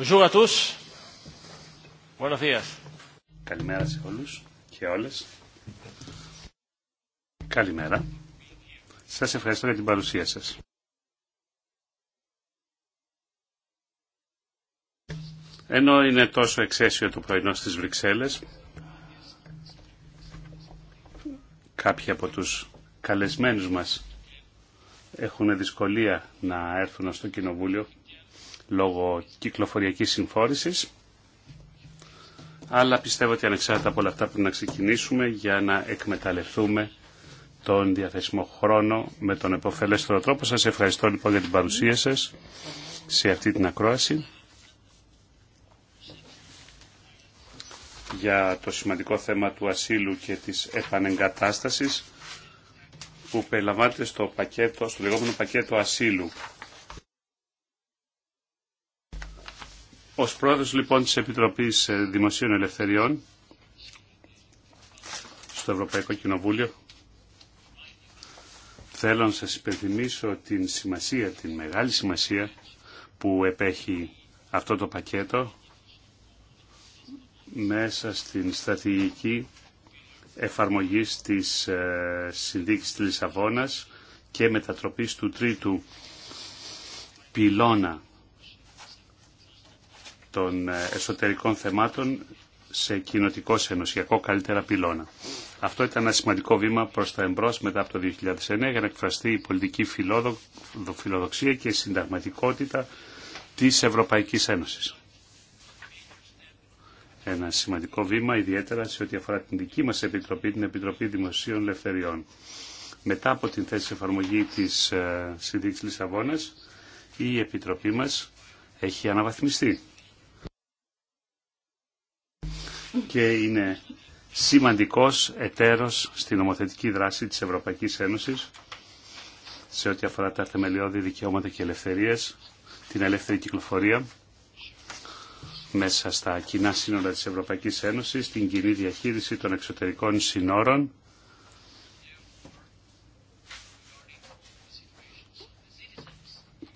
Bonjour à tous. Buenos días. Καλημέρα σε όλους και όλες. Καλημέρα. Σας ευχαριστώ για την παρουσία σας. Ενώ είναι τόσο εξαίσιο το πρωινό στις Βρυξέλλες, κάποιοι από τους καλεσμένους μας έχουν δυσκολία να έρθουν στο Κοινοβούλιο λόγω κυκλοφοριακή συμφόρησης. Αλλά πιστεύω ότι ανεξάρτητα από όλα αυτά πρέπει να ξεκινήσουμε για να εκμεταλλευτούμε τον διαθέσιμο χρόνο με τον επωφελέστερο τρόπο. Σας ευχαριστώ λοιπόν για την παρουσία σας σε αυτή την ακρόαση. για το σημαντικό θέμα του ασύλου και της επανεγκατάστασης που περιλαμβάνεται στο, πακέτο, στο λεγόμενο πακέτο ασύλου Ως πρόεδρος λοιπόν της Επιτροπής ε, Δημοσίων Ελευθεριών στο Ευρωπαϊκό Κοινοβούλιο θέλω να σας υπενθυμίσω την σημασία, την μεγάλη σημασία που επέχει αυτό το πακέτο μέσα στην στρατηγική εφαρμογής της ε, συνδίκης της Λισαβόνας και μετατροπής του τρίτου πυλώνα των εσωτερικών θεμάτων σε κοινοτικό, σε ενωσιακό καλύτερα πυλώνα. Αυτό ήταν ένα σημαντικό βήμα προ τα εμπρό μετά από το 2009 για να εκφραστεί η πολιτική φιλοδοξία και η συνταγματικότητα τη Ευρωπαϊκή Ένωση. Ένα σημαντικό βήμα ιδιαίτερα σε ό,τι αφορά την δική μα Επιτροπή, την Επιτροπή Δημοσίων Ελευθεριών. Μετά από την θέση εφαρμογή τη ε, Συνδίκη Λισαβόνα, η Επιτροπή μα έχει αναβαθμιστεί και είναι σημαντικός εταίρος στην νομοθετική δράση της Ευρωπαϊκής Ένωσης σε ό,τι αφορά τα θεμελιώδη δικαιώματα και ελευθερίες, την ελεύθερη κυκλοφορία μέσα στα κοινά σύνορα της Ευρωπαϊκής Ένωσης, την κοινή διαχείριση των εξωτερικών συνόρων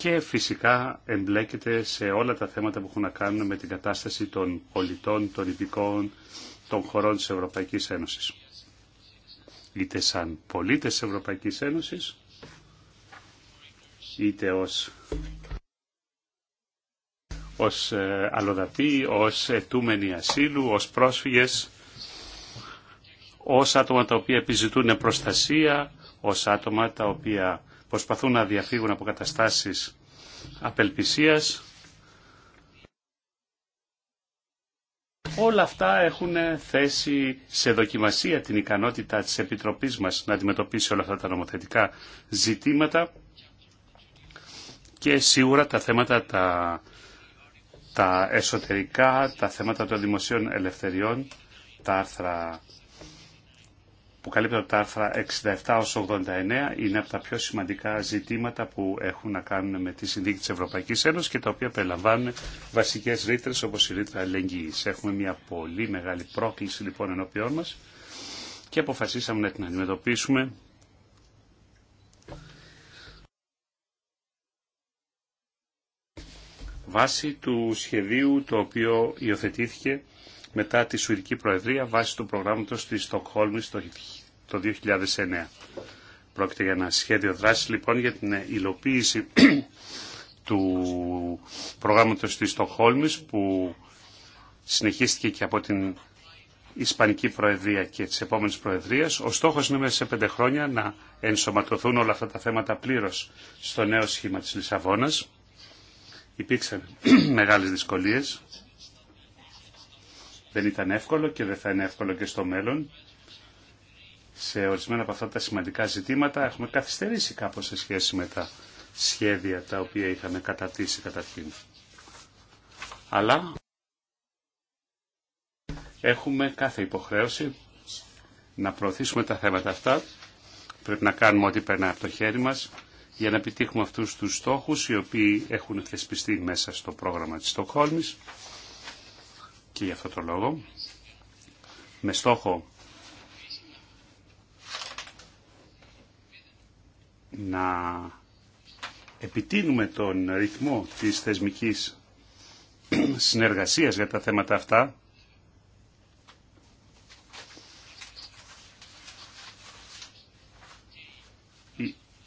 και φυσικά εμπλέκεται σε όλα τα θέματα που έχουν να κάνουν με την κατάσταση των πολιτών, των ειδικών, των χωρών της Ευρωπαϊκής Ένωσης. Είτε σαν πολίτες της Ευρωπαϊκής Ένωσης, είτε ως, ως ε, αλλοδαπή, ως ετούμενοι ασύλου, ως πρόσφυγες, ως άτομα τα οποία επιζητούν προστασία, ως άτομα τα οποία προσπαθούν να διαφύγουν από καταστάσεις απελπισίας. Όλα αυτά έχουν θέσει σε δοκιμασία την ικανότητα της Επιτροπής μας να αντιμετωπίσει όλα αυτά τα νομοθετικά ζητήματα και σίγουρα τα θέματα τα, τα εσωτερικά, τα θέματα των δημοσίων ελευθεριών, τα άρθρα που καλύπτει από τα άρθρα 67 ως 89 είναι από τα πιο σημαντικά ζητήματα που έχουν να κάνουν με τη συνδίκη της Ευρωπαϊκής Ένωσης και τα οποία περιλαμβάνουν βασικές ρήτρες όπως η ρήτρα αλληλεγγύης. Έχουμε μια πολύ μεγάλη πρόκληση λοιπόν ενώπιόν μας και αποφασίσαμε να την αντιμετωπίσουμε βάσει του σχεδίου το οποίο υιοθετήθηκε μετά τη Σουηδική Προεδρία βάσει του προγράμματο τη Στοκχόλμη το 2009. Πρόκειται για ένα σχέδιο δράση λοιπόν για την υλοποίηση του προγράμματο τη Στοκχόλμη που συνεχίστηκε και από την Ισπανική Προεδρία και τις επόμενες προεδρίες, Ο στόχο είναι μέσα σε πέντε χρόνια να ενσωματωθούν όλα αυτά τα θέματα πλήρω στο νέο σχήμα τη Λισαβόνα. Υπήρξαν μεγάλες δυσκολίες δεν ήταν εύκολο και δεν θα είναι εύκολο και στο μέλλον. Σε ορισμένα από αυτά τα σημαντικά ζητήματα έχουμε καθυστερήσει κάπως σε σχέση με τα σχέδια τα οποία είχαμε κατατήσει καταρχήν. Αλλά έχουμε κάθε υποχρέωση να προωθήσουμε τα θέματα αυτά. Πρέπει να κάνουμε ό,τι περνά από το χέρι μας για να επιτύχουμε αυτούς τους στόχους οι οποίοι έχουν θεσπιστεί μέσα στο πρόγραμμα της Στοκχόλμης. Και για αυτό το λόγο, με στόχο να επιτείνουμε τον ρυθμό της θεσμικής συνεργασίας για τα θέματα αυτά,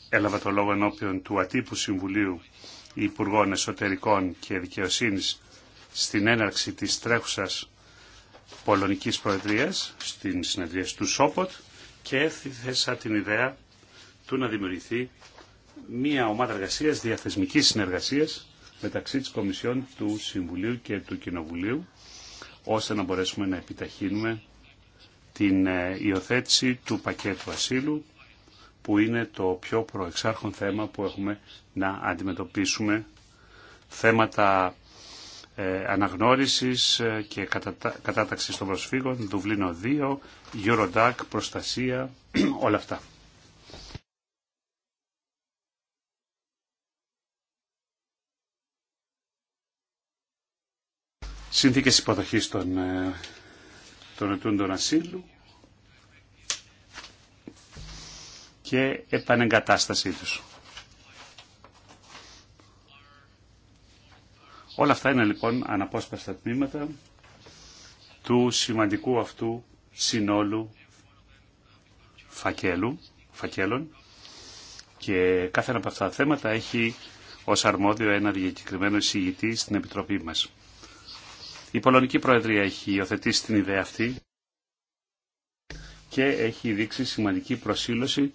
έλαβα το λόγο ενώπιον του Ατύπου Συμβουλίου Υπουργών Εσωτερικών και Δικαιοσύνης στην έναρξη της τρέχουσας Πολωνικής Προεδρίας, στην συνεδρία του Σόποτ και θέσα την ιδέα του να δημιουργηθεί μια ομάδα εργασίας, διαθεσμικής συνεργασίας μεταξύ της Κομισιόν του Συμβουλίου και του Κοινοβουλίου ώστε να μπορέσουμε να επιταχύνουμε την ε, υιοθέτηση του πακέτου ασύλου που είναι το πιο προεξάρχον θέμα που έχουμε να αντιμετωπίσουμε θέματα ε, αναγνώρισης ε, και κατάταξης των προσφύγων, Δουβλίνο 2, Eurodac, προστασία, όλα αυτά. Σύνθηκες υποδοχής των, ε, των ετούντων ασύλου και επανεγκατάστασή τους. Όλα αυτά είναι λοιπόν αναπόσπαστα τμήματα του σημαντικού αυτού συνόλου φακέλου, φακέλων και κάθε ένα από αυτά τα θέματα έχει ως αρμόδιο ένα διακεκριμένο εισηγητή στην Επιτροπή μας. Η Πολωνική Προεδρία έχει υιοθετήσει την ιδέα αυτή και έχει δείξει σημαντική προσήλωση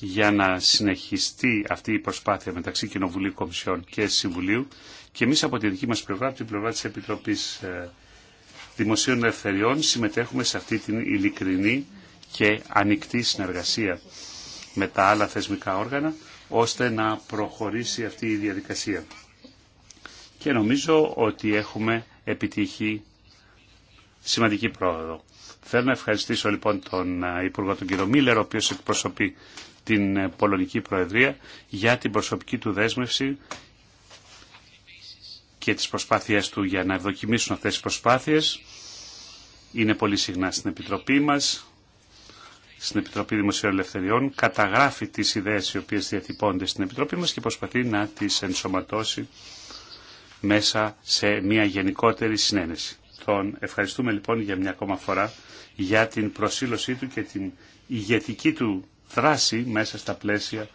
για να συνεχιστεί αυτή η προσπάθεια μεταξύ Κοινοβουλίου Κομισιών και Συμβουλίου και εμείς από τη δική μας πλευρά, από την πλευρά της Επιτροπής ε, Δημοσίων Ελευθεριών συμμετέχουμε σε αυτή την ειλικρινή και ανοιχτή συνεργασία με τα άλλα θεσμικά όργανα ώστε να προχωρήσει αυτή η διαδικασία. Και νομίζω ότι έχουμε επιτύχει σημαντική πρόοδο. Θέλω να ευχαριστήσω λοιπόν τον ε, Υπουργό τον κύριο ο οποίος εκπροσωπεί την ε, Πολωνική Προεδρία για την προσωπική του δέσμευση και τις προσπάθειές του για να ευδοκιμήσουν αυτές τις προσπάθειες. Είναι πολύ συχνά στην Επιτροπή μας, στην Επιτροπή Δημοσίων Ελευθεριών, καταγράφει τις ιδέες οι οποίες διατυπώνται στην Επιτροπή μας και προσπαθεί να τις ενσωματώσει μέσα σε μια γενικότερη συνένεση. Τον ευχαριστούμε λοιπόν για μια ακόμα φορά για την προσήλωσή του και την ηγετική του δράση μέσα στα πλαίσια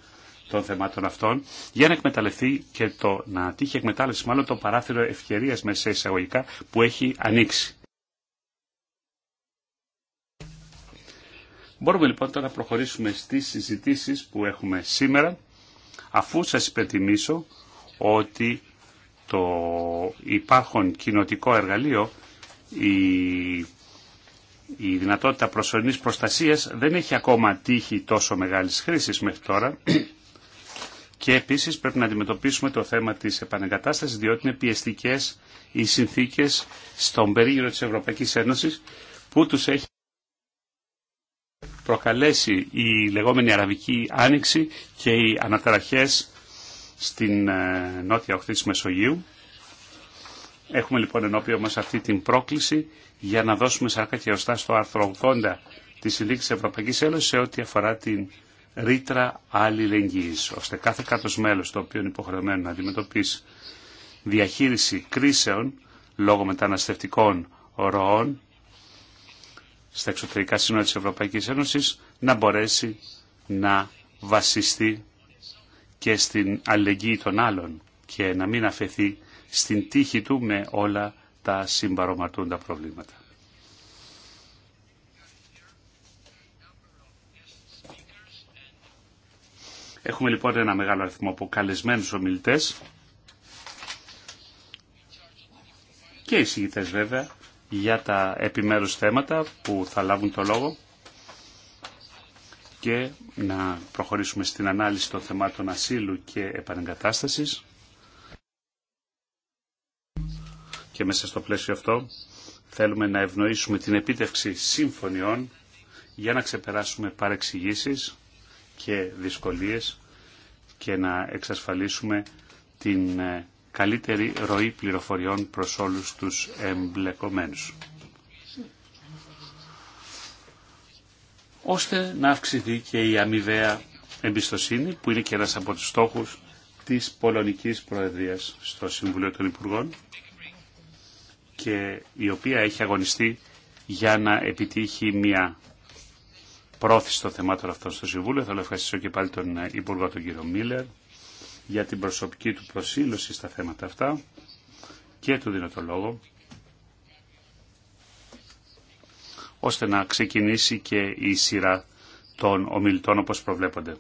των θεμάτων αυτών για να εκμεταλλευτεί και το να τύχει εκμετάλλευση μάλλον το παράθυρο ευκαιρίας μέσα εισαγωγικά που έχει ανοίξει. Μπορούμε λοιπόν τώρα να προχωρήσουμε στις συζητήσεις που έχουμε σήμερα αφού σας υπενθυμίσω ότι το υπάρχον κοινοτικό εργαλείο η η δυνατότητα προσωρινής προστασίας δεν έχει ακόμα τύχει τόσο μεγάλης χρήσης μέχρι τώρα και επίσης πρέπει να αντιμετωπίσουμε το θέμα της επανεγκατάστασης διότι είναι πιεστικές οι συνθήκες στον περίγυρο της Ευρωπαϊκής Ένωσης που τους έχει προκαλέσει η λεγόμενη Αραβική Άνοιξη και οι αναταραχές στην ε, νότια οχθή της Μεσογείου Έχουμε λοιπόν ενώπιον μας αυτή την πρόκληση για να δώσουμε σάρκα και ωστά στο άρθρο 80 της Συνδίκης Ευρωπαϊκής Ένωσης σε ό,τι αφορά την ρήτρα αλληλεγγύης, ώστε κάθε κάτος μέλος το οποίο είναι υποχρεωμένο να αντιμετωπίσει διαχείριση κρίσεων λόγω μεταναστευτικών ροών στα εξωτερικά σύνορα της Ευρωπαϊκής Ένωσης να μπορέσει να βασιστεί και στην αλληλεγγύη των άλλων και να μην αφαιθεί στην τύχη του με όλα τα συμπαροματούντα προβλήματα. Έχουμε λοιπόν ένα μεγάλο αριθμό από καλεσμένους ομιλητές και εισηγητές βέβαια για τα επιμέρους θέματα που θα λάβουν το λόγο και να προχωρήσουμε στην ανάλυση των θεμάτων ασύλου και επανεγκατάστασης. και μέσα στο πλαίσιο αυτό θέλουμε να ευνοήσουμε την επίτευξη συμφωνιών για να ξεπεράσουμε παρεξηγήσεις και δυσκολίες και να εξασφαλίσουμε την ε, καλύτερη ροή πληροφοριών προς όλους τους εμπλεκομένους. Ώστε να αυξηθεί και η αμοιβαία εμπιστοσύνη που είναι και ένας από τους στόχους της Πολωνικής Προεδρίας στο Συμβουλίο των Υπουργών και η οποία έχει αγωνιστεί για να επιτύχει μια πρόθεση των θεμάτων αυτών στο Συμβούλιο. Θέλω να ευχαριστήσω και πάλι τον ε, Υπουργό τον κύριο Μίλλερ για την προσωπική του προσήλωση στα θέματα αυτά και του δίνω το λόγο ώστε να ξεκινήσει και η σειρά των ομιλητών όπως προβλέπονται.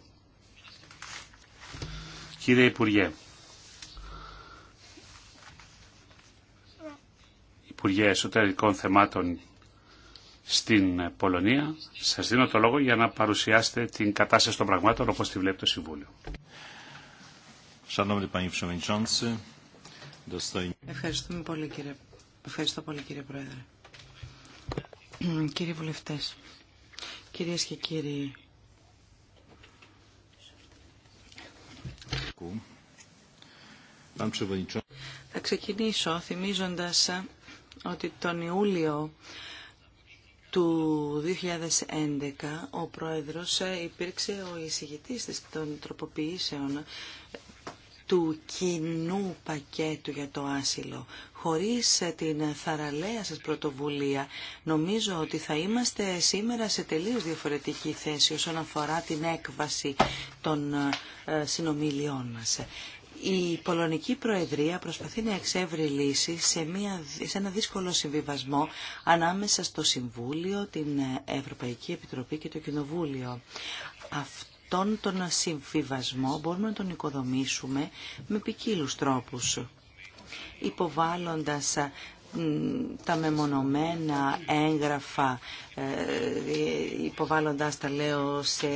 Κύριε Υπουργέ, Υπουργέ Εσωτερικών Θεμάτων στην Πολωνία. Σας δίνω το λόγο για να παρουσιάσετε την κατάσταση των πραγμάτων όπως τη βλέπει το Συμβούλιο. Ευχαριστούμε πολύ κύριε. Ευχαριστώ πολύ κύριε Πρόεδρε. Κύριοι βουλευτές, κυρίες και κύριοι. Θα ξεκινήσω θυμίζοντας ότι τον Ιούλιο του 2011 ο Πρόεδρος ε, υπήρξε ο εισηγητής των τροποποιήσεων του κοινού πακέτου για το άσυλο. Χωρίς ε, την θαραλέα σας πρωτοβουλία, νομίζω ότι θα είμαστε σήμερα σε τελείως διαφορετική θέση όσον αφορά την έκβαση των ε, συνομιλιών μας. Η Πολωνική Προεδρία προσπαθεί να εξεύρει λύση σε, μια, σε ένα δύσκολο συμβιβασμό ανάμεσα στο Συμβούλιο, την Ευρωπαϊκή Επιτροπή και το Κοινοβούλιο. Αυτόν τον συμβιβασμό μπορούμε να τον οικοδομήσουμε με ποικίλου τρόπους, υποβάλλοντας τα μεμονωμένα έγγραφα ε, ε, υποβάλλοντας τα λέω σε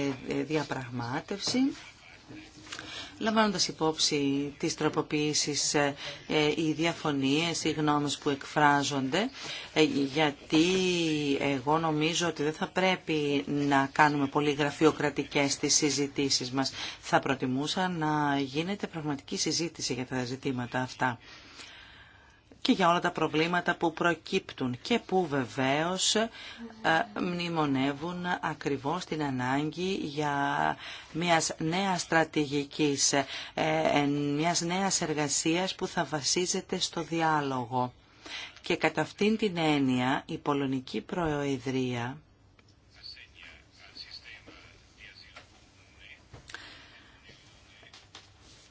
διαπραγμάτευση λαμβάνοντας υπόψη τις τροποποιήσεις ε, ε, οι διαφωνίες, οι γνώμες που εκφράζονται, ε, γιατί εγώ νομίζω ότι δεν θα πρέπει να κάνουμε πολύ γραφειοκρατικές τις συζητήσεις μας. Θα προτιμούσα να γίνεται πραγματική συζήτηση για τα ζητήματα αυτά και για όλα τα προβλήματα που προκύπτουν και που βεβαίως ε, μνημονεύουν ακριβώς την ανάγκη για μιας νέα στρατηγική, ε, ε, μιας νέα εργασίας που θα βασίζεται στο διάλογο. Και κατά αυτήν την έννοια η Πολωνική Προεδρία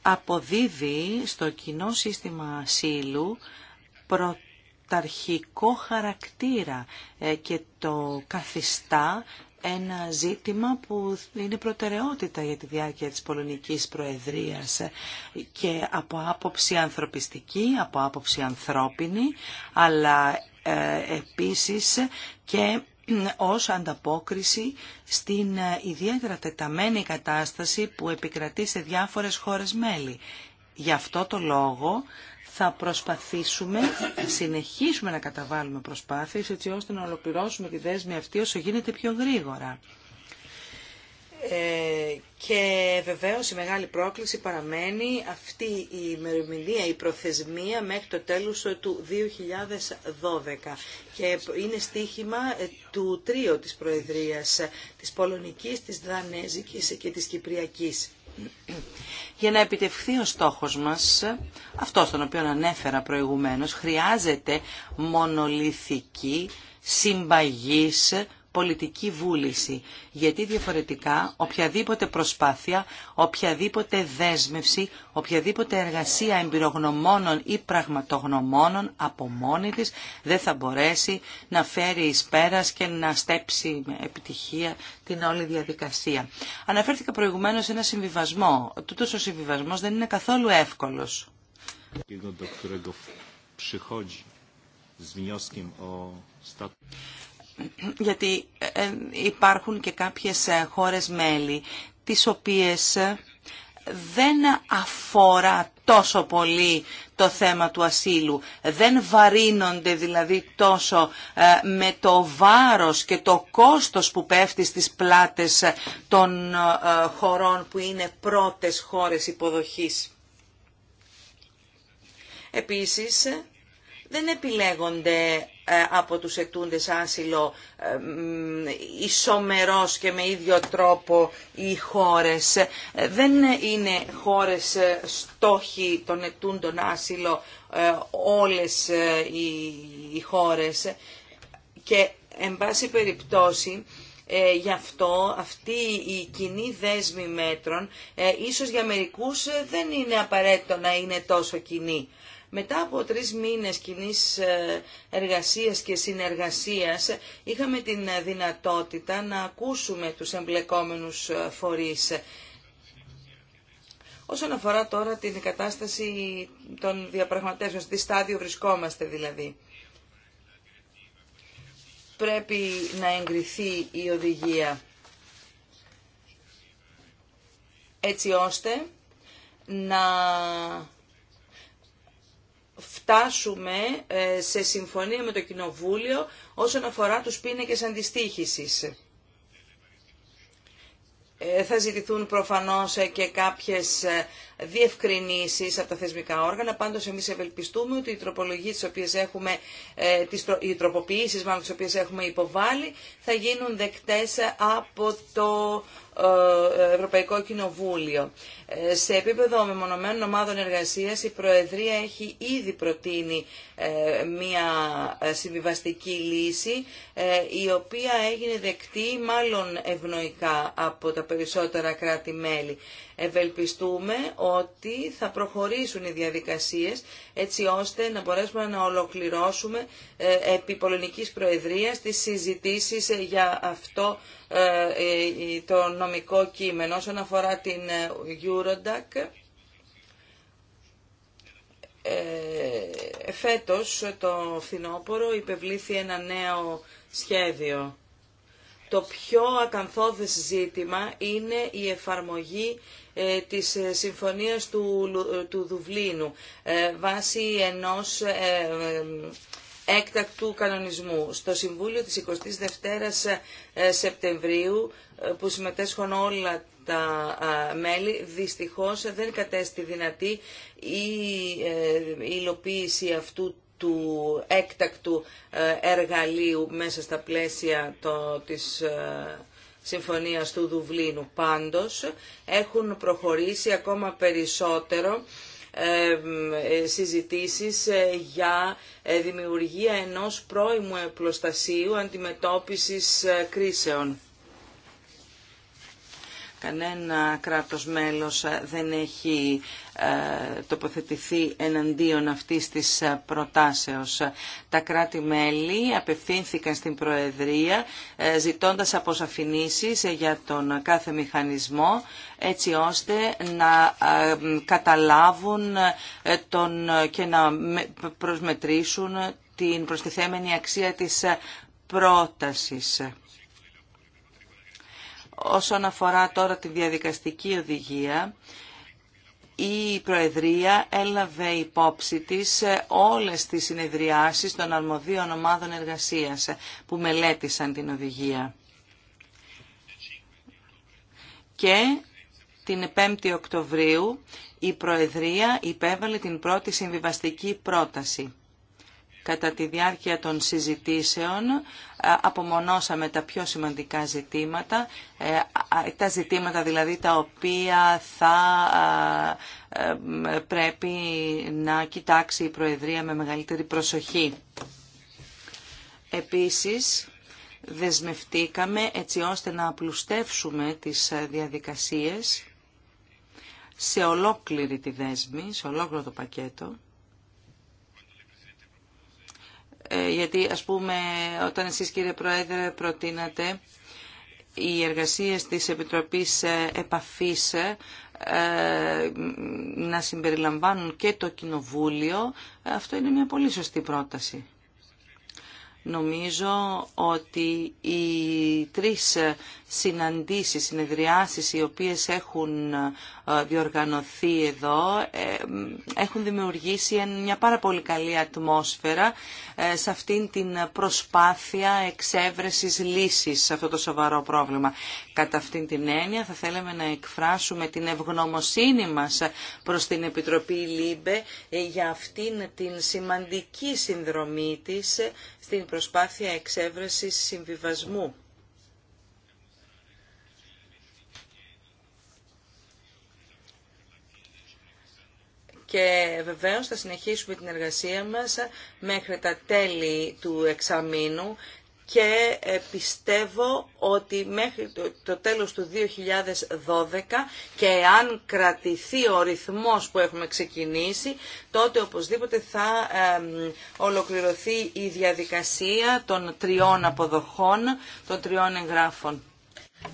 αποδίδει στο κοινό σύστημα ασύλου πρωταρχικό χαρακτήρα ε, και το καθιστά ένα ζήτημα που είναι προτεραιότητα για τη διάρκεια της Πολωνικής Προεδρίας ε, και από άποψη ανθρωπιστική, από άποψη ανθρώπινη, αλλά ε, επίσης και ως ανταπόκριση στην ιδιαίτερα τεταμένη κατάσταση που επικρατεί σε διάφορες χώρες μέλη. Γι' αυτό το λόγο θα προσπαθήσουμε, θα συνεχίσουμε να καταβάλουμε προσπάθειες έτσι ώστε να ολοκληρώσουμε τη δέσμη αυτή όσο γίνεται πιο γρήγορα. Ε, και βεβαίως η μεγάλη πρόκληση παραμένει αυτή η ημερομηνία, η προθεσμία μέχρι το τέλος του 2012 και είναι στίχημα ε, του τρίου της Προεδρίας, της Πολωνικής, της Δανέζικης και της Κυπριακής. Για να επιτευχθεί ο στόχος μας, αυτό τον οποίο ανέφερα προηγουμένως, χρειάζεται μονολυθική συμπαγής πολιτική βούληση. Γιατί διαφορετικά οποιαδήποτε προσπάθεια, οποιαδήποτε δέσμευση, οποιαδήποτε εργασία εμπειρογνωμόνων ή πραγματογνωμόνων από μόνη της δεν θα μπορέσει να φέρει εις πέρας και να στέψει με επιτυχία την όλη διαδικασία. Αναφέρθηκα προηγουμένως σε ένα συμβιβασμό. Τούτος ο συμβιβασμός δεν είναι καθόλου εύκολος γιατί ε, ε, υπάρχουν και κάποιες ε, χώρες μέλη, τις οποίες δεν αφορά τόσο πολύ το θέμα του ασύλου. Δεν βαρύνονται δηλαδή τόσο με το βάρος και το κόστος που πέφτει στις πλάτες των χωρών που είναι πρώτες χώρες υποδοχής. Επίσης, δεν επιλέγονται ε, από τους ετούντες άσυλο ε, ισομερός και με ίδιο τρόπο οι χώρες. Ε, δεν είναι χώρες στόχοι των ετούντων άσυλο όλες οι χώρες και εν πάση περιπτώσει γι' αυτό αυτή η κοινή δέσμη μέτρων ε, ίσως για μερικούς δεν είναι απαραίτητο να είναι τόσο κοινή. Μετά από τρεις μήνες κοινή ε, εργασίας και συνεργασίας είχαμε την ε, δυνατότητα να ακούσουμε τους εμπλεκόμενους ε, φορείς. Όσον αφορά τώρα την κατάσταση των διαπραγματεύσεων, στη στάδιο βρισκόμαστε δηλαδή. Πρέπει να εγκριθεί η οδηγία έτσι ώστε να φτάσουμε ε, σε συμφωνία με το Κοινοβούλιο όσον αφορά τους πίνακες αντιστοίχησης. Ε, θα ζητηθούν προφανώς ε, και κάποιες διευκρινήσεις από τα θεσμικά όργανα. Πάντω, εμεί ευελπιστούμε ότι οι τροπολογίε, τις οποίες έχουμε, ε, οι τροποποιήσεις μάλλον τις οποίες έχουμε υποβάλει θα γίνουν δεκτές από το ε, Ευρωπαϊκό Κοινοβούλιο. Ε, σε επίπεδο μεμονωμένων ομάδων εργασίας η Προεδρία έχει ήδη προτείνει μια συμβιβαστική λύση η οποία έγινε δεκτή μάλλον ευνοϊκά από τα περισσότερα κράτη-μέλη. Ευελπιστούμε ότι θα προχωρήσουν οι διαδικασίες έτσι ώστε να μπορέσουμε να ολοκληρώσουμε ε, επί Πολωνικής Προεδρίας τις συζητήσεις για αυτό ε, ε, το νομικό κείμενο όσον αφορά την Eurodac φέτος το φθινόπωρο υπευλήθη ένα νέο σχέδιο το πιο ακαθόδες ζήτημα είναι η εφαρμογή ε, της ε, συμφωνίας του, ε, του Δουβλίνου βάσει ενός έκτακτου κανονισμού. Στο Συμβούλιο της 22ης Σεπτεμβρίου που συμμετέσχουν όλα τα μέλη, δυστυχώς δεν κατέστη δυνατή η υλοποίηση αυτού του έκτακτου ε, εργαλείου μέσα στα πλαίσια το, της ε, Συμφωνίας του Δουβλίνου. Πάντως έχουν προχωρήσει ακόμα περισσότερο ε, συζητήσεις για δημιουργία ενός πρώιμου επλοστασίου αντιμετώπισης κρίσεων. Κανένα κράτος μέλος ε, δεν έχει ε, τοποθετηθεί εναντίον αυτής της ε, προτάσεως. Τα κράτη-μέλη απευθύνθηκαν στην Προεδρία ζητώντας αποσαφηνήσεις για τον κάθε μηχανισμό έτσι ώστε να καταλάβουν τον και να προσμετρήσουν την προστιθέμενη αξία της πρότασης. Όσον αφορά τώρα τη διαδικαστική οδηγία, η Προεδρία έλαβε υπόψη της όλες τις συνεδριάσεις των αρμοδίων ομάδων εργασίας που μελέτησαν την οδηγία. Και την 5η Οκτωβρίου η Προεδρία υπέβαλε την πρώτη συμβιβαστική πρόταση. Κατά τη διάρκεια των συζητήσεων ε, απομονώσαμε τα πιο σημαντικά ζητήματα, ε, τα ζητήματα δηλαδή τα οποία θα ε, πρέπει να κοιτάξει η Προεδρία με μεγαλύτερη προσοχή. Επίσης, δεσμευτήκαμε έτσι ώστε να απλουστεύσουμε τις διαδικασίες σε ολόκληρη τη δέσμη, σε ολόκληρο το πακέτο ε, γιατί ας πούμε όταν εσείς κύριε Πρόεδρε προτείνατε οι εργασίες της Επιτροπής ε, Επαφής ε, να συμπεριλαμβάνουν και το Κοινοβούλιο, αυτό είναι μια πολύ σωστή πρόταση. Νομίζω ότι οι τρεις συναντήσεις, συνεδριάσεις οι οποίες έχουν ε, διοργανωθεί εδώ ε, έχουν δημιουργήσει μια πάρα πολύ καλή ατμόσφαιρα ε, σε αυτήν την προσπάθεια εξέβρεσης λύσης σε αυτό το σοβαρό πρόβλημα. Κατά αυτήν την έννοια θα θέλαμε να εκφράσουμε την ευγνωμοσύνη μας προς την Επιτροπή ΛΥΜΠΕ για αυτήν την σημαντική συνδρομή της στην προσπάθεια εξέβρεση συμβιβασμού. και βεβαίως θα συνεχίσουμε την εργασία μας μέχρι τα τέλη του εξαμήνου και ε, πιστεύω ότι μέχρι το τέλος του 2012 και αν κρατηθεί ο ρυθμός που έχουμε ξεκινήσει, τότε οπωσδήποτε θα ολοκληρωθεί η διαδικασία των τριών αποδοχών, των τριών εγγράφων.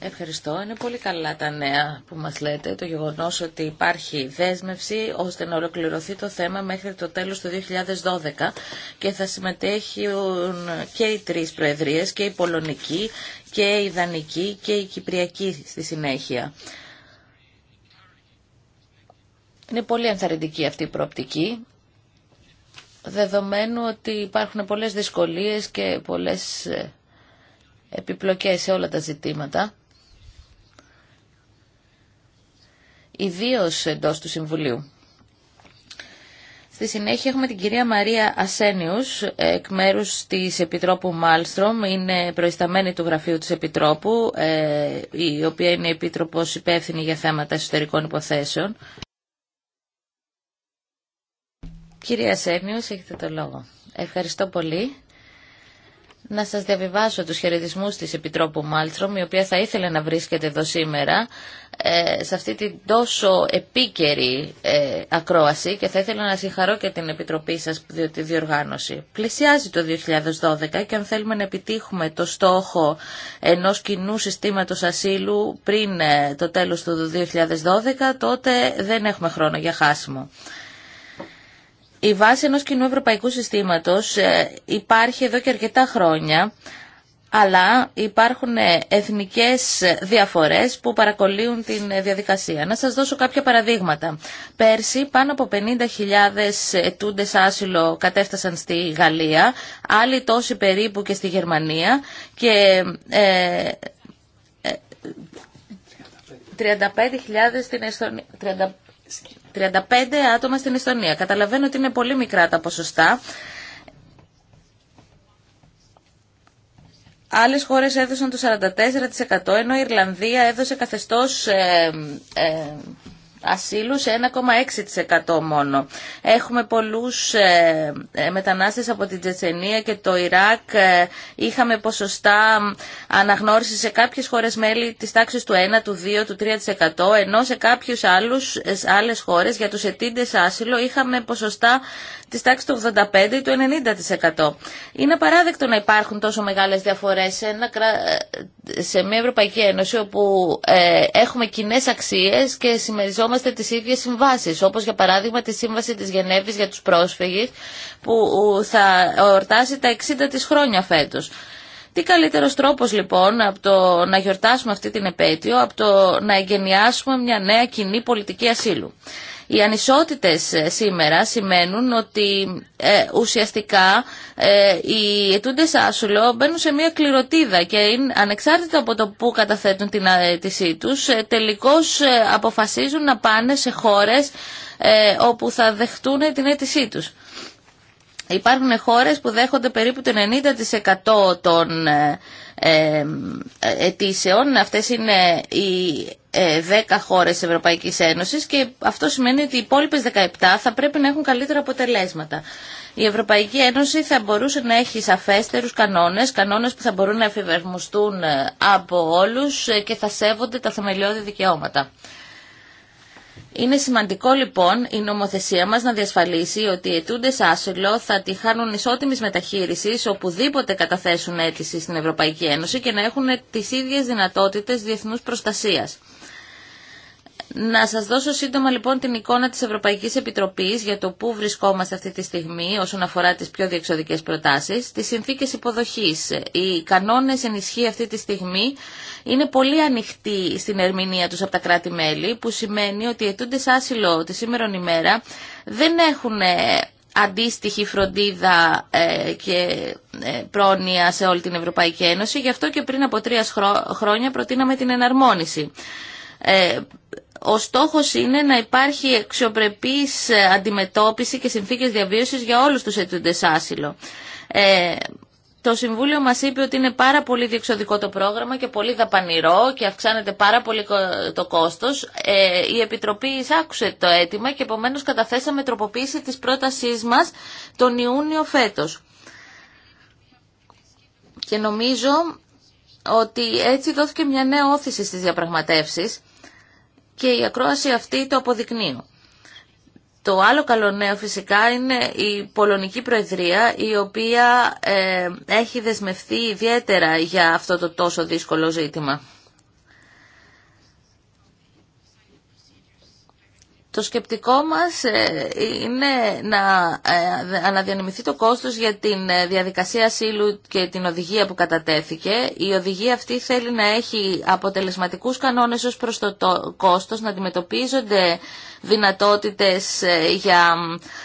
Ευχαριστώ. Είναι πολύ καλά τα νέα που μας λέτε. Το γεγονός ότι υπάρχει δέσμευση ώστε να ολοκληρωθεί το θέμα μέχρι το τέλος του 2012 και θα συμμετέχουν και οι τρεις προεδρίες, και η Πολωνική, και η Δανική και η Κυπριακή στη συνέχεια. Είναι πολύ ενθαρρυντική αυτή η προοπτική δεδομένου ότι υπάρχουν πολλές δυσκολίες και πολλές ε, επιπλοκές σε όλα τα ζητήματα. Ιδίω εντό του Συμβουλίου. Στη συνέχεια έχουμε την κυρία Μαρία Ασένιους, εκ μέρου της Επιτρόπου Μάλστρομ, είναι προϊσταμένη του Γραφείου της Επιτρόπου, ε, η οποία είναι Επίτροπος υπεύθυνη για θέματα εσωτερικών υποθέσεων. Κυρία Ασένιους, έχετε το λόγο. Ευχαριστώ πολύ να σας διαβιβάσω τους χαιρετισμού της Επιτρόπου Μάλτρομ, η οποία θα ήθελε να βρίσκεται εδώ σήμερα, ε, σε αυτή την τόσο επίκαιρη ε, ακρόαση και θα ήθελα να συγχαρώ και την Επιτροπή σας για τη διοργάνωση. Πλησιάζει το 2012 και αν θέλουμε να επιτύχουμε το στόχο ενός κοινού συστήματος ασύλου πριν ε, το τέλος του 2012, τότε δεν έχουμε χρόνο για χάσιμο. Η βάση ενός κοινού ευρωπαϊκού συστήματος ε, υπάρχει εδώ και αρκετά χρόνια, αλλά υπάρχουν ε, εθνικές διαφορές που παρακολύουν την ε, διαδικασία. Να σας δώσω κάποια παραδείγματα. Πέρσι πάνω από 50.000 ετούντες άσυλο κατέφτασαν στη Γαλλία, άλλοι τόσοι περίπου και στη Γερμανία και... 35.000 στην Εσθονία. 35 άτομα στην Ιστονία. Καταλαβαίνω ότι είναι πολύ μικρά τα ποσοστά. Άλλες χώρες έδωσαν το 44% ενώ η Ιρλανδία έδωσε καθεστώς ε, ε, ασύλου σε 1,6% μόνο. Έχουμε πολλούς ε, ε, μετανάστες από την Τσετσενία και το Ιράκ. Ε, είχαμε ποσοστά αναγνώριση σε κάποιες χώρες μέλη της τάξης του 1, του 2, του 3%, ενώ σε κάποιους άλλους, άλλες χώρες για τους ετήντες άσυλο είχαμε ποσοστά Τη τάξη του 85% ή του 90%. Είναι παράδεκτο να υπάρχουν τόσο μεγάλες διαφορές σε, σε μια Ευρωπαϊκή Ένωση όπου ε, έχουμε κοινέ αξίες και συμμεριζόμαστε τις ίδιες συμβάσεις, όπως για παράδειγμα τη Σύμβαση της Γενέβης για τους πρόσφυγες που θα ορτάσει τα 60 της χρόνια φέτος. Τι καλύτερο τρόπο λοιπόν από το να γιορτάσουμε αυτή την επέτειο, από το να εγγενιάσουμε μια νέα κοινή πολιτική ασύλου. Οι ανισότητες ε, σήμερα σημαίνουν ότι ε, ουσιαστικά ε, οι ετούντες άσουλο μπαίνουν σε μια κληροτίδα και είναι, ανεξάρτητα από το που καταθέτουν την αίτησή τους τελικώς αποφασίζουν να πάνε σε χώρες όπου θα δεχτούν την αίτησή τους. Υπάρχουν χώρες που δέχονται περίπου το 90% των ε, ε, αιτήσεων. Αυτές είναι οι 10 ε, χώρες της Ευρωπαϊκής Ένωσης και αυτό σημαίνει ότι οι υπόλοιπες 17 θα πρέπει να έχουν καλύτερα αποτελέσματα. Η Ευρωπαϊκή Ένωση θα μπορούσε να έχει σαφέστερους κανόνες, κανόνες που θα μπορούν να εφηβερμοστούν από όλους και θα σέβονται τα θεμελιώδη δικαιώματα. Είναι σημαντικό λοιπόν η νομοθεσία μας να διασφαλίσει ότι οι αιτούντες άσυλο θα τη χάνουν ισότιμης μεταχείρισης οπουδήποτε καταθέσουν αίτηση στην Ευρωπαϊκή Ένωση και να έχουν τις ίδιες δυνατότητες διεθνούς προστασίας. Να σας δώσω σύντομα λοιπόν την εικόνα της Ευρωπαϊκής Επιτροπής για το πού βρισκόμαστε αυτή τη στιγμή όσον αφορά τις πιο διεξοδικές προτάσεις, τις συνθήκες υποδοχής. Οι κανόνες ενισχύει αυτή τη στιγμή είναι πολύ ανοιχτοί στην ερμηνεία τους από τα κράτη-μέλη, που σημαίνει ότι οι αιτούντες άσυλο τη σήμερον ημέρα δεν έχουν ε, αντίστοιχη φροντίδα ε, και ε, πρόνοια σε όλη την Ευρωπαϊκή Ένωση. Γι' αυτό και πριν από τρία χρόνια προτείναμε την εναρμόνιση. Ε, ο στόχος είναι να υπάρχει αξιοπρεπής αντιμετώπιση και συνθήκες διαβίωσης για όλους τους αιτούντες άσυλο. Ε, το Συμβούλιο μας είπε ότι είναι πάρα πολύ διεξοδικό το πρόγραμμα και πολύ δαπανηρό και αυξάνεται πάρα πολύ το κόστος. Ε, η Επιτροπή εισάκουσε το αίτημα και επομένως καταθέσαμε τροποποίηση της πρότασής μας τον Ιούνιο φέτος. Και νομίζω ότι έτσι δόθηκε μια νέα όθηση στις διαπραγματεύσεις και η ακρόαση αυτή το αποδεικνύει. Το άλλο καλό νέο φυσικά είναι η Πολωνική Προεδρία η οποία ε, έχει δεσμευτεί ιδιαίτερα για αυτό το τόσο δύσκολο ζήτημα. Το σκεπτικό μας ε, είναι να ε, αναδιανομηθεί το κόστος για την ε, διαδικασία ασύλου και την οδηγία που κατατέθηκε. Η οδηγία αυτή θέλει να έχει αποτελεσματικούς κανόνες ως προς το κόστος, να αντιμετωπίζονται δυνατότητες ε, για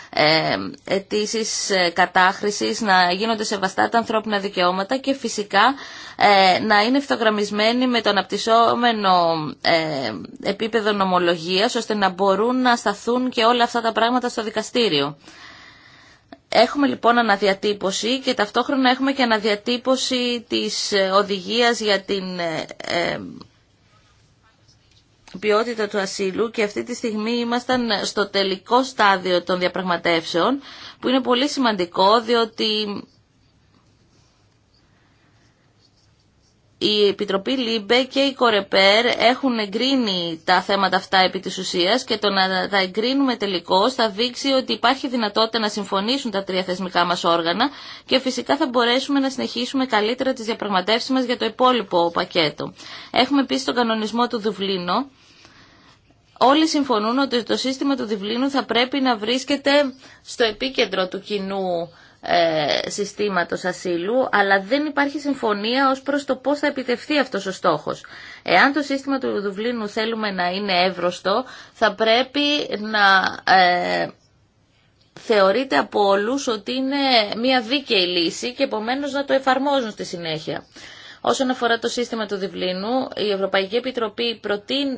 ε, αιτήσει ε, κατάχρησης, να γίνονται σεβαστά τα ανθρώπινα δικαιώματα και φυσικά να είναι ευθογραμμισμένοι με το αναπτυσσόμενο επίπεδο νομολογίας, ώστε να μπορούν να σταθούν και όλα αυτά τα πράγματα στο δικαστήριο. Έχουμε λοιπόν αναδιατύπωση και ταυτόχρονα έχουμε και αναδιατύπωση της οδηγίας για την ποιότητα του ασύλου και αυτή τη στιγμή ήμασταν στο τελικό στάδιο των διαπραγματεύσεων που είναι πολύ σημαντικό διότι η Επιτροπή ΛΥΜΠΕ και η ΚΟΡΕΠΕΡ έχουν εγκρίνει τα θέματα αυτά επί της ουσίας και το να τα εγκρίνουμε τελικώς θα δείξει ότι υπάρχει δυνατότητα να συμφωνήσουν τα τρία θεσμικά μας όργανα και φυσικά θα μπορέσουμε να συνεχίσουμε καλύτερα τις διαπραγματεύσεις μας για το υπόλοιπο πακέτο. Έχουμε επίσης τον κανονισμό του Δουβλίνο Όλοι συμφωνούν ότι το σύστημα του Διβλίνου θα πρέπει να βρίσκεται στο επίκεντρο του κοινού ε, συστήματος ασύλου, αλλά δεν υπάρχει συμφωνία ως προς το πώς θα επιτευχθεί αυτός ο στόχος. Εάν το σύστημα του διβλίνου θέλουμε να είναι εύρωστο, θα πρέπει να ε, θεωρείται από όλους ότι είναι μια δίκαιη λύση και επομένως να το εφαρμόζουν στη συνέχεια. Όσον αφορά το σύστημα του Διβλίνου, η Ευρωπαϊκή Επιτροπή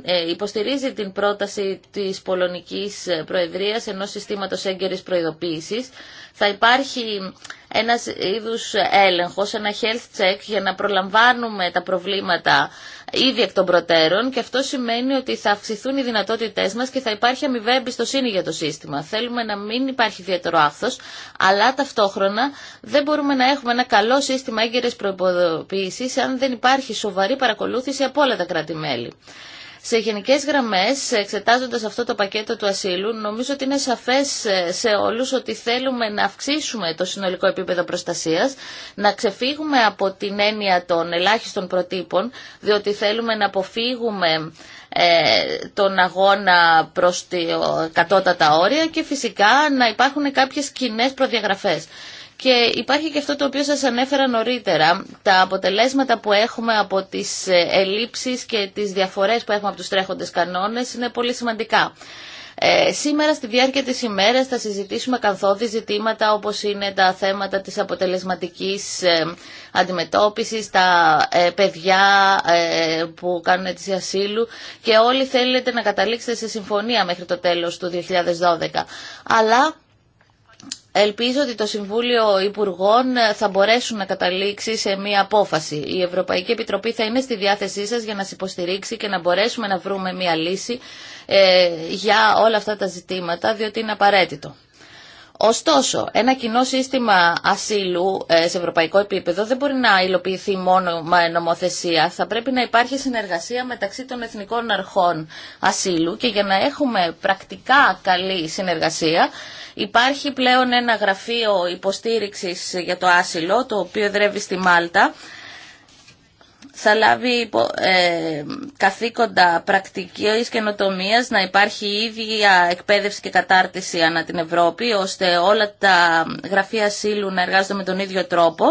ε, υποστηρίζει την πρόταση της Πολωνικής Προεδρίας ενός συστήματος έγκαιρης προειδοποίησης. Θα υπάρχει ένας είδους έλεγχος, ένα health check για να προλαμβάνουμε τα προβλήματα ήδη εκ των προτέρων και αυτό σημαίνει ότι θα αυξηθούν οι δυνατότητές μας και θα υπάρχει αμοιβαία εμπιστοσύνη για το σύστημα. Θέλουμε να μην υπάρχει ιδιαίτερο άχθος, αλλά ταυτόχρονα δεν μπορούμε να έχουμε ένα καλό σύστημα έγκαιρε προποδοποίηση, αν δεν υπάρχει σοβαρή παρακολούθηση από όλα τα κράτη-μέλη. Σε γενικέ γραμμέ, εξετάζοντας αυτό το πακέτο του ασύλου, νομίζω ότι είναι σαφές ε, σε όλους ότι θέλουμε να αυξήσουμε το συνολικό επίπεδο προστασίας, να ξεφύγουμε από την έννοια των ελάχιστων προτύπων, διότι θέλουμε να αποφύγουμε ε, τον αγώνα προς τα κατώτατα όρια και φυσικά να υπάρχουν κάποιες κοινέ προδιαγραφές. Και υπάρχει και αυτό το οποίο σας ανέφερα νωρίτερα, τα αποτελέσματα που έχουμε από τις ε, ελλείψεις και τις διαφορές που έχουμε από τους τρέχοντες κανόνες είναι πολύ σημαντικά. Ε, σήμερα στη διάρκεια της ημέρας θα συζητήσουμε καθόδη ζητήματα όπως είναι τα θέματα της αποτελεσματικής ε, αντιμετώπισης, τα ε, παιδιά που κάνουν αίτηση ασύλου και όλοι θέλετε να καταλήξετε σε συμφωνία μέχρι το τέλος του 2012. Αλλά Ελπίζω ότι το Συμβούλιο Υπουργών θα μπορέσουν να καταλήξει σε μία απόφαση. Η Ευρωπαϊκή Επιτροπή θα είναι στη διάθεσή σας για να σας υποστηρίξει και να μπορέσουμε να βρούμε μία λύση ε, για όλα αυτά τα ζητήματα, διότι είναι απαραίτητο. Ωστόσο, ένα κοινό σύστημα ασύλου ε, σε ευρωπαϊκό επίπεδο δεν μπορεί να υλοποιηθεί μόνο με νομοθεσία. Θα πρέπει να υπάρχει συνεργασία μεταξύ των εθνικών αρχών ασύλου και για να έχουμε πρακτικά καλή συνεργασία Υπάρχει πλέον ένα γραφείο υποστήριξης για το άσυλο, το οποίο δρεύει στη Μάλτα. Θα λάβει ε, καθήκοντα πρακτικής καινοτομίας, να υπάρχει η ίδια εκπαίδευση και κατάρτιση ανά την Ευρώπη, ώστε όλα τα γραφεία ασύλου να εργάζονται με τον ίδιο τρόπο.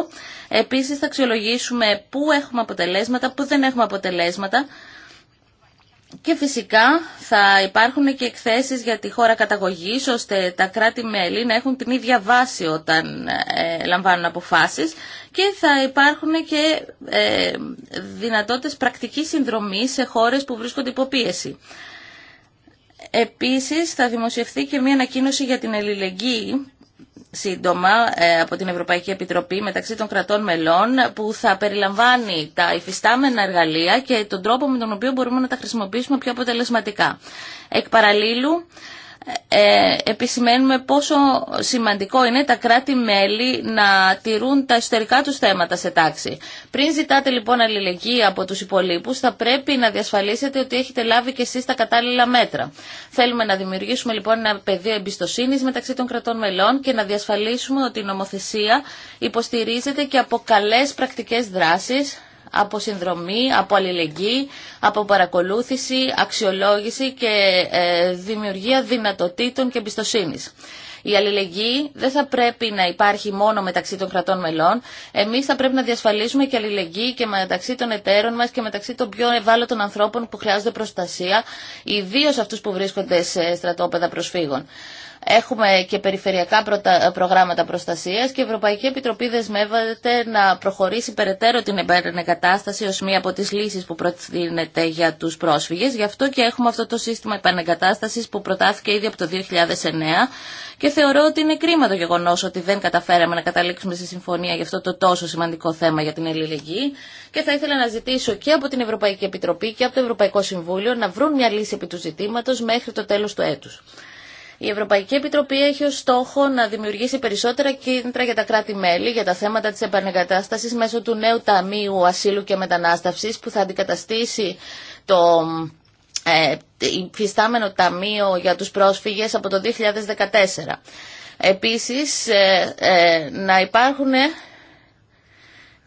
Επίσης θα αξιολογήσουμε πού έχουμε αποτελέσματα, πού δεν έχουμε αποτελέσματα, και φυσικά θα υπάρχουν και εκθέσεις για τη χώρα καταγωγής, ώστε τα κράτη-μέλη να έχουν την ίδια βάση όταν ε, λαμβάνουν αποφάσεις και θα υπάρχουν και ε, δυνατότητες πρακτικής συνδρομής σε χώρες που βρίσκονται υποπίεση. Επίσης θα δημοσιευθεί και μια ανακοίνωση για την ελληνική σύντομα ε, από την Ευρωπαϊκή Επιτροπή μεταξύ των κρατών μελών που θα περιλαμβάνει τα υφιστάμενα εργαλεία και τον τρόπο με τον οποίο μπορούμε να τα χρησιμοποιήσουμε πιο αποτελεσματικά. Εκ ε, επισημαίνουμε πόσο σημαντικό είναι τα κράτη-μέλη να τηρούν τα ιστορικά τους θέματα σε τάξη. Πριν ζητάτε λοιπόν αλληλεγγύη από τους υπολείπους, θα πρέπει να διασφαλίσετε ότι έχετε λάβει και εσείς τα κατάλληλα μέτρα. Θέλουμε να δημιουργήσουμε λοιπόν ένα πεδίο εμπιστοσύνης μεταξύ των κρατών μελών και να διασφαλίσουμε ότι η νομοθεσία υποστηρίζεται και από καλές πρακτικές δράσεις, από συνδρομή, από αλληλεγγύη, από παρακολούθηση, αξιολόγηση και ε, δημιουργία δυνατοτήτων και εμπιστοσύνη. Η αλληλεγγύη δεν θα πρέπει να υπάρχει μόνο μεταξύ των κρατών μελών. Εμεί θα πρέπει να διασφαλίσουμε και αλληλεγγύη και μεταξύ των εταίρων μα και μεταξύ των πιο ευάλωτων ανθρώπων που χρειάζονται προστασία, ιδίω αυτού που βρίσκονται σε στρατόπεδα προσφύγων. Έχουμε και περιφερειακά προγράμματα προστασία και η Ευρωπαϊκή Επιτροπή δεσμεύεται να προχωρήσει περαιτέρω την επανεγκατάσταση ω μία από τι λύσει που προτείνεται για του πρόσφυγες. Γι' αυτό και έχουμε αυτό το σύστημα επανεγκατάσταση που προτάθηκε ήδη από το 2009 και θεωρώ ότι είναι κρίμα το γεγονό ότι δεν καταφέραμε να καταλήξουμε σε συμφωνία για αυτό το τόσο σημαντικό θέμα για την ελληνική και θα ήθελα να ζητήσω και από την Ευρωπαϊκή Επιτροπή και από το Ευρωπαϊκό Συμβούλιο να βρουν μια λύση επί του ζητήματο μέχρι το τέλο του έτου. Η Ευρωπαϊκή Επιτροπή έχει ως στόχο να δημιουργήσει περισσότερα κίνητρα για τα κράτη-μέλη για τα θέματα της επανεγκατάστασης μέσω του νέου Ταμείου Ασύλου και Μετανάστευσης που θα αντικαταστήσει το ε, υφιστάμενο ταμείο για τους πρόσφυγες από το 2014. Επίσης, ε, ε, να υπάρχουν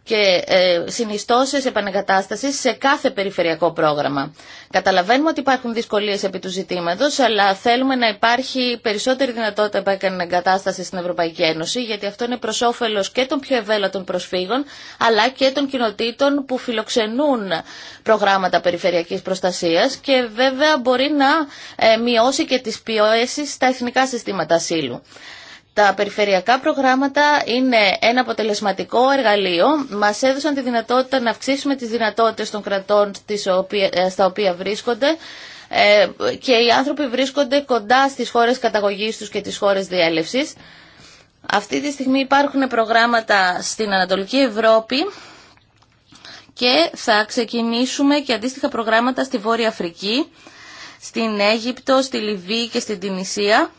και ε, συνιστώσεις επανεγκατάστασης σε κάθε περιφερειακό πρόγραμμα. Καταλαβαίνουμε ότι υπάρχουν δυσκολίες επί του ζητήματος, αλλά θέλουμε να υπάρχει περισσότερη δυνατότητα επανεγκατάστασης στην Ευρωπαϊκή Ένωση, γιατί αυτό είναι προς όφελος και των πιο ευέλωτων προσφύγων, αλλά και των κοινοτήτων που φιλοξενούν προγράμματα περιφερειακής προστασίας και βέβαια μπορεί να ε, μειώσει και τις πιέσεις στα εθνικά συστήματα ασύλου. Τα περιφερειακά προγράμματα είναι ένα αποτελεσματικό εργαλείο. Μας έδωσαν τη δυνατότητα να αυξήσουμε τις δυνατότητες των κρατών ε, στα οποία βρίσκονται ε, και οι άνθρωποι βρίσκονται κοντά στις χώρες καταγωγής τους και τις χώρες διέλευσης. Αυτή τη στιγμή υπάρχουν προγράμματα στην Ανατολική Ευρώπη και θα ξεκινήσουμε και αντίστοιχα προγράμματα στη Βόρεια Αφρική, στην Αίγυπτο, στη Λιβύη και στην Τινησία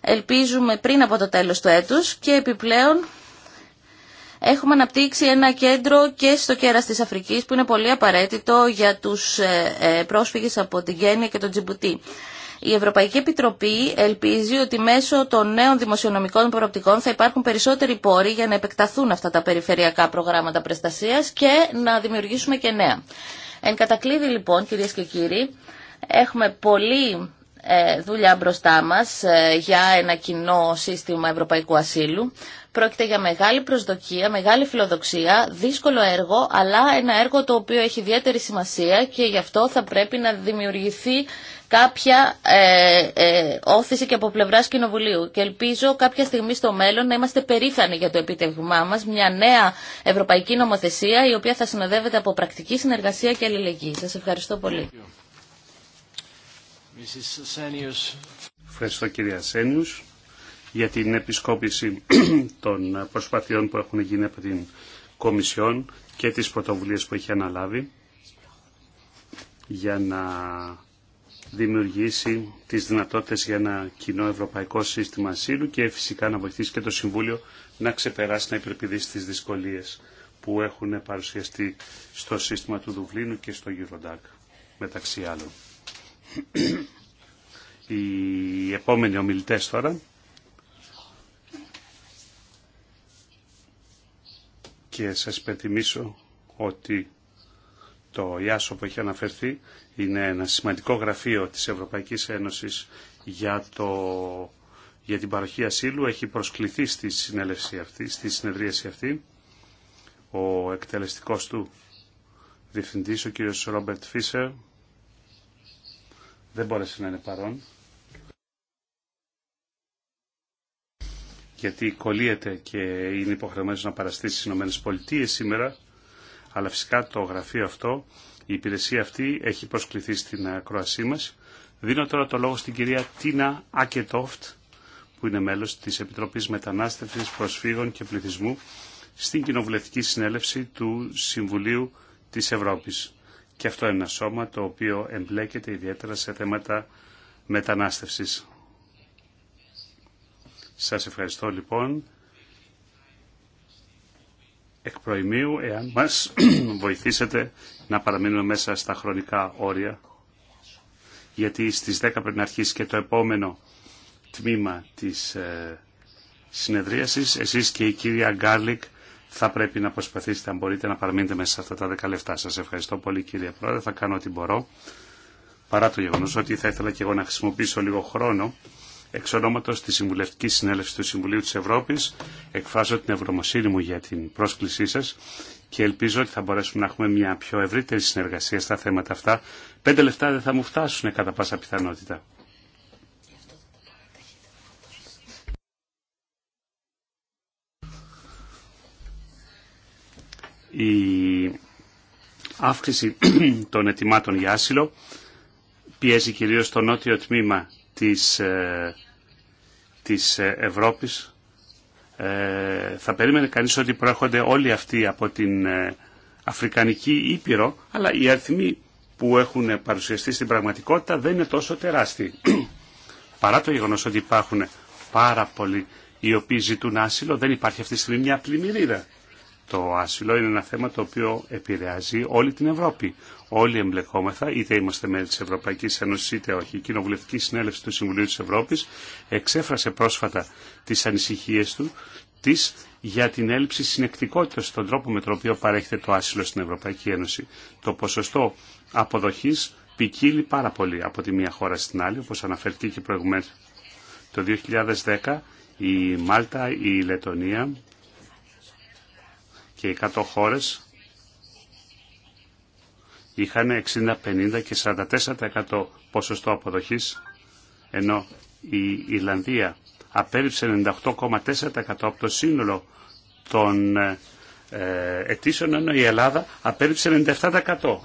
ελπίζουμε πριν από το τέλος του έτους και επιπλέον Έχουμε αναπτύξει ένα κέντρο και στο κέρας της Αφρικής που είναι πολύ απαραίτητο για τους ε, ε, πρόσφυγες από την Γένεια και τον Τζιμπουτί. Η Ευρωπαϊκή Επιτροπή ελπίζει ότι μέσω των νέων δημοσιονομικών προοπτικών θα υπάρχουν περισσότεροι πόροι για να επεκταθούν αυτά τα περιφερειακά προγράμματα προστασίας και να δημιουργήσουμε και νέα. Εν κατακλείδη λοιπόν κυρίες και κύριοι, έχουμε πολύ ε, δουλειά μπροστά μας ε, για ένα κοινό σύστημα ευρωπαϊκού ασύλου. Πρόκειται για μεγάλη προσδοκία, μεγάλη φιλοδοξία, δύσκολο έργο, αλλά ένα έργο το οποίο έχει ιδιαίτερη σημασία και γι' αυτό θα πρέπει να δημιουργηθεί κάποια ε, ε, όθηση και από πλευράς Κοινοβουλίου. Και ελπίζω κάποια στιγμή στο μέλλον να είμαστε περήφανοι για το επιτευγμά μας, μια νέα ευρωπαϊκή νομοθεσία η οποία θα συνοδεύεται από πρακτική συνεργασία και αλληλεγγύη. Σας ευχαριστώ πολύ. Ευχαριστώ κυρία Ασένιους, για την επισκόπηση των προσπαθειών που έχουν γίνει από την Κομισιόν και τις πρωτοβουλίες που έχει αναλάβει για να δημιουργήσει τις δυνατότητες για ένα κοινό ευρωπαϊκό σύστημα ασύλου και φυσικά να βοηθήσει και το Συμβούλιο να ξεπεράσει, να υπερπηδήσει τις δυσκολίες που έχουν παρουσιαστεί στο σύστημα του Δουβλίνου και στο Eurodac μεταξύ άλλων. Οι επόμενοι ομιλητές τώρα. Και σας υπενθυμίσω ότι το ΙΑΣΟ που έχει αναφερθεί είναι ένα σημαντικό γραφείο της Ευρωπαϊκής Ένωσης για, το, για την παροχή ασύλου. Έχει προσκληθεί στη, συνέλευση αυτή, στη συνεδρίαση αυτή ο εκτελεστικός του διευθυντής, ο κύριος Ρόμπερτ Φίσερ, δεν μπόρεσε να είναι παρόν γιατί κολλείεται και είναι υποχρεωμένος να παραστεί στις ΗΠΑ σήμερα αλλά φυσικά το γραφείο αυτό, η υπηρεσία αυτή έχει προσκληθεί στην ακροασή μας. Δίνω τώρα το λόγο στην κυρία Τίνα Ακετόφτ που είναι μέλος της Επιτροπής Μετανάστευσης, Προσφύγων και Πληθυσμού στην Κοινοβουλευτική Συνέλευση του Συμβουλίου της Ευρώπης. Και αυτό είναι ένα σώμα το οποίο εμπλέκεται ιδιαίτερα σε θέματα μετανάστευσης. Σας ευχαριστώ λοιπόν εκ προημίου εάν μας βοηθήσετε να παραμείνουμε μέσα στα χρονικά όρια γιατί στις 10 πρέπει να αρχίσει και το επόμενο τμήμα της ε, συνεδρίασης εσείς και η κυρία Γκάρλικ θα πρέπει να προσπαθήσετε αν μπορείτε να παραμείνετε μέσα σε αυτά τα 10 λεπτά. Σας ευχαριστώ πολύ κύριε Πρόεδρε, θα κάνω ό,τι μπορώ. Παρά το γεγονός ότι θα ήθελα και εγώ να χρησιμοποιήσω λίγο χρόνο εξ ονόματος της Συμβουλευτικής Συνέλευσης του Συμβουλίου της Ευρώπης εκφράζω την ευγνωμοσύνη μου για την πρόσκλησή σας και ελπίζω ότι θα μπορέσουμε να έχουμε μια πιο ευρύτερη συνεργασία στα θέματα αυτά. Πέντε λεφτά δεν θα μου φτάσουν κατά πάσα πιθανότητα. η αύξηση των ετοιμάτων για άσυλο πιέζει κυρίως το νότιο τμήμα της, ε, της ε, Ευρώπης. Ε, θα περίμενε κανείς ότι προέρχονται όλοι αυτοί από την Αφρικανική Ήπειρο, αλλά οι αριθμοί που έχουν παρουσιαστεί στην πραγματικότητα δεν είναι τόσο τεράστιοι. Παρά το γεγονός ότι υπάρχουν πάρα πολλοί οι οποίοι ζητούν άσυλο, δεν υπάρχει αυτή τη στιγμή μια πλημμυρίδα το άσυλο είναι ένα θέμα το οποίο επηρεάζει όλη την Ευρώπη. Όλοι εμπλεκόμεθα, είτε είμαστε μέλη τη Ευρωπαϊκή Ένωση είτε όχι. Η Κοινοβουλευτική Συνέλευση του Συμβουλίου τη Ευρώπη εξέφρασε πρόσφατα τι ανησυχίε του της για την έλλειψη συνεκτικότητα στον τρόπο με τον οποίο παρέχεται το άσυλο στην Ευρωπαϊκή Ένωση. Το ποσοστό αποδοχή ποικίλει πάρα πολύ από τη μία χώρα στην άλλη, όπω αναφερθήκε και Το 2010 η Μάλτα, η Λετωνία και οι 100 χώρες είχαν 60, 50 και 44% ποσοστό αποδοχής, ενώ η Ιρλανδία απέριψε 98,4% από το σύνολο των ε, αιτήσεων ενώ η Ελλάδα απέριψε 97%.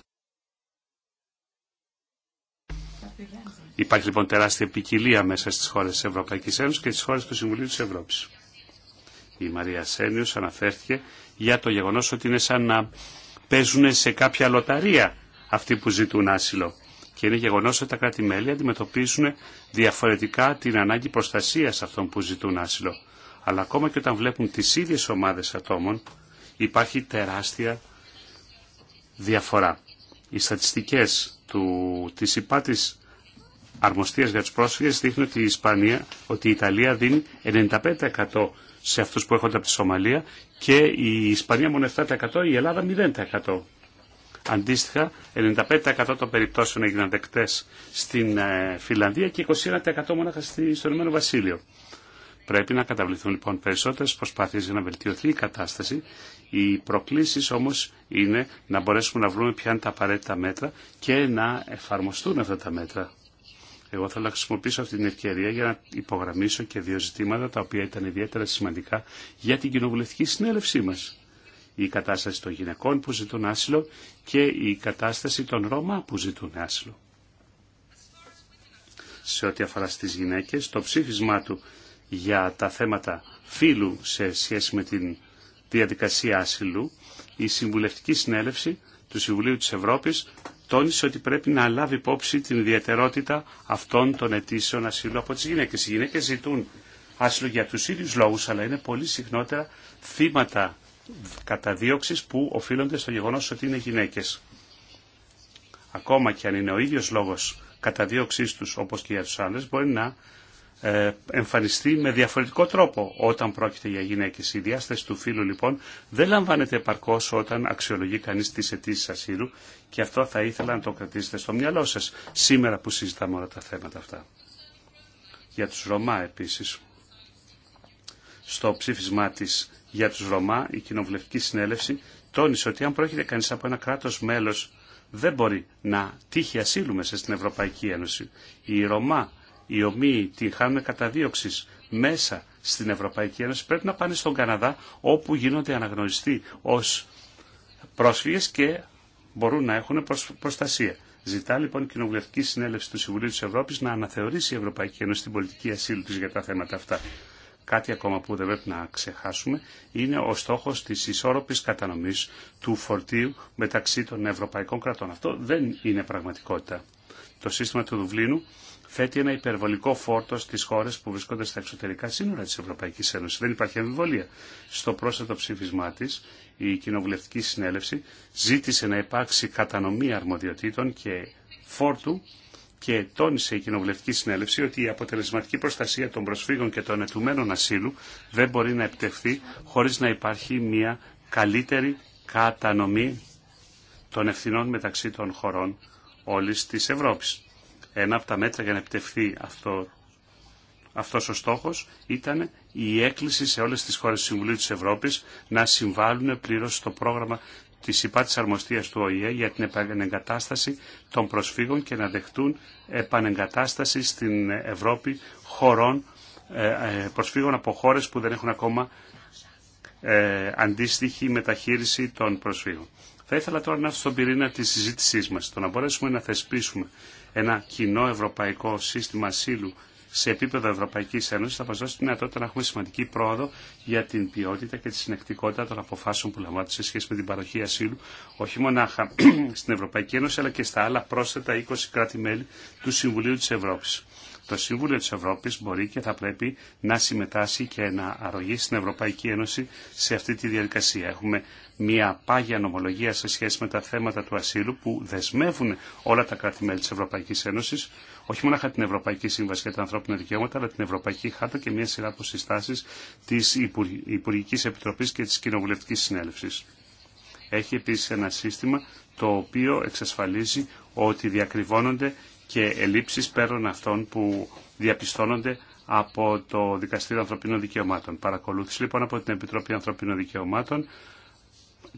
Υπάρχει λοιπόν τεράστια ποικιλία μέσα στις χώρες της Ευρωπαϊκής Ένωσης και στις χώρες του Συμβουλίου της Ευρώπης. Η Μαρία Σένιος αναφέρθηκε για το γεγονός ότι είναι σαν να παίζουν σε κάποια λοταρία αυτοί που ζητούν άσυλο. Και είναι γεγονός ότι τα κράτη-μέλη αντιμετωπίζουν διαφορετικά την ανάγκη προστασίας αυτών που ζητούν άσυλο. Αλλά ακόμα και όταν βλέπουν τις ίδιες ομάδες ατόμων υπάρχει τεράστια διαφορά. Οι στατιστικές του, της υπάτης αρμοστίας για τους πρόσφυγες δείχνουν ότι η Ισπανία, ότι η Ιταλία δίνει 95% σε αυτού που έρχονται από τη Σομαλία και η Ισπανία μόνο 7%, η Ελλάδα 0%. Αντίστοιχα, 95% των περιπτώσεων έγιναν δεκτέ στην ε, Φιλανδία και 21% μόνο στο Ηνωμένο Βασίλειο. Πρέπει να καταβληθούν λοιπόν περισσότερε προσπάθειες για να βελτιωθεί η κατάσταση. Οι προκλήσει όμως είναι να μπορέσουμε να βρούμε ποια είναι τα απαραίτητα μέτρα και να εφαρμοστούν αυτά τα μέτρα. Εγώ θέλω να χρησιμοποιήσω αυτή την ευκαιρία για να υπογραμμίσω και δύο ζητήματα τα οποία ήταν ιδιαίτερα σημαντικά για την κοινοβουλευτική συνέλευσή μας. Η κατάσταση των γυναικών που ζητούν άσυλο και η κατάσταση των Ρώμα που ζητούν άσυλο. Σε ό,τι αφορά στις γυναίκες, το ψήφισμά του για τα θέματα φύλου σε σχέση με την διαδικασία άσυλου, η Συμβουλευτική Συνέλευση του Συμβουλίου της Ευρώπης τόνισε ότι πρέπει να λάβει υπόψη την ιδιαιτερότητα αυτών των αιτήσεων ασύλου από τι γυναίκε. Οι γυναίκε ζητούν άσυλο για τους ίδιου λόγους, αλλά είναι πολύ συχνότερα θύματα καταδίωξη που οφείλονται στο γεγονό ότι είναι γυναίκες. Ακόμα και αν είναι ο ίδιος λόγος καταδίωξή τους όπως και για του άλλου, μπορεί να ε, εμφανιστεί με διαφορετικό τρόπο όταν πρόκειται για γυναίκες. Η διάσταση του φύλου λοιπόν δεν λαμβάνεται επαρκώς όταν αξιολογεί κανείς τις αιτήσει ασύρου και αυτό θα ήθελα να το κρατήσετε στο μυαλό σας σήμερα που συζητάμε όλα τα θέματα αυτά. Για τους Ρωμά επίσης. Στο ψήφισμά της για τους Ρωμά η Κοινοβουλευτική Συνέλευση τόνισε ότι αν πρόκειται κανείς από ένα κράτος μέλος δεν μπορεί να τύχει ασύλου μέσα στην Ευρωπαϊκή Ένωση. Η Ρωμά οι ομοίοι την χάνουν καταδίωξη μέσα στην Ευρωπαϊκή Ένωση πρέπει να πάνε στον Καναδά όπου γίνονται αναγνωριστοί ως πρόσφυγες και μπορούν να έχουν προστασία. Ζητά λοιπόν η Κοινοβουλευτική Συνέλευση του Συμβουλίου της Ευρώπης να αναθεωρήσει η Ευρωπαϊκή Ένωση την πολιτική ασύλου τη για τα θέματα αυτά. Κάτι ακόμα που δεν πρέπει να ξεχάσουμε είναι ο στόχο τη ισόρροπη κατανομή του φορτίου μεταξύ των ευρωπαϊκών κρατών. Αυτό δεν είναι πραγματικότητα. Το σύστημα του Δουβλίνου θέτει ένα υπερβολικό φόρτο στι χώρε που βρίσκονται στα εξωτερικά σύνορα τη Ευρωπαϊκή Ένωση. Δεν υπάρχει αμφιβολία. Στο πρόσθετο ψήφισμά τη, η Κοινοβουλευτική Συνέλευση ζήτησε να υπάρξει κατανομή αρμοδιοτήτων και φόρτου και τόνισε η Κοινοβουλευτική Συνέλευση ότι η αποτελεσματική προστασία των προσφύγων και των ετουμένων ασύλου δεν μπορεί να επιτευχθεί χωρί να υπάρχει μια καλύτερη κατανομή των ευθυνών μεταξύ των χωρών όλης της Ευρώπης. Ένα από τα μέτρα για να επιτευχθεί αυτό, αυτός ο στόχος ήταν η έκκληση σε όλες τις χώρες του Συμβουλίου της Ευρώπης να συμβάλλουν πλήρως στο πρόγραμμα της υπά αρμοστίας του ΟΗΕ για την επανεγκατάσταση των προσφύγων και να δεχτούν επανεγκατάσταση στην Ευρώπη χωρών ε, ε, προσφύγων από χώρες που δεν έχουν ακόμα ε, αντίστοιχη μεταχείριση των προσφύγων. Θα ήθελα τώρα να έρθω στον πυρήνα τη συζήτησής μα. Το να μπορέσουμε να θεσπίσουμε ένα κοινό ευρωπαϊκό σύστημα ασύλου σε επίπεδο Ευρωπαϊκή Ένωση θα μα δώσει τη δυνατότητα να έχουμε σημαντική πρόοδο για την ποιότητα και τη συνεκτικότητα των αποφάσεων που λαμβάνονται σε σχέση με την παροχή ασύλου, όχι μονάχα στην Ευρωπαϊκή Ένωση, αλλά και στα άλλα πρόσθετα 20 κράτη-μέλη του Συμβουλίου τη Ευρώπη. Το Σύμβουλιο τη Ευρώπη μπορεί και θα πρέπει να συμμετάσχει και να αρρωγεί στην Ευρωπαϊκή Ένωση σε αυτή τη διαδικασία. Έχουμε μια πάγια νομολογία σε σχέση με τα θέματα του ασύλου που δεσμεύουν όλα τα κράτη-μέλη της Ευρωπαϊκής Ένωσης, όχι μόνο την Ευρωπαϊκή Σύμβαση για τα Ανθρώπινα Δικαιώματα, αλλά την Ευρωπαϊκή Χάρτα και μια σειρά από συστάσει της Υπουργικής Επιτροπής και της Κοινοβουλευτικής Συνέλευσης. Έχει επίσης ένα σύστημα το οποίο εξασφαλίζει ότι διακριβώνονται και ελλείψεις πέραν αυτών που διαπιστώνονται από το Δικαστήριο Ανθρωπίνων Δικαιωμάτων. Παρακολούθηση λοιπόν από την Επιτροπή Ανθρωπίνων Δικαιωμάτων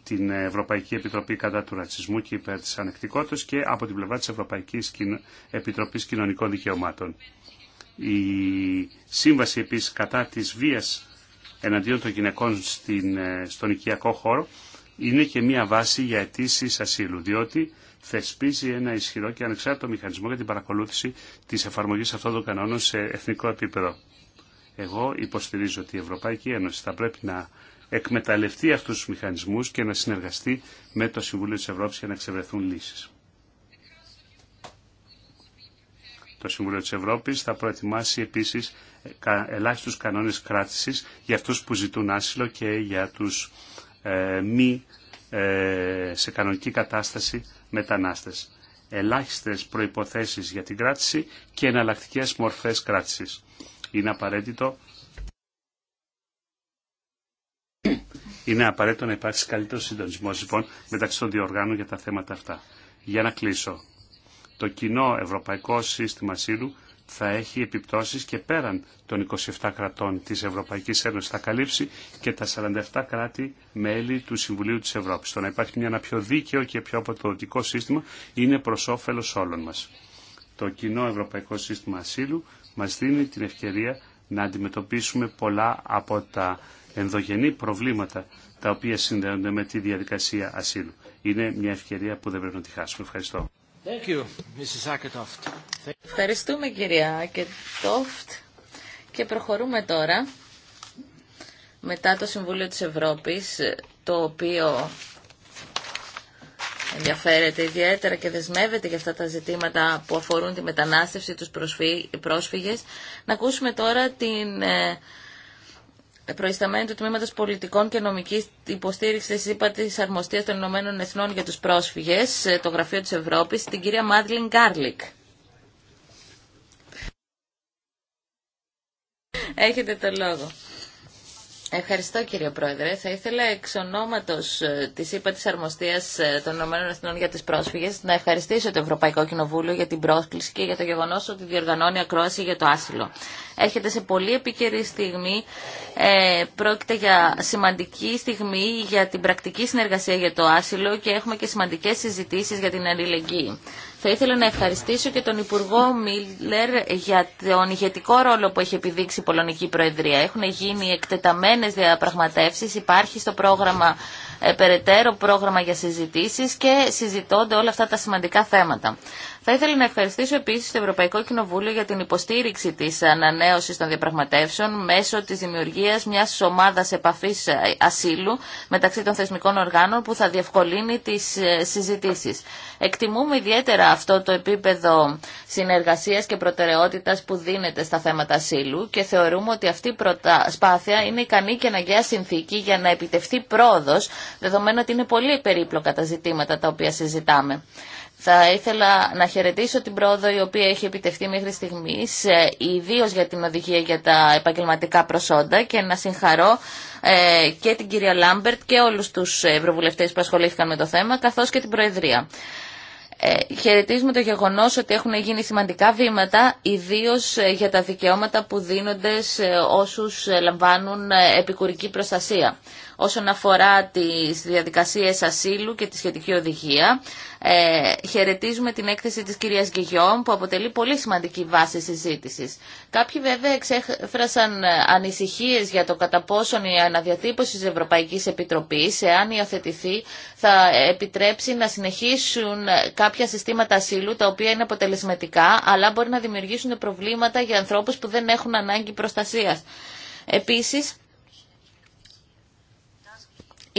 την Ευρωπαϊκή Επιτροπή κατά του ρατσισμού και υπέρ της ανεκτικότητας και από την πλευρά της Ευρωπαϊκής Επιτροπής Κοινωνικών Δικαιωμάτων. Η σύμβαση επίσης κατά της βίας εναντίον των γυναικών στην, ε, στον οικιακό χώρο είναι και μία βάση για αιτήσει ασύλου, διότι θεσπίζει ένα ισχυρό και ανεξάρτητο μηχανισμό για την παρακολούθηση της εφαρμογής αυτών των κανόνων σε εθνικό επίπεδο. Εγώ υποστηρίζω ότι η Ευρωπαϊκή Ένωση θα πρέπει να εκμεταλλευτεί αυτού του μηχανισμούς και να συνεργαστεί με το Συμβούλιο της Ευρώπης για να εξευρεθούν λύσεις. Το Συμβούλιο της Ευρώπης θα προετοιμάσει επίσης ελάχιστους κανόνες κράτησης για αυτούς που ζητούν άσυλο και για τους ε, μη ε, σε κανονική κατάσταση μετανάστες. Ελάχιστες προϋποθέσεις για την κράτηση και εναλλακτικέ μορφές κράτηση. Είναι απαραίτητο Είναι απαραίτητο να υπάρξει καλύτερο συντονισμό λοιπόν μεταξύ των διοργάνων για τα θέματα αυτά. Για να κλείσω. Το κοινό ευρωπαϊκό σύστημα ασύλου θα έχει επιπτώσεις και πέραν των 27 κρατών της Ευρωπαϊκής Ένωσης. Θα καλύψει και τα 47 κράτη μέλη του Συμβουλίου της Ευρώπης. Το να υπάρχει μια, ένα πιο δίκαιο και πιο αποδοτικό σύστημα είναι προς όφελος όλων μας. Το κοινό ευρωπαϊκό σύστημα ασύλου μας δίνει την ευκαιρία να αντιμετωπίσουμε πολλά από τα ενδογενή προβλήματα τα οποία συνδέονται με τη διαδικασία ασύλου. Είναι μια ευκαιρία που δεν πρέπει να τη χάσουμε. Ευχαριστώ. Thank you, Mrs. Ευχαριστούμε κυρία Ακετόφτ και προχωρούμε τώρα μετά το Συμβούλιο της Ευρώπης το οποίο ενδιαφέρεται ιδιαίτερα και δεσμεύεται για αυτά τα ζητήματα που αφορούν τη μετανάστευση, τους πρόσφυγες. Να ακούσουμε τώρα την ε, προϊσταμένη του Τμήματος Πολιτικών και Νομικής Υποστήριξης της ΥΠΑ της Αρμοστίας των Ηνωμένων Εθνών για τους Πρόσφυγες, ε, το Γραφείο της Ευρώπης, την κυρία Μάδλιν Γκάρλικ. Έχετε το λόγο. Ευχαριστώ κύριε Πρόεδρε. Θα ήθελα εξ ονόματος ε, της ΥΠΑ της Αρμοστίας ε, των ΗΠΑ για τις πρόσφυγες να ευχαριστήσω το Ευρωπαϊκό Κοινοβούλιο για την πρόσκληση και για το γεγονός ότι διοργανώνει ακρόαση για το άσυλο. Έρχεται σε πολύ επικαιρή στιγμή, ε, πρόκειται για σημαντική στιγμή για την πρακτική συνεργασία για το άσυλο και έχουμε και σημαντικές συζητήσεις για την αλληλεγγύη. Θα ήθελα να ευχαριστήσω και τον Υπουργό Μίλλερ για τον ηγετικό ρόλο που έχει επιδείξει η Πολωνική Προεδρία. Έχουν γίνει εκτεταμένες διαπραγματεύσεις, υπάρχει στο πρόγραμμα ε, περαιτέρω πρόγραμμα για συζητήσεις και συζητώνται όλα αυτά τα σημαντικά θέματα. Θα ήθελα να ευχαριστήσω επίση το Ευρωπαϊκό Κοινοβούλιο για την υποστήριξη τη ανανέωση των διαπραγματεύσεων μέσω τη δημιουργία μια ομάδα επαφή ε, ασύλου μεταξύ των θεσμικών οργάνων που θα διευκολύνει τι ε, συζητήσει. Εκτιμούμε ιδιαίτερα αυτό το επίπεδο συνεργασία και προτεραιότητα που δίνεται στα θέματα ασύλου και θεωρούμε ότι αυτή η προσπάθεια είναι ικανή και αναγκαία συνθήκη για να επιτευχθεί πρόοδο, δεδομένου ότι είναι πολύ περίπλοκα τα ζητήματα τα οποία συζητάμε. Θα ήθελα να χαιρετήσω την πρόοδο η οποία έχει επιτευχθεί μέχρι στιγμή, ε, ιδίω για την οδηγία για τα επαγγελματικά προσόντα και να συγχαρώ ε, και την κυρία Λάμπερτ και όλου του ευρωβουλευτέ που ασχολήθηκαν με το θέμα, καθώ και την Προεδρία. Ε, χαιρετίζουμε το γεγονός ότι έχουν γίνει σημαντικά βήματα, ιδίως ε, για τα δικαιώματα που δίνονται σε όσους λαμβάνουν επικουρική προστασία όσον αφορά τις διαδικασίες ασύλου και τη σχετική οδηγία. Ε, χαιρετίζουμε την έκθεση της κυρίας Γκυγιόμ που αποτελεί πολύ σημαντική βάση συζήτησης. Κάποιοι βέβαια εξέφρασαν ανησυχίες για το κατά πόσον η αναδιατύπωση της Ευρωπαϊκής Επιτροπής, εάν υιοθετηθεί, θα επιτρέψει να συνεχίσουν κάποια συστήματα ασύλου τα οποία είναι αποτελεσματικά, αλλά μπορεί να δημιουργήσουν προβλήματα για ανθρώπους που δεν έχουν ανάγκη προστασίας. Επίσης,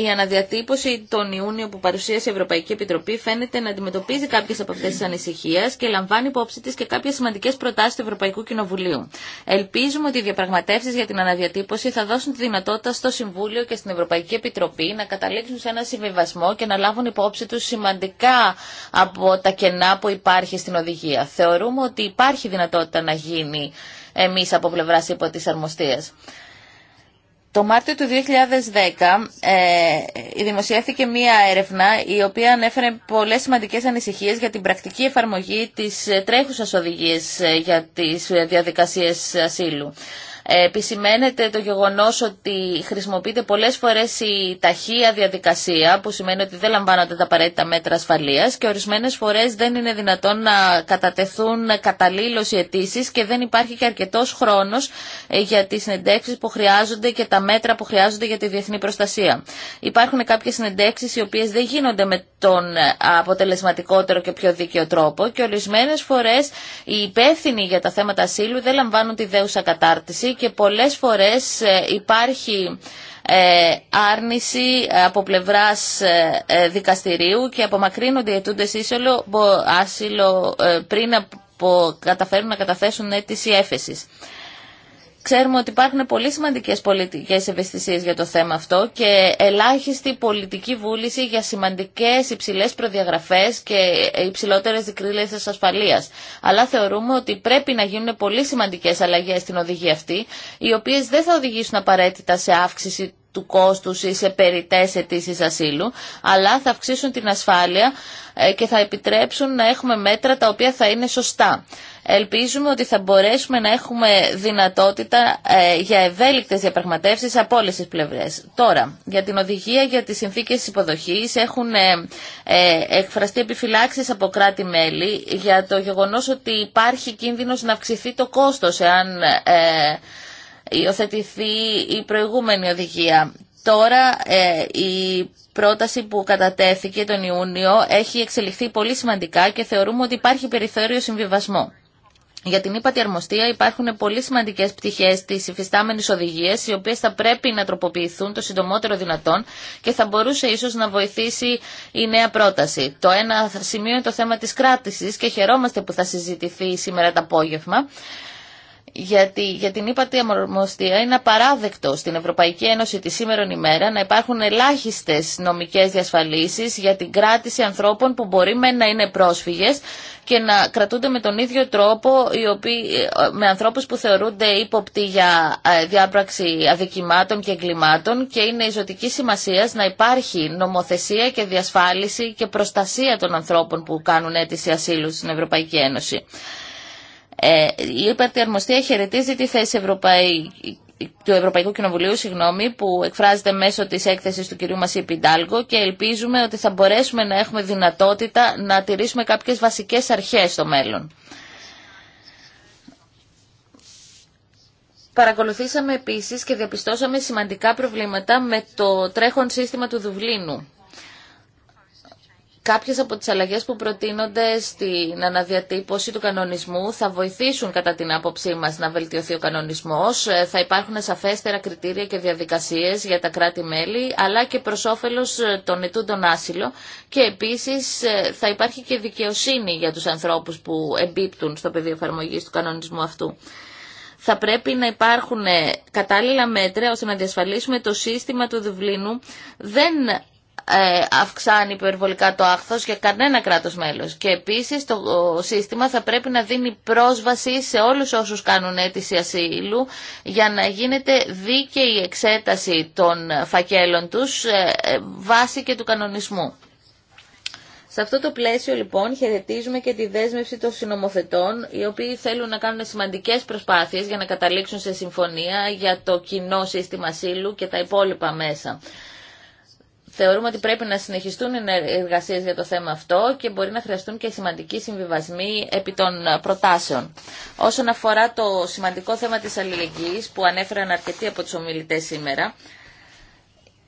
η αναδιατύπωση τον Ιούνιο που παρουσίασε η Ευρωπαϊκή Επιτροπή φαίνεται να αντιμετωπίζει κάποιε από αυτέ τι ανησυχίε και λαμβάνει υπόψη τη και κάποιε σημαντικέ προτάσει του Ευρωπαϊκού Κοινοβουλίου. Ελπίζουμε ότι οι διαπραγματεύσει για την αναδιατύπωση θα δώσουν τη δυνατότητα στο Συμβούλιο και στην Ευρωπαϊκή Επιτροπή να καταλήξουν σε ένα συμβιβασμό και να λάβουν υπόψη του σημαντικά από τα κενά που υπάρχει στην οδηγία. Θεωρούμε ότι υπάρχει δυνατότητα να γίνει εμεί από πλευρά υπό τη αρμοστία. Το Μάρτιο του 2010 ε, δημοσιεύθηκε μία έρευνα η οποία ανέφερε πολλές σημαντικές ανησυχίες για την πρακτική εφαρμογή της τρέχουσας οδηγίας ε, για τις διαδικασίες ασύλου. Επισημαίνεται το γεγονός ότι χρησιμοποιείται πολλές φορές η ταχεία διαδικασία που σημαίνει ότι δεν λαμβάνονται τα απαραίτητα μέτρα ασφαλείας και ορισμένες φορές δεν είναι δυνατόν να κατατεθούν καταλήλως οι αιτήσει και δεν υπάρχει και αρκετός χρόνος ε, για τις συνεντεύξεις που χρειάζονται και τα μέτρα που χρειάζονται για τη διεθνή προστασία. Υπάρχουν κάποιες συνεντεύξεις οι οποίες δεν γίνονται με τον ε, αποτελεσματικότερο και πιο δίκαιο τρόπο και ορισμένες φορές οι υπεύθυνοι για τα θέματα ασύλου δεν λαμβάνουν τη δέουσα κατάρτιση και πολλές φορές ε, υπάρχει ε, άρνηση από πλευράς ε, δικαστηρίου και απομακρύνονται οι αιτούντες ίσολο άσυλο πριν από καταφέρουν να καταθέσουν αίτηση έφεσης. Ξέρουμε ότι υπάρχουν πολύ σημαντικέ πολιτικέ ευαισθησίε για το θέμα αυτό και ελάχιστη πολιτική βούληση για σημαντικέ υψηλέ προδιαγραφέ και υψηλότερε δικρύλες ασφαλείας. Αλλά θεωρούμε ότι πρέπει να γίνουν πολύ σημαντικέ αλλαγέ στην οδηγία αυτή, οι οποίε δεν θα οδηγήσουν απαραίτητα σε αύξηση του κόστου ή σε περιττέ αιτήσει ασύλου, αλλά θα αυξήσουν την ασφάλεια ε, και θα επιτρέψουν να έχουμε μέτρα τα οποία θα είναι σωστά ελπίζουμε ότι θα μπορέσουμε να έχουμε δυνατότητα ε, για ευέλικτες διαπραγματεύσεις από όλες τις πλευρές. Τώρα, για την οδηγία για τις συνθήκες υποδοχής έχουν ε, ε, εκφραστεί επιφυλάξεις από κράτη-μέλη για το γεγονός ότι υπάρχει κίνδυνος να αυξηθεί το κόστος εάν υιοθετηθεί η προηγούμενη οδηγία. Τώρα η πρόταση που κατατέθηκε τον Ιούνιο έχει εξελιχθεί πολύ σημαντικά και θεωρούμε ότι υπάρχει περιθώριο συμβιβασμό. Για την ύπατη αρμοστία υπάρχουν πολύ σημαντικέ πτυχέ τη υφιστάμενη οδηγία, οι οποίε θα πρέπει να τροποποιηθούν το συντομότερο δυνατόν και θα μπορούσε ίσω να βοηθήσει η νέα πρόταση. Το ένα σημείο είναι το θέμα τη κράτηση και χαιρόμαστε που θα συζητηθεί σήμερα το απόγευμα γιατί για την ύπατη αμορμοστία είναι απαράδεκτο στην Ευρωπαϊκή Ένωση τη σήμερα ημέρα να υπάρχουν ελάχιστε νομικές διασφαλίσεις για την κράτηση ανθρώπων που μπορεί με να είναι πρόσφυγε και να κρατούνται με τον ίδιο τρόπο οι με ανθρώπου που θεωρούνται ύποπτοι για ε, διάπραξη αδικημάτων και εγκλημάτων και είναι η ζωτική σημασία να υπάρχει νομοθεσία και διασφάλιση και προστασία των ανθρώπων που κάνουν αίτηση ασύλου στην Ευρωπαϊκή Ένωση. Ε, η Αρμοστία χαιρετίζει τη θέση του Ευρωπαϊκού Κοινοβουλίου συγγνώμη, που εκφράζεται μέσω της έκθεσης του κυρίου Μασί Πιντάλγκο και ελπίζουμε ότι θα μπορέσουμε να έχουμε δυνατότητα να τηρήσουμε κάποιες βασικές αρχές στο μέλλον. Παρακολουθήσαμε επίσης και διαπιστώσαμε σημαντικά προβλήματα με το τρέχον σύστημα του Δουβλίνου κάποιες από τις αλλαγές που προτείνονται στην αναδιατύπωση του κανονισμού θα βοηθήσουν κατά την άποψή μας να βελτιωθεί ο κανονισμός. Ε, θα υπάρχουν σαφέστερα κριτήρια και διαδικασίες για τα κράτη-μέλη, αλλά και προς όφελος ε, των ετούντων άσυλο και επίσης ε, θα υπάρχει και δικαιοσύνη για τους ανθρώπους που εμπίπτουν στο πεδίο εφαρμογή του κανονισμού αυτού θα πρέπει να υπάρχουν κατάλληλα μέτρα ώστε να διασφαλίσουμε το σύστημα του Δουβλίνου δεν ε, αυξάνει υπερβολικά το άχθος για κανένα κράτος μέλος. Και επίσης το σύστημα θα πρέπει να δίνει πρόσβαση σε όλους όσους κάνουν αίτηση ασύλου για να γίνεται δίκαιη εξέταση των φακέλων τους ε, ε, βάσει και του κανονισμού. Σε αυτό το πλαίσιο λοιπόν χαιρετίζουμε και τη δέσμευση των συνομοθετών οι οποίοι θέλουν να κάνουν σημαντικές προσπάθειες για να καταλήξουν σε συμφωνία για το κοινό σύστημα ασύλου και τα υπόλοιπα μέσα. Θεωρούμε ότι πρέπει να συνεχιστούν οι εργασίες για το θέμα αυτό και μπορεί να χρειαστούν και σημαντικοί συμβιβασμοί επί των προτάσεων. Όσον αφορά το σημαντικό θέμα της αλληλεγγύης που ανέφεραν αρκετοί από τους ομιλητές σήμερα,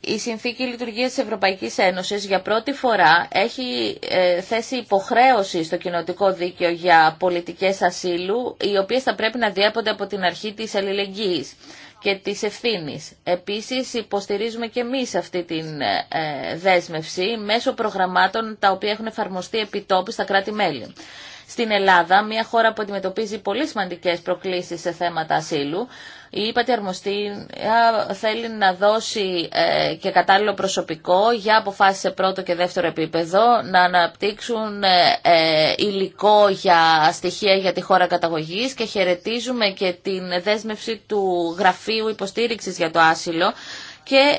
η Συνθήκη Λειτουργίας της Ευρωπαϊκής Ένωσης για πρώτη φορά έχει ε, θέσει υποχρέωση στο κοινοτικό δίκαιο για πολιτικές ασύλου, οι οποίες θα πρέπει να διέπονται από την αρχή της αλληλεγγύης και της ευθύνης. Επίσης υποστηρίζουμε και εμείς αυτή τη ε, ε, δέσμευση μέσω προγραμμάτων τα οποία έχουν εφαρμοστεί επιτόπου στα κράτη-μέλη. Στην Ελλάδα, μια χώρα που αντιμετωπίζει πολύ σημαντικέ προκλήσεις σε θέματα ασύλου, η ύπατη αρμοστή θέλει να δώσει ε, και κατάλληλο προσωπικό για αποφάσεις σε πρώτο και δεύτερο επίπεδο, να αναπτύξουν ε, ε, υλικό για στοιχεία για τη χώρα καταγωγής και χαιρετίζουμε και την δέσμευση του Γραφείου Υποστήριξης για το Άσυλο και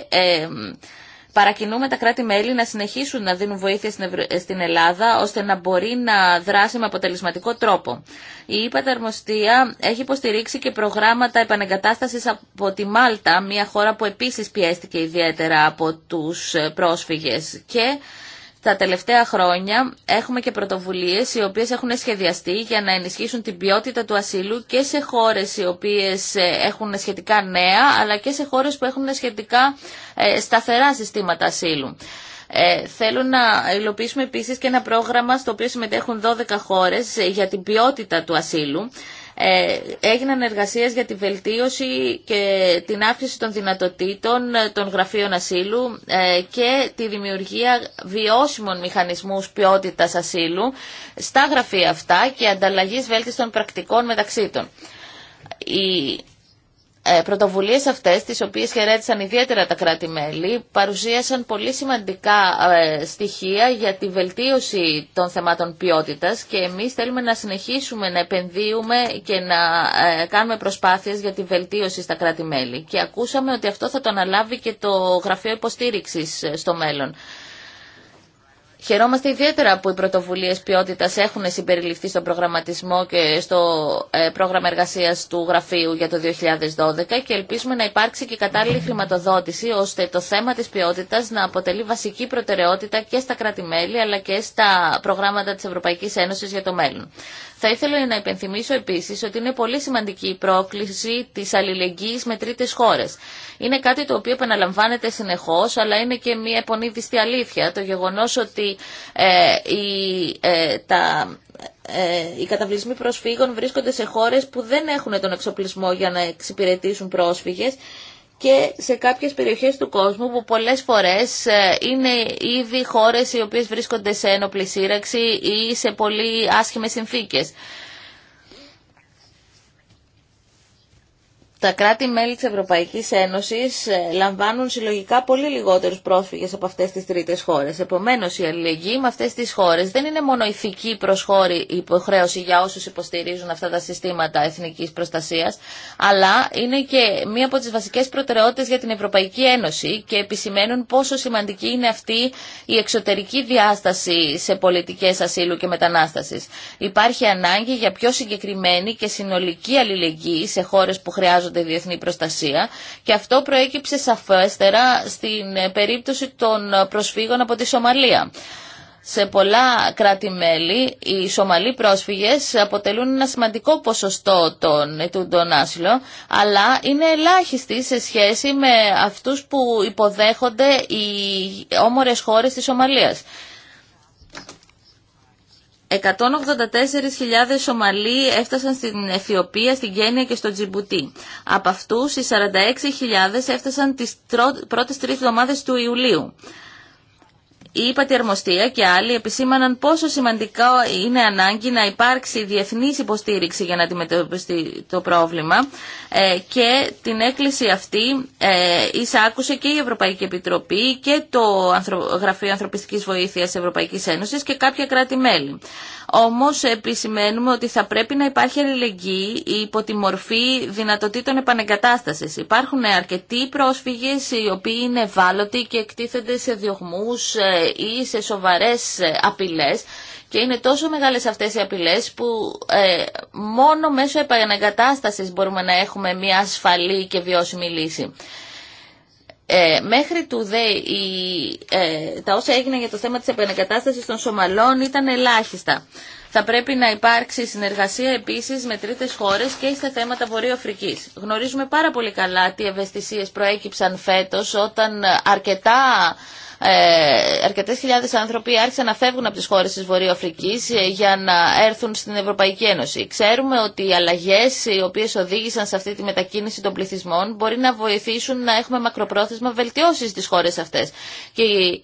Παρακινούμε τα κράτη-μέλη να συνεχίσουν να δίνουν βοήθεια στην Ελλάδα ώστε να μπορεί να δράσει με αποτελεσματικό τρόπο. Η υπαταρμοστία έχει υποστηρίξει και προγράμματα επανεγκατάσταση από τη Μάλτα, μια χώρα που επίση πιέστηκε ιδιαίτερα από του πρόσφυγε και τα τελευταία χρόνια έχουμε και πρωτοβουλίες οι οποίες έχουν σχεδιαστεί για να ενισχύσουν την ποιότητα του ασύλου και σε χώρες οι οποίες ε, έχουν σχετικά νέα αλλά και σε χώρες που έχουν σχετικά ε, σταθερά συστήματα ασύλου. Ε, θέλω να υλοποιήσουμε επίσης και ένα πρόγραμμα στο οποίο συμμετέχουν 12 χώρες ε, για την ποιότητα του ασύλου ε, έγιναν εργασίες για τη βελτίωση και την αύξηση των δυνατοτήτων ε, των γραφείων ασύλου ε, και τη δημιουργία βιώσιμων μηχανισμούς ποιότητας ασύλου στα γραφεία αυτά και ανταλλαγής βέλτιστων πρακτικών μεταξύ των ε, πρωτοβουλίες αυτές, τις οποίες χαιρέτησαν ιδιαίτερα τα κράτη-μέλη, παρουσίασαν πολύ σημαντικά ε, στοιχεία για τη βελτίωση των θεμάτων ποιότητας και εμείς θέλουμε να συνεχίσουμε να επενδύουμε και να ε, κάνουμε προσπάθειες για τη βελτίωση στα κράτη-μέλη. Και ακούσαμε ότι αυτό θα το αναλάβει και το Γραφείο Υποστήριξης ε, στο μέλλον. Χαιρόμαστε ιδιαίτερα που οι πρωτοβουλίες ποιότητας έχουν συμπεριληφθεί στον προγραμματισμό και στο ε, πρόγραμμα εργασίας του γραφείου για το 2012 και ελπίζουμε να υπάρξει και κατάλληλη χρηματοδότηση ώστε το θέμα της ποιότητας να αποτελεί βασική προτεραιότητα και στα κράτη-μέλη αλλά και στα προγράμματα της Ευρωπαϊκής Ένωσης για το μέλλον. Θα ήθελα να υπενθυμίσω επίσης ότι είναι πολύ σημαντική η πρόκληση της αλληλεγγύης με τρίτες χώρες. Είναι κάτι το οποίο επαναλαμβάνεται συνεχώς, αλλά είναι και μια επονίδιστη αλήθεια. Το γεγονός ότι η, ε, ε, τα ε, οι καταβλισμοί προσφύγων βρίσκονται σε χώρες που δεν έχουν τον εξοπλισμό για να εξυπηρετήσουν πρόσφυγες και σε κάποιες περιοχές του κόσμου που πολλές φορές ε, είναι ήδη χώρες οι οποίες βρίσκονται σε ένοπλη σύραξη ή σε πολύ άσχημες συνθήκες. τα κράτη-μέλη της Ευρωπαϊκής Ένωσης ε, λαμβάνουν συλλογικά πολύ λιγότερους πρόσφυγες από αυτές τις τρίτες χώρες. Επομένως, η αλληλεγγύη με αυτές τις χώρες δεν είναι μόνο ηθική προσχώρη υποχρέωση για όσους υποστηρίζουν αυτά τα συστήματα εθνικής προστασίας, αλλά είναι και μία από τις βασικές προτεραιότητες για την Ευρωπαϊκή Ένωση και επισημαίνουν πόσο σημαντική είναι αυτή η εξωτερική διάσταση σε πολιτικές ασύλου και μετανάστασης. Υπάρχει ανάγκη για πιο συγκεκριμένη και συνολική αλληλεγγύη σε χώρες που χρειάζονται χρειάζονται διεθνή προστασία και αυτό προέκυψε σαφέστερα στην ε, περίπτωση των ε, προσφύγων από τη Σομαλία. Σε πολλά κράτη-μέλη οι Σομαλοί πρόσφυγες αποτελούν ένα σημαντικό ποσοστό των ετούντων άσυλων, αλλά είναι ελάχιστοι σε σχέση με αυτούς που υποδέχονται οι όμορες χώρες της Σομαλίας. 184.000 Σομαλοί έφτασαν στην Αιθιοπία, στην Κένια και στο Τζιμπουτί. Από αυτούς οι 46.000 έφτασαν τις πρώτες τρεις εβδομάδες του Ιουλίου η ΥΠΑ και άλλοι επισήμαναν πόσο σημαντικό είναι ανάγκη να υπάρξει διεθνής υποστήριξη για να αντιμετωπιστεί το πρόβλημα ε, και την έκκληση αυτή ε, εισάκουσε και η Ευρωπαϊκή Επιτροπή και το Γραφείο Ανθρωπιστικής Βοήθειας Ευρωπαϊκής Ένωσης και κάποια κράτη-μέλη. Όμως ε, επισημαίνουμε ότι θα πρέπει να υπάρχει αλληλεγγύη υπό τη μορφή δυνατοτήτων επανεγκατάστασης. Υπάρχουν ε, αρκετοί πρόσφυγες οι οποίοι είναι ευάλωτοι και εκτίθενται σε διωγμούς ε, ή σε σοβαρές απειλές και είναι τόσο μεγάλες αυτές οι απειλές που μόνο μέσω επανεγκατάστασης μπορούμε να έχουμε μια ασφαλή και βιώσιμη λύση. Ε, μέχρι του δε η, ε, τα όσα έγιναν για το θέμα της επανακατάστασης των Σομαλών ήταν ελάχιστα. Θα πρέπει να υπάρξει συνεργασία επίσης με τρίτες χώρες και στα θέματα Βορείου Αφρικής. Γνωρίζουμε πάρα πολύ καλά τι ευαισθησίες προέκυψαν φέτος όταν αρκετά ε, αρκετές χιλιάδες άνθρωποι άρχισαν να φεύγουν από τις χώρες της Βορειοαφρικής ε, για να έρθουν στην Ευρωπαϊκή Ένωση. Ξέρουμε ότι οι αλλαγές οι οποίες οδήγησαν σε αυτή τη μετακίνηση των πληθυσμών μπορεί να βοηθήσουν να έχουμε μακροπρόθεσμα βελτιώσεις στις χώρες αυτές. Και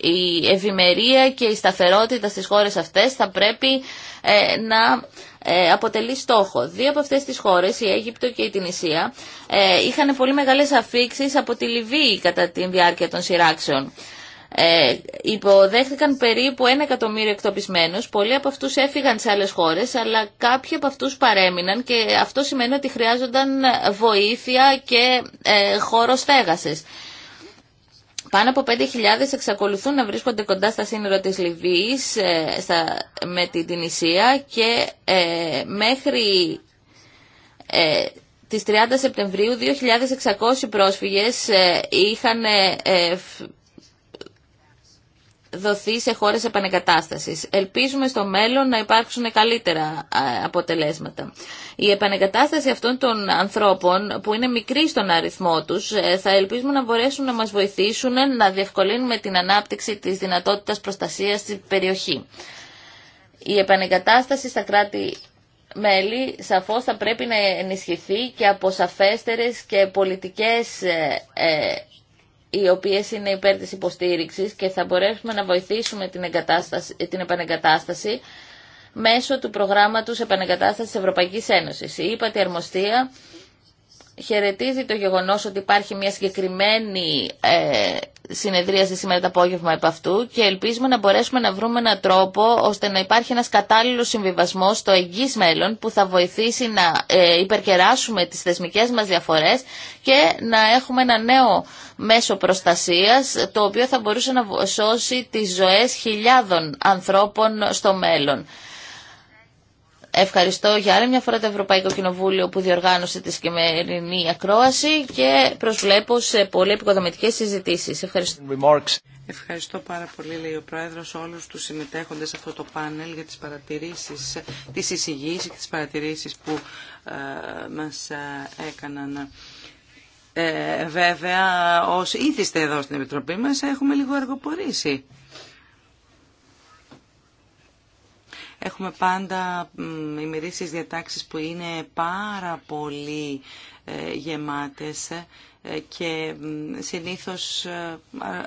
η ευημερία και η σταθερότητα στις χώρες αυτές θα πρέπει ε, να αποτελεί στόχο. Δύο από αυτές τις χώρες, η Αίγυπτο και η Τινησία, είχαν πολύ μεγάλες αφήξεις από τη Λιβύη κατά τη διάρκεια των σειράξεων ε, υποδέχθηκαν περίπου ένα εκατομμύριο εκτοπισμένους. Πολλοί από αυτούς έφυγαν σε άλλες χώρες, αλλά κάποιοι από αυτούς παρέμειναν και αυτό σημαίνει ότι χρειάζονταν βοήθεια και ε, χώρο στέγασης. Πάνω από 5.000 εξακολουθούν να βρίσκονται κοντά στα σύνορα της Λιβύης ε, στα, με την Τινησία και ε, μέχρι ε, τις 30 Σεπτεμβρίου 2.600 πρόσφυγες ε, είχαν δοθεί σε χώρες επανεκατάστασης. Ελπίζουμε στο μέλλον να υπάρξουν καλύτερα αποτελέσματα. Η επανεκατάσταση αυτών των ανθρώπων που είναι μικρή στον αριθμό τους ε, θα ελπίζουμε να μπορέσουν να μας βοηθήσουν να διευκολύνουμε την ανάπτυξη της δυνατότητας προστασίας στην περιοχή. Η επανεγκατάσταση στα κράτη μέλη σαφώς θα πρέπει να ενισχυθεί και από σαφέστερες και πολιτικές ε, ε, οι οποίε είναι υπέρ της υποστήριξης και θα μπορέσουμε να βοηθήσουμε την, την επανεγκατάσταση μέσω του προγράμματος επανεγκατάστασης της Ευρωπαϊκής Ένωσης. Η ΥΠΑΤΗ Αρμοστία χαιρετίζει το γεγονός ότι υπάρχει μια συγκεκριμένη ε, συνεδρίαση σήμερα το απόγευμα επ' αυτού και ελπίζουμε να μπορέσουμε να βρούμε έναν τρόπο ώστε να υπάρχει ένας κατάλληλος συμβιβασμός στο εγγύς μέλλον που θα βοηθήσει να ε, υπερκεράσουμε τις θεσμικές μας διαφορές και να έχουμε ένα νέο μέσο προστασίας το οποίο θα μπορούσε να σώσει τις ζωές χιλιάδων ανθρώπων στο μέλλον. Ευχαριστώ για άλλη μια φορά το Ευρωπαϊκό Κοινοβούλιο που διοργάνωσε τη σημερινή ακρόαση και προσβλέπω σε πολύ επικοδομητικές συζητήσεις. Ευχαριστώ. Ευχαριστώ πάρα πολύ, λέει ο Πρόεδρος, όλους τους συμμετέχοντες σε αυτό το πάνελ για τις παρατηρήσεις, τις εισηγήσεις και τις παρατηρήσεις που ε, μας ε, έκαναν. Ε, βέβαια, όσοι ήθιστε εδώ στην Επιτροπή μας, έχουμε λίγο αργοπορήσει. Έχουμε πάντα ημερήσεις διατάξεις που είναι πάρα πολύ ε, γεμάτες ε, και συνήθως ε,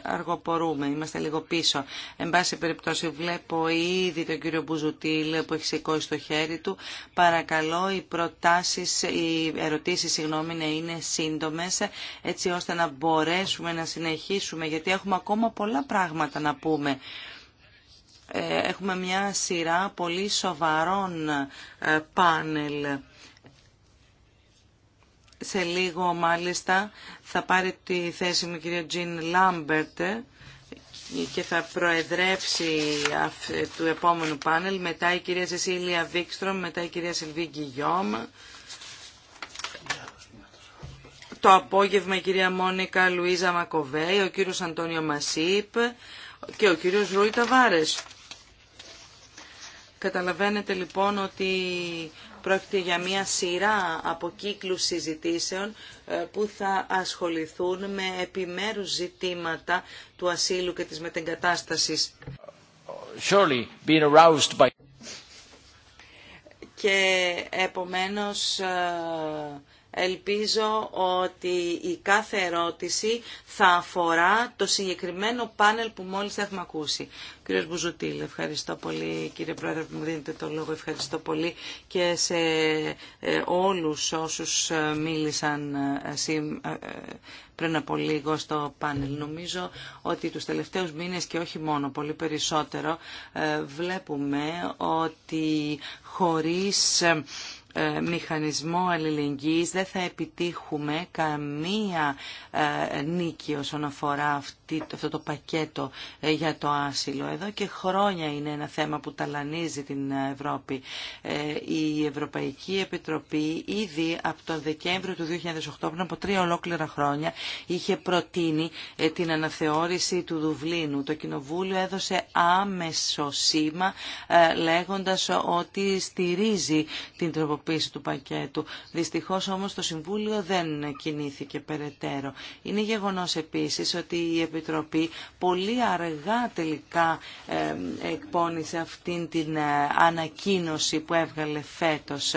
αργοπορούμε, είμαστε λίγο πίσω. Εν πάση περιπτώσει βλέπω ήδη τον κύριο Μπουζουτήλ που έχει σηκώσει το χέρι του. Παρακαλώ οι προτάσεις, οι ερωτήσεις συγγνώμη να είναι σύντομες έτσι ώστε να μπορέσουμε να συνεχίσουμε γιατί έχουμε ακόμα πολλά πράγματα να πούμε. Ε, έχουμε μια σειρά πολύ σοβαρών ε, πάνελ. Σε λίγο μάλιστα θα πάρει τη θέση μου η κυρία Τζιν Λάμπερτ ε, και θα προεδρεύσει του επόμενου πάνελ, μετά η κυρία Σεσίλια Βίκστρομ, μετά η κυρία Σιλβί Γκυγιόμ. Το απόγευμα η κυρία Μόνικα Λουίζα Μακοβέη, ο κύριος Αντώνιο Μασίπ και ο κύριος Ρούι Ταβάρες. Καταλαβαίνετε λοιπόν ότι πρόκειται για μια σειρά από κύκλους συζητήσεων ε, που θα ασχοληθούν με επιμέρους ζητήματα του ασύλου και της μετεγκατάστασης. Και επομένως ε, Ελπίζω ότι η κάθε ερώτηση θα αφορά το συγκεκριμένο πάνελ που μόλις έχουμε ακούσει. Κύριε Μπουζουτήλ, ευχαριστώ πολύ κύριε Πρόεδρε που μου δίνετε το λόγο. Ευχαριστώ πολύ και σε ε, όλους όσους ε, μίλησαν ε, πριν από λίγο στο πάνελ. Νομίζω ότι τους τελευταίους μήνες και όχι μόνο, πολύ περισσότερο, βλέπουμε ότι χωρίς ε, μηχανισμό αλληλεγγύης δεν θα επιτύχουμε καμία ε, νίκη όσον αφορά αυτή, αυτό το πακέτο ε, για το άσυλο. Εδώ και χρόνια είναι ένα θέμα που ταλανίζει την Ευρώπη. Η Ευρωπαϊκή Επιτροπή ήδη από τον Δεκέμβριο του 2008, πριν από τρία ολόκληρα χρόνια, είχε προτείνει την αναθεώρηση του Δουβλίνου. Το Κοινοβούλιο έδωσε άμεσο σήμα λέγοντας ότι στηρίζει την τροποποίηση υλοποίηση του πακέτου. Δυστυχώς όμως το Συμβούλιο δεν κινήθηκε περαιτέρω. Είναι γεγονός επίσης ότι η Επιτροπή πολύ αργά τελικά εκπώνησε αυτήν την ε, ανακοίνωση που έβγαλε φέτος.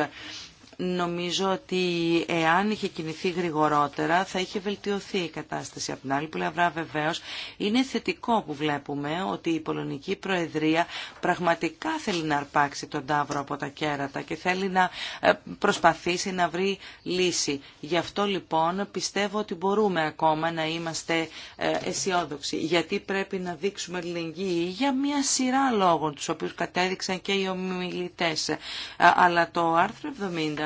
Νομίζω ότι εάν είχε κινηθεί γρηγορότερα θα είχε βελτιωθεί η κατάσταση. Από την άλλη πλευρά βεβαίως είναι θετικό που βλέπουμε ότι η Πολωνική Προεδρία πραγματικά θέλει να αρπάξει τον τάβρο από τα κέρατα και θέλει να ε, προσπαθήσει να βρει λύση. Γι' αυτό λοιπόν πιστεύω ότι μπορούμε ακόμα να είμαστε ε, αισιόδοξοι γιατί πρέπει να δείξουμε ελληνική για μια σειρά λόγων τους οποίους κατέδειξαν και οι ομιλητές. Ε, αλλά το άρθρο 70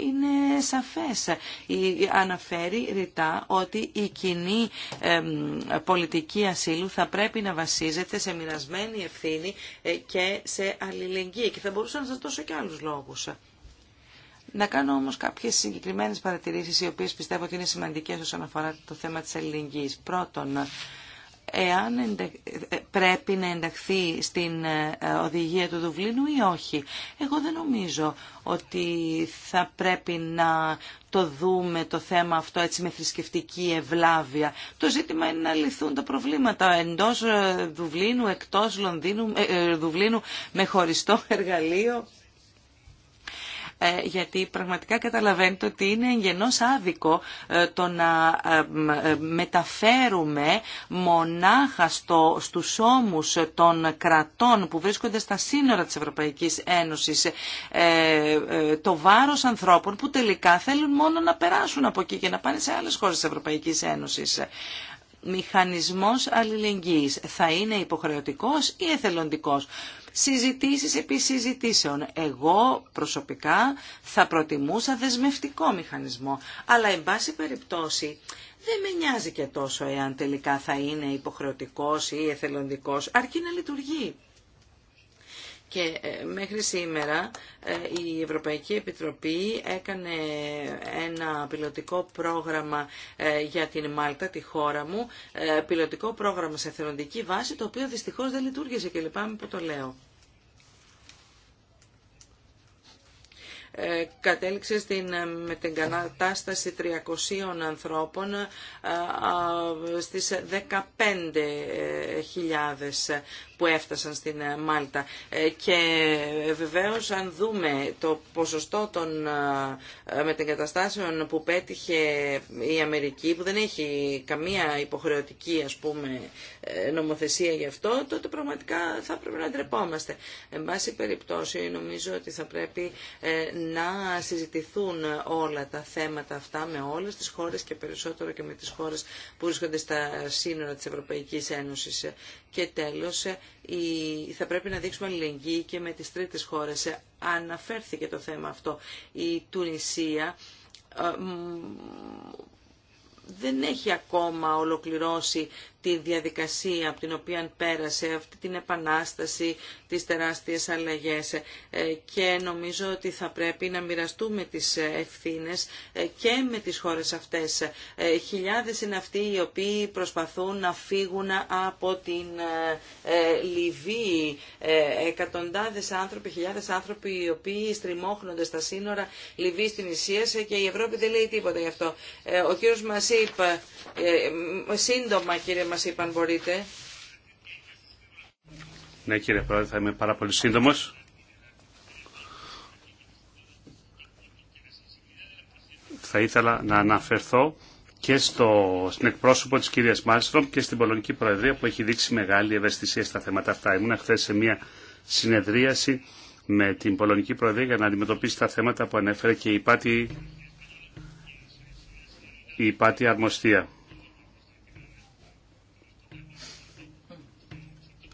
είναι σαφές. Αναφέρει ρητά ότι η κοινή πολιτική ασύλου θα πρέπει να βασίζεται σε μοιρασμένη ευθύνη ε, και σε αλληλεγγύη. Και θα μπορούσα να σας δώσω και άλλους λόγους. Να κάνω όμω κάποιε συγκεκριμένε παρατηρήσει, οι οποίε πιστεύω ότι είναι σημαντικέ όσον αφορά το θέμα τη αλληλεγγύη. Πρώτον, εάν ε, πρέπει να ενταχθεί στην ε, οδηγία του Δουβλίνου ή όχι. Εγώ δεν νομίζω ότι θα πρέπει να το δούμε το θέμα αυτό έτσι με θρησκευτική ευλάβεια. Το ζήτημα είναι να λυθούν τα προβλήματα εντός ε, Δουβλίνου, εκτός Λονδίνου, ε, Δουβλίνου με χωριστό εργαλείο ε, γιατί πραγματικά καταλαβαίνετε ότι είναι γενός άδικο ε, το να ε, μεταφέρουμε μονάχα στο, στους ώμους των κρατών που βρίσκονται στα σύνορα της Ευρωπαϊκής Ένωσης το βάρος ανθρώπων που τελικά θέλουν μόνο να περάσουν από εκεί και να πάνε σε άλλες χώρες της Ευρωπαϊκής Ένωσης μηχανισμός αλληλεγγύης θα είναι υποχρεωτικός ή εθελοντικός συζητήσεις επί συζητήσεων. Εγώ προσωπικά θα προτιμούσα δεσμευτικό μηχανισμό, αλλά εν πάση περιπτώσει δεν με νοιάζει και τόσο εάν τελικά θα είναι υποχρεωτικός ή εθελοντικός, αρκεί να λειτουργεί. Και ε, μέχρι σήμερα ε, η Ευρωπαϊκή Επιτροπή έκανε ένα πιλωτικό πρόγραμμα ε, για την Μάλτα, τη χώρα μου, πιλωτικό πρόγραμμα σε θελοντική βάση, το οποίο δυστυχώς δεν λειτουργήσε και λυπάμαι που το λέω. Ε, κατέληξε στην ε, μετεγκατάσταση 300 ανθρώπων ε, στις 15.000 που έφτασαν στην Μάλτα. Και βεβαίως αν δούμε το ποσοστό των μετεγκαταστάσεων που πέτυχε η Αμερική, που δεν έχει καμία υποχρεωτική ας πούμε ε, νομοθεσία γι' αυτό, τότε πραγματικά θα πρέπει να ντρεπόμαστε. Εν πάση περιπτώσει, νομίζω ότι θα πρέπει ε, να συζητηθούν όλα τα θέματα αυτά με όλες τις χώρες και περισσότερο και με τις χώρες που βρίσκονται στα σύνορα της Ευρωπαϊκής Ένωσης. Και τέλος, ε, θα πρέπει να δείξουμε αλληλεγγύη και με τις τρίτες χώρες. Αναφέρθηκε το θέμα αυτό. Η Τουνησία δεν έχει ακόμα ολοκληρώσει τη διαδικασία από την οποία πέρασε, αυτή την επανάσταση, τις τεράστιες αλλαγές ε, και νομίζω ότι θα πρέπει να μοιραστούμε τις ε, ευθύνες ε, και με τις χώρες αυτές. Χιλιάδες είναι αυτοί οι οποίοι προσπαθούν να φύγουν από την Λιβύη. Εκατοντάδες άνθρωποι, χιλιάδες άνθρωποι οι οποίοι στριμώχνονται στα σύνορα Λιβύης στην Ισία και η Ευρώπη δεν λέει τίποτα γι' αυτό. Ο κύριος Μασίπ, σύντομα κύριε Μασίπ αν μπορείτε. Ναι κύριε Πρόεδρε, θα είμαι πάρα πολύ σύντομος. Θα ήθελα να αναφερθώ και στο, στην εκπρόσωπο της κυρίας Μάλστρομ και στην Πολωνική Προεδρία που έχει δείξει μεγάλη ευαισθησία στα θέματα αυτά. Ήμουν χθε σε μια συνεδρίαση με την Πολωνική Προεδρία για να αντιμετωπίσει τα θέματα που ανέφερε και η Πάτη, η Πάτη Αρμοστία.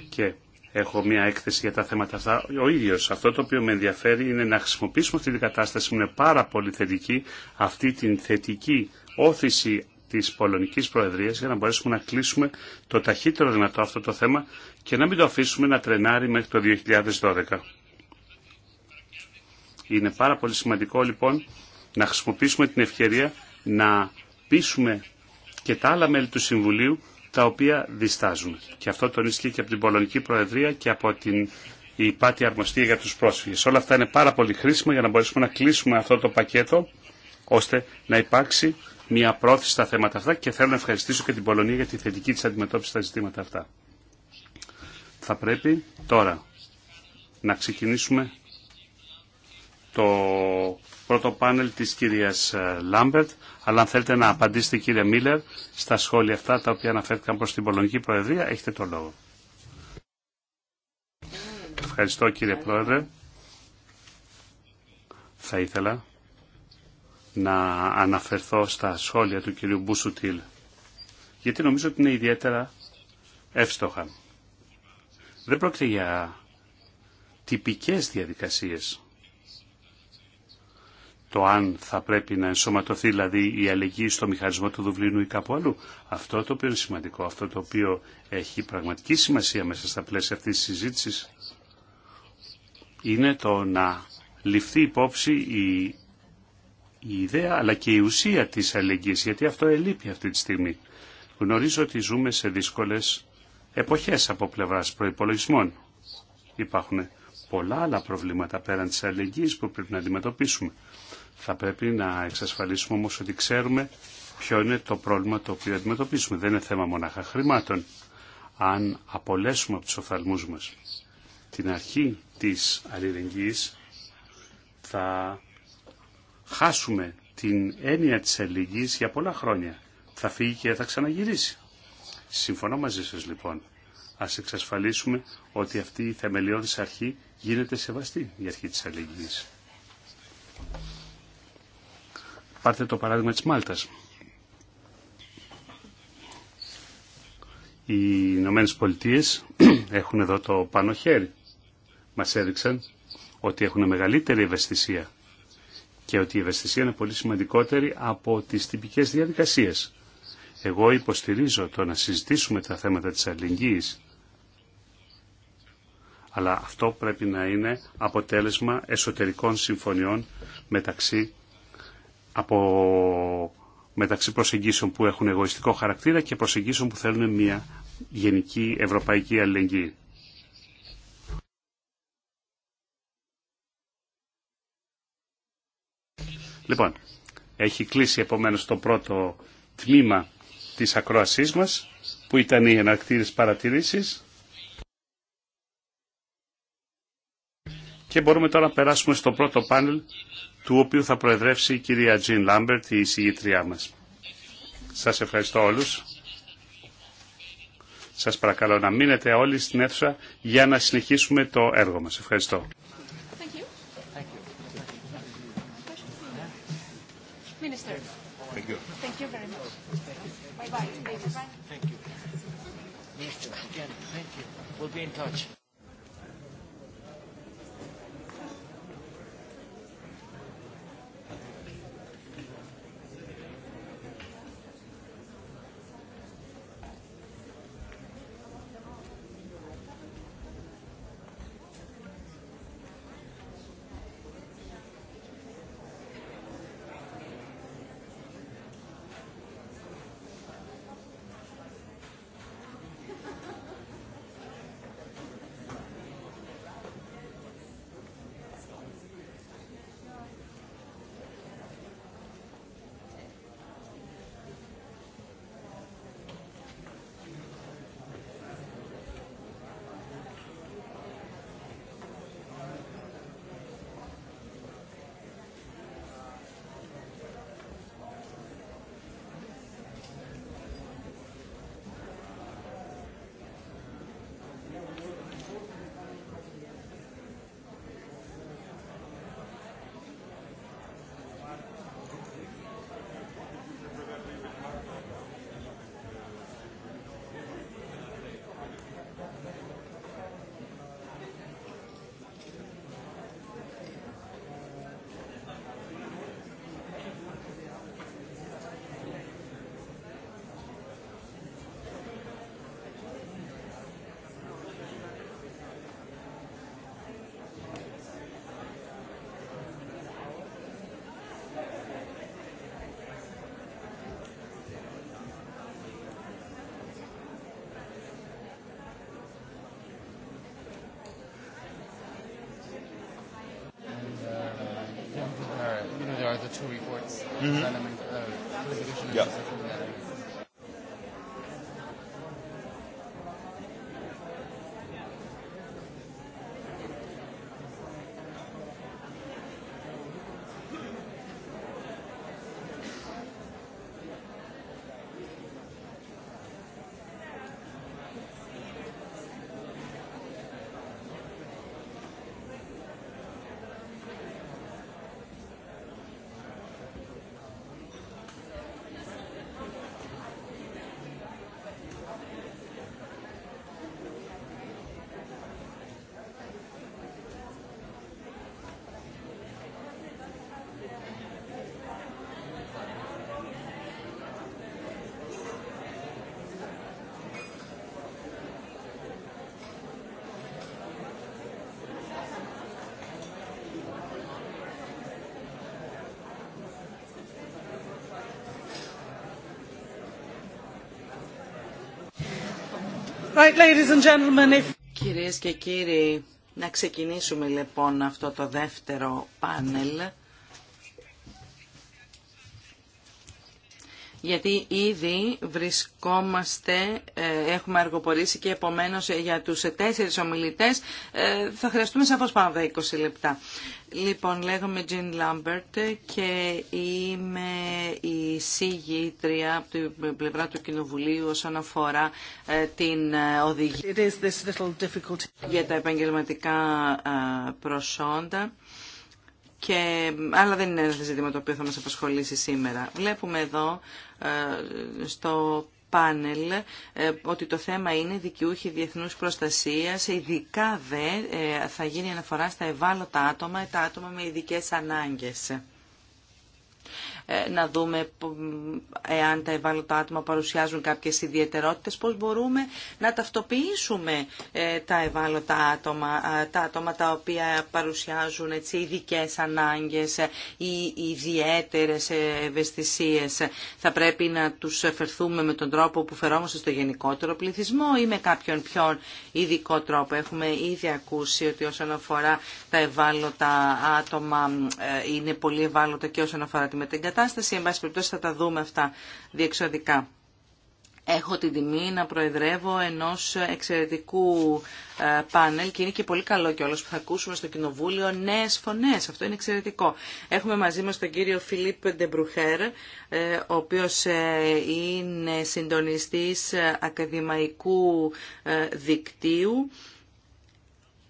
Και έχω μια έκθεση για τα θέματα αυτά ο ίδιος. Αυτό το οποίο με ενδιαφέρει είναι να χρησιμοποιήσουμε αυτή την κατάσταση που είναι πάρα πολύ θετική, αυτή την θετική όθηση της Πολωνικής προεδρία για να μπορέσουμε να κλείσουμε το ταχύτερο δυνατό αυτό το θέμα και να μην το αφήσουμε να τρενάρει μέχρι το 2012. Είναι πάρα πολύ σημαντικό λοιπόν να χρησιμοποιήσουμε την ευκαιρία να πείσουμε και τα άλλα μέλη του Συμβουλίου τα οποία διστάζουν. Και αυτό τονίστηκε και από την Πολωνική Προεδρία και από την πάτη αρμοστία για τους πρόσφυγες. Όλα αυτά είναι πάρα πολύ χρήσιμα για να μπορέσουμε να κλείσουμε αυτό το πακέτο ώστε να υπάρξει μια πρόθεση στα θέματα αυτά και θέλω να ευχαριστήσω και την Πολωνία για τη θετική της αντιμετώπιση στα ζητήματα αυτά. Θα πρέπει τώρα να ξεκινήσουμε το πρώτο πάνελ της κυρίας ε, Λάμπερτ, αλλά αν θέλετε να απαντήσετε κύριε Μίλλερ στα σχόλια αυτά τα οποία αναφέρθηκαν προς την Πολωνική Προεδρία, έχετε το λόγο. Ευχαριστώ κύριε Πρόεδρε. Θα ήθελα να αναφερθώ στα σχόλια του κυρίου Μπουσουτήλ, γιατί νομίζω ότι είναι ιδιαίτερα εύστοχα. Δεν πρόκειται για τυπικές διαδικασίες το αν θα πρέπει να ενσωματωθεί δηλαδή η αλληλεγγύη στο μηχανισμό του Δουβλίνου ή κάπου αλλού. Αυτό το οποίο είναι σημαντικό, αυτό το οποίο έχει πραγματική σημασία μέσα στα πλαίσια αυτής της συζήτησης είναι το να ληφθεί υπόψη η, η ιδέα αλλά και η ουσία της αλληλεγγύης γιατί αυτό ελείπει αυτή τη στιγμή. Γνωρίζω ότι ζούμε σε δύσκολες εποχές από πλευράς προϋπολογισμών. Υπάρχουν πολλά άλλα προβλήματα πέραν της αλληλεγγύης που πρέπει να αντιμετωπίσουμε. Θα πρέπει να εξασφαλίσουμε όμως ότι ξέρουμε ποιο είναι το πρόβλημα το οποίο αντιμετωπίσουμε. Δεν είναι θέμα μονάχα χρημάτων. Αν απολέσουμε από τους οφθαλμούς μας την αρχή της αλληλεγγύης, θα χάσουμε την έννοια της αλληλεγγύης για πολλά χρόνια. Θα φύγει και θα ξαναγυρίσει. Συμφωνώ μαζί σας λοιπόν. Ας εξασφαλίσουμε ότι αυτή η θεμελιώδης αρχή γίνεται σεβαστή, η αρχή της αλληλεγγύης. Πάρτε το παράδειγμα της Μάλτας. Οι Ηνωμένε Πολιτείε έχουν εδώ το πάνω χέρι. Μας έδειξαν ότι έχουν μεγαλύτερη ευαισθησία και ότι η ευαισθησία είναι πολύ σημαντικότερη από τις τυπικές διαδικασίες. Εγώ υποστηρίζω το να συζητήσουμε τα θέματα της αλληλεγγύης, αλλά αυτό πρέπει να είναι αποτέλεσμα εσωτερικών συμφωνιών μεταξύ από μεταξύ προσεγγίσεων που έχουν εγωιστικό χαρακτήρα και προσεγγίσεων που θέλουν μια γενική ευρωπαϊκή αλληλεγγύη. Λοιπόν, έχει κλείσει επομένως το πρώτο τμήμα της ακροασής μας, που ήταν οι εναρκτήρες παρατηρήσεις. Και μπορούμε τώρα να περάσουμε στο πρώτο πάνελ του οποίου θα προεδρεύσει η κυρία Τζιν Λάμπερτ, η εισηγήτριά μας. Σας ευχαριστώ όλους. Σας παρακαλώ να μείνετε όλοι στην αίθουσα για να συνεχίσουμε το έργο μας. Ευχαριστώ. Thank you. We'll be in touch. two reports, Κυρίες και κύριοι, να ξεκινήσουμε λοιπόν αυτό το δεύτερο πάνελ. γιατί ήδη βρισκόμαστε, ε, έχουμε αργοπορήσει και επομένως ε, για τους τέσσερις ομιλητές ε, θα χρειαστούμε σαφώς πάνω από 20 λεπτά. Λοιπόν, λέγομαι Jean Lambert και είμαι εισηγήτρια από την πλευρά του Κοινοβουλίου όσον αφορά ε, την ε, οδηγία για τα επαγγελματικά ε, προσόντα. Και, αλλά δεν είναι ένα ζήτημα το οποίο θα μας απασχολήσει σήμερα. Βλέπουμε εδώ στο πάνελ ότι το θέμα είναι δικαιούχοι διεθνούς προστασίας, ειδικά δε θα γίνει αναφορά στα ευάλωτα άτομα, τα άτομα με ειδικές ανάγκες. Ε, να δούμε εάν τα ευάλωτα άτομα παρουσιάζουν κάποιες ιδιαιτερότητες, πώς μπορούμε να ταυτοποιήσουμε ε, τα ευάλωτα άτομα, ε, τα άτομα τα οποία παρουσιάζουν έτσι, ειδικές ανάγκες ή ιδιαίτερες ευαισθησίες. Θα πρέπει να τους εφερθούμε με τον τρόπο που φερόμαστε στο γενικότερο πληθυσμό ή με κάποιον πιο ειδικό τρόπο. Έχουμε ήδη ακούσει ότι όσον αφορά τα ευάλωτα άτομα είναι πολύ ευάλωτα και όσον αφορά τη μετεγκατάσταση κατάσταση. Εν πάση περιπτώσει θα τα δούμε αυτά διεξοδικά. Έχω την τιμή να προεδρεύω ενός εξαιρετικού ε, πάνελ και είναι και πολύ καλό κιόλας που θα ακούσουμε στο Κοινοβούλιο νέες φωνές. Αυτό είναι εξαιρετικό. Έχουμε μαζί μας τον κύριο Φιλίπ Ντεμπρουχέρ, ε, ο οποίος ε, είναι συντονιστής ακαδημαϊκού δικτύου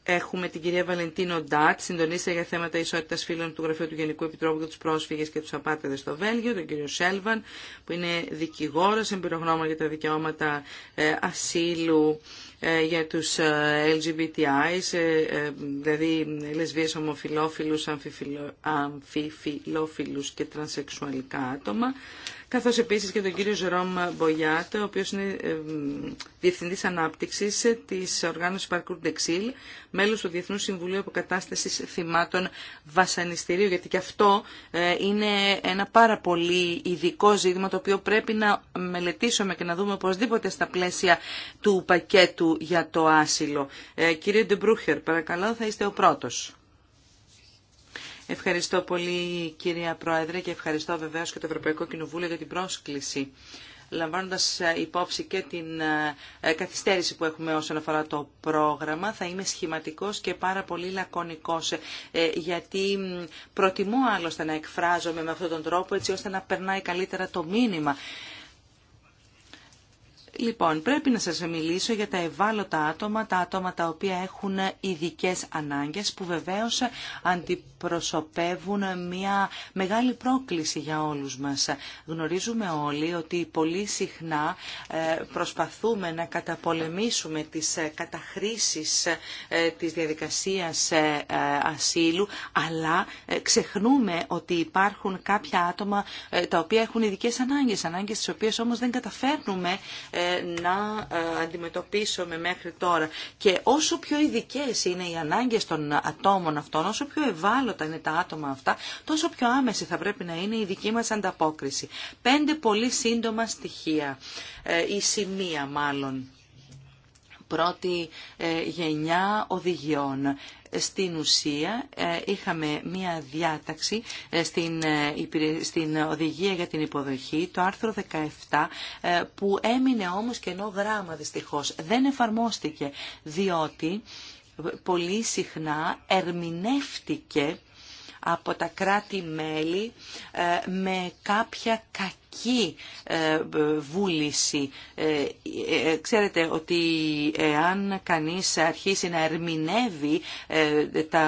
Έχουμε την κυρία Βαλεντίνο Ντάτ, συντονίστρια για θέματα ισότητα φίλων του Γραφείου του Γενικού Επιτρόπου για του πρόσφυγε και του απάτεδε στο Βέλγιο, τον κύριο Σέλβαν, που είναι δικηγόρο, εμπειρογνώμων για τα δικαιώματα ε, ασύλου ε, για τους ε, LGBTI, δηλαδή λεσβείες, ομοφιλόφιλους, αμφιφιλόφιλους και τρανσεξουαλικά άτομα καθώς επίσης και τον κύριο Ζερόμ Μπογιάτ, ο οποίος είναι διευθυντή ανάπτυξη της οργάνωσης Parkour Dexil, μέλος του Διεθνού Συμβουλίου Αποκατάσταση Θυμάτων Βασανιστηρίου, γιατί και αυτό ε, είναι ένα πάρα πολύ ειδικό ζήτημα, το οποίο πρέπει να μελετήσουμε και να δούμε οπωσδήποτε στα πλαίσια του πακέτου για το άσυλο. Ε, κύριε Ντεμπρούχερ, παρακαλώ, θα είστε ο πρώτος. Ευχαριστώ πολύ κυρία Πρόεδρε και ευχαριστώ βεβαίως και το Ευρωπαϊκό Κοινοβούλιο για την πρόσκληση λαμβάνοντας ε, υπόψη και την ε, καθυστέρηση που έχουμε όσον αφορά το πρόγραμμα, θα είμαι σχηματικός και πάρα πολύ λακωνικός, ε, γιατί προτιμώ άλλωστε να εκφράζομαι με αυτόν τον τρόπο, έτσι ώστε να περνάει καλύτερα το μήνυμα. Λοιπόν, πρέπει να σας μιλήσω για τα ευάλωτα άτομα, τα άτομα τα οποία έχουν ειδικέ ανάγκες που βεβαίως αντιπροσωπεύουν μια μεγάλη πρόκληση για όλους μας. Γνωρίζουμε όλοι ότι πολύ συχνά ε, προσπαθούμε να καταπολεμήσουμε τις ε, καταχρήσεις ε, της διαδικασίας ασύλου, αλλά ξεχνούμε ότι υπάρχουν κάποια άτομα τα οποία έχουν ειδικέ ανάγκες, ανάγκες τις οποίες όμως δεν καταφέρνουμε ε, να ε, αντιμετωπίσουμε μέχρι τώρα. Και όσο πιο ειδικέ είναι οι ανάγκε των ατόμων αυτών, όσο πιο ευάλωτα είναι τα άτομα αυτά, τόσο πιο άμεση θα πρέπει να είναι η δική μα ανταπόκριση. Πέντε πολύ σύντομα στοιχεία, ή ε, σημεία μάλλον πρώτη ε, γενιά οδηγιών. Στην ουσία ε, είχαμε μία διάταξη ε, στην, στην οδηγία για την υποδοχή, το άρθρο 17, που έμεινε όμως κενό γράμμα δυστυχώς. Δεν εφαρμόστηκε, διότι πολύ συχνά ερμηνεύτηκε από τα κράτη-μέλη με κάποια κακή πολιτική ε, βούληση. Ε, ε, ξέρετε ότι εάν κανείς αρχίσει να ερμηνεύει τα,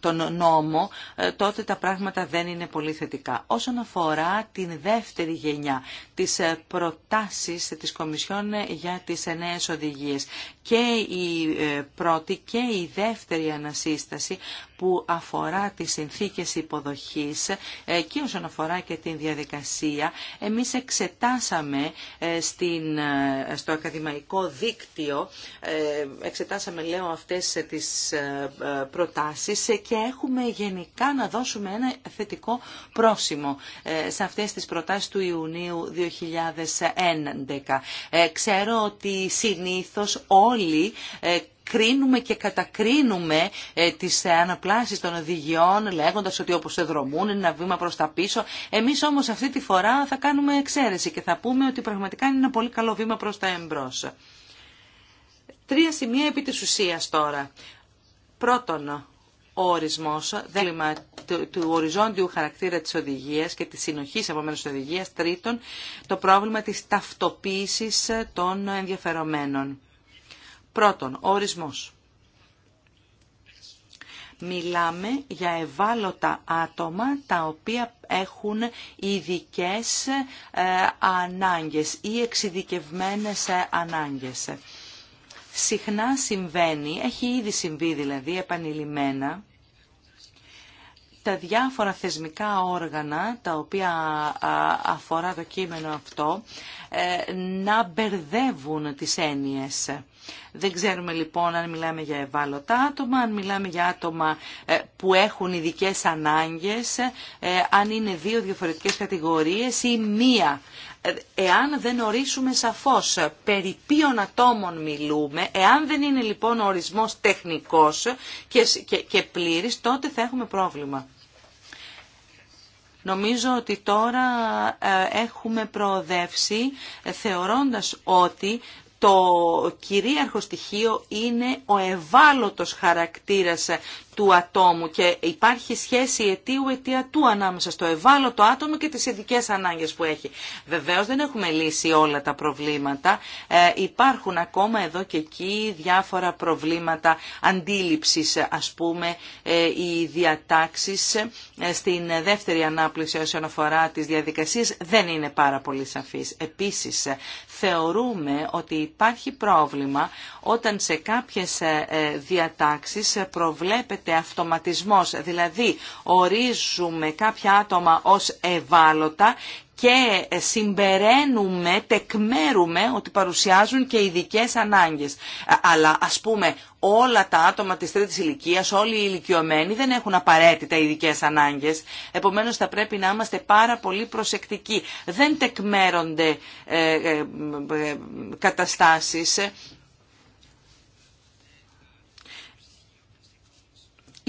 τον νόμο, τότε τα πράγματα δεν είναι πολύ θετικά. Όσον αφορά την δεύτερη γενιά, της προτάσεις της Κομισιόν για τις νέες οδηγίες και η πρώτη και η δεύτερη ανασύσταση που αφορά τις συνθήκες υποδοχής και όσον αφορά και την διαδικασία διαδικασία εμείς εξετάσαμε ε, στην, ε, στο ακαδημαϊκό δίκτυο, ε, εξετάσαμε λέω αυτές τις προτάσεις και έχουμε γενικά να δώσουμε ένα θετικό πρόσημο σε αυτές τις προτάσεις του Ιουνίου 2011. Ξέρω ότι συνήθως όλοι κρίνουμε και κατακρίνουμε ε, τις αναπλάσεις των οδηγιών λέγοντας ότι όπως δρομούν είναι ένα βήμα προς τα πίσω. Εμείς όμως αυτή τη φορά θα κάνουμε εξαίρεση και θα πούμε ότι πραγματικά είναι ένα πολύ καλό βήμα προς τα εμπρός. Τρία σημεία επί της ουσίας τώρα. Πρώτον, ο ορισμός, δέλημα του, του οριζόντιου χαρακτήρα της οδηγίας και της συνοχής επομένως της οδηγίας. Τρίτον, το πρόβλημα της ταυτοποίησης των ενδιαφερομένων. Πρώτον, ο ορισμός. Μιλάμε για ευάλωτα άτομα τα οποία έχουν ειδικέ ε, ανάγκες ή εξειδικευμένες ε, ανάγκες. Συχνά συμβαίνει, έχει ήδη συμβεί δηλαδή επανειλημμένα, τα διάφορα θεσμικά όργανα τα οποία αφορά το κείμενο αυτό ε, να μπερδεύουν τις έννοιες δεν ξέρουμε λοιπόν αν μιλάμε για ευάλωτα άτομα, αν μιλάμε για άτομα ε, που έχουν ειδικέ ανάγκες, ε, αν είναι δύο διαφορετικές κατηγορίες ή μία. Ε, εάν δεν ορίσουμε σαφώς περί ποιων ατόμων μιλούμε, εάν δεν είναι λοιπόν ο ορισμός τεχνικός και πλήρης, τότε θα έχουμε πρόβλημα. Νομίζω ότι τώρα έχουμε προοδεύσει θεωρώντας ότι το κυρίαρχο στοιχείο είναι ο ευάλωτος χαρακτήρας του ατόμου και υπάρχει σχέση αιτίου του ανάμεσα στο ευάλωτο άτομο και τις ειδικέ ανάγκες που έχει. Βεβαίως δεν έχουμε λύσει όλα τα προβλήματα. Ε, υπάρχουν ακόμα εδώ και εκεί διάφορα προβλήματα αντίληψης, ας πούμε, ε, οι διατάξεις ε, στην δεύτερη ανάπληση όσον αφορά τις διαδικασίες δεν είναι πάρα πολύ σαφείς. Επίσης, θεωρούμε ότι υπάρχει πρόβλημα όταν σε κάποιες ε, ε, διατάξεις προβλέπεται αυτοματισμός, δηλαδή ορίζουμε κάποια άτομα ως ευάλωτα και συμπεραίνουμε, τεκμέρουμε ότι παρουσιάζουν και ειδικέ ανάγκες. Αλλά ας πούμε όλα τα άτομα της τρίτης ηλικίας, όλοι οι ηλικιωμένοι δεν έχουν απαραίτητα ειδικέ ανάγκες. Επομένως θα πρέπει να είμαστε πάρα πολύ προσεκτικοί. Δεν τεκμέρονται ε, ε, ε καταστάσεις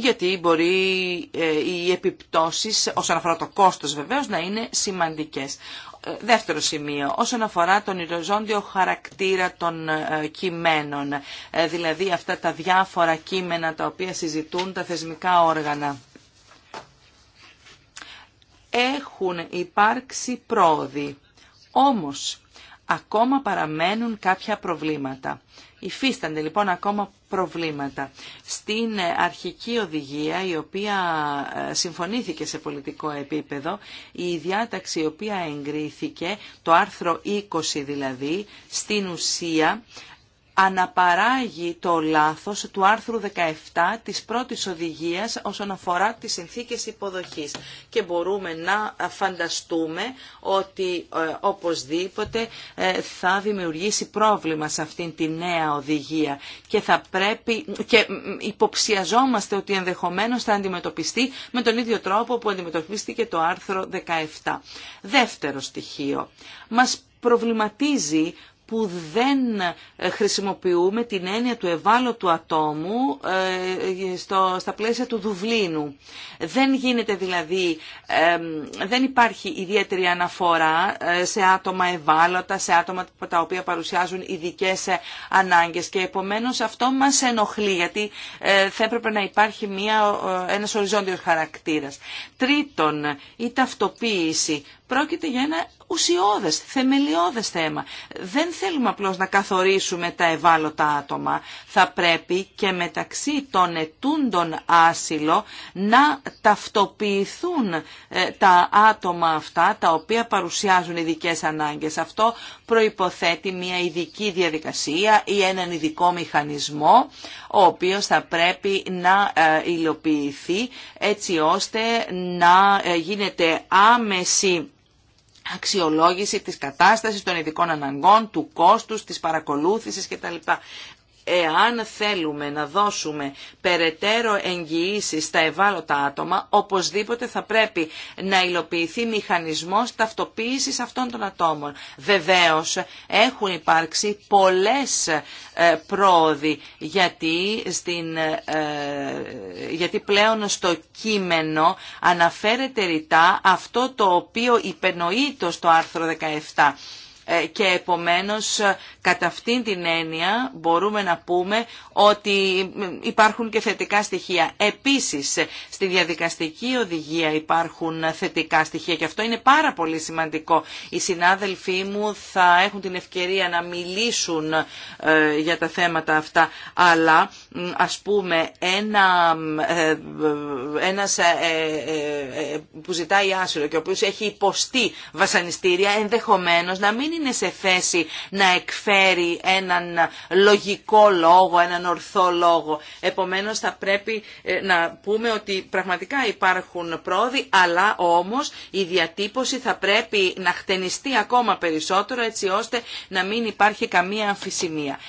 γιατί μπορεί ε, οι επιπτώσεις όσον αφορά το κόστος βεβαίως να είναι σημαντικές. Ε, δεύτερο σημείο, όσον αφορά τον ηρωζόντιο χαρακτήρα των ε, κειμένων, δηλαδή αυτά τα διάφορα κείμενα τα οποία συζητούν τα θεσμικά όργανα έχουν υπάρξει πρόοδοι. Όμως, ακόμα παραμένουν κάποια προβλήματα. Υφίστανται λοιπόν ακόμα προβλήματα. Στην αρχική οδηγία, η οποία ε, συμφωνήθηκε σε πολιτικό επίπεδο, η διάταξη η οποία εγκρίθηκε, το άρθρο 20 δηλαδή, στην ουσία αναπαράγει το λάθος του άρθρου 17 της πρώτης οδηγίας όσον αφορά τις συνθήκες υποδοχής και μπορούμε να φανταστούμε ότι ε, οπωσδήποτε ε, θα δημιουργήσει πρόβλημα σε αυτήν τη νέα οδηγία και θα πρέπει και υποψιαζόμαστε ότι ενδεχομένως θα αντιμετωπιστεί με τον ίδιο τρόπο που αντιμετωπίστηκε το άρθρο 17. Δεύτερο στοιχείο. Μας προβληματίζει που δεν ε, χρησιμοποιούμε την έννοια του ευάλωτου ατόμου ε, στο, στα πλαίσια του Δουβλίνου. Δεν γίνεται δηλαδή, δεν υπάρχει ιδιαίτερη αναφορά ε, σε άτομα ευάλωτα, σε άτομα τα οποία παρουσιάζουν ειδικέ ανάγκες και επομένως αυτό μας ενοχλεί γιατί θα έπρεπε να υπάρχει μια, ένας οριζόντιος χαρακτήρας. Τρίτον, η ταυτοποίηση Πρόκειται για ένα ουσιώδες, θεμελιώδες θέμα. Δεν θέλουμε απλώς να καθορίσουμε τα ευάλωτα άτομα. Θα πρέπει και μεταξύ των ετούντων άσυλο να ταυτοποιηθούν ε, τα άτομα αυτά τα οποία παρουσιάζουν ειδικέ ανάγκες. Αυτό προϋποθέτει μια ειδική διαδικασία ή έναν ειδικό μηχανισμό ο οποίος θα πρέπει να ε, υλοποιηθεί έτσι ώστε να ε, γίνεται άμεση αξιολόγηση της κατάστασης των ειδικών αναγκών, του κόστους, της παρακολούθησης κτλ εάν θέλουμε να δώσουμε περαιτέρω εγγυήσει στα ευάλωτα άτομα, οπωσδήποτε θα πρέπει να υλοποιηθεί μηχανισμός ταυτοποίησης αυτών των ατόμων. Βεβαίως έχουν υπάρξει πολλές ε, πρόοδοι γιατί, στην, ε, γιατί πλέον στο κείμενο αναφέρεται ρητά αυτό το οποίο υπενοείται στο άρθρο 17 ε, και επομένως ε, κατά αυτήν την έννοια μπορούμε να πούμε ότι υπάρχουν και θετικά στοιχεία. Επίσης ε, στη διαδικαστική οδηγία υπάρχουν θετικά στοιχεία και αυτό είναι πάρα πολύ σημαντικό. Οι συνάδελφοί μου θα έχουν την ευκαιρία να μιλήσουν για τα θέματα αυτά αλλά ας πούμε ένα, ένας που ζητάει άσυλο και ο οποίος έχει υποστεί βασανιστήρια ενδεχομένως να μην είναι σε θέση να εκφέρει έναν λογικό λόγο, έναν ορθό λόγο. Επομένως θα πρέπει ε, να πούμε ότι πραγματικά υπάρχουν πρόοδοι, αλλά όμως η διατύπωση θα πρέπει να χτενιστεί ακόμα περισσότερο έτσι ώστε να μην υπάρχει καμία αμφισημία.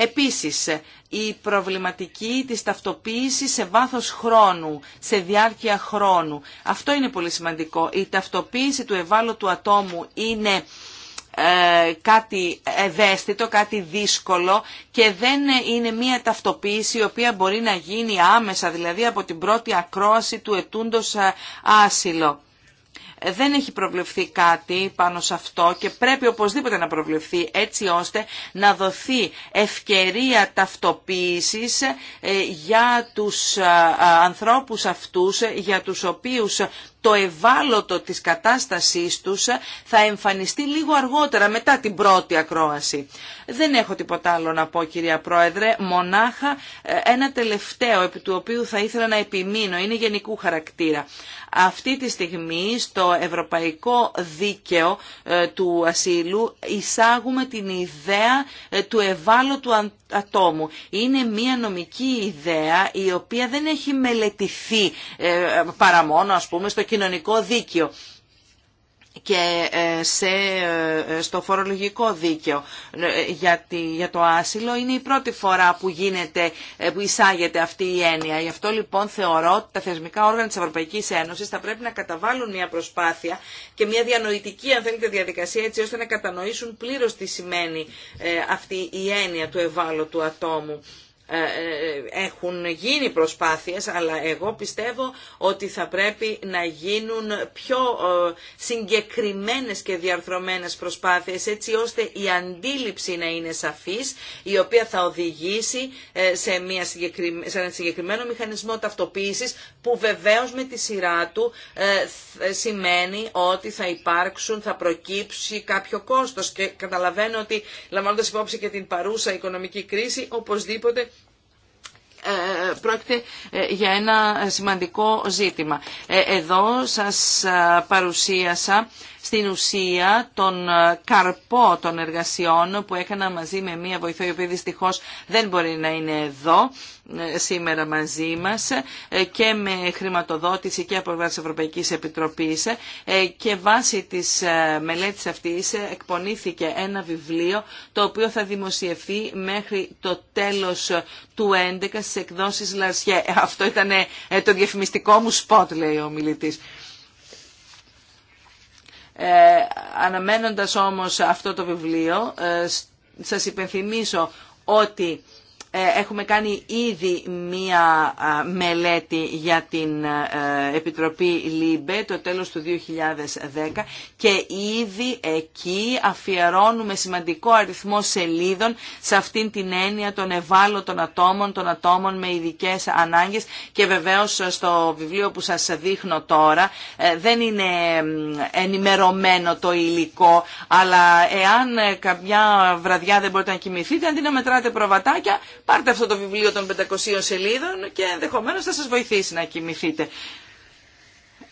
Επίσης, η προβληματική της ταυτοποίησης σε βάθος χρόνου, σε διάρκεια χρόνου. Αυτό είναι πολύ σημαντικό. Η ταυτοποίηση του ευάλωτου ατόμου είναι ε, κάτι ευαίσθητο, κάτι δύσκολο και δεν είναι μία ταυτοποίηση η οποία μπορεί να γίνει άμεσα, δηλαδή από την πρώτη ακρόαση του ετούντος ε, άσυλο. Ε, δεν έχει προβλεφθεί κάτι πάνω σε αυτό και πρέπει οπωσδήποτε να προβλεφθεί έτσι ώστε να δοθεί ευκαιρία ταυτοποίησης για τους ανθρώπους αυτούς για τους οποίους το ευάλωτο της κατάστασής τους θα εμφανιστεί λίγο αργότερα μετά την πρώτη ακρόαση. Δεν έχω τίποτα άλλο να πω κυρία Πρόεδρε, μονάχα ε, ένα τελευταίο επί του οποίου θα ήθελα να επιμείνω, είναι γενικού χαρακτήρα. Αυτή τη στιγμή στο ευρωπαϊκό δίκαιο ε, του ασύλου εισάγουμε την ιδέα ε, του ευάλωτου ατόμου. Είναι μια νομική ιδέα η οποία δεν έχει μελετηθεί παρά μόνο ας πούμε στο κοινωνικό δίκαιο και ε, σε, ε, στο φορολογικό δίκαιο ε, για, το άσυλο είναι η πρώτη φορά που, γίνεται, που εισάγεται αυτή η έννοια. Γι' αυτό λοιπόν θεωρώ ότι τα θεσμικά όργανα της Ευρωπαϊκής Ένωσης θα πρέπει να καταβάλουν μια προσπάθεια και μια διανοητική αν θέλετε διαδικασία έτσι ώστε να κατανοήσουν πλήρως τι σημαίνει αυτή η έννοια του ευάλωτου ατόμου. Ε, ε, έχουν γίνει προσπάθειες αλλά εγώ πιστεύω ότι θα πρέπει να γίνουν πιο ε, συγκεκριμένες και διαρθρωμένες προσπάθειες έτσι ώστε η αντίληψη να είναι σαφής η οποία θα οδηγήσει σε, μια ένα συγκεκριμένο μηχανισμό ταυτοποίησης που βεβαίως με τη σειρά του σημαίνει ότι θα υπάρξουν, θα προκύψει κάποιο κόστος και καταλαβαίνω ότι λαμβάνοντας υπόψη και την παρούσα οικονομική κρίση οπωσδήποτε πρόκειται ε, για ένα σημαντικό ζήτημα. Ε, εδώ σας ε, παρουσίασα στην ουσία τον ε, καρπό των εργασιών που έκανα μαζί με μία βοηθό η οποία δυστυχώς δεν μπορεί να είναι εδώ ε, σήμερα μαζί μας ε, και με χρηματοδότηση και από τη Ευρωπαϊκή Επιτροπή. και βάσει της μελέτης αυτής εκπονήθηκε ένα βιβλίο το οποίο θα δημοσιευθεί μέχρι το τέλος του 11 στις εκδόσεις Λαρσιέ. Αυτό ήταν το διαφημιστικό μου σποτ λέει ο μιλητής. Ε, αναμένοντας όμως αυτό το βιβλίο, ε, σας υπενθυμίσω ότι ε, έχουμε κάνει ήδη μία μελέτη για την ε, Επιτροπή ΛΥΜΠΕ το τέλος του 2010 και ήδη εκεί αφιερώνουμε σημαντικό αριθμό σελίδων σε αυτήν την έννοια των ευάλωτων ατόμων, των ατόμων με ειδικέ ανάγκες και βεβαίως στο βιβλίο που σας δείχνω τώρα ε, δεν είναι ενημερωμένο το υλικό αλλά εάν καμιά βραδιά δεν μπορείτε να κοιμηθείτε αντί να μετράτε προβατάκια Πάρτε αυτό το βιβλίο των 500 σελίδων και ενδεχομένως θα σας βοηθήσει να κοιμηθείτε.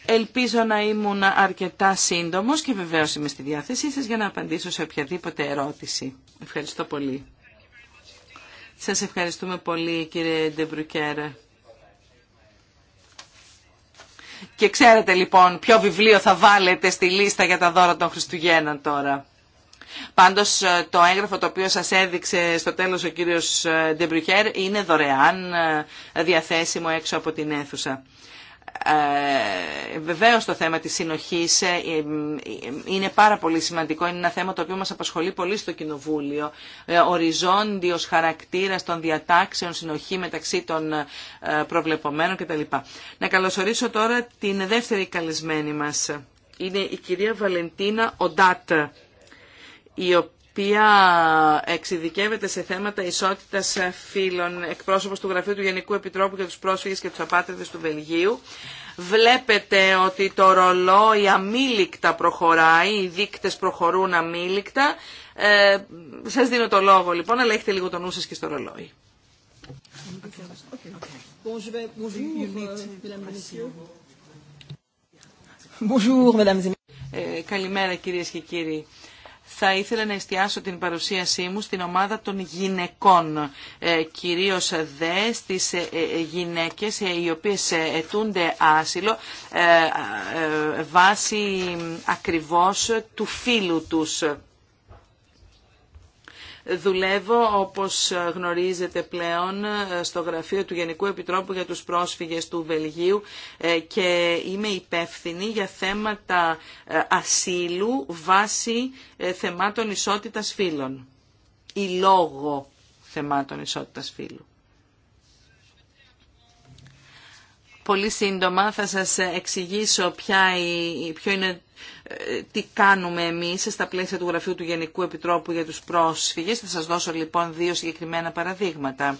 Ελπίζω να ήμουν αρκετά σύντομος και βεβαίως είμαι στη διάθεσή σας για να απαντήσω σε οποιαδήποτε ερώτηση. Ευχαριστώ πολύ. Σας ευχαριστούμε πολύ κύριε Ντεμπρουκέρα. Και ξέρετε λοιπόν ποιο βιβλίο θα βάλετε στη λίστα για τα δώρα των Χριστουγέννων τώρα. Πάντως ε, το έγγραφο το οποίο σας έδειξε στο τέλος ο κύριος ε, Ντεμπρουχέρ είναι δωρεάν ε, διαθέσιμο έξω από την αίθουσα. Ε, βεβαίως το θέμα της συνοχής είναι πάρα πολύ σημαντικό. Είναι ένα θέμα το οποίο μας απασχολεί πολύ στο Κοινοβούλιο. Ε, οριζόντιος χαρακτήρας των διατάξεων συνοχή μεταξύ των προβλεπομένων κτλ. Να καλωσορίσω τώρα την δεύτερη καλεσμένη μας. Είναι η κυρία Βαλεντίνα Οντάτ η οποία εξειδικεύεται σε θέματα ισότητας φύλων, εκπρόσωπος του Γραφείου του Γενικού Επιτρόπου για τους πρόσφυγες και τους απάτριδες του Βελγίου. Βλέπετε ότι το ρολόι αμήλικτα προχωράει, οι δείκτες προχωρούν αμήλικτα. Ε, σας δίνω το λόγο λοιπόν, αλλά έχετε λίγο το νου και στο ρολόι. Ε, καλημέρα κυρίες και κύριοι θα ήθελα να εστιάσω την παρουσίασή μου στην ομάδα των γυναικών, ε, κυρίως δε στις ε, ε, γυναίκες οι οποίες ετούνται άσυλο βάσει ακριβώς του φίλου τους. Δουλεύω, όπως γνωρίζετε πλέον, στο γραφείο του Γενικού Επιτρόπου για τους πρόσφυγες του Βελγίου ε, και είμαι υπεύθυνη για θέματα ε, ασύλου βάσει ε, θεμάτων ισότητας φύλων ή λόγω θεμάτων ισότητας φύλου. Πολύ σύντομα θα σας εξηγήσω ποια, ποιο είναι τι κάνουμε εμείς στα πλαίσια του Γραφείου του Γενικού Επιτρόπου για τους Πρόσφυγες. Θα σας δώσω λοιπόν δύο συγκεκριμένα παραδείγματα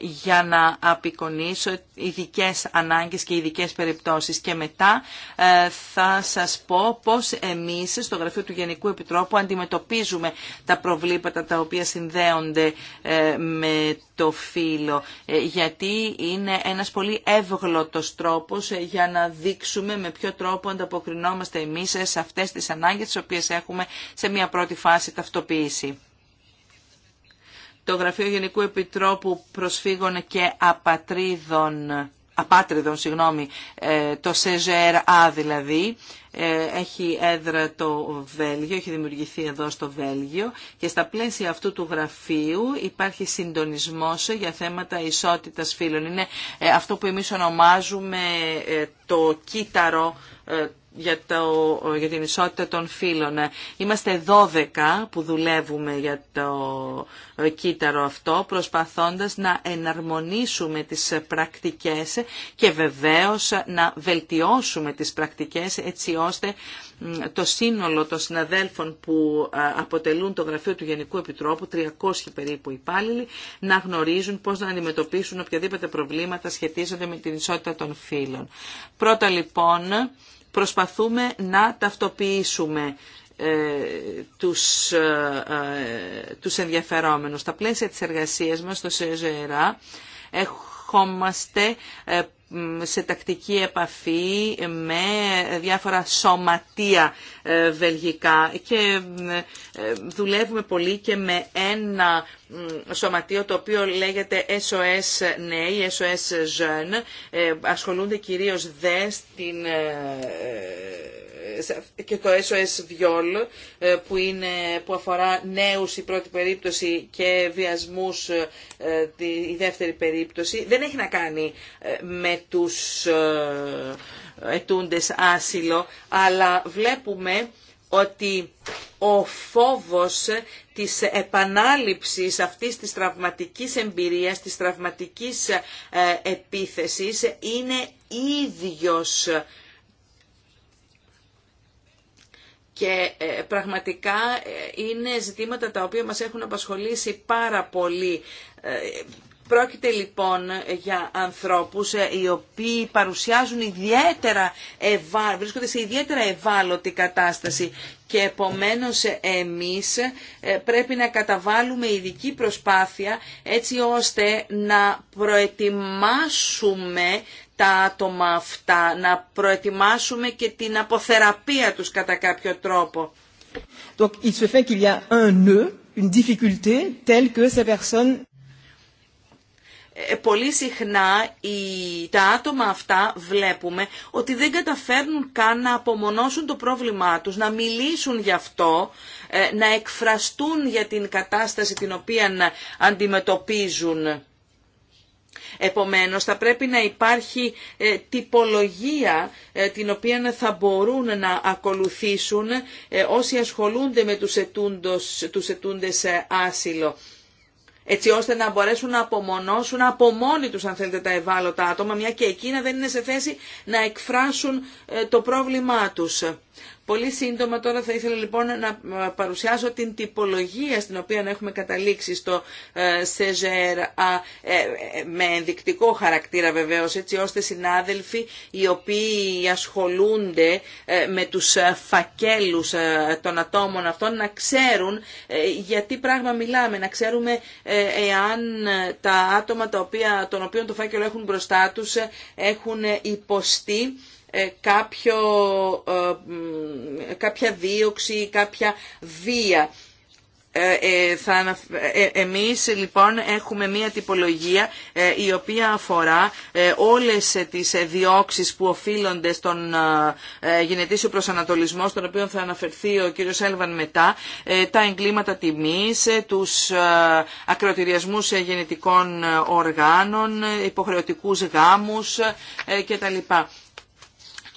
για να απεικονίσω ειδικέ ανάγκες και ειδικέ περιπτώσεις. Και μετά ε, θα σας πω πώς εμείς στο Γραφείο του Γενικού Επιτρόπου αντιμετωπίζουμε τα προβλήματα τα οποία συνδέονται ε, με το φύλλο. Ε, γιατί είναι ένας πολύ εύγλωτος τρόπος για να δείξουμε με ποιο τρόπο ανταποκρινόμαστε εμείς σε αυτές τις ανάγκες τις οποίες έχουμε σε μια πρώτη φάση ταυτοποίηση το Γραφείο Γενικού Επιτρόπου Προσφύγων και Απατρίδων απάτριδων, συγγνώμη, ε, το ΣΕΖΕΡΑ δηλαδή, ε, έχει έδρα το Βέλγιο, έχει δημιουργηθεί εδώ στο Βέλγιο και στα πλαίσια αυτού του γραφείου υπάρχει συντονισμός για θέματα ισότητας φύλων. Είναι ε, αυτό που εμείς ονομάζουμε το κύτταρο για, το, για την ισότητα των φύλων. Είμαστε 12 που δουλεύουμε για το κύτταρο αυτό, προσπαθώντας να εναρμονίσουμε τις πρακτικές και βεβαίως να βελτιώσουμε τις πρακτικές έτσι ώστε το σύνολο των συναδέλφων που αποτελούν το γραφείο του Γενικού Επιτρόπου, 300 περίπου υπάλληλοι, να γνωρίζουν πώς να αντιμετωπίσουν οποιαδήποτε προβλήματα σχετίζονται με την ισότητα των φύλων. Πρώτα λοιπόν προσπαθούμε να ταυτοποιήσουμε ε, τους, ε, ε, τους ενδιαφερόμενους. Στα πλαίσια της εργασίας μας στο ΣΕΖΕΡΑ ερχόμαστε ε, σε τακτική επαφή με διάφορα σωματεία ε, βελγικά και ε, δουλεύουμε πολύ και με ένα σωματείο το οποίο λέγεται SOS Νέοι, SOS Jeune. Ασχολούνται κυρίως δε στην και το SOS Βιόλ ε, που, είναι, που αφορά νέους η πρώτη περίπτωση και βιασμούς ε, η δεύτερη περίπτωση δεν έχει να κάνει ε, με τους ετούντες άσυλο αλλά βλέπουμε ότι ο φόβος της επανάληψης αυτής της τραυματικής εμπειρίας, της τραυματικής επίθεσης είναι ίδιος Και ε, πραγματικά ε, είναι ζητήματα τα οποία μας έχουν απασχολήσει πάρα πολύ. Ε, πρόκειται λοιπόν για ανθρώπους οι οποίοι παρουσιάζουν ιδιαίτερα ευά... βρίσκονται σε ιδιαίτερα ευάλωτη κατάσταση και επομένως εμείς πρέπει να καταβάλουμε ειδική προσπάθεια έτσι ώστε να προετοιμάσουμε τα άτομα αυτά, να προετοιμάσουμε και την αποθεραπεία τους κατά κάποιο τρόπο. il se fait qu'il y a un nœud, une difficulté telle que ε, πολύ συχνά οι, τα άτομα αυτά βλέπουμε ότι δεν καταφέρνουν καν να απομονώσουν το πρόβλημά τους, να μιλήσουν γι' αυτό, ε, να εκφραστούν για την κατάσταση την οποία ε, αντιμετωπίζουν. Επομένως θα πρέπει να υπάρχει ε, τυπολογία ε, την οποία θα μπορούν να ακολουθήσουν ε, όσοι ασχολούνται με τους, ετούντος, τους ετούντες άσυλο έτσι ώστε να μπορέσουν να απομονώσουν από μόνοι τους αν θέλετε τα ευάλωτα άτομα, μια και εκείνα δεν είναι σε θέση να εκφράσουν το πρόβλημά τους. Πολύ σύντομα τώρα θα ήθελα λοιπόν να παρουσιάσω την τυπολογία στην οποία έχουμε καταλήξει στο ε, ΣΕΖΕΡ ε, ε, με ενδεικτικό χαρακτήρα βεβαίως έτσι ώστε συνάδελφοι οι οποίοι ασχολούνται με τους φακέλους των ατόμων αυτών να ξέρουν γιατί πράγμα μιλάμε, να ξέρουμε εάν τα άτομα τα οποία, των οποίων το φάκελο έχουν μπροστά τους έχουν υποστεί ε, κάποιο, ε, κάποια δίωξη ή κάποια βία. Ε, θα, εμείς λοιπόν έχουμε μία τυπολογία η οποία αφορά όλες τις διώξεις που οφείλονται στον γενετήσιο προσανατολισμό στον οποίο θα αναφερθεί ο κύριος Έλβαν μετά, τα εγκλήματα τιμής, τους ακροτηριασμούς γενετικών οργάνων, υποχρεωτικούς γάμους κτλ.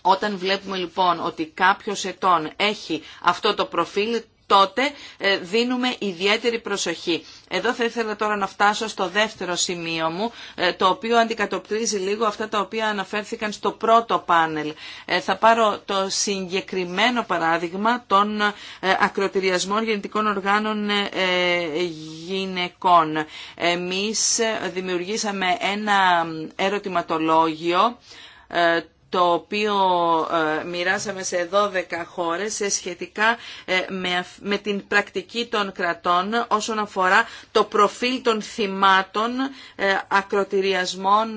Όταν βλέπουμε λοιπόν ότι κάποιος ετών έχει αυτό το προφίλ, τότε ε, δίνουμε ιδιαίτερη προσοχή. Εδώ θα ήθελα τώρα να φτάσω στο δεύτερο σημείο μου, ε, το οποίο αντικατοπτρίζει λίγο αυτά τα οποία αναφέρθηκαν στο πρώτο πάνελ. Ε, θα πάρω το συγκεκριμένο παράδειγμα των ακροτηριασμών γεννητικών οργάνων γυναικών. Εμείς δημιουργήσαμε ένα ερωτηματολόγιο το οποίο ε, μοιράσαμε σε 12 χώρες σε σχετικά ε, με την πρακτική των κρατών όσον αφορά το προφίλ των θυμάτων ε, ακροτηριασμών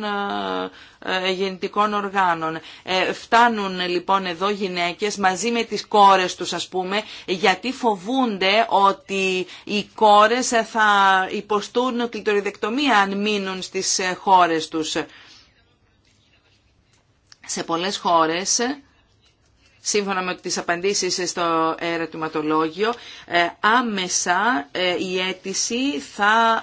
γεννητικών οργάνων. Φτάνουν λοιπόν εδώ γυναίκες μαζί με τις κόρες τους ας πούμε γιατί φοβούνται ότι οι κόρες θα υποστούν κλειτοριδεκτομία αν μείνουν στις χώρες τους σε πολλές χώρες σύμφωνα με τις απαντήσεις στο ερωτηματολόγιο, ε, άμεσα ε, η αίτηση θα,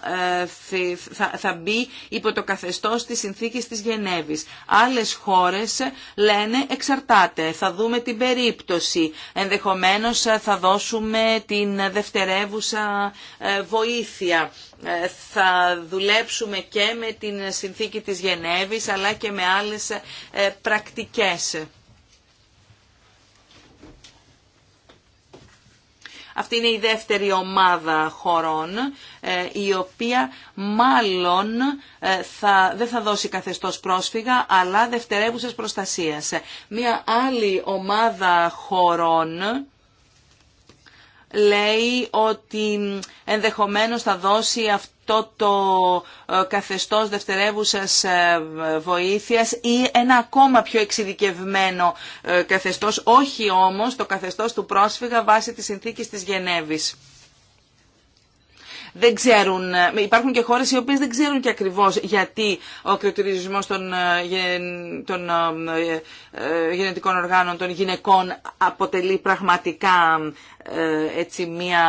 ε, θα, θα μπει υπό το καθεστώς της συνθήκης της Γενέβης. Άλλες χώρες λένε εξαρτάται, θα δούμε την περίπτωση, ενδεχομένως θα δώσουμε την δευτερεύουσα βοήθεια. Ε, θα δουλέψουμε και με την συνθήκη της Γενέβης αλλά και με άλλες ε, πρακτικές. Αυτή είναι η δεύτερη ομάδα χωρών, ε, η οποία μάλλον θα, δεν θα δώσει καθεστώς πρόσφυγα, αλλά δευτερεύουσες προστασίες. Μία άλλη ομάδα χωρών λέει ότι ενδεχομένως θα δώσει αυτό το ε, καθεστώς δευτερεύουσας ε, βοήθειας ή ένα ακόμα πιο εξειδικευμένο ε, καθεστώς, όχι όμως το καθεστώς του πρόσφυγα βάσει της συνθήκης της Γενέβης δεν ξέρουν, ε, υπάρχουν και χώρες οι οποίες δεν ξέρουν και ακριβώς γιατί ο κριτηρισμός των, ε, των ε, γενετικών οργάνων των γυναικών αποτελεί πραγματικά έτσι μια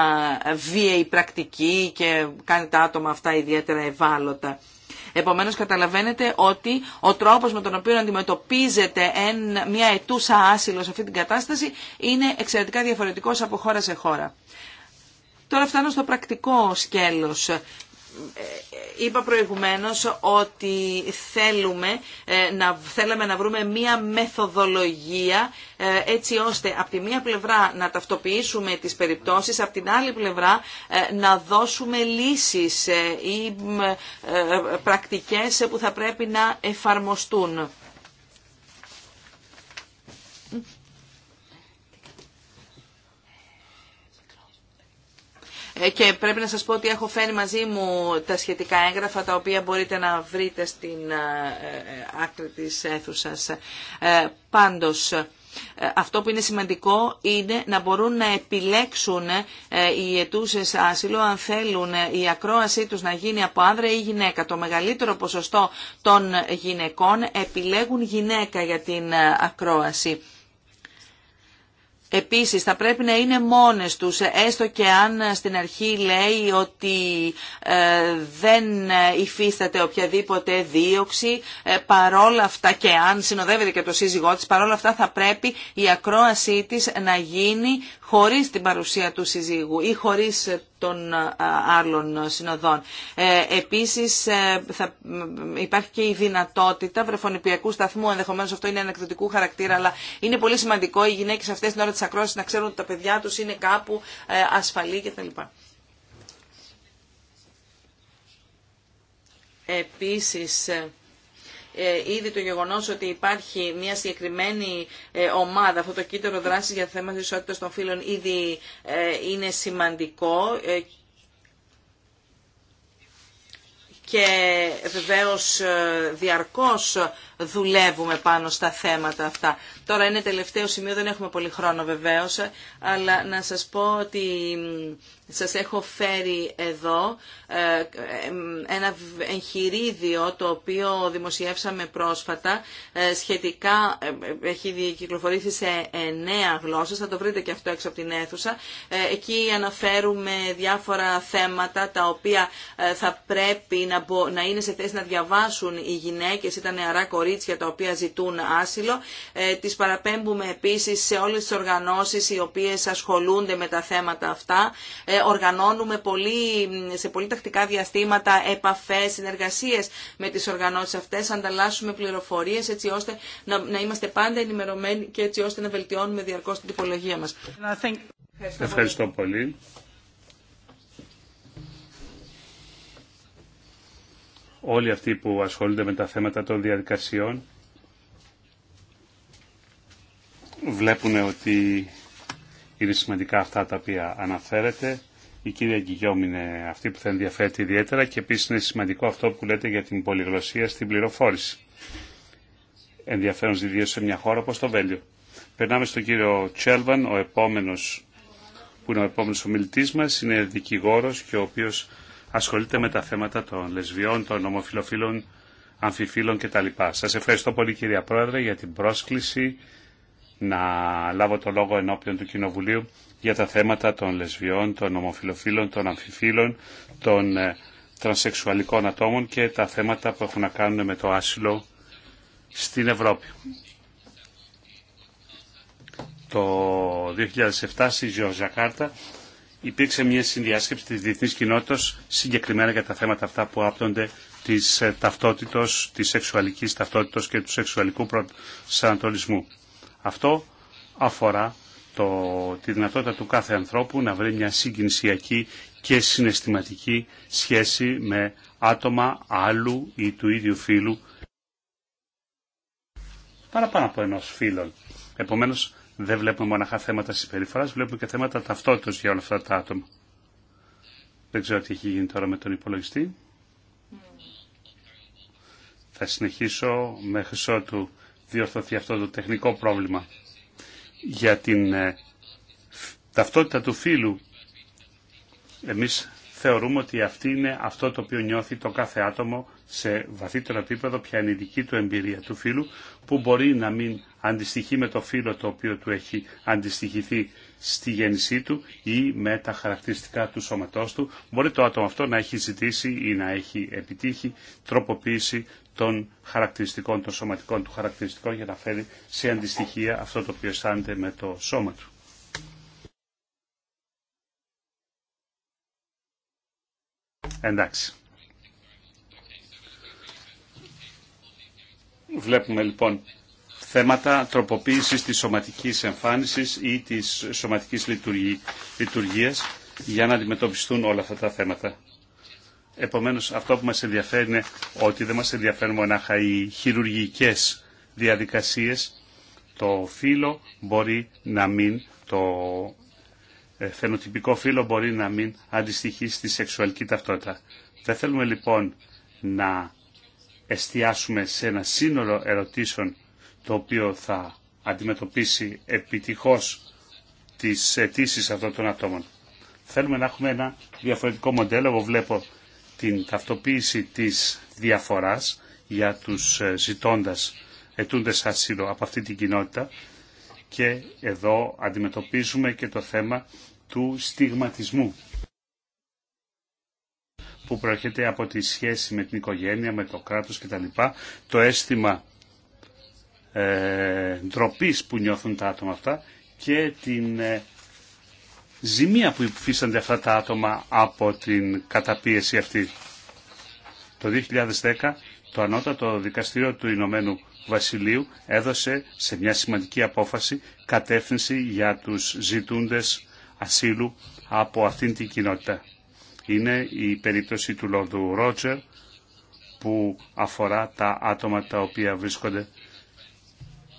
βίαιη πρακτική και κάνει τα άτομα αυτά ιδιαίτερα ευάλωτα. Επομένως καταλαβαίνετε ότι ο τρόπος με τον οποίο αντιμετωπίζεται μια ετούσα άσυλο σε αυτή την κατάσταση είναι εξαιρετικά διαφορετικός από χώρα σε χώρα. Τώρα φτάνω στο πρακτικό σκέλος ε, είπα προηγουμένως ότι θέλουμε ε, να, θέλαμε να βρούμε μία μεθοδολογία ε, έτσι ώστε από τη μία πλευρά να ταυτοποιήσουμε τις περιπτώσεις, από την άλλη πλευρά να δώσουμε λύσεις ή πρακτικές που θα πρέπει να εφαρμοστούν. Ε, και πρέπει να σας πω ότι έχω φέρει μαζί μου τα σχετικά έγγραφα τα οποία μπορείτε να βρείτε στην ε, ε, άκρη της αίθουσας. Πάντως, αυτό που είναι σημαντικό είναι να μπορούν να επιλέξουν οι αιτούσες άσυλο αν θέλουν η ακρόασή τους να γίνει από άνδρα ή γυναίκα. Το μεγαλύτερο ποσοστό των γυναικών επιλέγουν γυναίκα για την ακρόαση. Επίσης θα πρέπει να είναι μόνες τους, έστω και αν στην αρχή λέει ότι ε, δεν υφίσταται οποιαδήποτε δίωξη, ε, παρόλα αυτά και αν συνοδεύεται και το σύζυγό της, παρόλα αυτά θα πρέπει η ακρόασή της να γίνει χωρίς την παρουσία του συζύγου ή χωρίς των άλλων συνοδών. Ε, επίσης ε, θα υπάρχει και η δυνατότητα βρεφονιπιακού σταθμού, ενδεχομένως αυτό είναι ανεκδοτικού χαρακτήρα, αλλά είναι πολύ σημαντικό οι γυναίκες αυτές την ώρα της ακρόσης να ξέρουν ότι τα παιδιά τους είναι κάπου ε, ασφαλή κτλ. Επίσης, ε, ήδη το γεγονό ότι υπάρχει μια συγκεκριμένη ε, ομάδα, αυτό το κύτταρο δράση για θέματα τη ισότητα των φύλων ήδη ε, είναι σημαντικό και βεβαίως διαρκώς δουλεύουμε πάνω στα θέματα αυτά. Τώρα είναι τελευταίο σημείο, δεν έχουμε πολύ χρόνο βεβαίως, αλλά να σας πω ότι σας έχω φέρει εδώ ε, ε, ένα εγχειρίδιο το οποίο δημοσιεύσαμε πρόσφατα ε, σχετικά έχει κυκλοφορήσει σε εννέα γλώσσες, θα το βρείτε και αυτό έξω από την αίθουσα. Εκεί αναφέρουμε διάφορα θέματα τα οποία θα πρέπει να είναι σε θέση να διαβάσουν οι γυναίκες ή τα νεαρά κορίτσια τα οποία ζητούν άσυλο, τις παραπέμπουμε επίσης σε όλες τις οργανώσεις οι οποίες ασχολούνται με τα θέματα αυτά. Ε, οργανώνουμε πολύ, σε πολύ τακτικά διαστήματα επαφές, συνεργασίες με τις οργανώσεις αυτές, ανταλλάσσουμε πληροφορίες έτσι ώστε να, να είμαστε πάντα ενημερωμένοι και έτσι ώστε να βελτιώνουμε διαρκώς την τυπολογία μας. Ευχαριστώ, πολύ. πολύ. Όλοι αυτοί που ασχολούνται με τα θέματα των διαδικασιών βλέπουν ότι είναι σημαντικά αυτά τα οποία αναφέρετε. Η κυρία Γκυγιόμ είναι αυτή που θα ενδιαφέρεται ιδιαίτερα και επίσης είναι σημαντικό αυτό που λέτε για την πολυγλωσία στην πληροφόρηση. Ενδιαφέρον ιδίω σε μια χώρα όπως το Βέλιο. Περνάμε στον κύριο Τσέλβαν, ο επόμενος που είναι ο επόμενος ομιλητής μας, είναι δικηγόρος και ο οποίος ασχολείται με τα θέματα των λεσβιών, των ομοφιλοφίλων, αμφιφίλων κτλ. Σας ευχαριστώ πολύ κυρία Πρόεδρε για την πρόσκληση να λάβω το λόγο ενώπιον του Κοινοβουλίου για τα θέματα των λεσβιών, των ομοφιλοφίλων, των αμφιφίλων, των ε, τρανσεξουαλικών ατόμων και τα θέματα που έχουν να κάνουν με το άσυλο στην Ευρώπη. Το 2007 στη Ζιοζακάρτα υπήρξε μια συνδιάσκεψη της διεθνής κοινότητας συγκεκριμένα για τα θέματα αυτά που άπτονται της ε, ταυτότητος, της σεξουαλικής ταυτότητος και του σεξουαλικού προσανατολισμού. Αυτό αφορά το, τη δυνατότητα του κάθε ανθρώπου να βρει μια συγκινησιακή και συναισθηματική σχέση με άτομα άλλου ή του ίδιου φίλου παραπάνω από ενός φίλων. Επομένως, δεν βλέπουμε μοναχά θέματα συμπεριφοράς, βλέπουμε και θέματα ταυτότητας για όλα αυτά τα άτομα. Δεν ξέρω τι έχει γίνει τώρα με τον υπολογιστή. Mm. Θα συνεχίσω μέχρι ότου διορθωθεί αυτό το τεχνικό πρόβλημα. Για την ε, ταυτότητα του φίλου, εμείς θεωρούμε ότι αυτή είναι αυτό το οποίο νιώθει το κάθε άτομο σε βαθύτερο επίπεδο, ποια είναι η δική του εμπειρία του φίλου, που μπορεί να μην αντιστοιχεί με το φίλο το οποίο του έχει αντιστοιχηθεί στη γέννησή του ή με τα χαρακτηριστικά του σώματός του. Μπορεί το άτομο αυτό να έχει ζητήσει ή να έχει επιτύχει τροποποίηση των χαρακτηριστικών, των σωματικών του χαρακτηριστικών για να φέρει σε αντιστοιχεία αυτό το οποίο αισθάνεται με το σώμα του. Εντάξει. Βλέπουμε λοιπόν θέματα τροποποίησης της σωματικής εμφάνισης ή της σωματικής λειτουργίας για να αντιμετωπιστούν όλα αυτά τα θέματα. Επομένως αυτό που μας ενδιαφέρει είναι ότι δεν μας ενδιαφέρουν μονάχα οι χειρουργικές διαδικασίες. Το φύλλο μπορεί να μην, το ε, φαινοτυπικό φύλλο μπορεί να μην αντιστοιχεί στη σεξουαλική ταυτότητα. Δεν θέλουμε λοιπόν να εστιάσουμε σε ένα σύνολο ερωτήσεων το οποίο θα αντιμετωπίσει επιτυχώς τις αιτήσει αυτών των ατόμων. Θέλουμε να έχουμε ένα διαφορετικό μοντέλο. Εγώ βλέπω την ταυτοποίηση της διαφοράς για τους ε, ζητώντας ετούντες ασύλο από αυτή την κοινότητα και εδώ αντιμετωπίζουμε και το θέμα του στιγματισμού που προέρχεται από τη σχέση με την οικογένεια, με το κράτος κτλ. Το αίσθημα ε, ντροπή που νιώθουν τα άτομα αυτά και την ε, ζημία που υφίστανται αυτά τα άτομα από την καταπίεση αυτή. Το 2010 το Ανώτατο Δικαστήριο του Ηνωμένου Βασιλείου έδωσε σε μια σημαντική απόφαση κατεύθυνση για τους ζητούντες ασύλου από αυτήν την κοινότητα. Είναι η περίπτωση του Λόρδου Ρότζερ που αφορά τα άτομα τα οποία βρίσκονται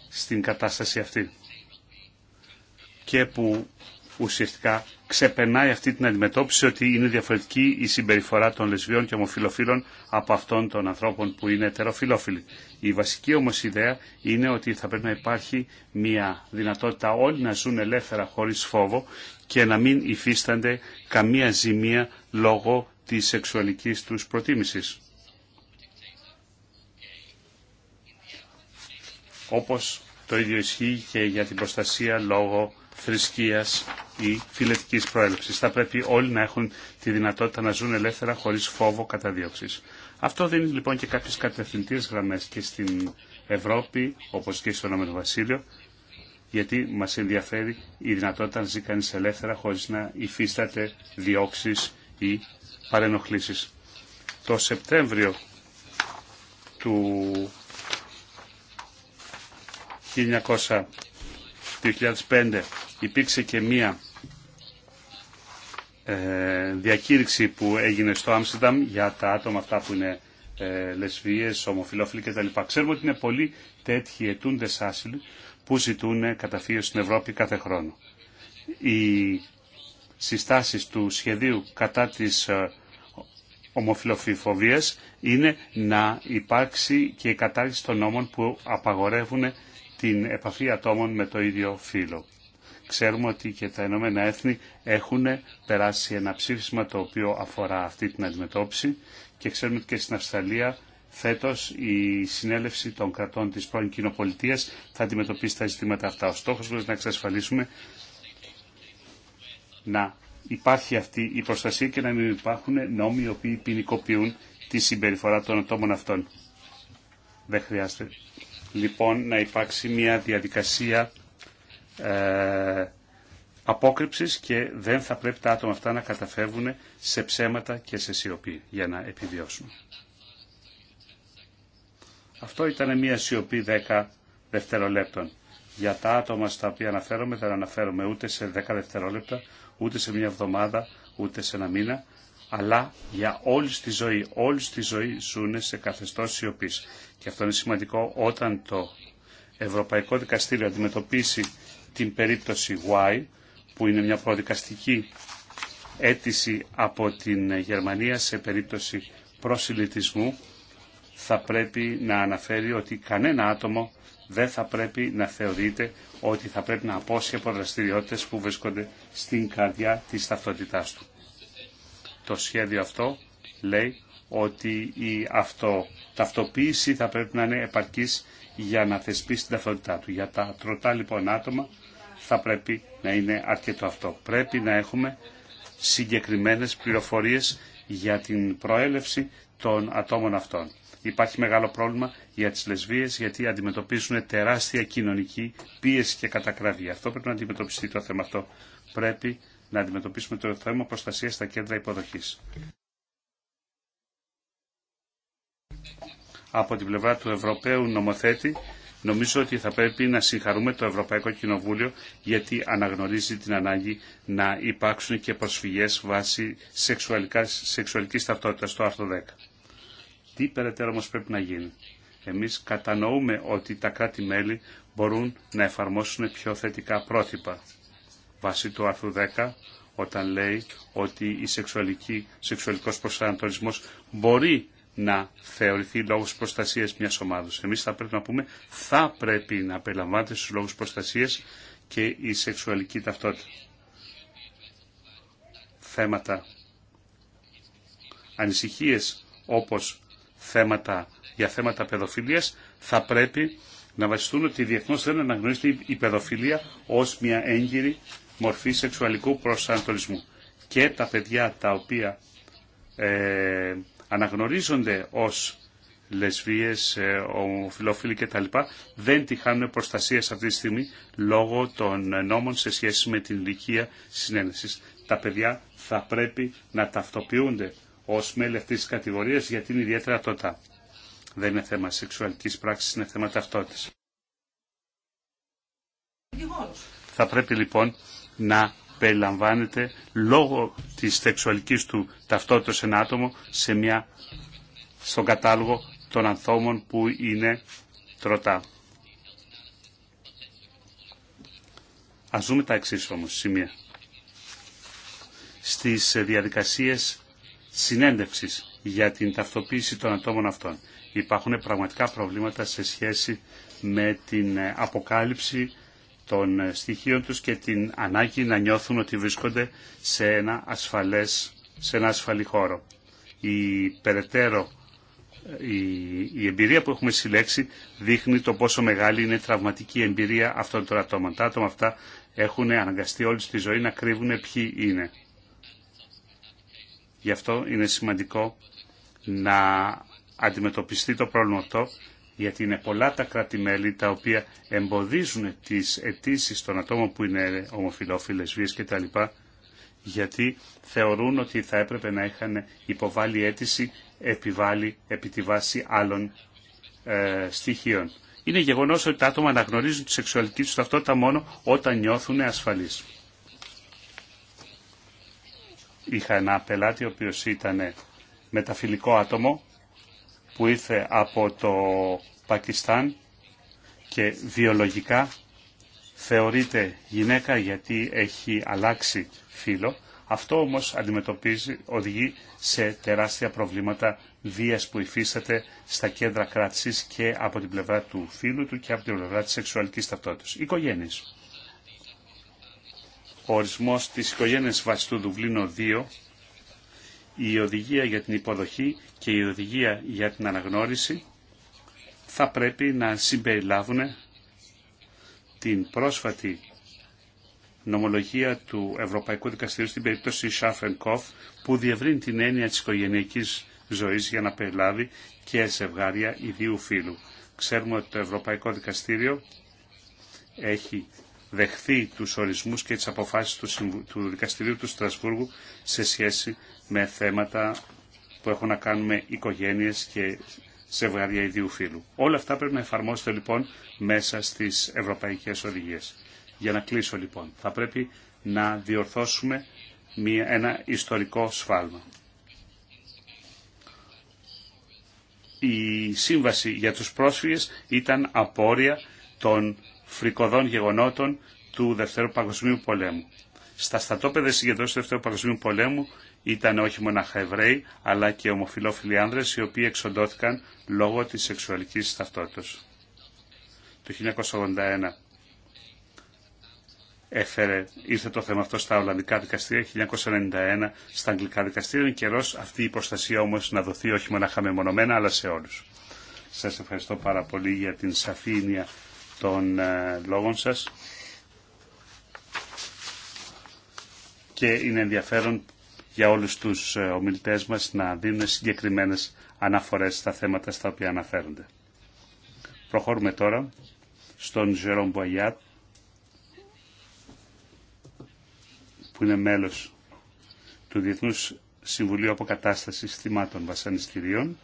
στην κατάσταση αυτή και που ουσιαστικά ξεπερνάει αυτή την αντιμετώπιση ότι είναι διαφορετική η συμπεριφορά των λεσβιών και ομοφιλοφίλων από αυτών των ανθρώπων που είναι ετεροφιλόφιλοι. Η βασική όμως ιδέα είναι ότι θα πρέπει να υπάρχει μια δυνατότητα όλοι να ζουν ελεύθερα χωρίς φόβο και να μην υφίστανται καμία ζημία λόγω της σεξουαλικής τους προτίμησης. Όπως το ίδιο ισχύει και για την προστασία λόγω θρησκείας ή φιλετικής προέλευσης. Θα πρέπει όλοι να έχουν τη δυνατότητα να ζουν ελεύθερα χωρίς φόβο καταδίωξης. Αυτό δίνει λοιπόν και κάποιες κατευθυντήρες γραμμές και στην Ευρώπη, όπως και στο Ηνωμένο Βασίλειο, γιατί μας ενδιαφέρει η δυνατότητα να ζει κανείς ελεύθερα χωρίς να υφίσταται διώξεις ή παρενοχλήσεις. Το Σεπτέμβριο του 1900 2005 υπήρξε και μία ε, διακήρυξη που έγινε στο Άμστερνταμ για τα άτομα αυτά που είναι ε, λεσβείες, ομοφιλόφιλοι κτλ. Ξέρουμε ότι είναι πολλοί τέτοιοι ετούντες άσυλοι που ζητούν καταφύγιο στην Ευρώπη κάθε χρόνο. Οι συστάσεις του σχεδίου κατά της ε, ομοφιλοφοβίας είναι να υπάρξει και η κατάργηση των νόμων που απαγορεύουν την επαφή ατόμων με το ίδιο φύλλο. Ξέρουμε ότι και τα Ηνωμένα Έθνη έχουν περάσει ένα ψήφισμα το οποίο αφορά αυτή την αντιμετώπιση και ξέρουμε ότι και στην Αυστραλία φέτος η συνέλευση των κρατών της πρώην κοινοπολιτείας θα αντιμετωπίσει τα ζητήματα αυτά. Ο στόχος μας να εξασφαλίσουμε να υπάρχει αυτή η προστασία και να μην υπάρχουν νόμοι οι οποίοι ποινικοποιούν τη συμπεριφορά των ατόμων αυτών. Δεν χρειάζεται λοιπόν να υπάρξει μια διαδικασία ε, απόκρυψης και δεν θα πρέπει τα άτομα αυτά να καταφεύγουν σε ψέματα και σε σιωπή για να επιβιώσουν. Αυτό ήταν μια σιωπή 10 δευτερολέπτων. Για τα άτομα στα οποία αναφέρομαι δεν αναφέρομαι ούτε σε 10 δευτερόλεπτα, ούτε σε μια εβδομάδα, ούτε σε ένα μήνα, αλλά για όλη τη ζωή. Όλη τη ζωή ζουν σε καθεστώς σιωπή. Και αυτό είναι σημαντικό όταν το Ευρωπαϊκό Δικαστήριο αντιμετωπίσει την περίπτωση Y, που είναι μια προδικαστική αίτηση από την Γερμανία σε περίπτωση προσιλητισμού, θα πρέπει να αναφέρει ότι κανένα άτομο δεν θα πρέπει να θεωρείται ότι θα πρέπει να απόσχει από δραστηριότητε που βρίσκονται στην καρδιά της ταυτότητάς του. Το σχέδιο αυτό λέει ότι η αυτοταυτοποίηση θα πρέπει να είναι επαρκής για να θεσπίσει την ταυτότητά του. Για τα τροτά λοιπόν άτομα θα πρέπει να είναι αρκετό αυτό. Πρέπει να έχουμε συγκεκριμένες πληροφορίες για την προέλευση των ατόμων αυτών. Υπάρχει μεγάλο πρόβλημα για τις λεσβίες γιατί αντιμετωπίζουν τεράστια κοινωνική πίεση και κατακραυγή. Αυτό πρέπει να αντιμετωπιστεί το θέμα αυτό. Πρέπει να αντιμετωπίσουμε το θέμα προστασία στα κέντρα υποδοχής. Από την πλευρά του Ευρωπαίου νομοθέτη, νομίζω ότι θα πρέπει να συγχαρούμε το Ευρωπαϊκό Κοινοβούλιο γιατί αναγνωρίζει την ανάγκη να υπάρξουν και προσφυγές βάσει σεξουαλικής ταυτότητας στο άρθρο 10. Τι περαιτέρω όμως πρέπει να γίνει. Εμείς κατανοούμε ότι τα κράτη-μέλη μπορούν να εφαρμόσουν πιο θετικά πρότυπα βάσει του άρθρου 10 όταν λέει ότι η σεξουαλική, σεξουαλικός προσανατολισμός μπορεί να θεωρηθεί λόγος προστασίας μιας ομάδας. Εμείς θα πρέπει να πούμε θα πρέπει να περιλαμβάνεται στους λόγους προστασίας και η σεξουαλική ταυτότητα. Θέματα ανησυχίες όπως θέματα, για θέματα παιδοφιλίας θα πρέπει να βασιστούν ότι διεθνώ δεν αναγνωρίζεται η παιδοφιλία ως μια έγκυρη μορφή σεξουαλικού προσανατολισμού. Και τα παιδιά τα οποία ε, αναγνωρίζονται ως λεσβίες, ε, ομοφιλόφιλοι κτλ. δεν τη προστασία αυτή τη στιγμή λόγω των νόμων σε σχέση με την ηλικία συνένεσης. Τα παιδιά θα πρέπει να ταυτοποιούνται ως μέλη αυτής της κατηγορίας γιατί είναι ιδιαίτερα τότε. Δεν είναι θέμα σεξουαλικής πράξης, είναι θέμα ταυτότητας. Θα πρέπει λοιπόν να περιλαμβάνεται λόγω της σεξουαλικής του ταυτότητας ένα άτομο σε μια, στον κατάλογο των ανθρώπων που είναι τρωτά. Ας δούμε τα εξής όμως σημεία. Στις διαδικασίες συνέντευξης για την ταυτοποίηση των ατόμων αυτών υπάρχουν πραγματικά προβλήματα σε σχέση με την ε, αποκάλυψη των ε, στοιχείων τους και την ανάγκη να νιώθουν ότι βρίσκονται σε ένα, ασφαλές, σε ένα ασφαλή χώρο. Η περαιτέρω ε, η, εμπειρία που έχουμε συλλέξει δείχνει το πόσο μεγάλη είναι η τραυματική εμπειρία αυτών των ατόμων. Τα άτομα αυτά έχουν αναγκαστεί όλη τη ζωή να κρύβουν ποιοι είναι. Γι' αυτό είναι σημαντικό να αντιμετωπιστεί το πρόβλημα αυτό γιατί είναι πολλά τα κράτη-μέλη τα οποία εμποδίζουν τις αιτήσει των ατόμων που είναι ομοφιλόφιλες, βίες κτλ. Γιατί θεωρούν ότι θα έπρεπε να είχαν υποβάλει αίτηση επιβάλλει επί τη βάση άλλων ε, στοιχείων. Είναι γεγονός ότι τα άτομα αναγνωρίζουν τη σεξουαλική τους ταυτότητα μόνο όταν νιώθουν ασφαλείς. Είχα ένα πελάτη ο οποίος ήταν μεταφιλικό άτομο που ήρθε από το Πακιστάν και βιολογικά θεωρείται γυναίκα γιατί έχει αλλάξει φύλο. Αυτό όμως αντιμετωπίζει, οδηγεί σε τεράστια προβλήματα βίας που υφίσταται στα κέντρα κράτησης και από την πλευρά του φίλου του και από την πλευρά της σεξουαλικής ταυτότητας. Οικογένειες. Ο ορισμός της οικογένειας βάσει του Δουβλίνο 2, η οδηγία για την υποδοχή και η οδηγία για την αναγνώριση θα πρέπει να συμπεριλάβουν την πρόσφατη νομολογία του Ευρωπαϊκού Δικαστηρίου στην περίπτωση Σάφενκοφ που διευρύνει την έννοια της οικογενειακής ζωής για να περιλάβει και ζευγάρια ιδίου φύλου. Ξέρουμε ότι το Ευρωπαϊκό Δικαστήριο έχει δεχθεί τους ορισμούς και τις αποφάσεις του, του Δικαστηρίου του Στρασβούργου σε σχέση με θέματα που έχουν να κάνουν με οικογένειες και σε ζευγάρια ιδίου φύλου. Όλα αυτά πρέπει να εφαρμόσετε λοιπόν μέσα στις ευρωπαϊκές οδηγίες. Για να κλείσω λοιπόν, θα πρέπει να διορθώσουμε μια, ένα ιστορικό σφάλμα. Η σύμβαση για τους πρόσφυγες ήταν απόρρια των φρικοδών γεγονότων του Δευτέρου Παγκοσμίου Πολέμου. Στα στατόπεδα συγκεντρώσεις του Δευτέρου Παγκοσμίου Πολέμου ήταν όχι μοναχα Εβραίοι, αλλά και ομοφιλόφιλοι άνδρες οι οποίοι εξοντώθηκαν λόγω της σεξουαλικής ταυτότητας. Το 1981 έφερε, ήρθε το θέμα αυτό στα Ολλανδικά δικαστήρια, 1991 στα Αγγλικά δικαστήρια. Είναι καιρός αυτή η προστασία όμως να δοθεί όχι μοναχα μεμονωμένα, αλλά σε όλους. Σας ευχαριστώ πάρα πολύ για την σαφήνεια των ε, λόγων σας. Και είναι ενδιαφέρον για όλους τους ε, ομιλητές μας να δίνουν συγκεκριμένες αναφορές στα θέματα στα οποία αναφέρονται. Προχωρούμε τώρα στον Ζερόμ Μποαγιάτ που είναι μέλος του Διεθνούς Συμβουλίου Αποκατάστασης Θυμάτων Βασανιστήριων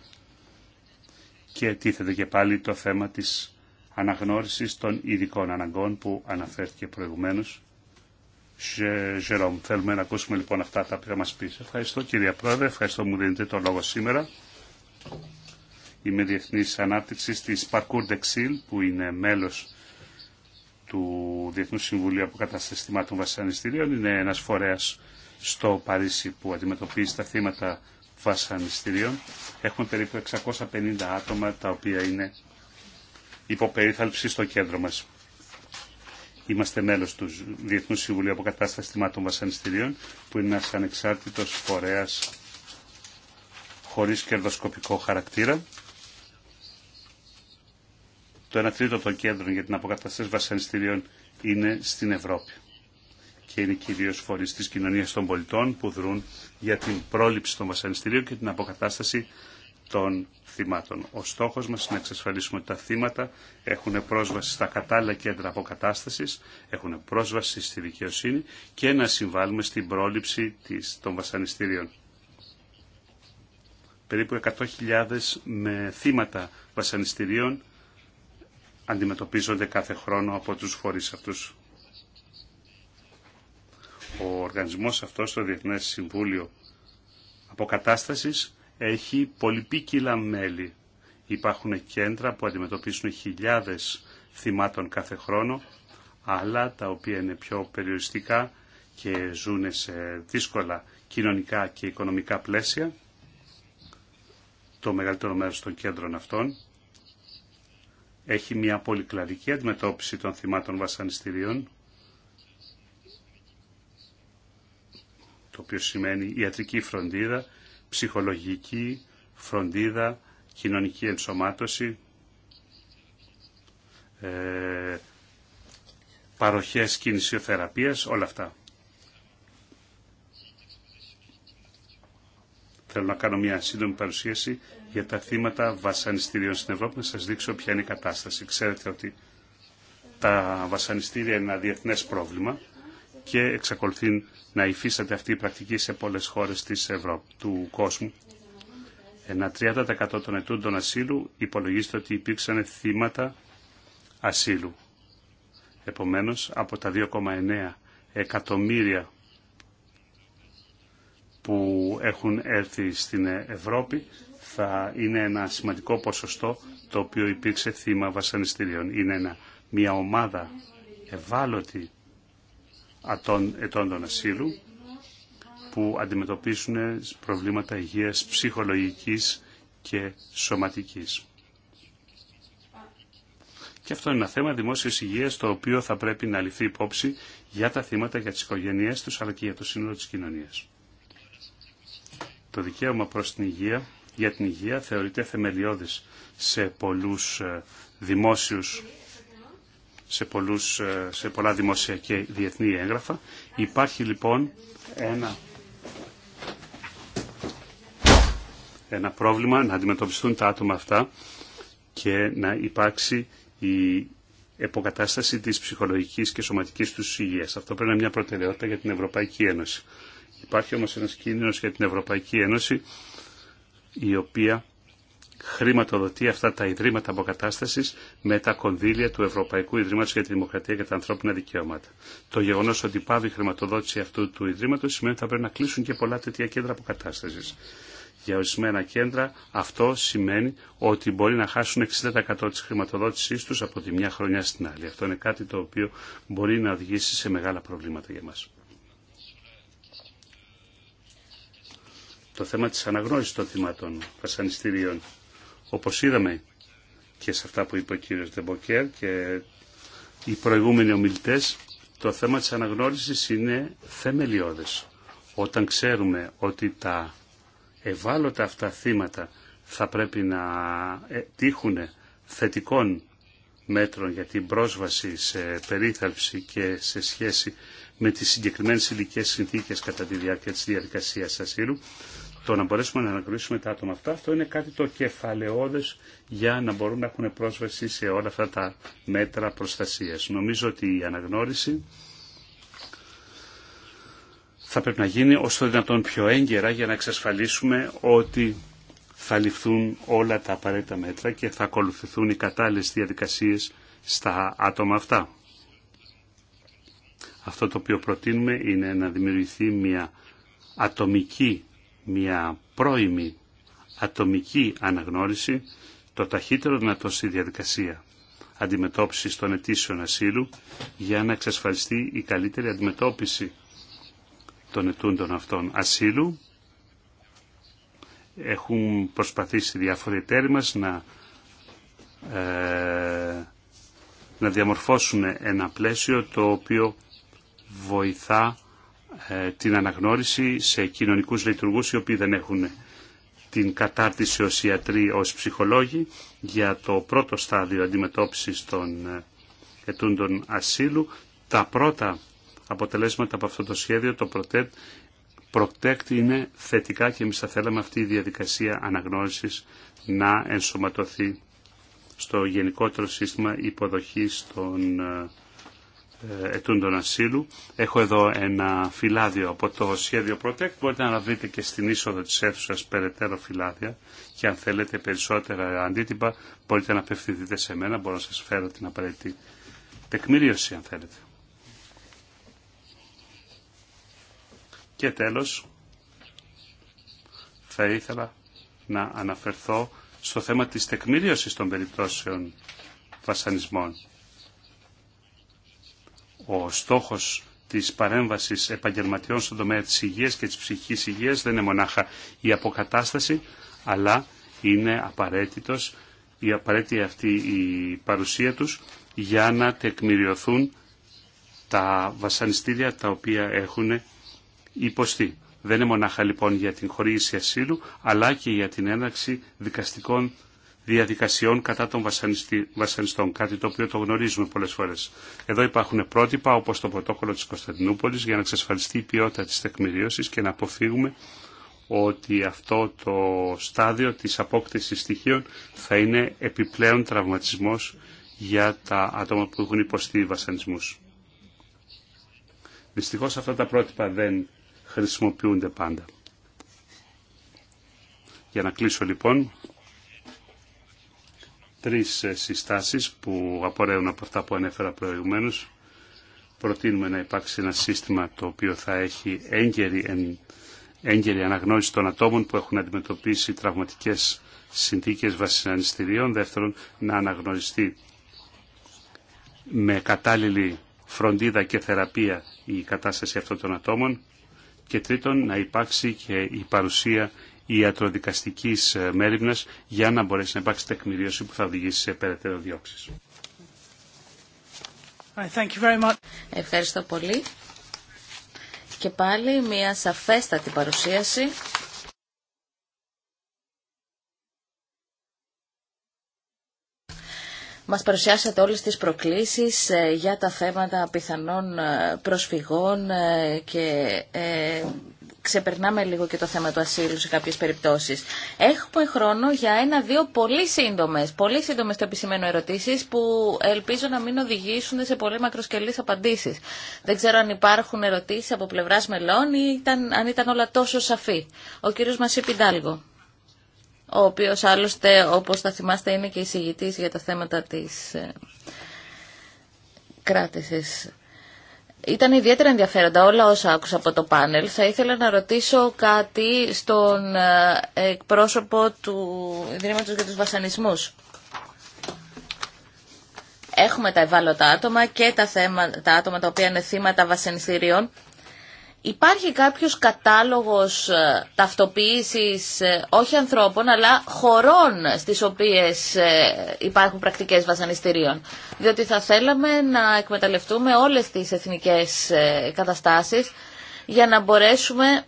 και τίθεται και πάλι το θέμα της αναγνώρισης των ειδικών αναγκών που αναφέρθηκε προηγουμένως Ζερόμ. Θέλουμε να ακούσουμε λοιπόν αυτά τα οποία μας πεις. Ευχαριστώ κύριε Πρόεδρε, ευχαριστώ που μου δίνετε το λόγο σήμερα. Είμαι διεθνή ανάπτυξη της Parcours d'Exil που είναι μέλο του Διεθνού Συμβουλίου Αποκαταστημάτων Βασανιστήριων. Είναι ένα φορέα στο Παρίσι που αντιμετωπίζει τα θύματα βασανιστήριων. Έχουμε περίπου 650 άτομα τα οποία είναι υποπερίθαλψη στο κέντρο μας. Είμαστε μέλος του Διεθνού Συμβουλίου Αποκατάστασης Θυμάτων Βασανιστήριων, που είναι ένας ανεξάρτητος φορέας χωρίς κερδοσκοπικό χαρακτήρα. Το 1 τρίτο των κέντρων για την αποκατάσταση βασανιστήριων είναι στην Ευρώπη και είναι κυρίω φορεί τη κοινωνία των πολιτών που δρούν για την πρόληψη των βασανιστήριων και την αποκατάσταση των θυμάτων. Ο στόχος μας είναι να εξασφαλίσουμε ότι τα θύματα έχουν πρόσβαση στα κατάλληλα κέντρα αποκατάστασης, έχουν πρόσβαση στη δικαιοσύνη και να συμβάλλουμε στην πρόληψη των βασανιστήριων. Περίπου 100.000 με θύματα βασανιστήριων αντιμετωπίζονται κάθε χρόνο από τους φορείς αυτούς. Ο οργανισμός αυτός, το Διεθνές Συμβούλιο Αποκατάστασης, έχει πολυπίκυλα μέλη. Υπάρχουν κέντρα που αντιμετωπίσουν χιλιάδες θυμάτων κάθε χρόνο, αλλά τα οποία είναι πιο περιοριστικά και ζουν σε δύσκολα κοινωνικά και οικονομικά πλαίσια, το μεγαλύτερο μέρος των κέντρων αυτών, έχει μια πολυκλαδική αντιμετώπιση των θυμάτων βασανιστήριων, το οποίο σημαίνει ιατρική φροντίδα, ψυχολογική φροντίδα, κοινωνική ενσωμάτωση, ε, παροχές κινησιοθεραπείας, όλα αυτά. Θέλω να κάνω μια σύντομη παρουσίαση για τα θύματα βασανιστήριων στην Ευρώπη, να σας δείξω ποια είναι η κατάσταση. Ξέρετε ότι τα βασανιστήρια είναι ένα διεθνές πρόβλημα και εξακολουθεί να υφίσταται αυτή η πρακτική σε πολλές χώρες της του κόσμου. Ένα 30% των ετούντων ασύλου υπολογίζεται ότι υπήρξαν θύματα ασύλου. Επομένως, από τα 2,9 εκατομμύρια που έχουν έρθει στην Ευρώπη θα είναι ένα σημαντικό ποσοστό το οποίο υπήρξε θύμα βασανιστήριων. Είναι μια ομάδα ευάλωτη ατών, ετών των ασύλου που αντιμετωπίσουν προβλήματα υγείας ψυχολογικής και σωματικής. Και αυτό είναι ένα θέμα δημόσιας υγείας το οποίο θα πρέπει να ληφθεί υπόψη για τα θύματα, για τις οικογένειές τους αλλά και για το σύνολο της κοινωνίας. Το δικαίωμα προς την υγεία, για την υγεία θεωρείται θεμελιώδης σε πολλούς ε, δημόσιους σε, πολλούς, ε, σε πολλά δημόσια και διεθνή έγγραφα. Υπάρχει λοιπόν ένα, ένα πρόβλημα να αντιμετωπιστούν τα άτομα αυτά και να υπάρξει η εποκατάσταση της ψυχολογικής και σωματικής τους υγείας. Αυτό πρέπει να είναι μια προτεραιότητα για την Ευρωπαϊκή Ένωση. Υπάρχει όμως ένας κίνδυνος για την Ευρωπαϊκή Ένωση η οποία χρηματοδοτεί αυτά τα ιδρύματα αποκατάσταση με τα κονδύλια του Ευρωπαϊκού Ιδρύματο για τη Δημοκρατία και τα Ανθρώπινα Δικαιώματα. Το γεγονό ότι πάβει η χρηματοδότηση αυτού του Ιδρύματο σημαίνει ότι θα πρέπει να κλείσουν και πολλά τέτοια κέντρα αποκατάσταση. Για ορισμένα κέντρα αυτό σημαίνει ότι μπορεί να χάσουν 60% τη χρηματοδότησή του από τη μια χρονιά στην άλλη. Αυτό είναι κάτι το οποίο μπορεί να οδηγήσει σε μεγάλα προβλήματα για μα. Το θέμα της αναγνώρισης των θυμάτων βασανιστήριων όπως είδαμε και σε αυτά που είπε ο κύριος Δεμποκέρ και οι προηγούμενοι ομιλητές, το θέμα της αναγνώρισης είναι θεμελιώδες. Όταν ξέρουμε ότι τα ευάλωτα αυτά θύματα θα πρέπει να ε, τύχουν θετικών μέτρων για την πρόσβαση σε περίθαλψη και σε σχέση με τις συγκεκριμένες ηλικέ συνθήκες κατά τη διάρκεια της διαδικασίας ασύλου, το να μπορέσουμε να αναγνωρίσουμε τα άτομα αυτά, αυτό είναι κάτι το κεφαλαιόδες για να μπορούν να έχουν πρόσβαση σε όλα αυτά τα μέτρα προστασίας. Νομίζω ότι η αναγνώριση θα πρέπει να γίνει ως το δυνατόν πιο έγκαιρα για να εξασφαλίσουμε ότι θα ληφθούν όλα τα απαραίτητα μέτρα και θα ακολουθηθούν οι κατάλληλες διαδικασίες στα άτομα αυτά. Αυτό το οποίο προτείνουμε είναι να δημιουργηθεί μια ατομική μια πρώιμη ατομική αναγνώριση το ταχύτερο δυνατό στη διαδικασία αντιμετώπισης των αιτήσεων ασύλου για να εξασφαλιστεί η καλύτερη αντιμετώπιση των ετούντων αυτών ασύλου. Έχουν προσπαθήσει διάφοροι εταίροι μας να, ε, να διαμορφώσουν ένα πλαίσιο το οποίο βοηθά ε, την αναγνώριση σε κοινωνικούς λειτουργούς οι οποίοι δεν έχουν την κατάρτιση ως ιατροί, ως ψυχολόγοι για το πρώτο στάδιο αντιμετώπισης των ε, ετούντων ασύλου. Τα πρώτα αποτελέσματα από αυτό το σχέδιο, το Protect, είναι θετικά και εμείς θα θέλαμε αυτή η διαδικασία αναγνώρισης να ενσωματωθεί στο γενικότερο σύστημα υποδοχής των ε, ε, ετούντων ασύλου. Έχω εδώ ένα φυλάδιο από το σχέδιο Protect. Μπορείτε να βρείτε και στην είσοδο της αίθουσας περαιτέρω φυλάδια και αν θέλετε περισσότερα αντίτυπα μπορείτε να απευθυνθείτε σε μένα. Μπορώ να σας φέρω την απαραίτητη τεκμηρίωση αν θέλετε. Και τέλος θα ήθελα να αναφερθώ στο θέμα της τεκμηρίωσης των περιπτώσεων βασανισμών ο στόχος της παρέμβασης επαγγελματιών στον τομέα της υγείας και της ψυχικής υγείας δεν είναι μονάχα η αποκατάσταση, αλλά είναι απαραίτητος, η απαραίτητη αυτή η παρουσία τους για να τεκμηριωθούν τα βασανιστήρια τα οποία έχουν υποστεί. Δεν είναι μονάχα λοιπόν για την χορήγηση ασύλου, αλλά και για την έναρξη δικαστικών διαδικασιών κατά των βασανιστών, κάτι το οποίο το γνωρίζουμε πολλές φορές. Εδώ υπάρχουν πρότυπα όπως το πρωτόκολλο της Κωνσταντινούπολης για να εξασφαλιστεί η ποιότητα της τεκμηρίωσης και να αποφύγουμε ότι αυτό το στάδιο της απόκτησης στοιχείων θα είναι επιπλέον τραυματισμός για τα άτομα που έχουν υποστεί βασανισμούς. Δυστυχώς αυτά τα πρότυπα δεν χρησιμοποιούνται πάντα. Για να κλείσω λοιπόν, τρεις ε, συστάσεις που απορρέουν από αυτά που ανέφερα προηγουμένως. Προτείνουμε να υπάρξει ένα σύστημα το οποίο θα έχει έγκαιρη, έγκαιρη αναγνώριση των ατόμων που έχουν αντιμετωπίσει τραυματικές συνθήκες βασιλανιστηρίων. Δεύτερον, να αναγνωριστεί με κατάλληλη φροντίδα και θεραπεία η κατάσταση αυτών των ατόμων. Και τρίτον, να υπάρξει και η παρουσία ιατροδικαστική ε, μέρημνα για να μπορέσει να υπάρξει τεκμηρίωση που θα οδηγήσει σε περαιτέρω διώξει. Ευχαριστώ πολύ. Και πάλι μια σαφέστατη παρουσίαση. Μας παρουσιάσατε όλες τις προκλήσεις ε, για τα θέματα πιθανών ε, προσφυγών και ξεπερνάμε λίγο και το θέμα του ασύλου σε κάποιες περιπτώσεις. Έχουμε χρόνο για ένα-δύο πολύ σύντομες, πολύ σύντομες το επισημένο ερωτήσεις που ελπίζω να μην οδηγήσουν σε πολύ μακροσκελείς απαντήσεις. Δεν ξέρω αν υπάρχουν ερωτήσεις από πλευράς μελών ή ήταν, αν ήταν όλα τόσο σαφή. Ο κύριος Μασί Πιντάλγο, ο οποίος άλλωστε όπως θα θυμάστε είναι και εισηγητής για τα θέματα της ε, κράτησης ήταν ιδιαίτερα ενδιαφέροντα όλα όσα άκουσα από το πάνελ. Θα ήθελα να ρωτήσω κάτι στον ε, εκπρόσωπο του Ιδρύματος για τους Βασανισμούς. Έχουμε τα ευάλωτα άτομα και τα, θέμα τα άτομα τα οποία είναι θύματα βασανιστήριων Υπάρχει κάποιος κατάλογος ε, ταυτοποίησης ε, όχι ανθρώπων αλλά χωρών στις οποίες ε, υπάρχουν πρακτικές βασανιστήριων. Διότι θα θέλαμε να εκμεταλλευτούμε όλες τις εθνικές καταστάσεις για να μπορέσουμε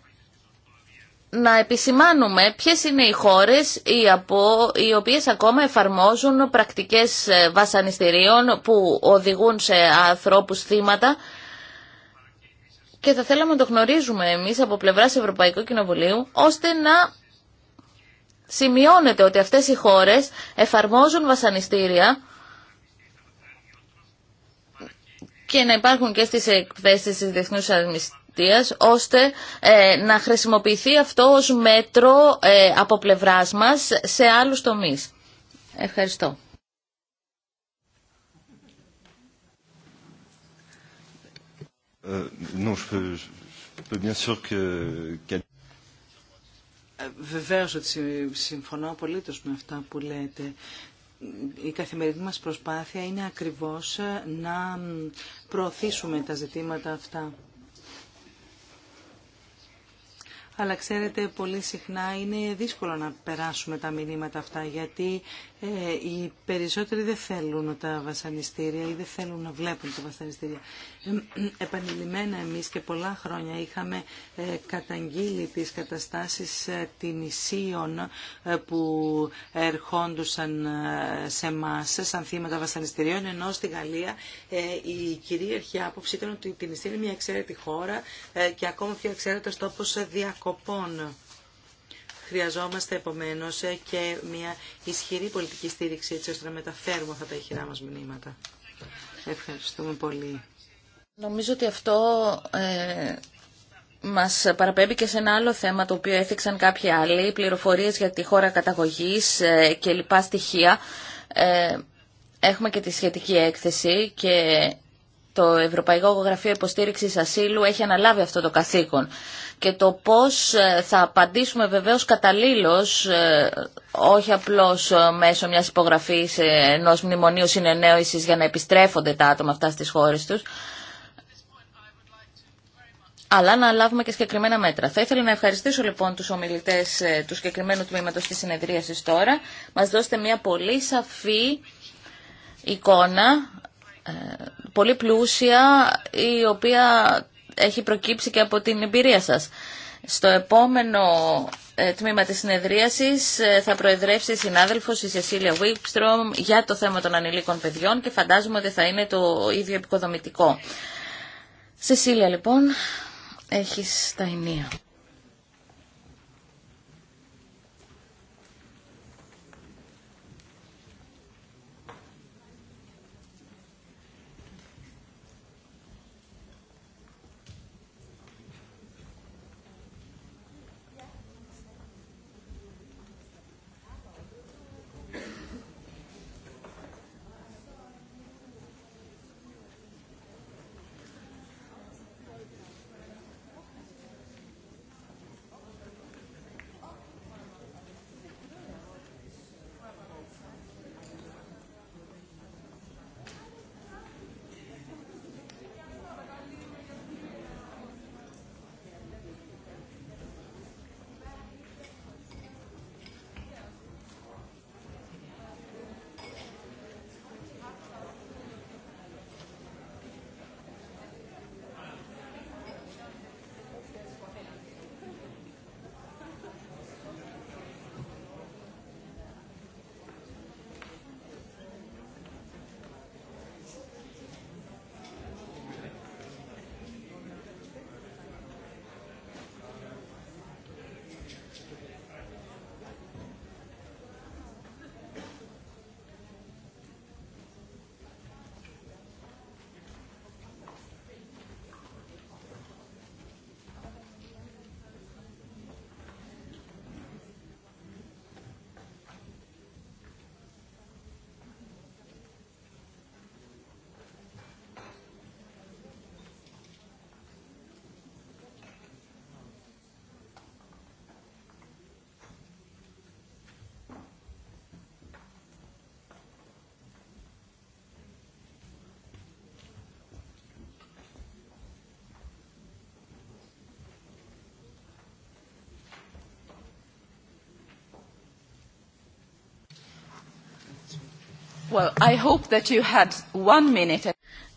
να επισημάνουμε ποιες είναι οι χώρες οι, από, οι οποίες ακόμα εφαρμόζουν πρακτικές βασανιστήριων που οδηγούν σε ανθρώπους θύματα και θα θέλαμε να το γνωρίζουμε εμείς από πλευράς Ευρωπαϊκού Κοινοβουλίου ώστε να σημειώνεται ότι αυτές οι χώρες εφαρμόζουν βασανιστήρια και να υπάρχουν και στις εκθέσεις της Διεθνούς Αδημιστίας, ώστε ε, να χρησιμοποιηθεί αυτό ως μέτρο ε, από πλευράς μας σε άλλους τομείς. Ευχαριστώ. Βεβαίως ότι συμφωνώ απολύτως με αυτά που λέτε η καθημερινή μας προσπάθεια είναι ακριβώς ε, να προωθήσουμε τα ζητήματα αυτά. Αλλά ξέρετε, πολύ συχνά είναι δύσκολο να περάσουμε τα μηνύματα αυτά, γιατί ε, οι περισσότεροι δεν θέλουν τα βασανιστήρια ή δεν θέλουν να βλέπουν τα βασανιστήρια. Ε, επανειλημμένα εμείς και πολλά χρόνια είχαμε ε, καταγγείλει τις καταστάσεις την ισίων που ερχόντουσαν σε μας σαν θύματα βασανιστήριων, ενώ στη Γαλλία η κυρίαρχη άποψη ήταν ότι την ισιων είναι μια εξαίρετη χώρα και ακόμα πιο εξαίρετος τόπος διακοπών. Χρειαζόμαστε επομένω και μια ισχυρή πολιτική στήριξη έτσι ώστε να μεταφέρουμε αυτά τα ηχηρά μας μηνύματα. Ευχαριστούμε πολύ. Νομίζω ότι αυτό ε, μας παραπέμπει και σε ένα άλλο θέμα το οποίο έθιξαν κάποιοι άλλοι, πληροφορίες για τη χώρα καταγωγής ε, και λοιπά στοιχεία. Ε, έχουμε και τη σχετική έκθεση και το Ευρωπαϊκό Γραφείο υποστήριξη Ασύλου έχει αναλάβει αυτό το καθήκον. Και το πώς ε, θα απαντήσουμε βεβαίως καταλήλως, ε, όχι απλώς ε, μέσω μιας υπογραφή ενό μνημονίου συνεννόησης για να επιστρέφονται τα άτομα αυτά στις χώρε του. αλλά να λάβουμε και συγκεκριμένα μέτρα. Θα ήθελα να ευχαριστήσω λοιπόν τους ομιλητές του συγκεκριμένου τμήματος της συνεδρίασης τώρα. Μας δώσετε μια πολύ σαφή εικόνα πολύ πλούσια η οποία έχει προκύψει και από την εμπειρία σας. Στο επόμενο ε, τμήμα της συνεδρίασης ε, θα προεδρεύσει η συνάδελφος η Σεσίλια Βίπστρομ για το θέμα των ανηλίκων παιδιών και φαντάζομαι ότι θα είναι το ίδιο επικοδομητικό. Σεσίλια λοιπόν, έχεις τα ενία.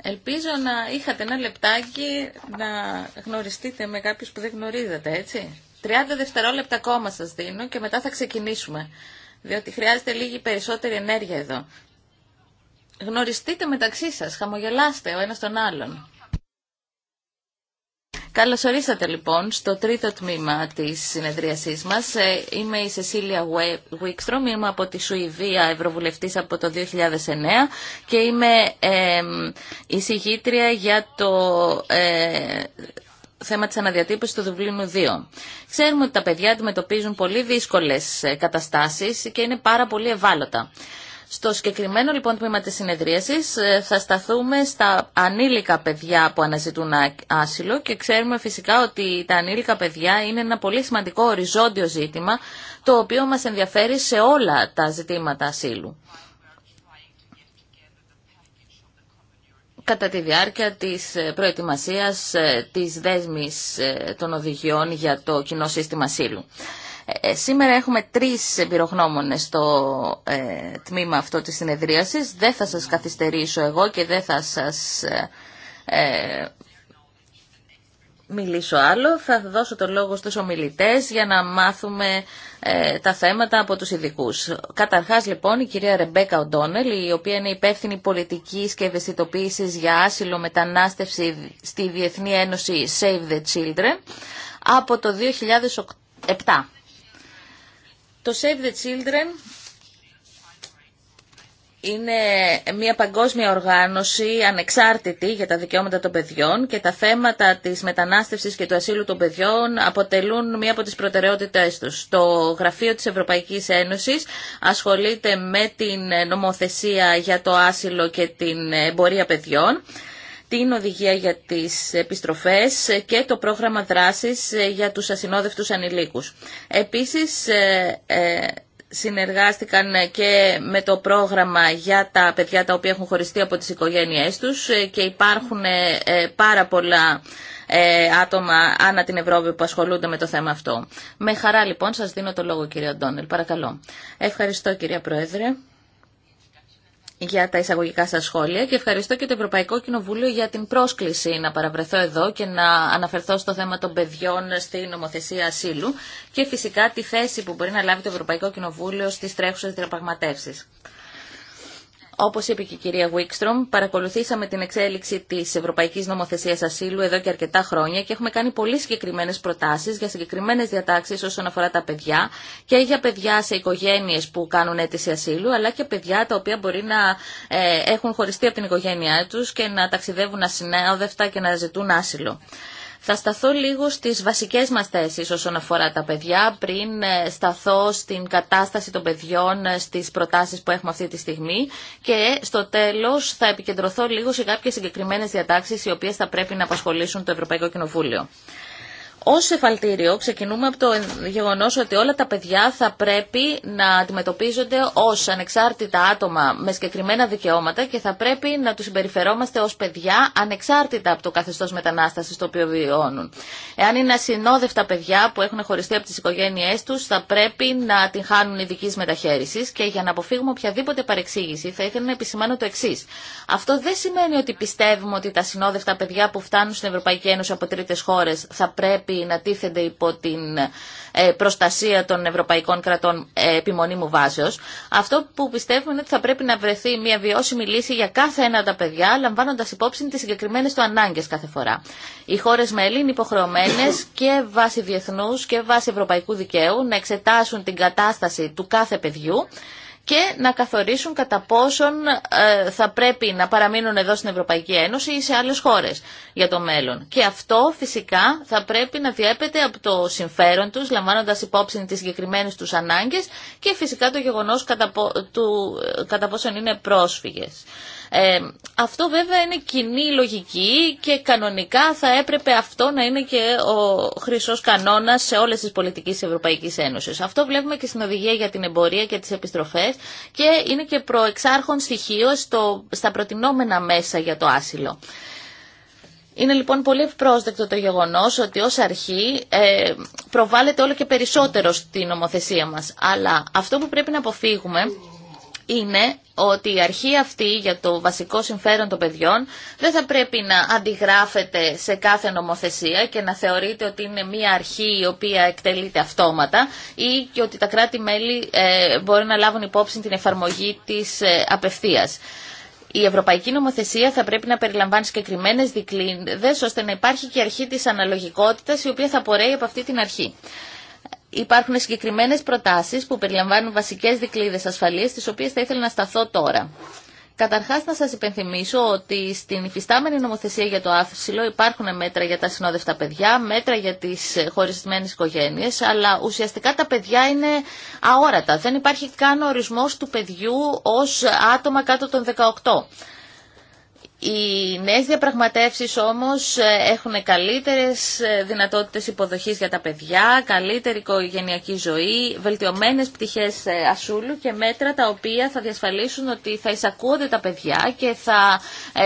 Ελπίζω να είχατε ένα λεπτάκι να γνωριστείτε με κάποιους που δεν γνωρίζετε, έτσι. 30 δευτερόλεπτα ακόμα σας δίνω και μετά θα ξεκινήσουμε, διότι χρειάζεται λίγη περισσότερη ενέργεια εδώ. Γνωριστείτε μεταξύ σας, χαμογελάστε ο ένας τον άλλον. Καλώς ορίσατε λοιπόν στο τρίτο τμήμα της συνεδρίασής μας. Ε, είμαι η Σεσίλια Βίκστρομ, είμαι από τη Σουηδία Ευρωβουλευτής από το 2009 και είμαι η συγγήτρια για το ε, θέμα της αναδιατύπωσης του Δουβλίνου 2. Ξέρουμε ότι τα παιδιά αντιμετωπίζουν πολύ δύσκολες ε, καταστάσεις και είναι πάρα πολύ ευάλωτα. Στο συγκεκριμένο λοιπόν τμήμα της συνεδρίασης ε, θα σταθούμε στα ανήλικα παιδιά που αναζητούν άσυλο και ξέρουμε φυσικά ότι τα ανήλικα παιδιά είναι ένα πολύ σημαντικό οριζόντιο ζήτημα το οποίο μας ενδιαφέρει σε όλα τα ζητήματα ασύλου. κατά τη διάρκεια της ε, προετοιμασίας ε, της δέσμης των οδηγιών για το κοινό σύστημα ασύλου. Ε, σήμερα έχουμε τρεις εμπειρογνώμονες στο ε, τμήμα αυτό της συνεδρίασης. Δεν θα σας καθυστερήσω εγώ και δεν θα σας ε, μιλήσω άλλο. Θα δώσω το λόγο στους ομιλητές για να μάθουμε τα θέματα από τους ειδικού. Καταρχάς λοιπόν η κυρία Ρεμπέκα Οντόνελ, η οποία είναι υπεύθυνη πολιτικής και ευαισθητοποίησης για άσυλο μετανάστευση στη Διεθνή Ένωση Save the Children από το 2007. Το Save the Children είναι μια παγκόσμια οργάνωση ανεξάρτητη για τα δικαιώματα των παιδιών και τα θέματα της μετανάστευσης και του ασύλου των παιδιών αποτελούν μία από τις προτεραιότητές τους. Το Γραφείο της Ευρωπαϊκής Ένωσης ασχολείται με την νομοθεσία για το άσυλο και την εμπορία παιδιών την οδηγία για τις επιστροφές και το πρόγραμμα δράσης για τους ασυνόδευτους ανηλίκους. Επίσης, ε, ε, συνεργάστηκαν και με το πρόγραμμα για τα παιδιά τα οποία έχουν χωριστεί από τις οικογένειές τους ε, και υπάρχουν πάρα πολλά άτομα ανά την Ευρώπη που ασχολούνται με το θέμα αυτό. Με χαρά λοιπόν σας δίνω το λόγο κύριε Αντώνελ. Παρακαλώ. Ευχαριστώ κυρία Πρόεδρε για τα εισαγωγικά σας σχόλια και ευχαριστώ και το Ευρωπαϊκό Κοινοβούλιο για την πρόσκληση να παραβρεθώ εδώ και να αναφερθώ στο θέμα των παιδιών στην νομοθεσία ασύλου και φυσικά τη θέση που μπορεί να λάβει το Ευρωπαϊκό Κοινοβούλιο στις τρέχουσες διαπραγματεύσεις. Όπως είπε και η κυρία Βίκστρομ, παρακολουθήσαμε την εξέλιξη της Ευρωπαϊκής Νομοθεσίας Ασύλου εδώ και αρκετά χρόνια και έχουμε κάνει πολύ συγκεκριμένες προτάσεις για συγκεκριμένες διατάξεις όσον αφορά τα παιδιά και για παιδιά σε οικογένειες που κάνουν αίτηση ασύλου, αλλά και παιδιά τα οποία μπορεί να ε, έχουν χωριστεί από την οικογένειά τους και να ταξιδεύουν ασυνέοδευτα και να ζητούν άσυλο. Θα σταθώ λίγο στις βασικές μας θέσεις όσον αφορά τα παιδιά πριν ε, σταθώ στην κατάσταση των παιδιών ε, στις προτάσεις που έχουμε αυτή τη στιγμή και στο τέλος θα επικεντρωθώ λίγο σε κάποιες συγκεκριμένες διατάξεις οι οποίες θα πρέπει να απασχολήσουν το Ευρωπαϊκό Κοινοβούλιο. Ως εφαλτήριο ξεκινούμε από το γεγονός ότι όλα τα παιδιά θα πρέπει να αντιμετωπίζονται ως ανεξάρτητα άτομα με συγκεκριμένα δικαιώματα και θα πρέπει να τους συμπεριφερόμαστε ως παιδιά ανεξάρτητα από το καθεστώς μετανάστασης το οποίο βιώνουν. Εάν είναι ασυνόδευτα παιδιά που έχουν χωριστεί από τις οικογένειές τους θα πρέπει να την χάνουν ειδική μεταχείριση και για να αποφύγουμε οποιαδήποτε παρεξήγηση θα ήθελα να επισημάνω το εξή. Αυτό δεν σημαίνει ότι πιστεύουμε ότι τα συνόδευτα παιδιά που φτάνουν στην Ευρωπαϊκή Ένωση από τρίτες χώρε θα πρέπει να τίθενται υπό την ε, προστασία των ευρωπαϊκών κρατών ε, επιμονή μου βάσεως. Αυτό που πιστεύουμε είναι ότι θα πρέπει να βρεθεί μια βιώσιμη λύση για κάθε ένα από τα παιδιά, λαμβάνοντας υπόψη τις συγκεκριμένες του ανάγκες κάθε φορά. Οι χώρες με είναι υποχρεωμένες και βάσει διεθνούς και βάσει ευρωπαϊκού δικαίου να εξετάσουν την κατάσταση του κάθε παιδιού και να καθορίσουν κατά πόσον ε, θα πρέπει να παραμείνουν εδώ στην Ευρωπαϊκή Ένωση ή σε άλλες χώρες για το μέλλον. Και αυτό φυσικά θα πρέπει να διέπεται από το συμφέρον τους, λαμβάνοντας υπόψη τις συγκεκριμένες τους ανάγκες και φυσικά το γεγονός κατά, ε, πόσον είναι πρόσφυγες. Ε, αυτό βέβαια είναι κοινή λογική και κανονικά θα έπρεπε αυτό να είναι και ο χρυσός κανόνας σε όλες τις πολιτικές της Ευρωπαϊκής Ένωσης. Αυτό βλέπουμε και στην οδηγία για την εμπορία και τις επιστροφές και είναι και προεξάρχον στοιχείο στο, στα προτινόμενα μέσα για το άσυλο. Είναι λοιπόν πολύ ευπρόσδεκτο το γεγονός ότι ως αρχή ε, προβάλλεται όλο και περισσότερο στην νομοθεσία μας. Αλλά αυτό που πρέπει να αποφύγουμε είναι ότι η αρχή αυτή για το βασικό συμφέρον των παιδιών δεν θα πρέπει να αντιγράφεται σε κάθε νομοθεσία και να θεωρείται ότι είναι μία αρχή η οποία εκτελείται αυτόματα ή και ότι τα κράτη-μέλη ε, μπορεί να λάβουν υπόψη την εφαρμογή της ε, απευθείας. Η Ευρωπαϊκή Νομοθεσία θα πρέπει να περιλαμβάνει συγκεκριμένε δικλείδε ώστε να υπάρχει και αρχή της αναλογικοτητας η οποία θα πορεύει από αυτή την αρχή υπάρχουν συγκεκριμένες προτάσεις που περιλαμβάνουν βασικές δικλείδες ασφαλείας, τι οποίες θα ήθελα να σταθώ τώρα. Καταρχά, να σα υπενθυμίσω ότι στην υφιστάμενη νομοθεσία για το άφησιλο υπάρχουν μέτρα για τα συνόδευτα παιδιά, μέτρα για τι χωρισμένε οικογένειε, αλλά ουσιαστικά τα παιδιά είναι αόρατα. Δεν υπάρχει καν ορισμό του παιδιού ω άτομα κάτω των 18. Οι νέες διαπραγματεύσεις όμως ε, έχουν καλύτερες ε, δυνατότητες υποδοχής για τα παιδιά, καλύτερη οικογενειακή ζωή, βελτιωμένες πτυχές ε, ασούλου και μέτρα τα οποία θα διασφαλίσουν ότι θα εισακούονται τα παιδιά και θα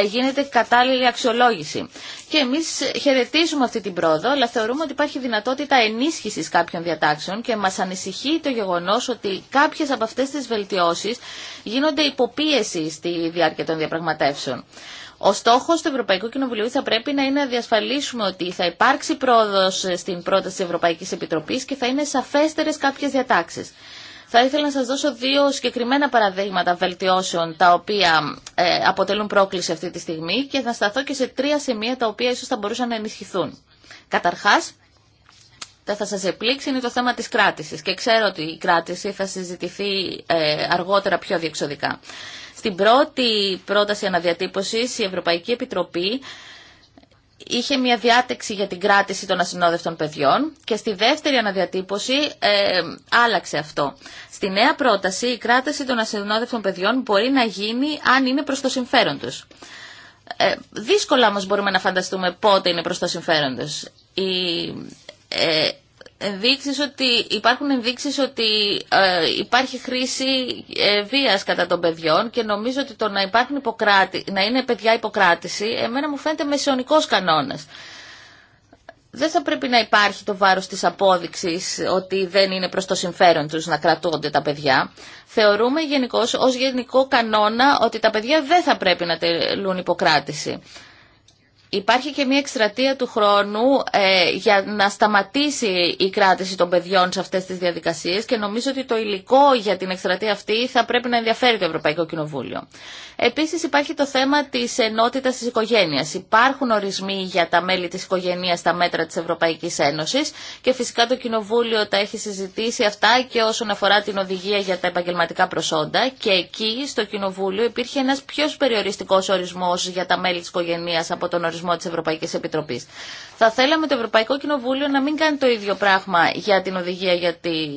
γίνεται κατάλληλη αξιολόγηση. Και εμείς χαιρετίζουμε αυτή την πρόοδο, αλλά θεωρούμε ότι υπάρχει δυνατότητα ενίσχυσης κάποιων διατάξεων και μας ανησυχεί το γεγονός ότι κάποιες από αυτές τις βελτιώσεις γίνονται υποπίεση στη διάρκεια των διαπραγματεύσεων. Ο στόχο του Ευρωπαϊκού Κοινοβουλίου θα πρέπει να είναι να διασφαλίσουμε ότι θα υπάρξει πρόοδο στην πρόταση τη Ευρωπαϊκή Επιτροπή και θα είναι σαφέστερε κάποιε διατάξει. Θα ήθελα να σας δώσω δύο συγκεκριμένα παραδείγματα βελτιώσεων τα οποία ε, αποτελούν πρόκληση αυτή τη στιγμή και θα σταθώ και σε τρία σημεία τα οποία ίσως θα μπορούσαν να ενισχυθούν. Καταρχάς, τα θα σας επλήξει είναι το θέμα της κράτησης και ξέρω ότι η κράτηση θα συζητηθεί ε, αργότερα πιο διεξοδικά. Στην πρώτη πρόταση αναδιατύπωσης η Ευρωπαϊκή Επιτροπή είχε μια διάτεξη για την κράτηση των ασυνόδευτων παιδιών και στη δεύτερη αναδιατύπωση ε, άλλαξε αυτό. Στη νέα πρόταση η κράτηση των ασυνόδευτων παιδιών μπορεί να γίνει αν είναι προς το συμφέρον τους. Ε, δύσκολα όμως μπορούμε να φανταστούμε πότε είναι προς το συμφέρον τους. Η ε, ενδείξεις ότι, υπάρχουν ενδείξεις ότι ε, υπάρχει χρήση ε, βίας κατά των παιδιών και νομίζω ότι το να, υποκράτη, να είναι παιδιά υποκράτηση εμένα μου φαίνεται μεσαιωνικός κανόνας. Δεν θα πρέπει να υπάρχει το βάρος της απόδειξης ότι δεν είναι προς το συμφέρον τους να κρατούνται τα παιδιά. Θεωρούμε γενικώς ως γενικό κανόνα ότι τα παιδιά δεν θα πρέπει να τελούν υποκράτηση. Υπάρχει και μια εκστρατεία του χρόνου ε, για να σταματήσει η κράτηση των παιδιών σε αυτές τις διαδικασίες και νομίζω ότι το υλικό για την εκστρατεία αυτή θα πρέπει να ενδιαφέρει το Ευρωπαϊκό Κοινοβούλιο. Επίσης υπάρχει το θέμα της ενότητας της οικογένειας. Υπάρχουν ορισμοί για τα μέλη της οικογένειας στα μέτρα της Ευρωπαϊκής Ένωσης και φυσικά το Κοινοβούλιο τα έχει συζητήσει αυτά και όσον αφορά την οδηγία για τα επαγγελματικά προσόντα και εκεί στο Κοινοβούλιο υπήρχε ένας πιο περιοριστικός ορισμός για τα μέλη της οικογένειας από τον προορισμό της Ευρωπαϊκής Επιτροπής. Θα θέλαμε το Ευρωπαϊκό Κοινοβούλιο να μην κάνει το ίδιο πράγμα για την οδηγία για την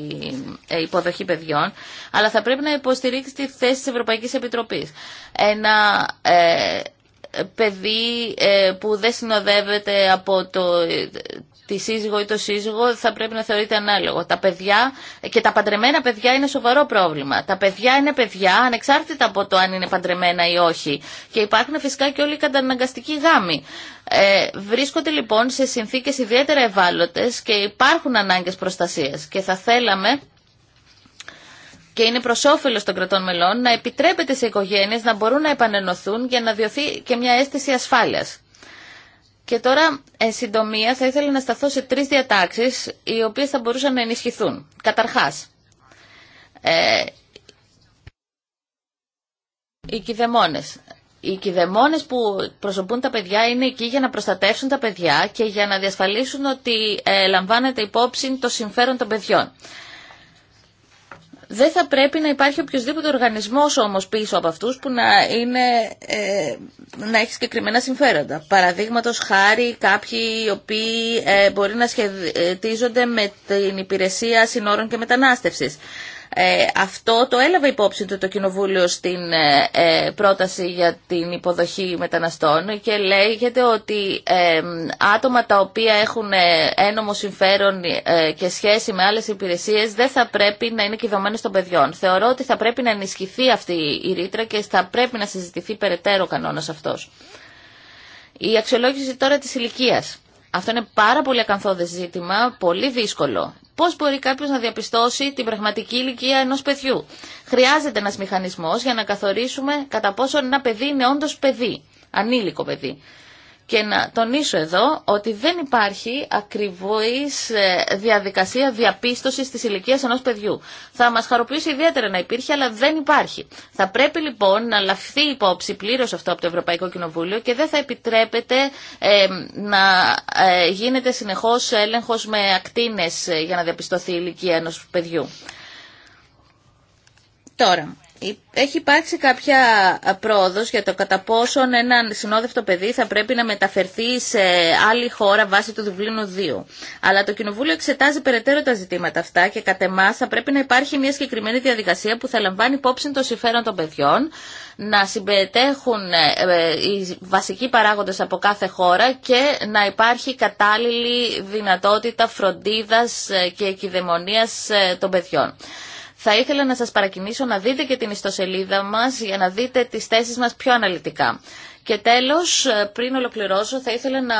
ε, υποδοχή παιδιών, αλλά θα πρέπει να υποστηρίξει τη θέση της Ευρωπαϊκής Επιτροπής. Ένα ε, παιδί ε, που δεν συνοδεύεται από το, τη σύζυγο ή το σύζυγο θα πρέπει να θεωρείται ανάλογο. Τα παιδιά και τα παντρεμένα παιδιά είναι σοβαρό πρόβλημα. Τα παιδιά είναι παιδιά ανεξάρτητα από το αν είναι παντρεμένα ή όχι. Και υπάρχουν φυσικά και όλοι οι καταναγκαστικοί γάμοι. Ε, βρίσκονται λοιπόν σε συνθήκες ιδιαίτερα ευάλωτες και υπάρχουν ανάγκες προστασίας. Και θα θέλαμε και είναι προ όφελο των κρατών μελών να επιτρέπεται σε οικογένειε να μπορούν να επανενωθούν για να διωθεί και μια αίσθηση ασφάλεια. Και τώρα, εν συντομία, θα ήθελα να σταθώ σε τρεις διατάξεις, οι οποίες θα μπορούσαν να ενισχυθούν. Καταρχάς, ε, οι κηδεμόνες. Οι κηδεμόνες που προσωπούν τα παιδιά είναι εκεί για να προστατεύσουν τα παιδιά και για να διασφαλίσουν ότι ε, λαμβάνεται υπόψη το συμφέρον των παιδιών. Δεν θα πρέπει να υπάρχει οποιοδήποτε οργανισμός όμως πίσω από αυτούς που να, είναι, ε, να έχει συγκεκριμένα συμφέροντα. Παραδείγματο χάρη κάποιοι οι οποίοι ε, μπορεί να σχετίζονται ε, με την υπηρεσία συνόρων και μετανάστευση. Ε, αυτό το έλαβε υπόψη του το Κοινοβούλιο στην ε, ε, πρόταση για την υποδοχή μεταναστών και λέγεται ότι άτομα τα οποία έχουν ένομο συμφέρον και σχέση με άλλες υπηρεσίες δεν θα πρέπει να είναι κυδωμένες των παιδιών. Θεωρώ ότι θα πρέπει να ενισχυθεί αυτή η ρήτρα και θα πρέπει να συζητηθεί περαιτέρω ο κανόνας αυτός. Η αξιολόγηση τώρα της ηλικία. Αυτό είναι πάρα πολύ ακαθόδε ζήτημα, πολύ δύσκολο. Πώ μπορεί κάποιο να διαπιστώσει την πραγματική ηλικία ενός παιδιού. Χρειάζεται ένα μηχανισμό για να καθορίσουμε κατά πόσο ένα παιδί είναι όντως παιδί, ανήλικο παιδί. Και να τονίσω εδώ ότι δεν υπάρχει ακριβώς ε, διαδικασία διαπίστωσης της ηλικία ενός παιδιού. Θα μας χαροποιήσει ιδιαίτερα να υπήρχε, αλλά δεν υπάρχει. Θα πρέπει λοιπόν να λαφθεί υπόψη πλήρω αυτό από το Ευρωπαϊκό Κοινοβούλιο και δεν θα επιτρέπεται ε, να ε, γίνεται συνεχώς έλεγχος με ακτίνες για να διαπιστωθεί η ηλικία ενός παιδιού. Τώρα, έχει υπάρξει κάποια πρόοδο για το κατά πόσον ένα συνόδευτο παιδί θα πρέπει να μεταφερθεί σε άλλη χώρα βάσει του Δουβλίνου 2. Αλλά το Κοινοβούλιο εξετάζει περαιτέρω τα ζητήματα αυτά και κατά εμά θα πρέπει να υπάρχει μια συγκεκριμένη διαδικασία που θα λαμβάνει υπόψη των συμφέρον των παιδιών, να συμπεριτέχουν ε, ε, οι βασικοί παράγοντε από κάθε χώρα και να υπάρχει κατάλληλη δυνατότητα φροντίδα ε, και εκειδαιμονία των παιδιών. Θα ήθελα να σας παρακινήσω να δείτε και την ιστοσελίδα μας για να δείτε τις θέσεις μας πιο αναλυτικά. Και τέλος, ε, πριν ολοκληρώσω, θα ήθελα να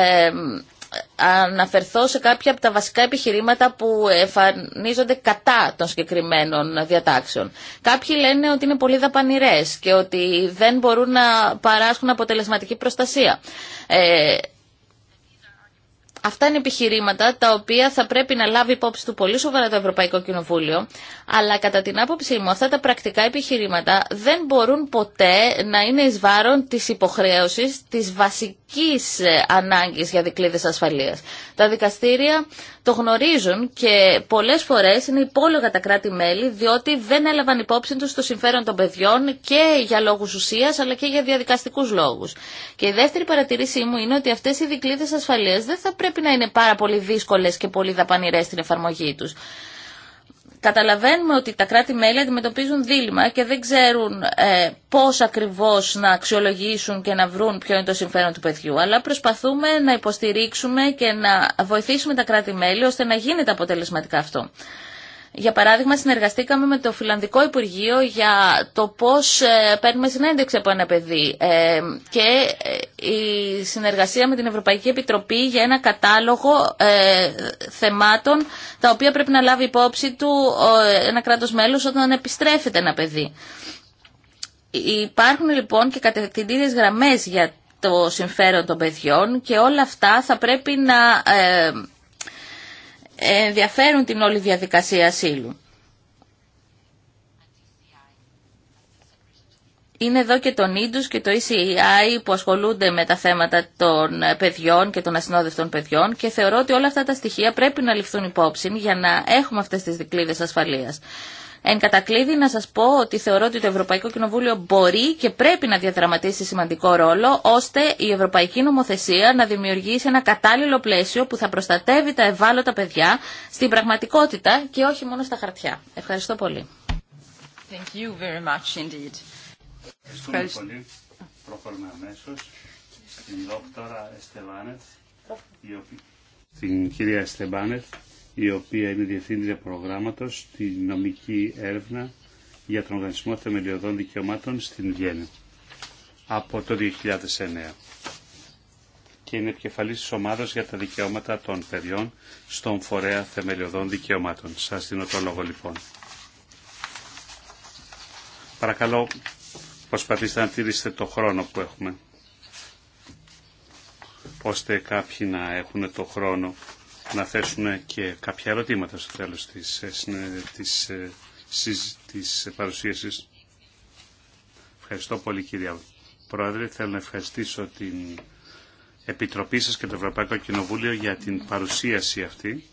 ε, αναφερθώ σε κάποια από τα βασικά επιχειρήματα που εμφανίζονται κατά των συγκεκριμένων διατάξεων. Κάποιοι λένε ότι είναι πολύ δαπανηρές και ότι δεν μπορούν να παράσχουν αποτελεσματική προστασία. Ε, Αυτά είναι επιχειρήματα τα οποία θα πρέπει να λάβει υπόψη του πολύ σοβαρά το Ευρωπαϊκό Κοινοβούλιο, αλλά κατά την άποψή μου αυτά τα πρακτικά επιχειρήματα δεν μπορούν ποτέ να είναι ει βάρον της υποχρέωσης της βασικής ανάγκης για δικλείδες ασφαλείας. Τα δικαστήρια το γνωρίζουν και πολλές φορές είναι υπόλογα τα κράτη-μέλη διότι δεν έλαβαν υπόψη τους το συμφέρον των παιδιών και για λόγους ουσίας αλλά και για διαδικαστικούς λόγους. Και η δεύτερη παρατηρήσή μου είναι ότι αυτές οι δικλείδες ασφαλείας δεν θα πρέπει να είναι πάρα πολύ δύσκολες και πολύ δαπανηρές στην εφαρμογή τους. Καταλαβαίνουμε ότι τα κράτη-μέλη αντιμετωπίζουν δίλημα και δεν ξέρουν ε, πώς ακριβώς να αξιολογήσουν και να βρουν ποιο είναι το συμφέρον του παιδιού. Αλλά προσπαθούμε να υποστηρίξουμε και να βοηθήσουμε τα κράτη-μέλη ώστε να γίνεται αποτελεσματικά αυτό. Για παράδειγμα, συνεργαστήκαμε με το Φιλανδικό Υπουργείο για το πώς ε, παίρνουμε συνέντευξη από ένα παιδί ε, και ε, η συνεργασία με την Ευρωπαϊκή Επιτροπή για ένα κατάλογο θεμάτων τα οποία πρέπει να λάβει υπόψη του ένα κράτος μέλος όταν επιστρέφεται ένα παιδί. Υπάρχουν λοιπόν και κατευθυντήριες γραμμές για το συμφέρον των παιδιών και όλα αυτά θα πρέπει να ενδιαφέρουν την όλη διαδικασία ασύλου. Είναι εδώ και το Νίντους και το ECI που ασχολούνται με τα θέματα των παιδιών και των ασυνόδευτων παιδιών και θεωρώ ότι όλα αυτά τα στοιχεία πρέπει να ληφθούν υπόψη για να έχουμε αυτές τις δικλείδες ασφαλείας. Εν κατακλείδη να σας πω ότι θεωρώ ότι το Ευρωπαϊκό Κοινοβούλιο μπορεί και πρέπει να διαδραματίσει σημαντικό ρόλο ώστε η Ευρωπαϊκή Νομοθεσία να δημιουργήσει ένα κατάλληλο πλαίσιο που θα προστατεύει τα ευάλωτα παιδιά στην πραγματικότητα και όχι μόνο στα χαρτιά. Ευχαριστώ πολύ. Thank you very much πολύ. Προχωρούμε αμέσως δόκτωρα η οποία είναι διευθύντρια προγράμματος στη νομική έρευνα για τον Οργανισμό Θεμελιωδών Δικαιωμάτων στην Βιέννη από το 2009 και είναι επικεφαλής τη για τα δικαιώματα των παιδιών στον Φορέα Θεμελιωδών Δικαιωμάτων. Σας δίνω το λόγο λοιπόν. Παρακαλώ προσπαθήστε να τηρήσετε το χρόνο που έχουμε ώστε κάποιοι να έχουν το χρόνο να θέσουν και κάποια ερωτήματα στο τέλος της, ε, της, της, ε, της παρουσίασης. Ευχαριστώ πολύ κύριε Πρόεδρε. Θέλω να ευχαριστήσω την Επιτροπή σας και το Ευρωπαϊκό Κοινοβούλιο για την παρουσίαση αυτή,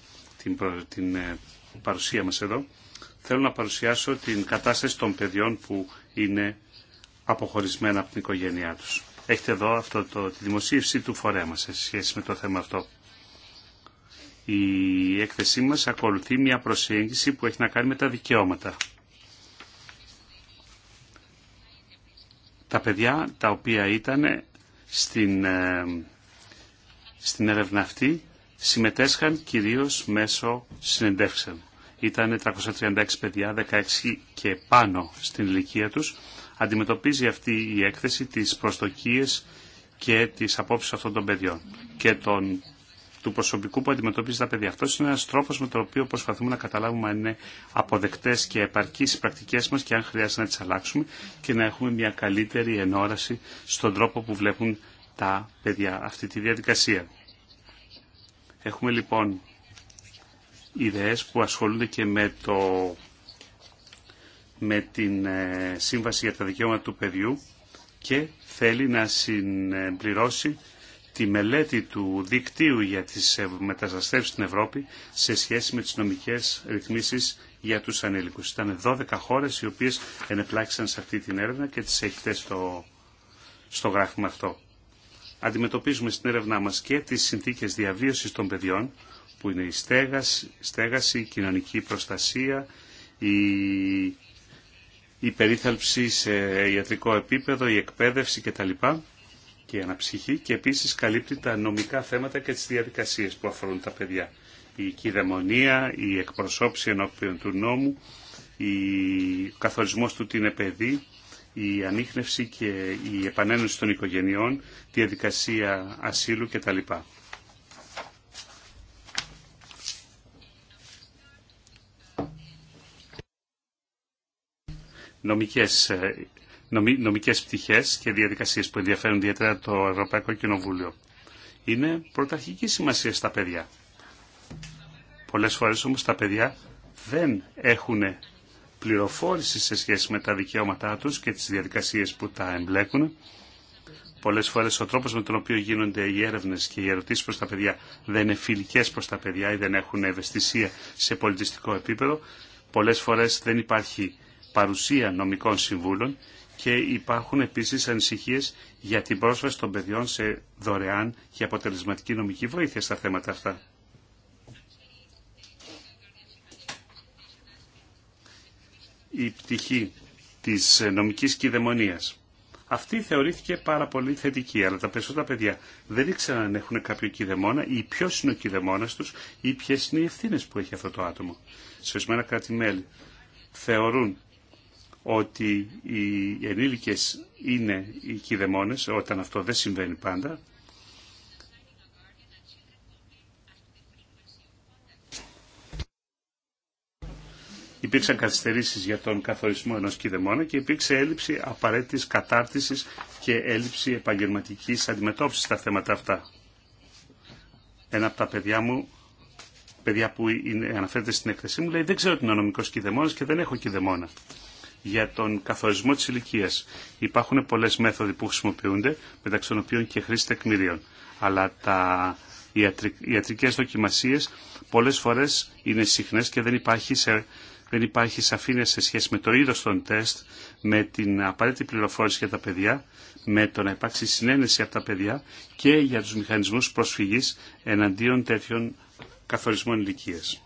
την, την ε, παρουσία μας εδώ. Θέλω να παρουσιάσω την κατάσταση των παιδιών που είναι αποχωρισμένα από την οικογένειά τους. Έχετε εδώ αυτό το, τη δημοσίευση του φορέα μας σε σχέση με το θέμα αυτό η έκθεσή μας ακολουθεί μια προσέγγιση που έχει να κάνει με τα δικαιώματα. Τα παιδιά τα οποία ήταν στην, ε, στην έρευνα αυτή συμμετέσχαν κυρίως μέσω συνεντεύξεων. Ήταν 336 παιδιά, 16 και πάνω στην ηλικία τους. Αντιμετωπίζει αυτή η έκθεση τις προστοκίες και τις απόψεις αυτών των παιδιών και των του προσωπικού που αντιμετωπίζει τα παιδιά. Αυτό είναι ένα τρόπο με τον οποίο προσπαθούμε να καταλάβουμε αν είναι αποδεκτέ και επαρκεί οι πρακτικέ μα και αν χρειάζεται να τι αλλάξουμε και να έχουμε μια καλύτερη ενόραση στον τρόπο που βλέπουν τα παιδιά αυτή τη διαδικασία. Έχουμε λοιπόν ιδέες που ασχολούνται και με, το, με την ε, Σύμβαση για τα Δικαιώματα του Παιδιού και θέλει να συμπληρώσει τη μελέτη του δικτύου για τις μεταναστεύσεις στην Ευρώπη σε σχέση με τις νομικές ρυθμίσεις για τους ανήλικους. Ήταν 12 χώρες οι οποίες ενεπλάξαν σε αυτή την έρευνα και τις έχετε στο, στο γράφημα αυτό. Αντιμετωπίζουμε στην έρευνά μας και τις συνθήκες διαβίωσης των παιδιών που είναι η στέγαση, στέγαση η κοινωνική προστασία, η η περίθαλψη σε ιατρικό επίπεδο, η εκπαίδευση κτλ και αναψυχή και επίσης καλύπτει τα νομικά θέματα και τις διαδικασίες που αφορούν τα παιδιά. Η κυδαιμονία, η εκπροσώπηση ενώπιον του νόμου, η καθορισμός του τι είναι παιδί, η ανείχνευση και η επανένωση των οικογενειών, τη διαδικασία ασύλου κτλ. Νομικές ε, νομικές πτυχές και διαδικασίες που ενδιαφέρουν ιδιαίτερα το Ευρωπαϊκό Κοινοβούλιο. Είναι πρωταρχική σημασία στα παιδιά. Πολλές φορές όμως τα παιδιά δεν έχουν πληροφόρηση σε σχέση με τα δικαιώματά τους και τις διαδικασίες που τα εμπλέκουν. Πολλές φορές ο τρόπος με τον οποίο γίνονται οι έρευνες και οι ερωτήσεις προς τα παιδιά δεν είναι φιλικές προς τα παιδιά ή δεν έχουν ευαισθησία σε πολιτιστικό επίπεδο. Πολλές φορές δεν υπάρχει παρουσία νομικών συμβούλων και υπάρχουν επίσης ανησυχίες για την πρόσβαση των παιδιών σε δωρεάν και αποτελεσματική νομική βοήθεια στα θέματα αυτά. Η πτυχή της νομικής κυδαιμονίας. Αυτή θεωρήθηκε πάρα πολύ θετική, αλλά τα περισσότερα παιδιά δεν ήξεραν αν έχουν κάποιο κυδεμόνα ή ποιο είναι ο κυδεμόνα του ή ποιε είναι οι ευθύνε που έχει αυτό το άτομο. Σε ορισμένα κράτη-μέλη θεωρούν ότι οι ενήλικες είναι οι κηδεμόνες, όταν αυτό δεν συμβαίνει πάντα. Υπήρξαν καθυστερήσεις για τον καθορισμό ενός κηδεμόνα και υπήρξε έλλειψη απαραίτητης κατάρτισης και έλλειψη επαγγελματικής αντιμετώπισης στα θέματα αυτά. Ένα από τα παιδιά μου παιδιά που είναι, αναφέρεται στην έκθεσή μου, λέει δεν ξέρω τι είναι ο νομικός κηδεμόνας και δεν έχω κηδεμόνα για τον καθορισμό της ηλικία. Υπάρχουν πολλές μέθοδοι που χρησιμοποιούνται, μεταξύ των οποίων και χρήση τεκμηρίων. Αλλά τα ιατρικές δοκιμασίες πολλές φορές είναι συχνές και δεν υπάρχει, σε, δεν υπάρχει σαφήνεια σε σχέση με το είδος των τεστ, με την απαραίτητη πληροφόρηση για τα παιδιά, με το να υπάρξει συνένεση από τα παιδιά και για τους μηχανισμούς προσφυγής εναντίον τέτοιων καθορισμών ηλικίας.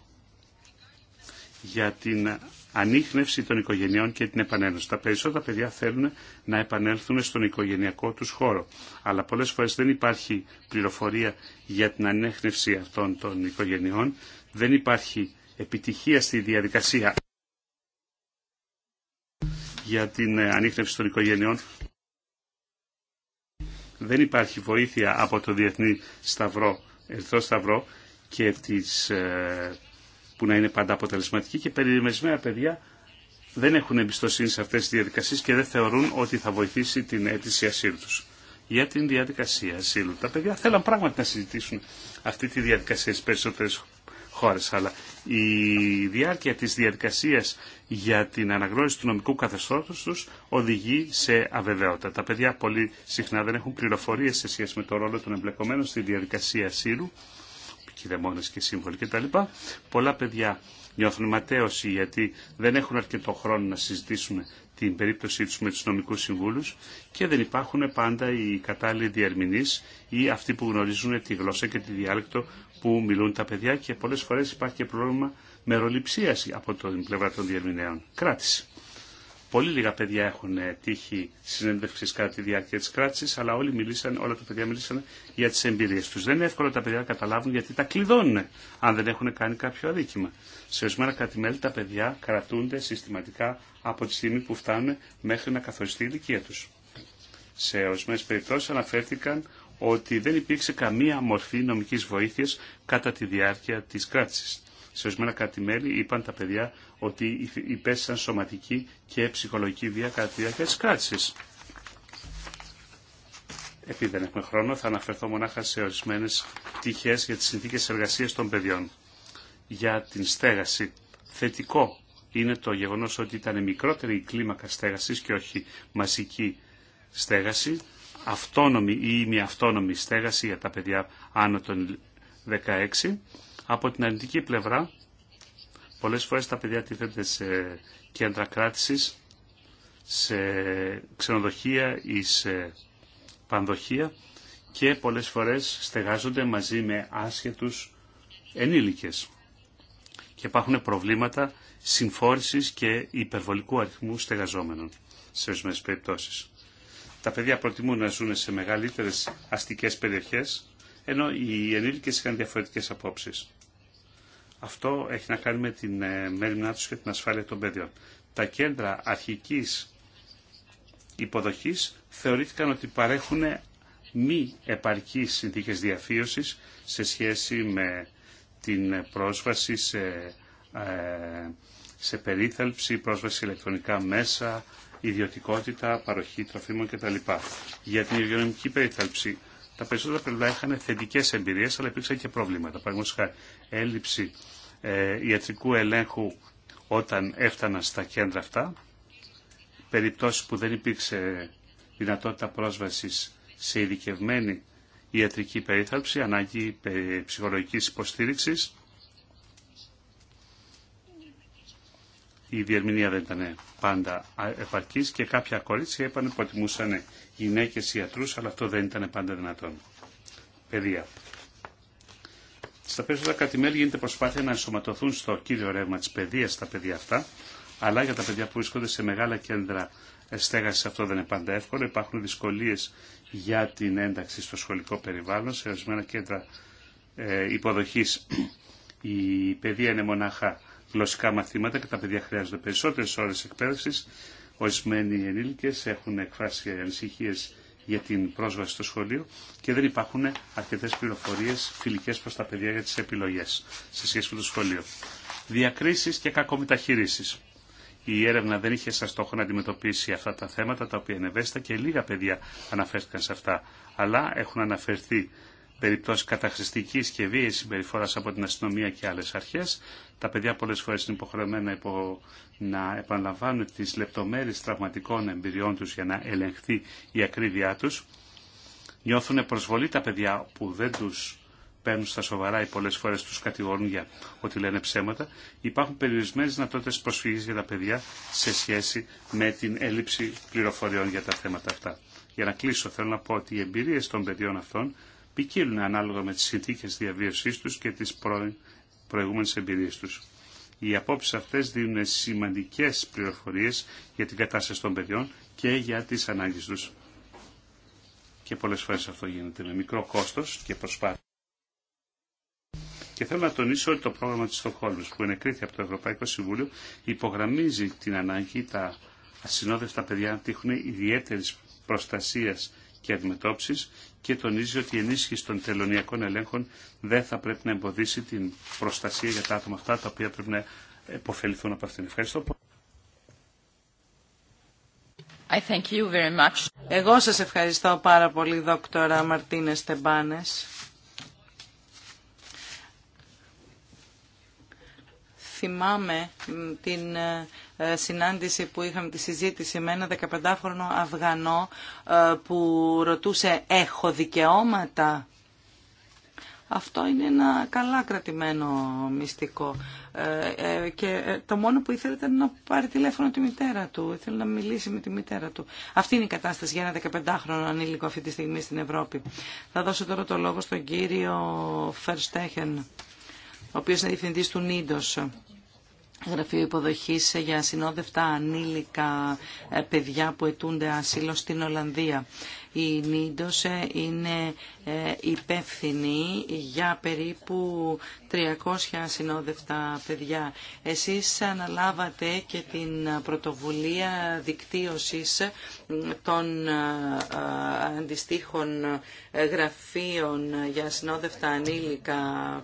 Για την ανείχνευση των οικογενειών και την επανένωση. Τα περισσότερα παιδιά θέλουν να επανέλθουν στον οικογενειακό τους χώρο, αλλά πολλές φορές δεν υπάρχει πληροφορία για την ανέχνευση αυτών των οικογενειών, δεν υπάρχει επιτυχία στη διαδικασία για την ε, ανείχνευση των οικογενειών. Δεν υπάρχει βοήθεια από το Διεθνή Σταυρό, Ερθρό Σταυρό και τις ε, που να είναι πάντα αποτελεσματική και περιορισμένα παιδιά δεν έχουν εμπιστοσύνη σε αυτές τις διαδικασίες και δεν θεωρούν ότι θα βοηθήσει την αίτηση ασύλου τους. Για την διαδικασία ασύλου. Τα παιδιά θέλαν πράγματι να συζητήσουν αυτή τη διαδικασία στις περισσότερες χώρες, αλλά η διάρκεια της διαδικασίας για την αναγνώριση του νομικού καθεστώτος τους οδηγεί σε αβεβαιότητα. Τα παιδιά πολύ συχνά δεν έχουν πληροφορίες σε σχέση με το ρόλο των εμπλεκομένων στη διαδικασία ασύλου δεμόνες και σύμβολοι κτλ. Πολλά παιδιά νιώθουν ματέωση γιατί δεν έχουν αρκετό χρόνο να συζητήσουν την περίπτωσή τους με τους νομικούς συμβούλου και δεν υπάρχουν πάντα οι κατάλληλοι διερμηνεί ή αυτοί που γνωρίζουν τη γλώσσα και τη διάλεκτο που μιλούν τα παιδιά και πολλές φορές υπάρχει και πρόβλημα μεροληψίας από την πλευρά των διερμηνέων. Κράτηση. Πολύ λίγα παιδιά έχουν ε, τύχει συνέντευξη κατά τη διάρκεια τη κράτηση, αλλά όλοι μιλήσαν, όλα τα παιδιά μιλήσαν για τι εμπειρίε του. Δεν είναι εύκολο τα παιδιά να καταλάβουν γιατί τα κλειδώνουν, αν δεν έχουν κάνει κάποιο αδίκημα. Σε ορισμένα τα παιδιά κρατούνται συστηματικά από τη στιγμή που φτάνουν μέχρι να καθοριστεί η ηλικία του. Σε ορισμένε περιπτώσει αναφέρθηκαν ότι δεν υπήρξε καμία μορφή νομική βοήθεια κατά τη διάρκεια τη κράτηση. Σε ορισμένα είπαν τα παιδιά ότι υπέστησαν σωματική και ψυχολογική βία κατά τη διάρκεια της κράτησης. Επειδή δεν έχουμε χρόνο, θα αναφερθώ μονάχα σε ορισμένε πτυχέ για τι συνθήκε εργασία των παιδιών. Για την στέγαση. Θετικό είναι το γεγονό ότι ήταν μικρότερη η κλίμακα στέγαση και όχι μαζική στέγαση. Αυτόνομη ή αυτόνομη στέγαση για τα παιδιά άνω των 16. Από την αρνητική πλευρά Πολλές φορές τα παιδιά τίθενται σε κέντρα κράτησης, σε ξενοδοχεία ή σε πανδοχεία και πολλές φορές στεγάζονται μαζί με άσχετους ενήλικες. Και υπάρχουν προβλήματα συμφόρησης και υπερβολικού αριθμού στεγαζόμενων σε ορισμένε περιπτώσεις. Τα παιδιά προτιμούν να ζουν σε μεγαλύτερες αστικές περιοχές, ενώ οι ενήλικες είχαν διαφορετικές απόψεις. Αυτό έχει να κάνει με την ε, μέρημνά τους και την ασφάλεια των παιδιών. Τα κέντρα αρχικής υποδοχής θεωρήθηκαν ότι παρέχουν μη επαρκείς συνθήκες διαφύωσης σε σχέση με την πρόσβαση σε, ε, σε περίθαλψη, πρόσβαση σε ηλεκτρονικά μέσα, ιδιωτικότητα, παροχή τροφίμων κτλ. Για την υγειονομική περίθαλψη, τα περισσότερα παιδιά είχαν θετικέ εμπειρίε, αλλά υπήρξαν και προβλήματα έλλειψη ε, ιατρικού ελέγχου όταν έφταναν στα κέντρα αυτά, περιπτώσεις που δεν υπήρξε δυνατότητα πρόσβασης σε ειδικευμένη ιατρική περίθαλψη, ανάγκη ψυχολογικής υποστήριξης. Η διερμηνία δεν ήταν πάντα επαρκής και κάποια κορίτσια είπαν προτιμούσαν γυναίκες ιατρούς, αλλά αυτό δεν ήταν πάντα δυνατόν. Παιδεία. Στα περισσότερα κατημέρια γίνεται προσπάθεια να ενσωματωθούν στο κύριο ρεύμα τη παιδεία τα παιδιά αυτά, αλλά για τα παιδιά που βρίσκονται σε μεγάλα κέντρα στέγαση αυτό δεν είναι πάντα εύκολο. Υπάρχουν δυσκολίε για την ένταξη στο σχολικό περιβάλλον. Σε ορισμένα κέντρα ε, υποδοχή η παιδεία είναι μονάχα γλωσσικά μαθήματα και τα παιδιά χρειάζονται περισσότερε ώρε εκπαίδευση. Ορισμένοι ενήλικε έχουν εκφράσει ανησυχίε για την πρόσβαση στο σχολείο και δεν υπάρχουν αρκετές πληροφορίες φιλικές προς τα παιδιά για τις επιλογές σε σχέση με το σχολείο. Διακρίσεις και κακομεταχείρισεις. Η έρευνα δεν είχε σαν στόχο να αντιμετωπίσει αυτά τα θέματα τα οποία είναι ευαίσθητα και λίγα παιδιά αναφέρθηκαν σε αυτά. Αλλά έχουν αναφερθεί περιπτώσει καταχρηστική και βίαιη συμπεριφορά από την αστυνομία και άλλε αρχέ. Τα παιδιά πολλέ φορέ είναι υποχρεωμένα να επαναλαμβάνουν τι λεπτομέρειε τραυματικών εμπειριών του για να ελεγχθεί η ακρίβειά του. Νιώθουν προσβολή τα παιδιά που δεν του παίρνουν στα σοβαρά ή πολλέ φορέ του κατηγορούν για ότι λένε ψέματα. Υπάρχουν περιορισμένε δυνατότητε προσφυγή για τα παιδιά σε σχέση με την έλλειψη πληροφοριών για τα θέματα αυτά. Για να κλείσω, θέλω να πω ότι οι εμπειρίε των παιδιών αυτών ποικίλουν ανάλογα με τις συνθήκες διαβίωσής τους και τις προηγούμενες εμπειρίες τους. Οι απόψεις αυτές δίνουν σημαντικές πληροφορίες για την κατάσταση των παιδιών και για τις ανάγκες τους. Και πολλές φορές αυτό γίνεται με μικρό κόστος και προσπάθεια. Και θέλω να τονίσω ότι το πρόγραμμα της Στοχόλμης που ενεκρίθη από το Ευρωπαϊκό Συμβούλιο υπογραμμίζει την ανάγκη τα ασυνόδευτα παιδιά να τύχουν ιδιαίτερης προστασίας και αντιμετώπισης και τονίζει ότι η ενίσχυση των τελωνιακών ελέγχων δεν θα πρέπει να εμποδίσει την προστασία για τα άτομα αυτά τα οποία πρέπει να υποφεληθούν από αυτήν. Ευχαριστώ. I thank you very much. Εγώ σας ευχαριστώ πάρα πολύ, δόκτωρα Μαρτίνε Τεμπάνες. θυμάμαι την ε, ε, συνάντηση που είχαμε τη συζήτηση με ένα 15χρονο Αφγανό ε, που ρωτούσε «Έχω δικαιώματα» Αυτό είναι ένα καλά κρατημένο μυστικό. και το μόνο που ήθελε ήταν να πάρει τηλέφωνο τη μητέρα του. Ήθελε να μιλήσει με τη μητέρα του. Αυτή είναι η κατάσταση για ένα 15χρονο ανήλικο αυτή τη στιγμή στην Ευρώπη. Θα δώσω τώρα το λόγο στον κύριο Φερστέχεν, ο οποίος είναι διευθυντής του Νίντος γραφείο υποδοχής για συνόδευτα ανήλικα ε, παιδιά που αιτούνται ασύλο στην Ολλανδία. Η Νίντος είναι ε, υπεύθυνη για περίπου 300 συνόδευτα παιδιά. Εσείς αναλάβατε και την πρωτοβουλία δικτύωσης ε, των ε, αντιστοίχων γραφείων για συνόδευτα ανήλικα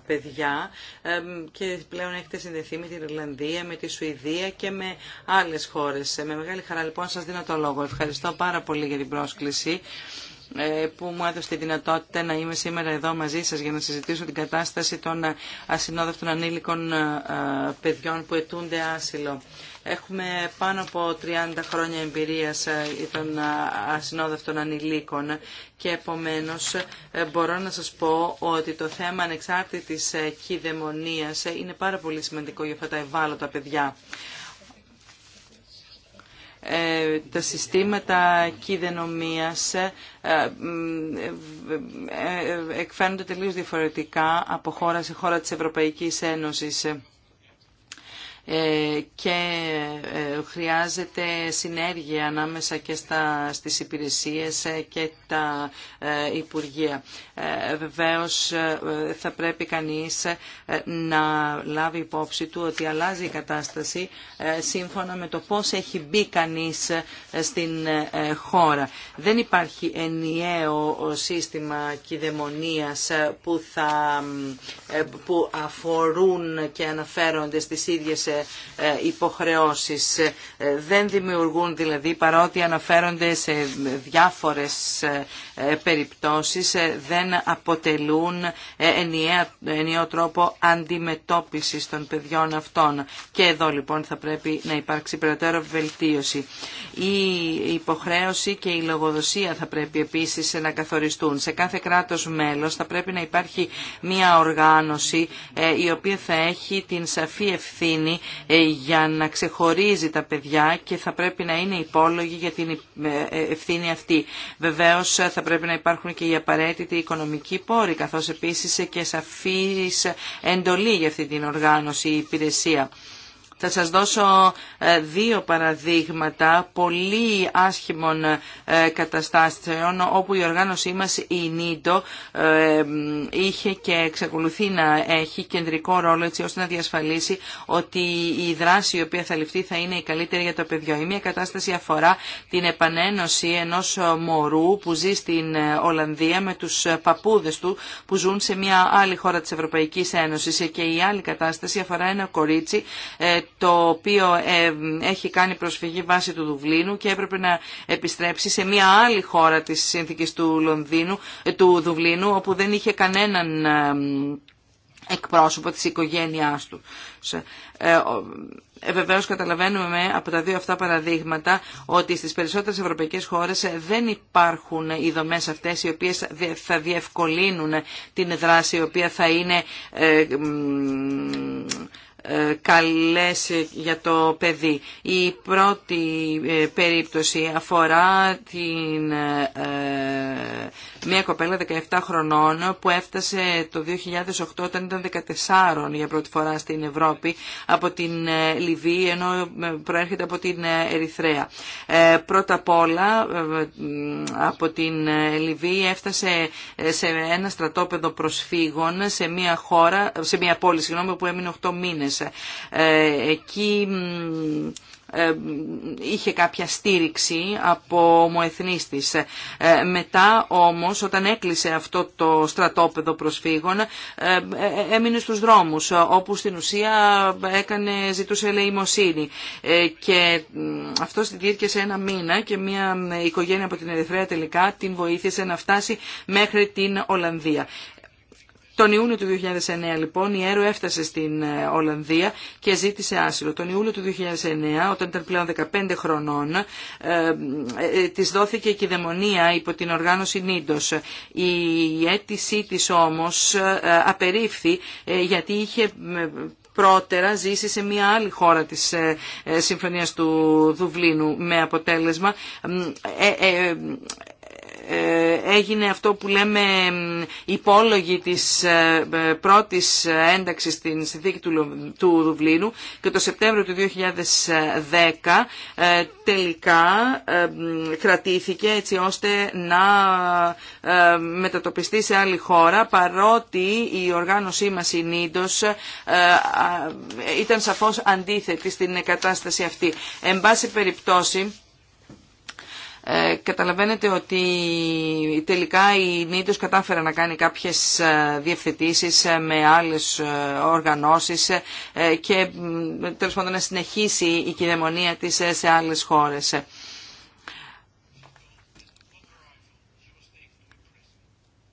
παιδιά και πλέον έχετε συνδεθεί με την Ιρλανδία, με τη Σουηδία και με άλλες χώρες. Με μεγάλη χαρά λοιπόν σας δίνω το λόγο. Ευχαριστώ πάρα πολύ για την πρόσκληση. Ε, που μου έδωσε τη δυνατότητα να είμαι σήμερα εδώ μαζί σας για να συζητήσω την κατάσταση των ασυνόδευτων ανήλικων ε, παιδιών που ετούνται άσυλο. Έχουμε πάνω από 30 χρόνια εμπειρίας ε, των ασυνόδευτων ανηλίκων και επομένως μπορώ να σας πω ότι το θέμα ανεξάρτητης κυδαιμονίας είναι πάρα πολύ σημαντικό για αυτά τα ευάλωτα παιδιά. Ε, τα συστήματα κυδενομίας ε, ε, εκφαίνονται τελείως διαφορετικά από χώρα σε χώρα της Ευρωπαϊκής Ένωσης. Ε, και ε, χρειάζεται συνέργεια ανάμεσα και στα, στις υπηρεσίες ε, και τα Υπουργεία. Βεβαίως θα πρέπει κανείς να λάβει υπόψη του ότι αλλάζει η κατάσταση σύμφωνα με το πώς έχει μπει κανείς στην χώρα. Δεν υπάρχει ενιαίο σύστημα κυδαιμονίας που, θα, που αφορούν και αναφέρονται στις ίδιες ε, υποχρεώσεις. Ε, δεν δημιουργούν δηλαδή, παρότι αναφέρονται σε διάφορες ε, περιπτώσεις, δεν αποτελούν ενιαίο τρόπο αντιμετώπισης των παιδιών αυτών. Και εδώ λοιπόν θα πρέπει να υπάρξει περαιτέρω βελτίωση. Η υποχρέωση και η λογοδοσία θα πρέπει επίσης να καθοριστούν. Σε κάθε κράτος μέλος θα πρέπει να υπάρχει μια οργάνωση η οποία θα έχει την σαφή ευθύνη ε, για να ξεχωρίζει τα παιδιά και θα πρέπει να είναι υπόλογοι για την ε, ευθύνη αυτή. Βεβαίως ε, θα πρέπει να υπάρχουν και οι απαραίτητοι οικονομικοί πόροι, καθώς επίσης και σαφής εντολή για αυτή την οργάνωση η υπηρεσία. Θα σας δώσω ε, δύο παραδείγματα πολύ άσχημων ε, καταστάσεων όπου η οργάνωσή μας η ΝΙΤΟ ε, είχε και εξακολουθεί να έχει κεντρικό ρόλο έτσι ώστε να διασφαλίσει ότι η δράση η οποία θα ληφθεί θα είναι η καλύτερη για το παιδιό. Η μία κατάσταση αφορά την επανένωση ενός μωρού που ζει στην Ολλανδία με τους παππούδες του που ζουν σε μια άλλη χώρα της Ευρωπαϊκής Ένωσης και η άλλη κατάσταση αφορά ένα κορίτσι το οποίο ε, έχει κάνει προσφυγή βάσει του Δουβλίνου και έπρεπε να επιστρέψει σε μια άλλη χώρα της σύνθηκης του, Λονδίνου, ε, του Δουβλίνου όπου δεν είχε κανέναν ε, εκπρόσωπο της οικογένειάς του. Ε, καταλαβαίνουμε από τα δύο αυτά παραδείγματα ότι στις περισσότερες ευρωπαϊκές χώρες δεν υπάρχουν οι δομές αυτές οι οποίες θα διευκολύνουν την δράση η οποία θα είναι ε, καλές για το παιδί. Η πρώτη ε, περίπτωση αφορά την ε, μια κοπέλα 17 χρονών που έφτασε το 2008 όταν ήταν 14 για πρώτη φορά στην Ευρώπη από την ε, Λιβύη ενώ ε, προέρχεται από την ε, Ερυθρέα. Πρώτα απ' όλα από την Λιβύη έφτασε σε ένα στρατόπεδο προσφύγων σε μια χώρα, σε μια πόλη συγγνώμη, που έμεινε 8 μήνες. Εκεί είχε κάποια στήριξη από ομοεθνείς ε, Μετά όμως όταν έκλεισε αυτό το στρατόπεδο προσφύγων ε, ε, έμεινε στους δρόμους όπου στην ουσία έκανε, ζητούσε ελεημοσύνη και αυτό συντήθηκε σε ένα μήνα και μια οικογένεια από την Ερυθρέα τελικά την βοήθησε να φτάσει μέχρι την Ολλανδία. Τον Ιούνιο του 2009 λοιπόν η έρω έφτασε στην ε, Ολλανδία και ζήτησε άσυλο. Τον Ιούλιο του 2009 όταν ήταν πλέον 15 χρονών ε, ε, της δόθηκε η κυδαιμονία υπό την οργάνωση Νίντος. Η αίτησή της όμως απερίφθη γιατί είχε πρώτερα ζήσει σε μια άλλη χώρα της συμφωνίας του Δουβλίνου με αποτέλεσμα ε, έγινε αυτό που λέμε υπόλογη της ε, πρώτης ένταξης στην συνθήκη του Δουβλίνου και το Σεπτέμβριο του 2010 ε, τελικά κρατήθηκε έτσι ώστε να μετατοπιστεί σε άλλη χώρα παρότι η οργάνωσή μας η Νίντος ήταν σαφώς αντίθετη στην κατάσταση αυτή. Εν πάση περιπτώσει ε, καταλαβαίνετε ότι τελικά η Νίτος κατάφερε να κάνει κάποιες ε, διευθετήσεις ε, με άλλες ε, οργανώσεις και τέλος πάντων να συνεχίσει η κυδαιμονία της σε άλλες χώρες.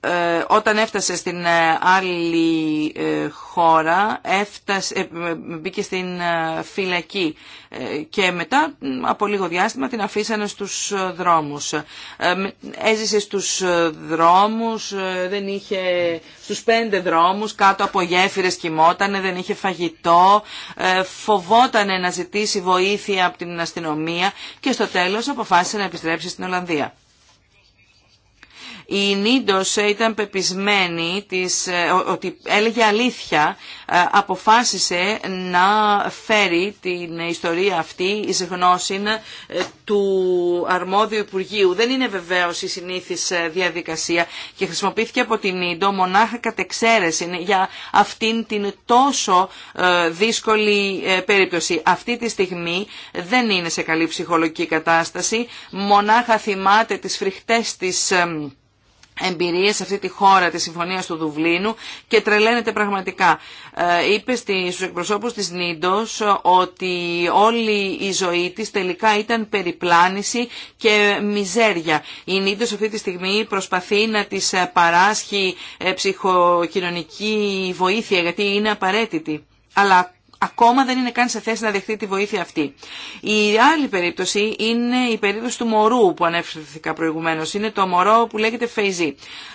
Ε, όταν έφτασε στην ε, άλλη ε, χώρα, έφτασε, μπήκε στην φυλακή και μετά από λίγο διάστημα την αφήσανε στους δρόμους. Έζησε στους δρόμους, δεν είχε, στους πέντε δρόμους, κάτω από γέφυρες κοιμότανε, δεν είχε φαγητό, φοβότανε να ζητήσει βοήθεια από την αστυνομία και στο τέλος αποφάσισε να επιστρέψει στην Ολλανδία. Η Νίντος ε, ήταν πεπισμένη της, ε, ότι έλεγε αλήθεια, ε, αποφάσισε να φέρει την ιστορία αυτή εις γνώση του αρμόδιου Υπουργείου. Δεν είναι βεβαίως η συνήθις διαδικασία και χρησιμοποιήθηκε από την Νίντο μονάχα κατ' για αυτήν την τόσο δύσκολη περίπτωση. Αυτή τη στιγμή δεν είναι σε καλή ψυχολογική κατάσταση, μονάχα θυμάται τις φρικτές της εμπειρίες σε αυτή τη χώρα τη συμφωνία του Δουβλίνου και τρελαίνεται πραγματικά. Ε, είπε στους εκπροσώπους της Νίντος ε, ότι όλη η ζωή της τελικά ήταν περιπλάνηση και μιζέρια. Η Νίντος αυτή τη στιγμή προσπαθεί να της ε, παράσχει ψυχοκοινωνική βοήθεια γιατί είναι απαραίτητη. Αλλά ακόμα δεν είναι καν σε θέση να δεχτεί τη βοήθεια αυτή. Η άλλη περίπτωση είναι η περίπτωση του μωρού που ανέφερθηκα προηγουμένω. Είναι το μωρό που λέγεται Φεϊζή.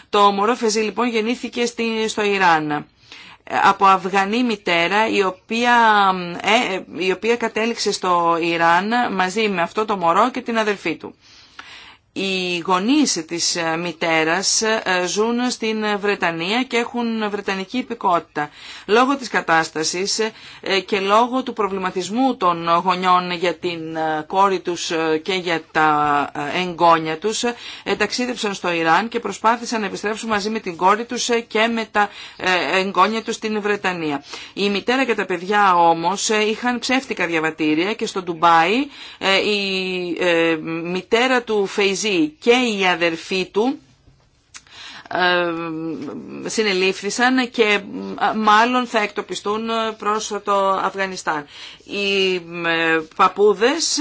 Το μωρό Φεϊζή λοιπόν γεννήθηκε στο Ιράν ε, από Αφγανή μητέρα η οποία, ε, ε, η οποία κατέληξε στο Ιράν μαζί με αυτό το μωρό και την αδελφή του οι γονείς της ε, μητέρας ε, ζουν στην Βρετανία και έχουν βρετανική υπηκότητα. Λόγω της κατάστασης ε, και λόγω του προβληματισμού των γονιών για την κόρη τους και για τα εγγόνια τους, ταξίδεψαν στο Ιράν και προσπάθησαν να επιστρέψουν μαζί με την κόρη τους και με τα εγγόνια τους στην Βρετανία. Η μητέρα και τα παιδιά όμως είχαν ψεύτικα διαβατήρια και στο Ντουμπάι η μητέρα του Φεϊζή και οι αδερφοί του ε, συνελήφθησαν και ε, μάλλον θα εκτοπιστούν προς το Αφγανιστάν. Οι ε, παππούδες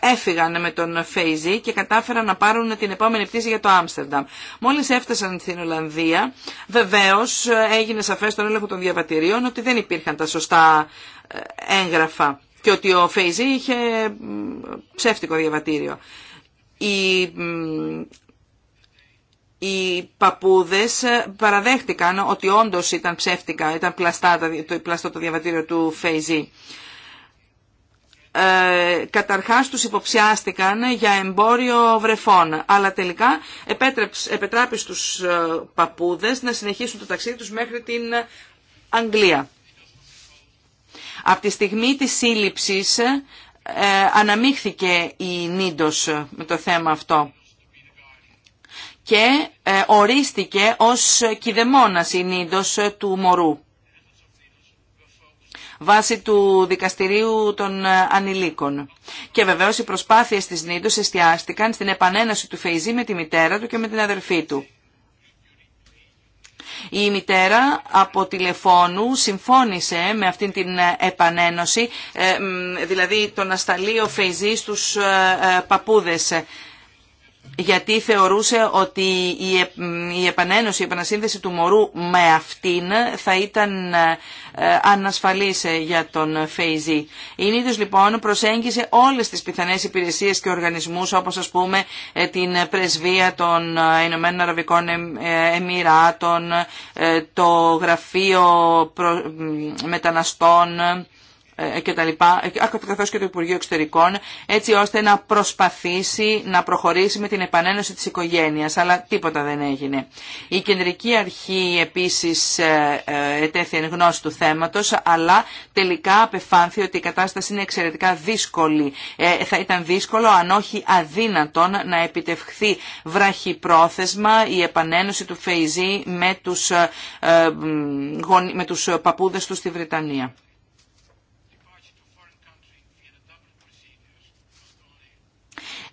έφυγαν με τον Φέιζι και κατάφεραν να πάρουν την επόμενη πτήση για το Άμστερνταμ. Μόλις έφτασαν στην Ολλανδία, βεβαίως έγινε σαφές στον έλεγχο των διαβατηρίων ότι δεν υπήρχαν τα σωστά έγγραφα και ότι ο Φέιζι είχε ψεύτικο διαβατήριο οι, οι παππούδες παραδέχτηκαν ότι όντως ήταν ψεύτικα, ήταν πλαστά, το, πλαστό το διαβατήριο του Φέιζη. Ε, καταρχάς τους υποψιάστηκαν για εμπόριο βρεφών, αλλά τελικά επέτρεψε, τους τους ε, να συνεχίσουν το ταξίδι τους μέχρι την Αγγλία. Από τη στιγμή της σύλληψης ε, αναμίχθηκε η Νίντος με το θέμα αυτό και ε, ορίστηκε ως κηδεμόνας η Νίντος του Μωρού βάσει του δικαστηρίου των ε, ανηλίκων. Και βεβαίως οι προσπάθειες τη Νίντος εστιάστηκαν στην επανένωση του Φεϊζή με τη μητέρα του και με την αδερφή του. Η μητέρα από τηλεφώνου συμφώνησε με αυτήν την ε, επανένωση, ε, δηλαδή το να σταλεί ο Φεϊζή στους ε, παππούδες γιατί θεωρούσε ότι η επανένωση, η επανασύνδεση του μωρού με αυτήν θα ήταν ε, ανασφαλής για τον Φέιζη. Η Νίδος λοιπόν προσέγγισε όλες τις πιθανές υπηρεσίες και οργανισμούς όπως ας πούμε ε, την πρεσβεία των ε, Ηνωμένων Αραβικών Εμμυράτων, το γραφείο μεταναστών, ε, και τα ε, και το Υπουργείο Εξωτερικών, έτσι ώστε να προσπαθήσει να προχωρήσει με την επανένωση της οικογένειας, αλλά τίποτα δεν έγινε. Η Κεντρική Αρχή επίσης ε, ετέθη εν γνώση του θέματος, αλλά τελικά απεφάνθη ότι η κατάσταση είναι εξαιρετικά δύσκολη. θα ήταν δύσκολο, αν όχι αδύνατον, να επιτευχθεί βραχυπρόθεσμα η επανένωση του Φεϊζή με τους, ε, τους του στη Βρετανία.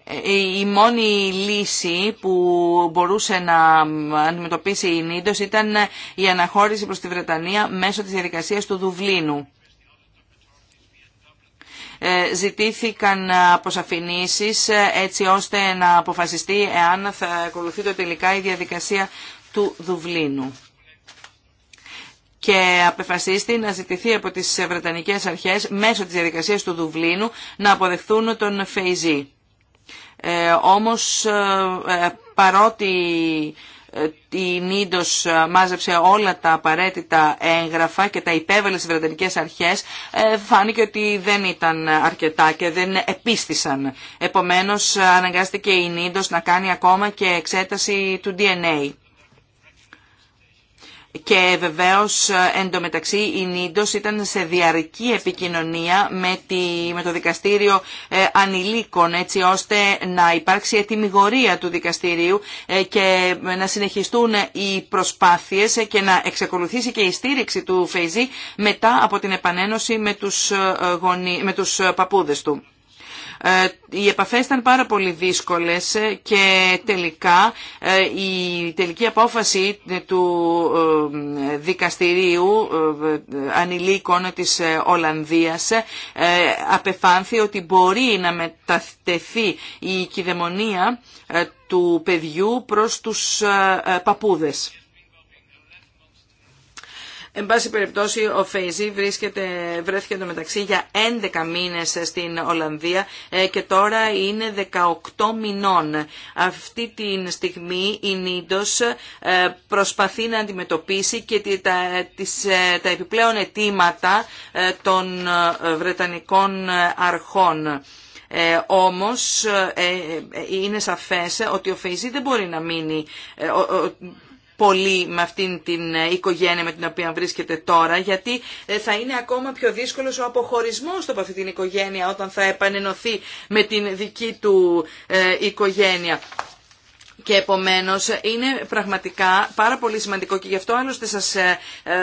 Ε, η μόνη λύση που μπορούσε να αντιμετωπίσει η Νίντος ήταν η αναχώρηση προς τη Βρετανία μέσω της διαδικασίας του Δουβλίνου. Ε, ζητήθηκαν αποσαφηνήσεις ε, έτσι ώστε να αποφασιστεί εάν θα ακολουθεί το τελικά η διαδικασία του Δουβλίνου και απεφασίστη να ζητηθεί από τις Βρετανικές Αρχές μέσω της διαδικασίας του Δουβλίνου να αποδεχθούν τον Φεϊζή. Ε, όμως ε, ε, παρότι η Νίντος μάζεψε όλα τα απαραίτητα έγγραφα και τα υπέβαλε στις Βρετανικές αρχές, φάνηκε ότι δεν ήταν αρκετά και δεν επίστησαν. Επομένως αναγκάστηκε η Νίντος να κάνει ακόμα και εξέταση του DNA. Και βεβαίως εντωμεταξύ η Νίντος ήταν σε διαρκή επικοινωνία με, το δικαστήριο ε, ανηλίκων έτσι ώστε να υπάρξει ετοιμιγορία του δικαστηρίου ε, και να συνεχιστούν οι προσπάθειες ε, και να εξακολουθήσει και η στήριξη του Φεϊζή μετά από την επανένωση με τους, γονι με τους παππούδες του. Ε, οι επαφές ήταν πάρα πολύ δύσκολες ε, και τελικά ε, η τελική απόφαση του δικαστηρίου ανηλίκων της Ολλανδίας απεφάνθη ότι μπορεί να μετατεθεί η κυδαιμονία του παιδιού προς τους παπούδες. Εν πάση περιπτώσει, ο Φεϊζή βρίσκεται, βρέθηκε εντωμεταξύ μεταξύ για 11 μήνες στην Ολλανδία ε, και τώρα είναι 18 μηνών. Αυτή τη στιγμή η Νίντος ε, προσπαθεί να αντιμετωπίσει και τα, τις, ε, τα επιπλέον αιτήματα των Βρετανικών αρχών. Ε, όμως είναι σαφές ότι ο Φεϊζή δεν μπορεί να μείνει, πολύ με αυτήν την ε, οικογένεια με την οποία βρίσκεται τώρα, γιατί ε, θα είναι ακόμα πιο δύσκολο ο αποχωρισμός από αυτή την οικογένεια όταν θα επανενωθεί με την δική του ε, οικογένεια. Και επομένω, είναι πραγματικά πάρα πολύ σημαντικό και γι' αυτό άλλωστε σας ε, ε,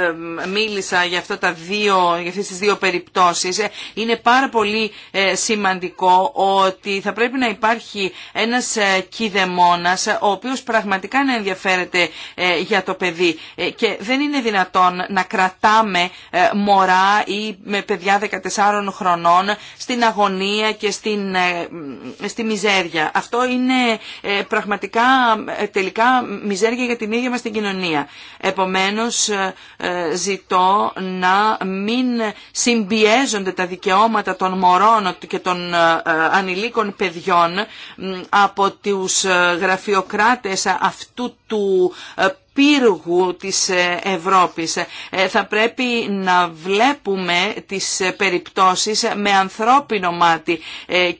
μίλησα για, αυτά τα δύο, για αυτές τις δύο περιπτώσεις. Ε, είναι πάρα πολύ σημαντικό ότι θα πρέπει να υπάρχει ένας κηδεμόνας ο οποίος πραγματικά να ενδιαφέρεται για το παιδί και δεν είναι δυνατόν να κρατάμε μωρά ή με παιδιά 14 χρονών στην αγωνία και στην, στη μιζέρια. Αυτό είναι πραγματικά τελικά μιζέρια για την ίδια μας την κοινωνία. Επομένως ε, ε, ζητώ να μην συμπιέζονται τα δικαιώματα των μωρών και των ε, ανηλίκων παιδιών από τους γραφειοκράτες αυτού του πύργου της ε, Ευρώπης. Ε, θα πρέπει να βλέπουμε τις ε, περιπτώσεις με ανθρώπινο μάτι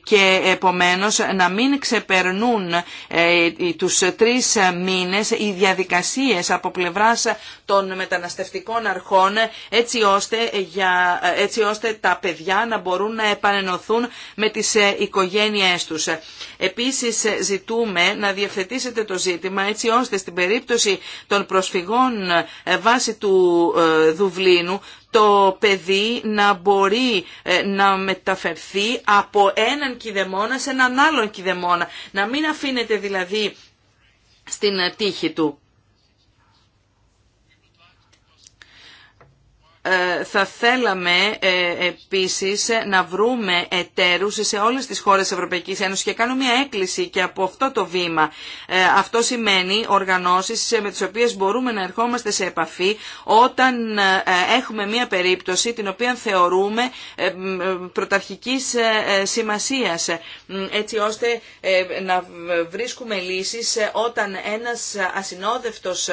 και επομένως να μην ξεπερνούν τους τρεις μήνες οι διαδικασίες από πλευράς των μεταναστευτικών αρχών έτσι ώστε, για, έτσι ώστε τα παιδιά να μπορούν να επανενωθούν με τις οικογένειές τους. Επίσης ζητούμε να διευθετήσετε το ζήτημα έτσι ώστε στην περίπτωση των προσφυγών ε, βάσει του ε, Δουβλίνου το παιδί να μπορεί ε, να μεταφερθεί από έναν κηδεμόνα σε έναν άλλον κηδεμόνα. Να μην αφήνεται δηλαδή στην τύχη του. Ε, θα θέλαμε ε, επίσης να βρούμε εταίρους σε όλες τις χώρες της Ευρωπαϊκής Ένωσης και κάνουμε μια έκκληση και από αυτό το βήμα. Ε, αυτό σημαίνει οργανώσεις με τις οποίες μπορούμε να ερχόμαστε σε επαφή όταν έχουμε μια περίπτωση την οποία θεωρούμε πρωταρχικής σημασίας έτσι ώστε να βρίσκουμε λύσεις όταν ένας ασυνόδευτος,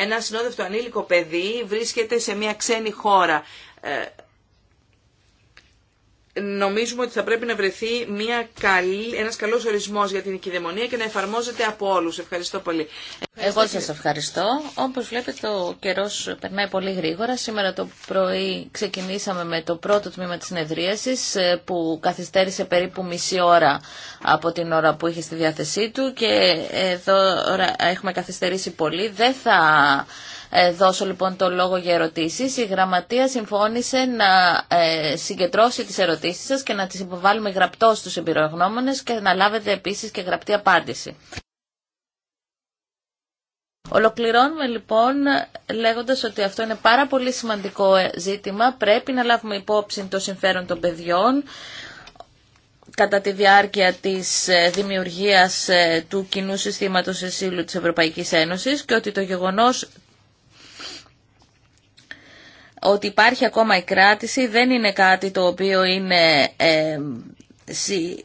ένα ασυνόδευτο ανήλικο παιδί βρίσκεται σε μια ξένη συγκεκριμένη χώρα. Ε, νομίζουμε ότι θα πρέπει να βρεθεί μια καλή, ένας καλός ορισμός για την οικειδαιμονία και να εφαρμόζεται από όλους. Ευχαριστώ πολύ. Εγώ σας ευχαριστώ. Όπως βλέπετε ο καιρός περνάει πολύ γρήγορα. Σήμερα το πρωί ξεκινήσαμε με το πρώτο τμήμα της συνεδρίασης ε, που καθυστέρησε περίπου μισή ώρα από την ώρα που είχε στη διάθεσή του και εδώ ε, έχουμε καθυστερήσει πολύ. Δεν θα ε, δώσω λοιπόν το λόγο για ερωτήσεις. Η Γραμματεία συμφώνησε να ε, συγκεντρώσει τις ερωτήσεις σας και να τις υποβάλουμε γραπτό στους εμπειρογνώμονες και να λάβετε επίσης και γραπτή απάντηση. Ολοκληρώνουμε λοιπόν λέγοντας ότι αυτό είναι πάρα πολύ σημαντικό ε, ζήτημα. Πρέπει να λάβουμε υπόψη το συμφέρον των παιδιών κατά τη διάρκεια της δημιουργίας του κοινού συστήματος εσύλου της Ευρωπαϊκής Ένωσης και ότι το γεγονός ότι υπάρχει ακόμα η κράτηση δεν είναι κάτι το οποίο είναι ε, σύ,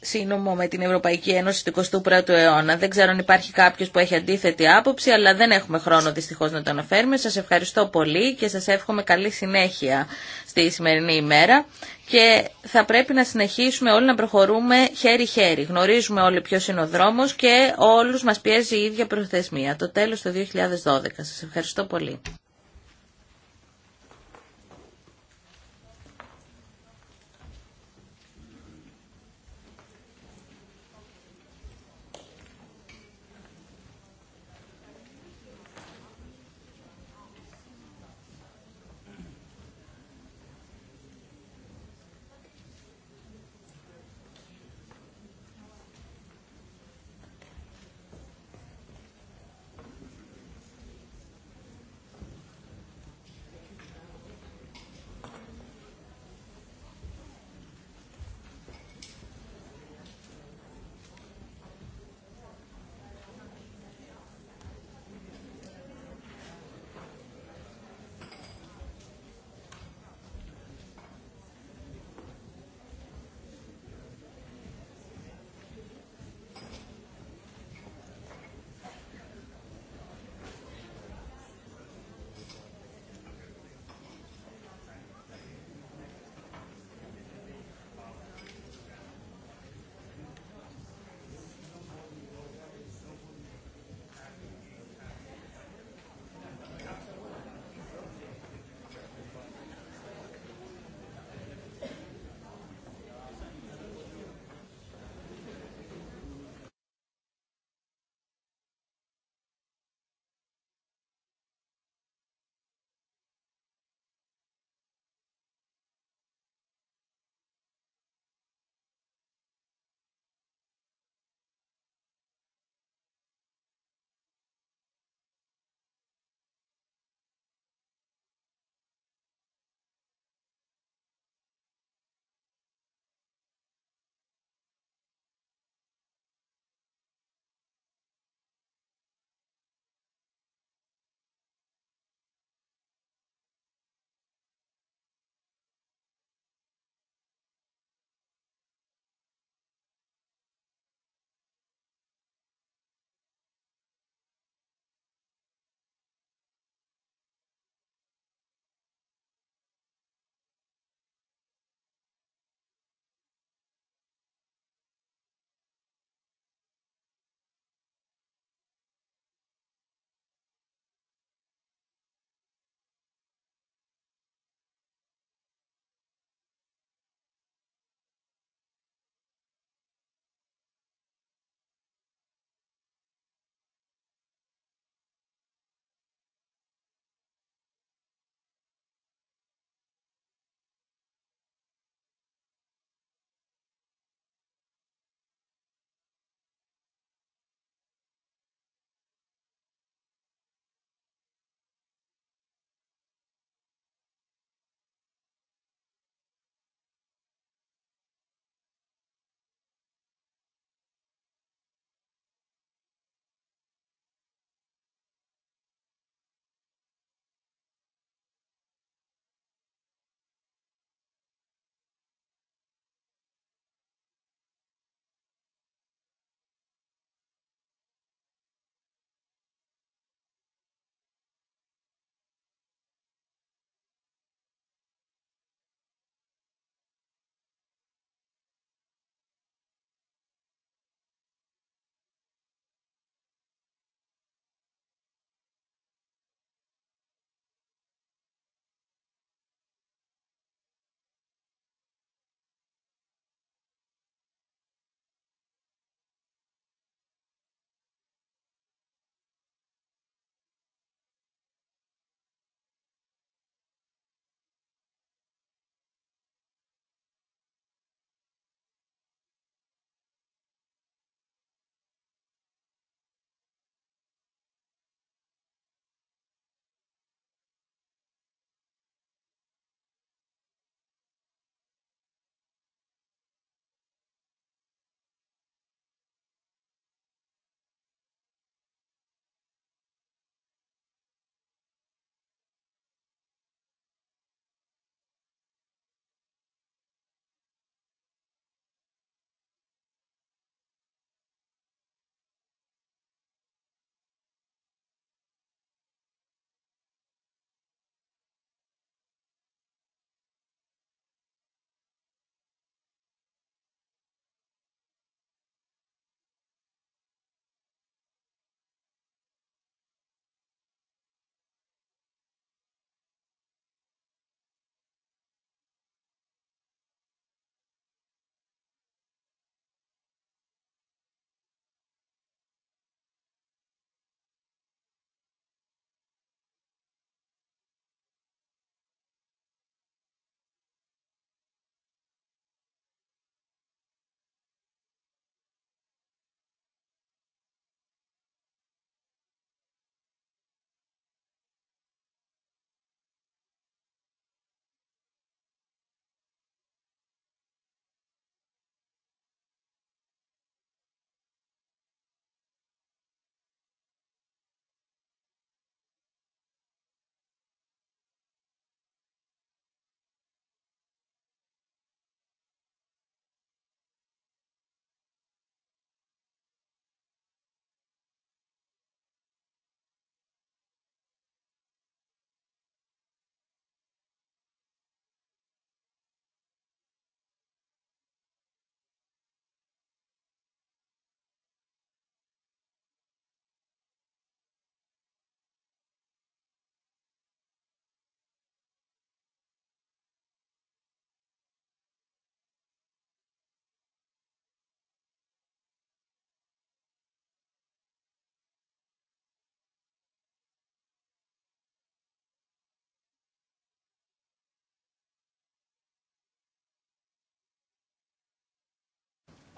σύνομο με την Ευρωπαϊκή Ένωση του 21ου αιώνα. Δεν ξέρω αν υπάρχει κάποιος που έχει αντίθετη άποψη, αλλά δεν έχουμε χρόνο δυστυχώς να το αναφέρουμε. Σας ευχαριστώ πολύ και σας εύχομαι καλή συνέχεια στη σημερινή ημέρα και θα πρέπει να συνεχίσουμε όλοι να προχωρούμε χέρι-χέρι. Γνωρίζουμε όλοι ποιο είναι ο δρόμος και όλους μας πιέζει η ίδια προθεσμία, το τέλος του 2012. Σας ευχαριστώ πολύ.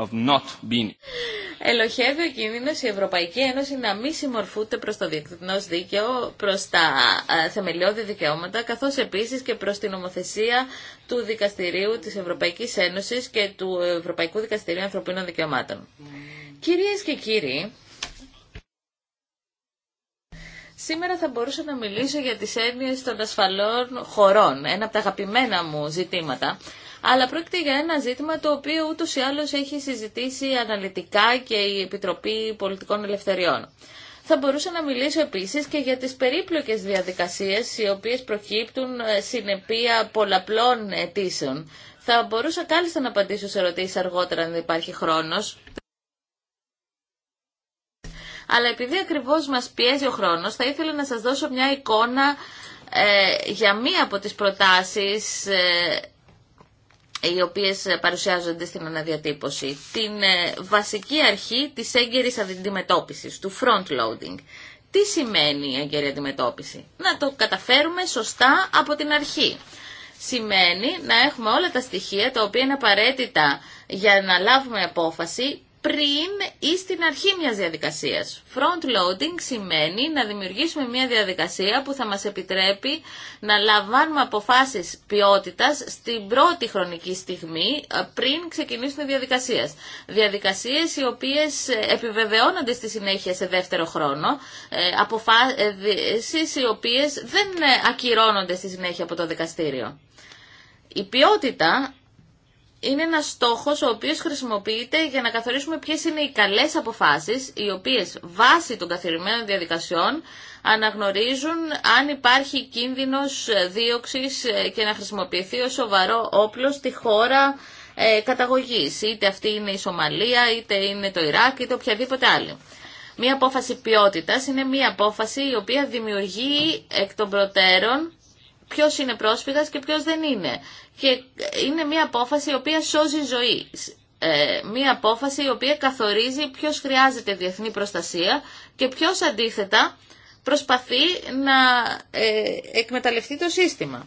of not Ελοχεύει ο κίνδυνο η Ευρωπαϊκή Ένωση να μη συμμορφούνται προ το διεθνώ δίκαιο, προ τα ε, θεμελιώδη δικαιώματα, καθώ επίση και προ την ομοθεσία του Δικαστηρίου τη Ευρωπαϊκή Ένωση και του Ευρωπαϊκού Δικαστηρίου Ανθρωπίνων Δικαιωμάτων. Mm. Κυρίε και κύριοι, Σήμερα θα μπορούσα να μιλήσω για τις έννοιες των ασφαλών χωρών, ένα από τα αγαπημένα μου ζητήματα αλλά πρόκειται για ένα ζήτημα το οποίο ούτως ή άλλως έχει συζητήσει αναλυτικά και η Επιτροπή Πολιτικών Ελευθεριών. Θα μπορούσα να μιλήσω επίσης και για τις περίπλοκες διαδικασίες οι οποίες προκύπτουν ε, συνεπία πολλαπλών αιτήσεων. Θα μπορούσα κάλλιστα να απαντήσω σε ερωτήσεις αργότερα αν δεν υπάρχει χρόνος. Αλλά επειδή ακριβώς μας πιέζει ο χρόνος, θα ήθελα να σας δώσω μια εικόνα ε, για μία από τις προτάσεις ε, οι οποίες ε, παρουσιάζονται στην αναδιατύπωση. Την ε, βασική αρχή της έγκαιρης αντιμετώπισης, του front-loading. Τι σημαίνει η έγκαιρη αντιμετώπιση. Να το καταφέρουμε σωστά από την αρχή. Σημαίνει να έχουμε όλα τα στοιχεία τα οποία είναι απαραίτητα για να λάβουμε απόφαση πριν ή στην αρχή μιας διαδικασίας. Front loading σημαίνει να δημιουργήσουμε μια διαδικασία που θα μας επιτρέπει να λαμβάνουμε αποφάσεις ποιότητας στην πρώτη χρονική στιγμή ε, πριν ξεκινήσουν οι διαδικασίες. Διαδικασίες οι οποίες ε, επιβεβαιώνονται στη συνέχεια σε δεύτερο χρόνο, ε, αποφάσεις οι οποίες δεν ακυρώνονται στη συνέχεια από το δικαστήριο. Η ποιότητα είναι ένας στόχος ο οποίος χρησιμοποιείται για να καθορίσουμε ποιες είναι οι καλές αποφάσεις, οι οποίες βάσει των καθορισμένων διαδικασιών αναγνωρίζουν αν υπάρχει κίνδυνος δίωξης και να χρησιμοποιηθεί ως σοβαρό όπλο στη χώρα ε, καταγωγής. Είτε αυτή είναι η Σομαλία, είτε είναι το Ιράκ, είτε οποιαδήποτε άλλη. Μία απόφαση ποιότητας είναι μία απόφαση η οποία δημιουργεί εκ των προτέρων Ποιο είναι πρόσφυγας και ποιο δεν είναι. Και είναι μια απόφαση η οποία σώζει ζωή. Ε, μια απόφαση η οποία καθορίζει ποιο χρειάζεται διεθνή προστασία και ποιο αντίθετα προσπαθεί να ε, εκμεταλλευτεί το σύστημα.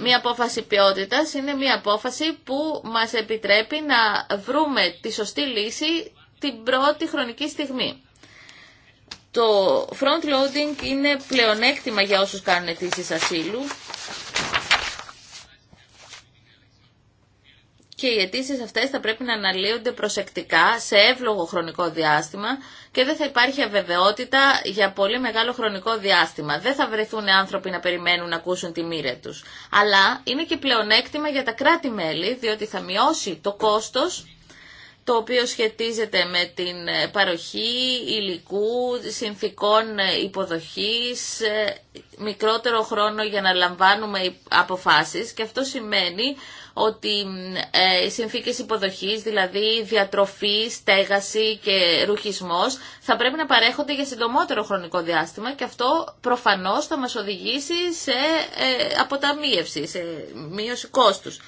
Μία απόφαση ποιότητας είναι μία απόφαση που μας επιτρέπει να βρούμε τη σωστή λύση την πρώτη χρονική στιγμή. Το front loading είναι πλεονέκτημα για όσους κάνουν αιτήσει ασύλου. Και οι αιτήσει αυτές θα πρέπει να αναλύονται προσεκτικά σε εύλογο χρονικό διάστημα και δεν θα υπάρχει αβεβαιότητα για πολύ μεγάλο χρονικό διάστημα. Δεν θα βρεθούν άνθρωποι να περιμένουν να ακούσουν τη μοίρα τους. Αλλά είναι και πλεονέκτημα για τα κράτη-μέλη, διότι θα μειώσει το κόστος το οποίο σχετίζεται με την ε, παροχή υλικού, συνθήκων ε, υποδοχής, ε, μικρότερο χρόνο για να λαμβάνουμε αποφάσεις και αυτό σημαίνει ότι οι συνθήκες υποδοχής, δηλαδή διατροφή, στέγαση και ρουχισμός, θα πρέπει να παρέχονται για συντομότερο χρονικό διάστημα και αυτό προφανώς θα μας οδηγήσει σε αποταμίευση, σε μείωση κόστους.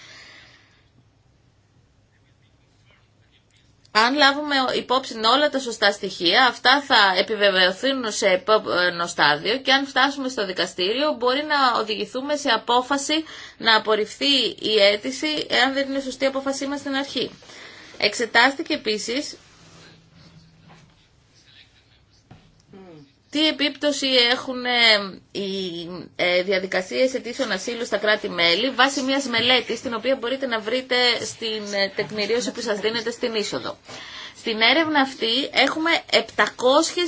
Αν λάβουμε υπόψη όλα τα σωστά στοιχεία, αυτά θα επιβεβαιωθούν σε επόμενο στάδιο και αν φτάσουμε στο δικαστήριο μπορεί να οδηγηθούμε σε απόφαση να απορριφθεί η αίτηση εάν δεν είναι σωστή η απόφασή μας στην αρχή. Εξετάστηκε επίσης Τι επίπτωση έχουν ε, οι ε, διαδικασίες ετήσιων ασύλου στα κράτη-μέλη βάσει μιας μελέτης την οποία μπορείτε να βρείτε στην ε, τεκμηρίωση που σας δίνεται στην είσοδο. Στην έρευνα αυτή έχουμε 700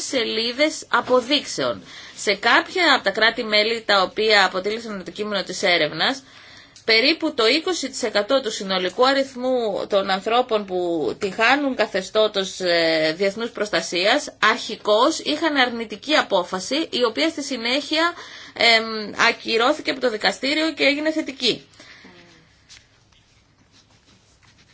σελίδες αποδείξεων. Σε κάποια από τα κράτη-μέλη τα οποία αποτέλεσαν το κείμενο της έρευνας περίπου το 20% του συνολικού αριθμού των ανθρώπων που τη χάνουν καθεστώτος ε, διεθνούς προστασίας αρχικώς είχαν αρνητική απόφαση η οποία στη συνέχεια ακυρώθηκε από το δικαστήριο και έγινε θετική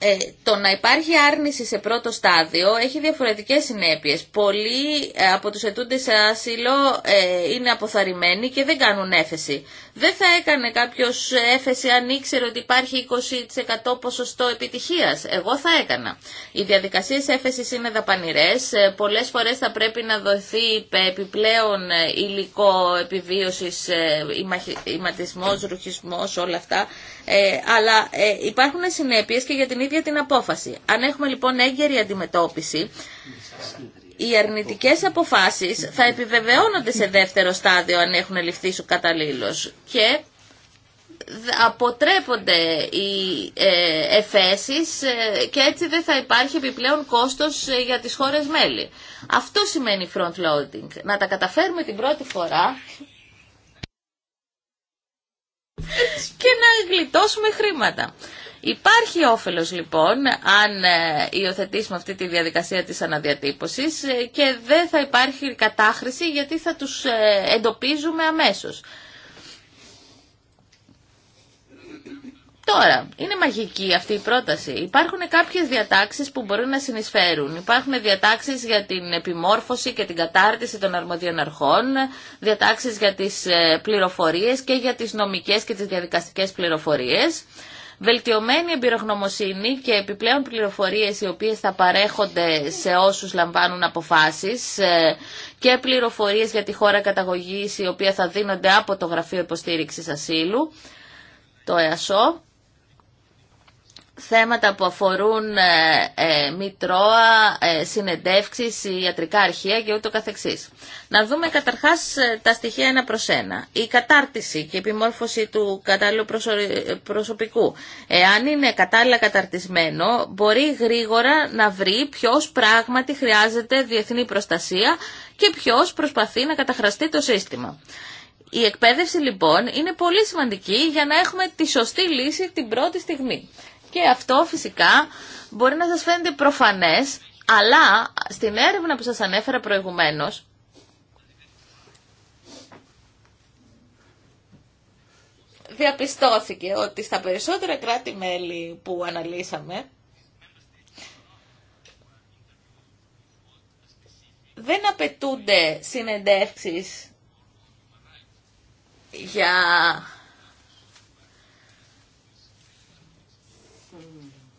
ε, το να υπάρχει άρνηση σε πρώτο στάδιο έχει διαφορετικές συνέπειες. Πολλοί ε, από τους ετούντες σε άσυλο ε, είναι αποθαρρυμένοι και δεν κάνουν έφεση. Δεν θα έκανε κάποιος έφεση αν ήξερε ότι υπάρχει 20% ποσοστό επιτυχίας. Εγώ θα έκανα. Οι διαδικασίες έφεσης είναι δαπανηρές. Ε, πολλές φορές θα πρέπει να δοθεί επιπλέον υλικό επιβίωσης, ηματισμός, ρουχισμός, όλα αυτά ε, αλλά ε, υπάρχουν συνέπειες και για την ίδια την απόφαση. Αν έχουμε λοιπόν έγκαιρη αντιμετώπιση, οι αρνητικές αποφάσεις θα επιβεβαιώνονται σε δεύτερο στάδιο αν έχουν ληφθεί σου καταλήλως και αποτρέπονται οι ε, εφέσεις και έτσι δεν θα υπάρχει επιπλέον κόστος για τις χώρες μέλη. Αυτό σημαίνει front loading. Να τα καταφέρουμε την πρώτη φορά και να γλιτώσουμε χρήματα. Υπάρχει όφελος λοιπόν αν ε, υιοθετήσουμε αυτή τη διαδικασία της αναδιατύπωσης ε, και δεν θα υπάρχει κατάχρηση γιατί θα τους ε, εντοπίζουμε αμέσως. Τώρα, είναι μαγική αυτή η πρόταση. Υπάρχουν κάποιες διατάξεις που μπορούν να συνεισφέρουν. Υπάρχουν διατάξεις για την επιμόρφωση και την κατάρτιση των αρμοδίων αρχών, διατάξεις για τις ε, πληροφορίες και για τις νομικές και τις διαδικαστικές πληροφορίες. Βελτιωμένη εμπειρογνωμοσύνη και επιπλέον πληροφορίες οι οποίες θα παρέχονται σε όσους λαμβάνουν αποφάσεις ε, και πληροφορίες για τη χώρα καταγωγής η οποία θα δίνονται από το Γραφείο Υποστήριξης Ασύλου, το ΕΑΣΟ θέματα που αφορούν ε, μητρώα, ε, ε ιατρικά αρχεία και ούτω καθεξής. Να δούμε καταρχάς ε, τα στοιχεία ένα προς ένα. Η κατάρτιση και η επιμόρφωση του κατάλληλου προσωπικού. Εάν είναι κατάλληλα καταρτισμένο, μπορεί γρήγορα να βρει ποιος πράγματι χρειάζεται διεθνή προστασία και ποιος προσπαθεί να καταχραστεί το σύστημα. Η εκπαίδευση λοιπόν είναι πολύ σημαντική για να έχουμε τη σωστή λύση την πρώτη στιγμή. Και αυτό φυσικά μπορεί να σας φαίνεται προφανές, αλλά στην έρευνα που σας ανέφερα προηγουμένως, διαπιστώθηκε ότι στα περισσότερα κράτη-μέλη που αναλύσαμε, δεν απαιτούνται συνεντεύξεις για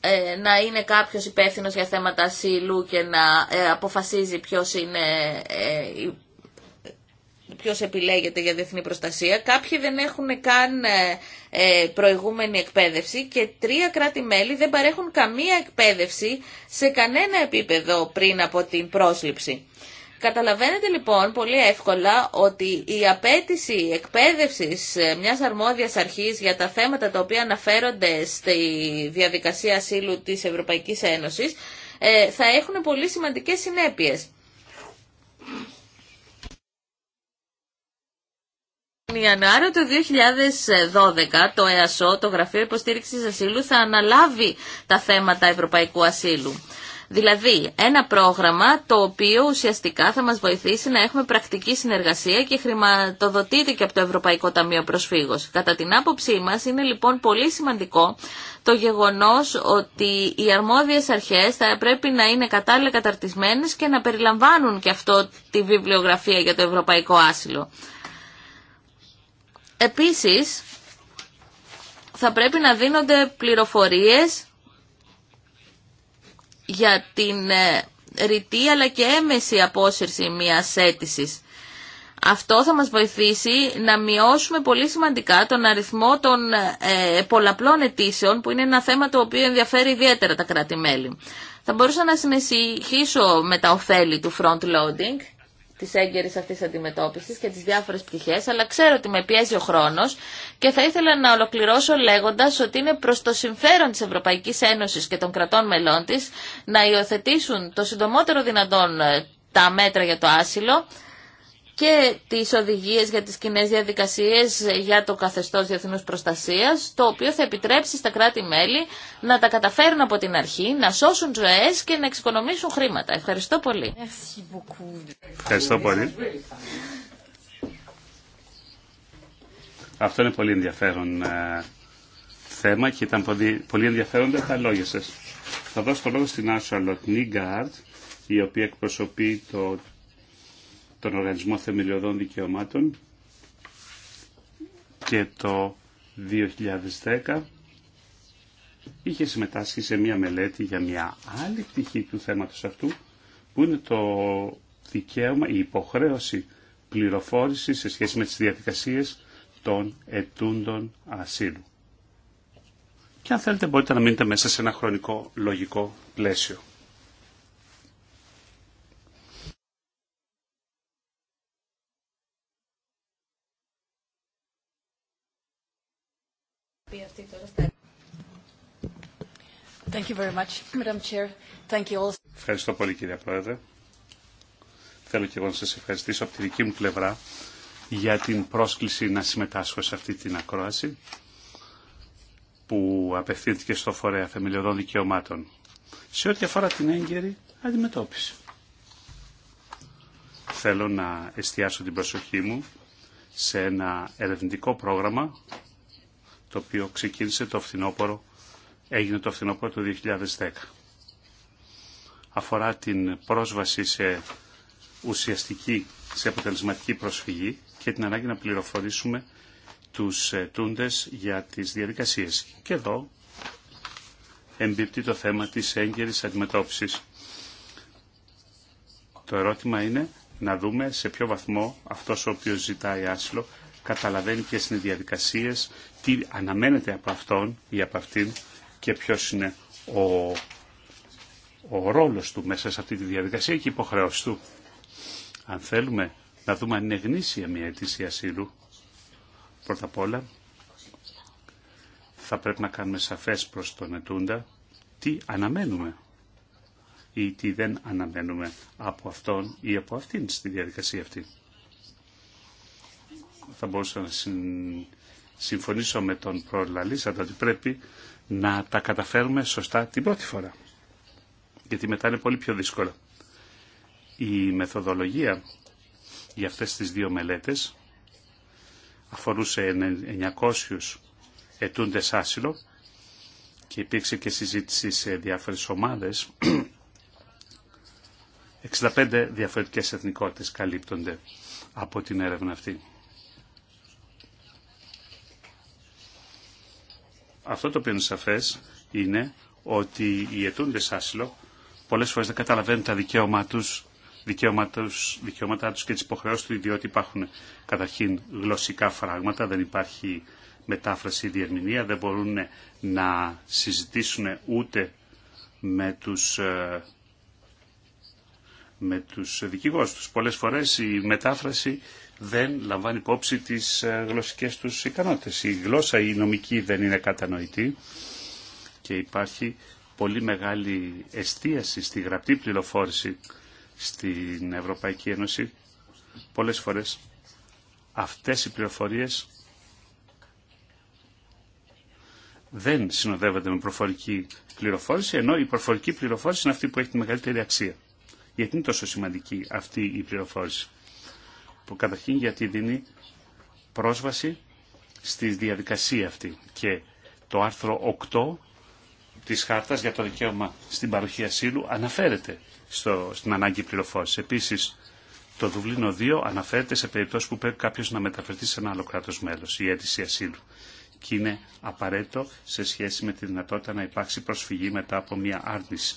Ε, να είναι κάποιος υπεύθυνο για θέματα ασύλου και να ε, αποφασίζει ποιος είναι ε, ποιος επιλέγεται για διεθνή προστασία. Κάποιοι δεν έχουν καν προηγούμενη εκπαίδευση και τρία κράτη-μέλη δεν παρέχουν καμία εκπαίδευση σε κανένα επίπεδο πριν από την πρόσληψη. Καταλαβαίνετε λοιπόν πολύ εύκολα ότι η απέτηση εκπαίδευσης ε, μιας αρμόδιας αρχής για τα θέματα τα οποία αναφέρονται στη διαδικασία ασύλου της Ευρωπαϊκής Ένωσης ε, θα έχουν πολύ σημαντικές συνέπειες. Τον Ιανουάριο του 2012 το ΕΑΣΟ, το Γραφείο Υποστήριξης Ασύλου, θα αναλάβει τα θέματα ευρωπαϊκού ασύλου. Δηλαδή, ένα πρόγραμμα το οποίο ουσιαστικά θα μας βοηθήσει να έχουμε πρακτική συνεργασία και χρηματοδοτείται και από το Ευρωπαϊκό Ταμείο Προσφύγος. Κατά την άποψή μας είναι λοιπόν πολύ σημαντικό το γεγονός ότι οι αρμόδιες αρχές θα πρέπει να είναι κατάλληλα καταρτισμένες και να περιλαμβάνουν και αυτό τη βιβλιογραφία για το Ευρωπαϊκό Άσυλο. Επίσης, θα πρέπει να δίνονται πληροφορίες για την ε, ρητή αλλά και έμεση απόσυρση μιας αίτησης. Αυτό θα μας βοηθήσει να μειώσουμε πολύ σημαντικά τον αριθμό των ε, πολλαπλών αιτήσεων που είναι ένα θέμα το οποίο ενδιαφέρει ιδιαίτερα τα κράτη-μέλη. Θα μπορούσα να συνεχίσω με τα ωφέλη του front-loading τις έγκαιρη αυτή αντιμετώπιση και τις διάφορες πτυχές, αλλά ξέρω ότι με πιέζει ο χρόνο. και θα ήθελα να ολοκληρώσω λέγοντας ότι είναι προς το συμφέρον της Ευρωπαϊκής Ένωσης και των κρατών μελών τη να υιοθετήσουν το συντομότερο δυνατόν ε, τα μέτρα για το άσυλο, και τις οδηγίες για τις κοινέ διαδικασίες για το καθεστώς διεθνούς προστασίας, το οποίο θα επιτρέψει στα κράτη-μέλη να τα καταφέρουν από την αρχή, να σώσουν ζωές και να εξοικονομήσουν χρήματα. Ευχαριστώ πολύ. Ευχαριστώ πολύ. Αυτό είναι πολύ ενδιαφέρον ε, θέμα και ήταν πολύ, πολύ ενδιαφέροντα τα λόγια σας. Θα δώσω το λόγο στην Άσο η οποία εκπροσωπεί το τον Οργανισμό Θεμελιωδών Δικαιωμάτων και το 2010 είχε συμμετάσχει σε μια μελέτη για μια άλλη πτυχή του θέματος αυτού που είναι το δικαίωμα, η υποχρέωση πληροφόρησης σε σχέση με τις διαδικασίες των ετούντων ασύλου. Και αν θέλετε μπορείτε να μείνετε μέσα σε ένα χρονικό λογικό πλαίσιο. Ευχαριστώ πολύ κύριε Πρόεδρε. Θέλω και εγώ να σας ευχαριστήσω από τη δική μου πλευρά για την πρόσκληση να συμμετάσχω σε αυτή την ακρόαση που απευθύνθηκε στο Φορέα Θεμελιωδών Δικαιωμάτων σε ό,τι αφορά την έγκαιρη αντιμετώπιση. Θέλω να εστιάσω την προσοχή μου σε ένα ερευνητικό πρόγραμμα το οποίο ξεκίνησε το φθινόπωρο έγινε το φθινοπόρο του 2010. Αφορά την πρόσβαση σε ουσιαστική, σε αποτελεσματική προσφυγή και την ανάγκη να πληροφορήσουμε τους ε, τούντες για τις διαδικασίες. Και εδώ εμπιπτεί το θέμα της έγκαιρης αντιμετώπισης. Το ερώτημα είναι να δούμε σε ποιο βαθμό αυτός ο οποίος ζητάει άσυλο καταλαβαίνει ποιες είναι οι διαδικασίες, τι αναμένεται από αυτόν ή από αυτήν και ποιος είναι ο, ο ρόλος του μέσα σε αυτή τη διαδικασία και η υποχρεώση του. Αν θέλουμε να δούμε αν είναι γνήσια μια αιτήσια ασύλου, πρώτα απ' όλα θα πρέπει να κάνουμε σαφές προς τον ετούντα τι αναμένουμε ή τι δεν αναμένουμε από αυτόν ή από αυτήν στη διαδικασία αυτή. Θα μπορούσα να συμφωνήσω με τον Προλαλήσατε ότι πρέπει να τα καταφέρουμε σωστά την πρώτη φορά. Γιατί μετά είναι πολύ πιο δύσκολο. Η μεθοδολογία για αυτές τις δύο μελέτες αφορούσε 900 ετούντες άσυλο και υπήρξε και συζήτηση σε διάφορες ομάδες. 65 διαφορετικές εθνικότητες καλύπτονται από την έρευνα αυτή. Αυτό το οποίο είναι σαφές είναι ότι οι αιτούντες άσυλο πολλές φορές δεν καταλαβαίνουν τα δικαίωμά τους, δικαιώματά τους και τις υποχρεώσεις του, διότι υπάρχουν καταρχήν γλωσσικά φράγματα, δεν υπάρχει μετάφραση ή διερμηνία, δεν μπορούν να συζητήσουν ούτε με τους, ε, με τους δικηγόρους τους. Πολλές φορές η μετάφραση δεν λαμβάνει υπόψη τις ε, γλωσσικές τους ικανότητες. Η γλώσσα, η νομική δεν είναι κατανοητή και υπάρχει πολύ μεγάλη εστίαση στη γραπτή πληροφόρηση στην Ευρωπαϊκή Ένωση. Πολλές φορές αυτές οι πληροφορίες δεν συνοδεύονται με προφορική πληροφόρηση, ενώ η προφορική πληροφόρηση είναι αυτή που έχει τη μεγαλύτερη αξία. Γιατί είναι τόσο σημαντική αυτή η πληροφόρηση. Καταρχήν γιατί δίνει πρόσβαση στη διαδικασία αυτή και το άρθρο 8 της χάρτας για το δικαίωμα στην παροχή ασύλου αναφέρεται στο, στην ανάγκη πληροφόρηση. Επίσης, το Δουβλίνο 2 αναφέρεται σε περιπτώσει που πρέπει κάποιο να μεταφερθεί σε ένα άλλο κράτο μέλο, η αίτηση ασύλου. Και είναι απαραίτητο σε σχέση με τη δυνατότητα να υπάρξει προσφυγή μετά από μια άρνηση.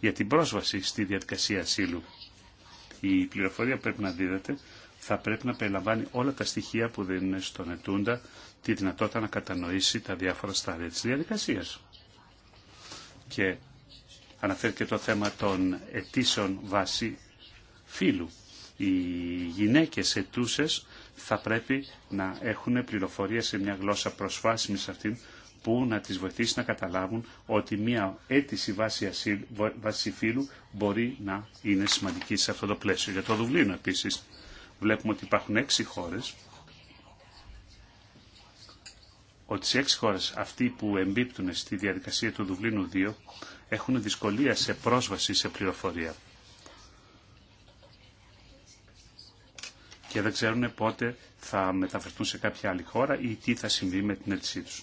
Για την πρόσβαση στη διαδικασία ασύλου, η πληροφορία πρέπει να δίδεται θα πρέπει να περιλαμβάνει όλα τα στοιχεία που δίνουν στον ετούντα τη δυνατότητα να κατανοήσει τα διάφορα στάδια της διαδικασίας. Και αναφέρει και το θέμα των αιτήσεων βάση φύλου. Οι γυναίκες αιτούσες θα πρέπει να έχουν πληροφορία σε μια γλώσσα προσφάσιμη σε αυτήν που να τις βοηθήσει να καταλάβουν ότι μια αίτηση βάση φύλου μπορεί να είναι σημαντική σε αυτό το πλαίσιο. Για το Δουβλίνο επίσης βλέπουμε ότι υπάρχουν έξι χώρες ότι σε έξι χώρες αυτοί που εμπίπτουν στη διαδικασία του Δουβλίνου 2 έχουν δυσκολία σε πρόσβαση σε πληροφορία. Και δεν ξέρουν πότε θα μεταφερθούν σε κάποια άλλη χώρα ή τι θα συμβεί με την αίτησή τους.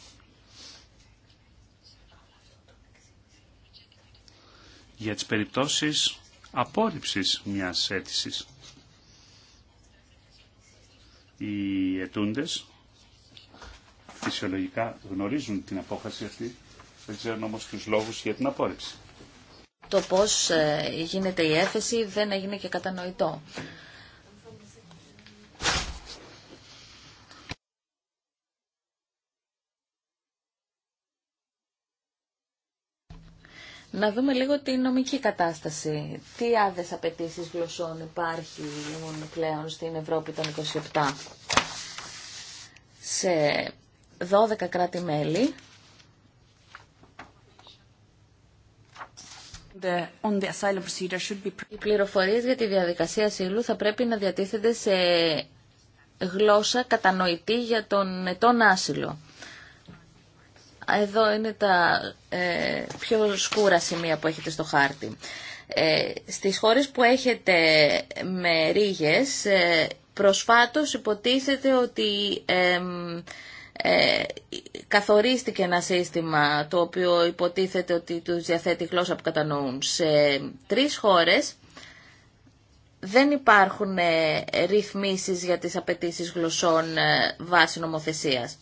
Για τις περιπτώσεις απόρριψης μιας αίτησης οι ετούντες φυσιολογικά γνωρίζουν την απόφαση αυτή, δεν ξέρουν όμως τους λόγους για την απόρριψη. Το πώς ε, γίνεται η έφεση δεν έγινε και κατανοητό. Να δούμε λίγο τη νομική κατάσταση. Τι άδες απαιτήσει γλωσσών υπάρχει πλέον στην Ευρώπη των 27. Σε 12 κράτη-μέλη. Be... Οι πληροφορίες για τη διαδικασία ασύλου θα πρέπει να διατίθεται σε γλώσσα κατανοητή για τον ετών άσυλο. Εδώ είναι τα ε, πιο σκούρα σημεία που έχετε στο χάρτη. Ε, στις χώρες που έχετε με ρίγες, ε, προσφάτως υποτίθεται ότι ε, καθορίστηκε ένα σύστημα το οποίο υποτίθεται ότι τους διαθέτει γλώσσα που κατανοούν. Σε τρεις χώρες δεν υπάρχουν ε, ρυθμίσεις για τις απαιτήσεις γλωσσών βάσει νομοθεσίας.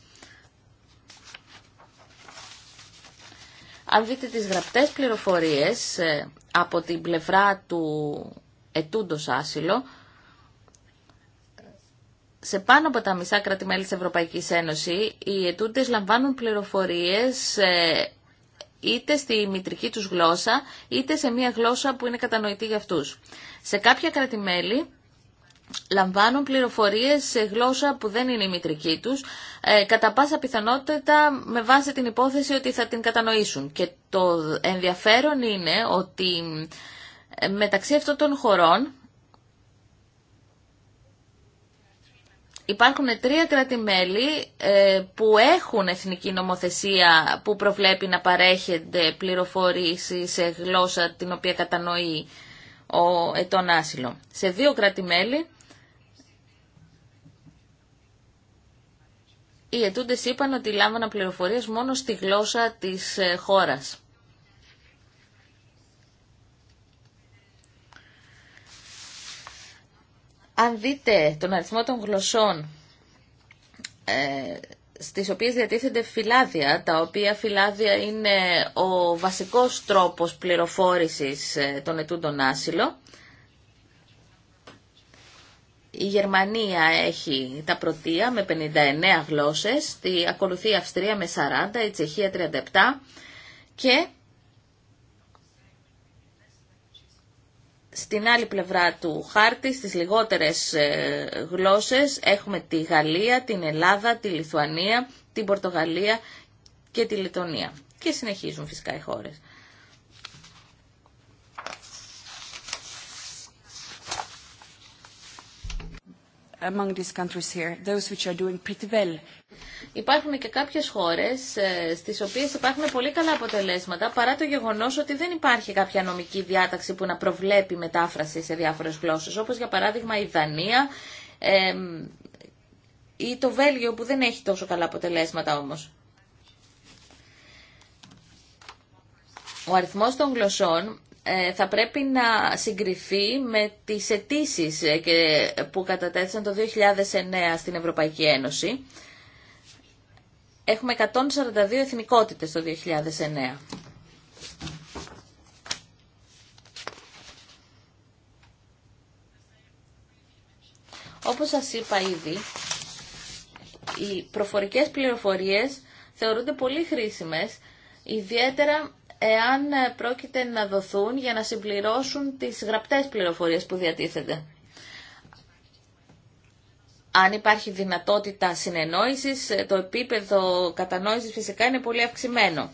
Αν δείτε τις γραπτές πληροφορίες ε, από την πλευρά του ετούντος άσυλο, σε πάνω από τα μισά κράτη-μέλη της Ευρωπαϊκής Ένωσης, οι ετούντες λαμβάνουν πληροφορίες ε, είτε στη μητρική τους γλώσσα, είτε σε μια γλώσσα που είναι κατανοητή για αυτούς. Σε κάποια κράτη-μέλη, λαμβάνουν πληροφορίες σε γλώσσα που δεν είναι η μητρική τους, ε, κατά πάσα πιθανότητα με βάση την υπόθεση ότι θα την κατανοήσουν. Και το ενδιαφέρον είναι ότι ε, μεταξύ αυτών των χωρών Υπάρχουν τρία κράτη-μέλη ε, που έχουν εθνική νομοθεσία που προβλέπει να παρέχεται πληροφορίες σε γλώσσα την οποία κατανοεί ο ετών άσυλο. Σε δύο οι ετούντε είπαν ότι λάμβαναν πληροφορίες μόνο στη γλώσσα της ε, χώρας. Αν δείτε τον αριθμό των γλωσσών ε, στις οποίες διατίθεται φυλάδια, τα οποία φυλάδια είναι ο βασικός τρόπος πληροφόρησης ε, των ετούντων άσυλο, η Γερμανία έχει τα πρωτεία με 59 γλώσσες, τη ακολουθεί η Αυστρία με 40, η Τσεχία 37 και στην άλλη πλευρά του χάρτη, στις λιγότερες ε, γλώσσες, έχουμε τη Γαλλία, την Ελλάδα, τη Λιθουανία, την Πορτογαλία και τη Λιτωνία. Και συνεχίζουν φυσικά οι χώρες. Υπάρχουν και κάποιες χώρες ε, στις οποίες υπάρχουν πολύ καλά αποτελέσματα παρά το γεγονός ότι δεν υπάρχει κάποια νομική διάταξη που να προβλέπει μετάφραση σε διάφορες γλώσσες όπως για παράδειγμα η Δανία ε, ή το Βέλγιο που δεν έχει τόσο καλά αποτελέσματα όμως. Ο αριθμός των γλωσσών ε, θα πρέπει να συγκριθεί με τις αιτήσει ε, που κατατέθησαν το 2009 στην Ευρωπαϊκή Ένωση. Έχουμε 142 εθνικότητες το 2009. Όπως σας είπα ήδη, οι προφορικές πληροφορίες θεωρούνται πολύ χρήσιμες, ιδιαίτερα εάν ε, πρόκειται να δοθούν για να συμπληρώσουν τις γραπτές πληροφορίες που διατίθεται. Αν υπάρχει δυνατότητα συνεννόησης, ε, το επίπεδο κατανόησης φυσικά είναι πολύ αυξημένο.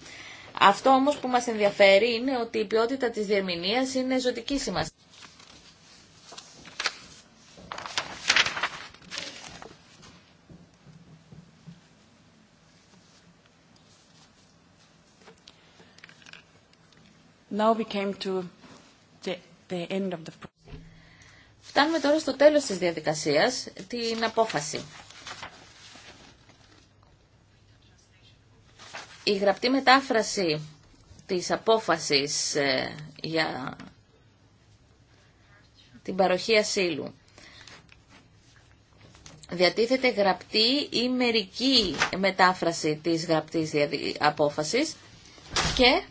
Αυτό όμως που μας ενδιαφέρει είναι ότι η ποιότητα της διερμηνίας είναι ζωτική σημασία. Now we came to the, end of the... Φτάνουμε τώρα στο τέλος της διαδικασίας, την απόφαση. Η γραπτή μετάφραση της απόφασης ε, για την παροχή ασύλου διατίθεται γραπτή ή μερική μετάφραση της γραπτής απόφασης και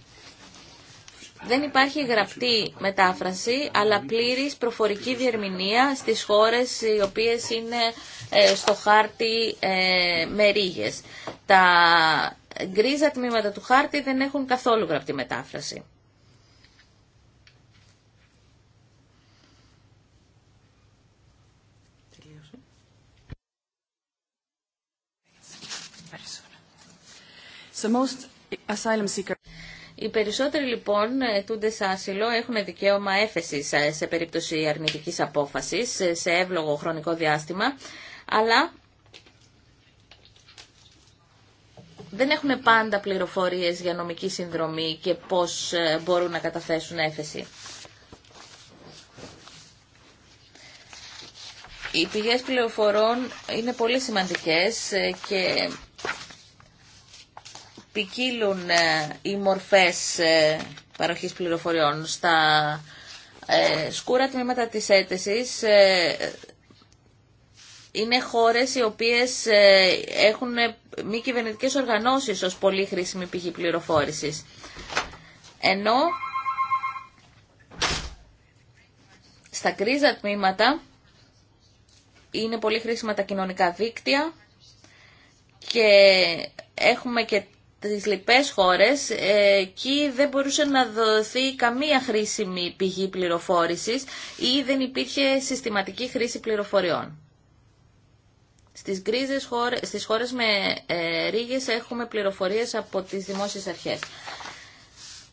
δεν υπάρχει γραπτή μετάφραση, αλλά πλήρης προφορική διερμηνία στις χώρες οι οποίες είναι ε, στο χάρτη ε, με ρίγες. Τα γκρίζα τμήματα του χάρτη δεν έχουν καθόλου γραπτή μετάφραση. most asylum οι περισσότεροι λοιπόν του σε άσυλο έχουν δικαίωμα έφεση ε, σε περίπτωση αρνητικής απόφασης, ε, σε εύλογο χρονικό διάστημα, αλλά δεν έχουν πάντα πληροφορίες για νομική συνδρομή και πώς ε, μπορούν να καταθέσουν έφεση. Οι πηγές πληροφορών είναι πολύ σημαντικές και ποικίλουν ε, οι μορφές ε, παροχής πληροφοριών. Στα ε, σκούρα τμήματα της αίτησης είναι χώρες οι οποίες έχουν μη κυβερνητικές οργανώσεις ως πολύ χρήσιμη πηγή πληροφόρησης. Ενώ στα κρίζα τμήματα είναι πολύ χρήσιμα τα κοινωνικά δίκτυα και έχουμε και τις λοιπές χώρες εκεί δεν μπορούσε να δοθεί καμία χρήσιμη πηγή πληροφόρησης ή δεν υπήρχε συστηματική χρήση πληροφοριών. Στις, γκρίζες χώρες, στις χώρες με ε, ρίγες έχουμε πληροφορίες από τις δημόσιες αρχές.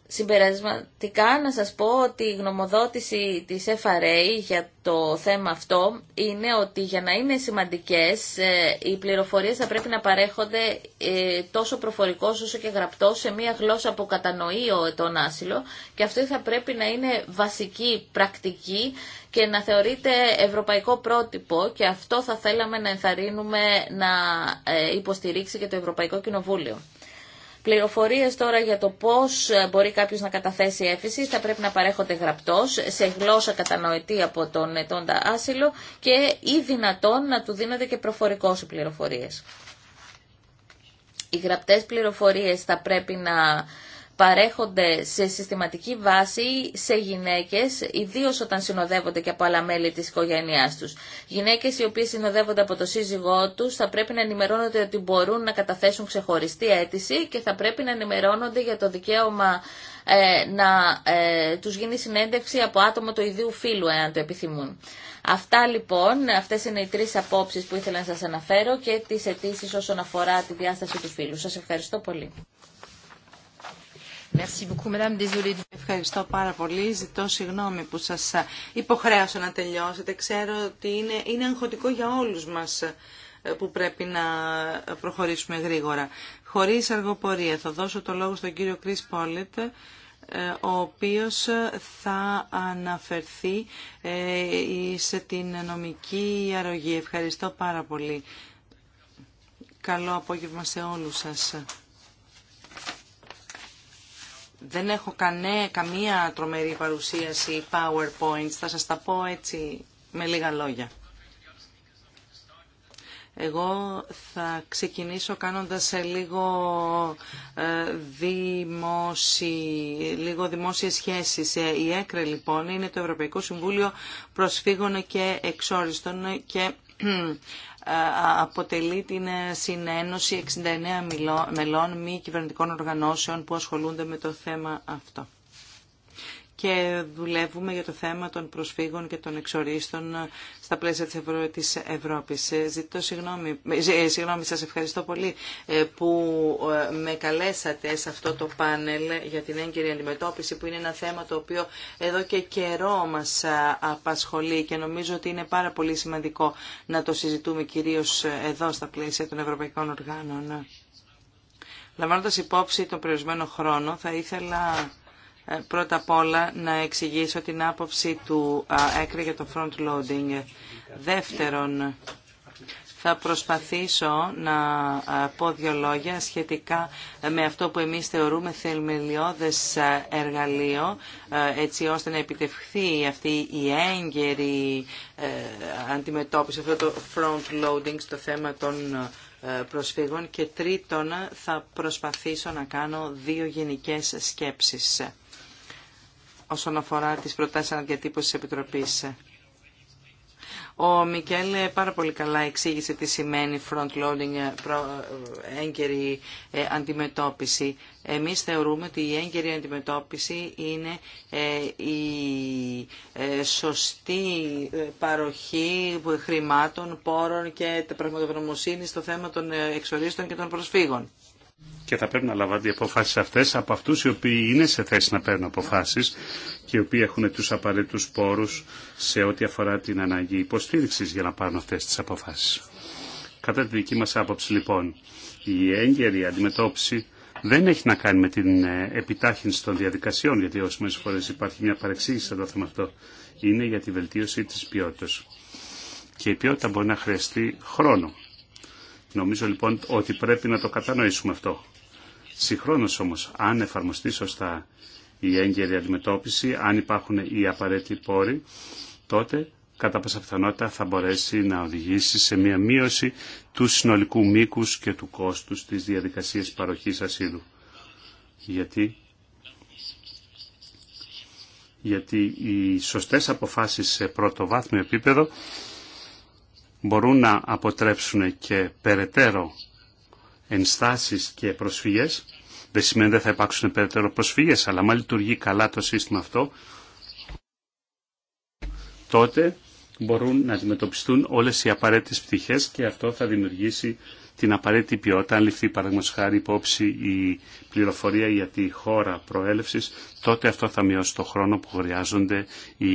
Συμπερασματικά να σας πω ότι η γνωμοδότηση της FRA για το θέμα αυτό είναι ότι για να είναι σημαντικές ε, οι πληροφορίες θα πρέπει να παρέχονται ε, τόσο προφορικός όσο και γραπτό σε μια γλώσσα που κατανοεί τον άσυλο και αυτό θα πρέπει να είναι βασική πρακτική και να θεωρείται ευρωπαϊκό πρότυπο και αυτό θα θέλαμε να ενθαρρύνουμε να ε, υποστηρίξει και το Ευρωπαϊκό Κοινοβούλιο. Πληροφορίες τώρα για το πώς μπορεί κάποιο να καταθέσει έφεση, θα πρέπει να παρέχονται γραπτός, σε γλώσσα κατανοητή από τον ετώντα άσυλο και ή δυνατόν να του δίνονται και προφορικό οι πληροφορίες. Οι γραπτές πληροφορίες θα πρέπει να παρέχονται σε συστηματική βάση σε γυναίκες, ιδίως όταν συνοδεύονται και από άλλα μέλη της οικογένειάς τους. Γυναίκες οι οποίες συνοδεύονται από το σύζυγό τους θα πρέπει να ενημερώνονται ότι μπορούν να καταθέσουν ξεχωριστή αίτηση και θα πρέπει να ενημερώνονται για το δικαίωμα ε, να ε, τους γίνει συνέντευξη από άτομο του ιδίου φίλου, εάν το επιθυμούν. Αυτά λοιπόν, αυτές είναι οι τρεις απόψεις που ήθελα να σας αναφέρω και τις αιτήσει όσον αφορά τη διάσταση του φίλου. Σας ευχαριστώ πολύ. Ευχαριστώ πάρα πολύ. Ζητώ συγγνώμη που σας υποχρέωσα να τελειώσετε. Ξέρω ότι είναι, είναι αγχωτικό για όλους μας που πρέπει να προχωρήσουμε γρήγορα. Χωρίς αργοπορία θα δώσω το λόγο στον κύριο Κρίς Πόλετ, ο οποίος ε, θα αναφερθεί ε, σε την νομική αρρωγή. Ευχαριστώ πάρα πολύ. Καλό απόγευμα σε όλους σας. Δεν έχω κανέ, καμία τρομερή παρουσίαση powerpoints. θα σας τα πω έτσι με λίγα λόγια. Εγώ θα ξεκινήσω κάνοντας λίγο, ε, δημόσι, λίγο δημόσιες σχέσεις. Ε, η ΕΚΡΕ λοιπόν είναι το Ευρωπαϊκό Συμβούλιο Προσφύγων και Εξόριστων και αποτελεί την ε, συνένωση 69 μελών μη κυβερνητικών οργανώσεων που ασχολούνται με το θέμα αυτό και δουλεύουμε για το θέμα των προσφύγων και των εξορίστων στα πλαίσια της, Ευρω... της Ευρώπης. Ε, ζητώ συγγνώμη, ε, ε, συγγνώμη, σας ευχαριστώ πολύ που με καλέσατε σε αυτό το πάνελ για την έγκυρη αντιμετώπιση που είναι ένα θέμα το οποίο εδώ και καιρό μας απασχολεί και νομίζω ότι είναι πάρα πολύ σημαντικό να το συζητούμε κυρίως εδώ στα πλαίσια των ευρωπαϊκών οργάνων. Λαμβάνοντας υπόψη τον περιορισμένο χρόνο, θα ήθελα πρώτα απ' όλα να εξηγήσω την άποψη του Έκρη για το front loading. Δεύτερον, θα προσπαθήσω να πω δύο λόγια σχετικά ε, με αυτό που εμείς θεωρούμε θεμελιώδες εργαλείο έτσι ώστε να επιτευχθεί αυτή η έγκαιρη ε, αντιμετώπιση, αυτό το front loading στο θέμα των προσφύγων και τρίτον θα προσπαθήσω να κάνω δύο γενικές σκέψεις όσον αφορά τις προτάσεις αναδιατύπωσης της Επιτροπής. Ο Μικέλ πάρα πολύ καλά εξήγησε τι σημαίνει front-loading, έγκαιρη ε, αντιμετώπιση. Εμείς θεωρούμε ότι η έγκαιρη αντιμετώπιση είναι ε, η ε, σωστή παροχή χρημάτων, πόρων και πραγματογνωμοσύνη στο θέμα των εξορίστων και των προσφύγων και θα πρέπει να λαμβάνονται οι αποφάσεις αυτές από αυτούς οι οποίοι είναι σε θέση να παίρνουν αποφάσεις και οι οποίοι έχουν τους απαραίτητους πόρους σε ό,τι αφορά την ανάγκη υποστήριξης για να πάρουν αυτές τις αποφάσεις. Κατά τη δική μας άποψη λοιπόν, η έγκαιρη αντιμετώπιση δεν έχει να κάνει με την ε, επιτάχυνση των διαδικασιών, γιατί όσες φορέ υπάρχει μια παρεξήγηση το θέμα αυτό. Είναι για τη βελτίωση τη ποιότητα. Και η ποιότητα μπορεί να χρειαστεί χρόνο. Νομίζω λοιπόν ότι πρέπει να το κατανοήσουμε αυτό. Συγχρόνως όμως, αν εφαρμοστεί σωστά η έγκαιρη αντιμετώπιση, αν υπάρχουν οι απαραίτητοι πόροι, τότε κατά πάσα πιθανότητα θα μπορέσει να οδηγήσει σε μια μείωση του συνολικού μήκους και του κόστους της διαδικασίας παροχής ασύλου. Γιατί, γιατί οι σωστές αποφάσεις σε πρωτοβάθμιο επίπεδο μπορούν να αποτρέψουν και περαιτέρω ενστάσεις και προσφυγές. Δεν σημαίνει ότι θα υπάρξουν περαιτέρω προσφυγές, αλλά αν λειτουργεί καλά το σύστημα αυτό, τότε μπορούν να αντιμετωπιστούν όλες οι απαραίτητες πτυχές και αυτό θα δημιουργήσει την απαραίτητη ποιότητα. Αν ληφθεί παραδείγματος χάρη υπόψη η πληροφορία για τη χώρα προέλευση, τότε αυτό θα μειώσει το χρόνο που χρειάζονται οι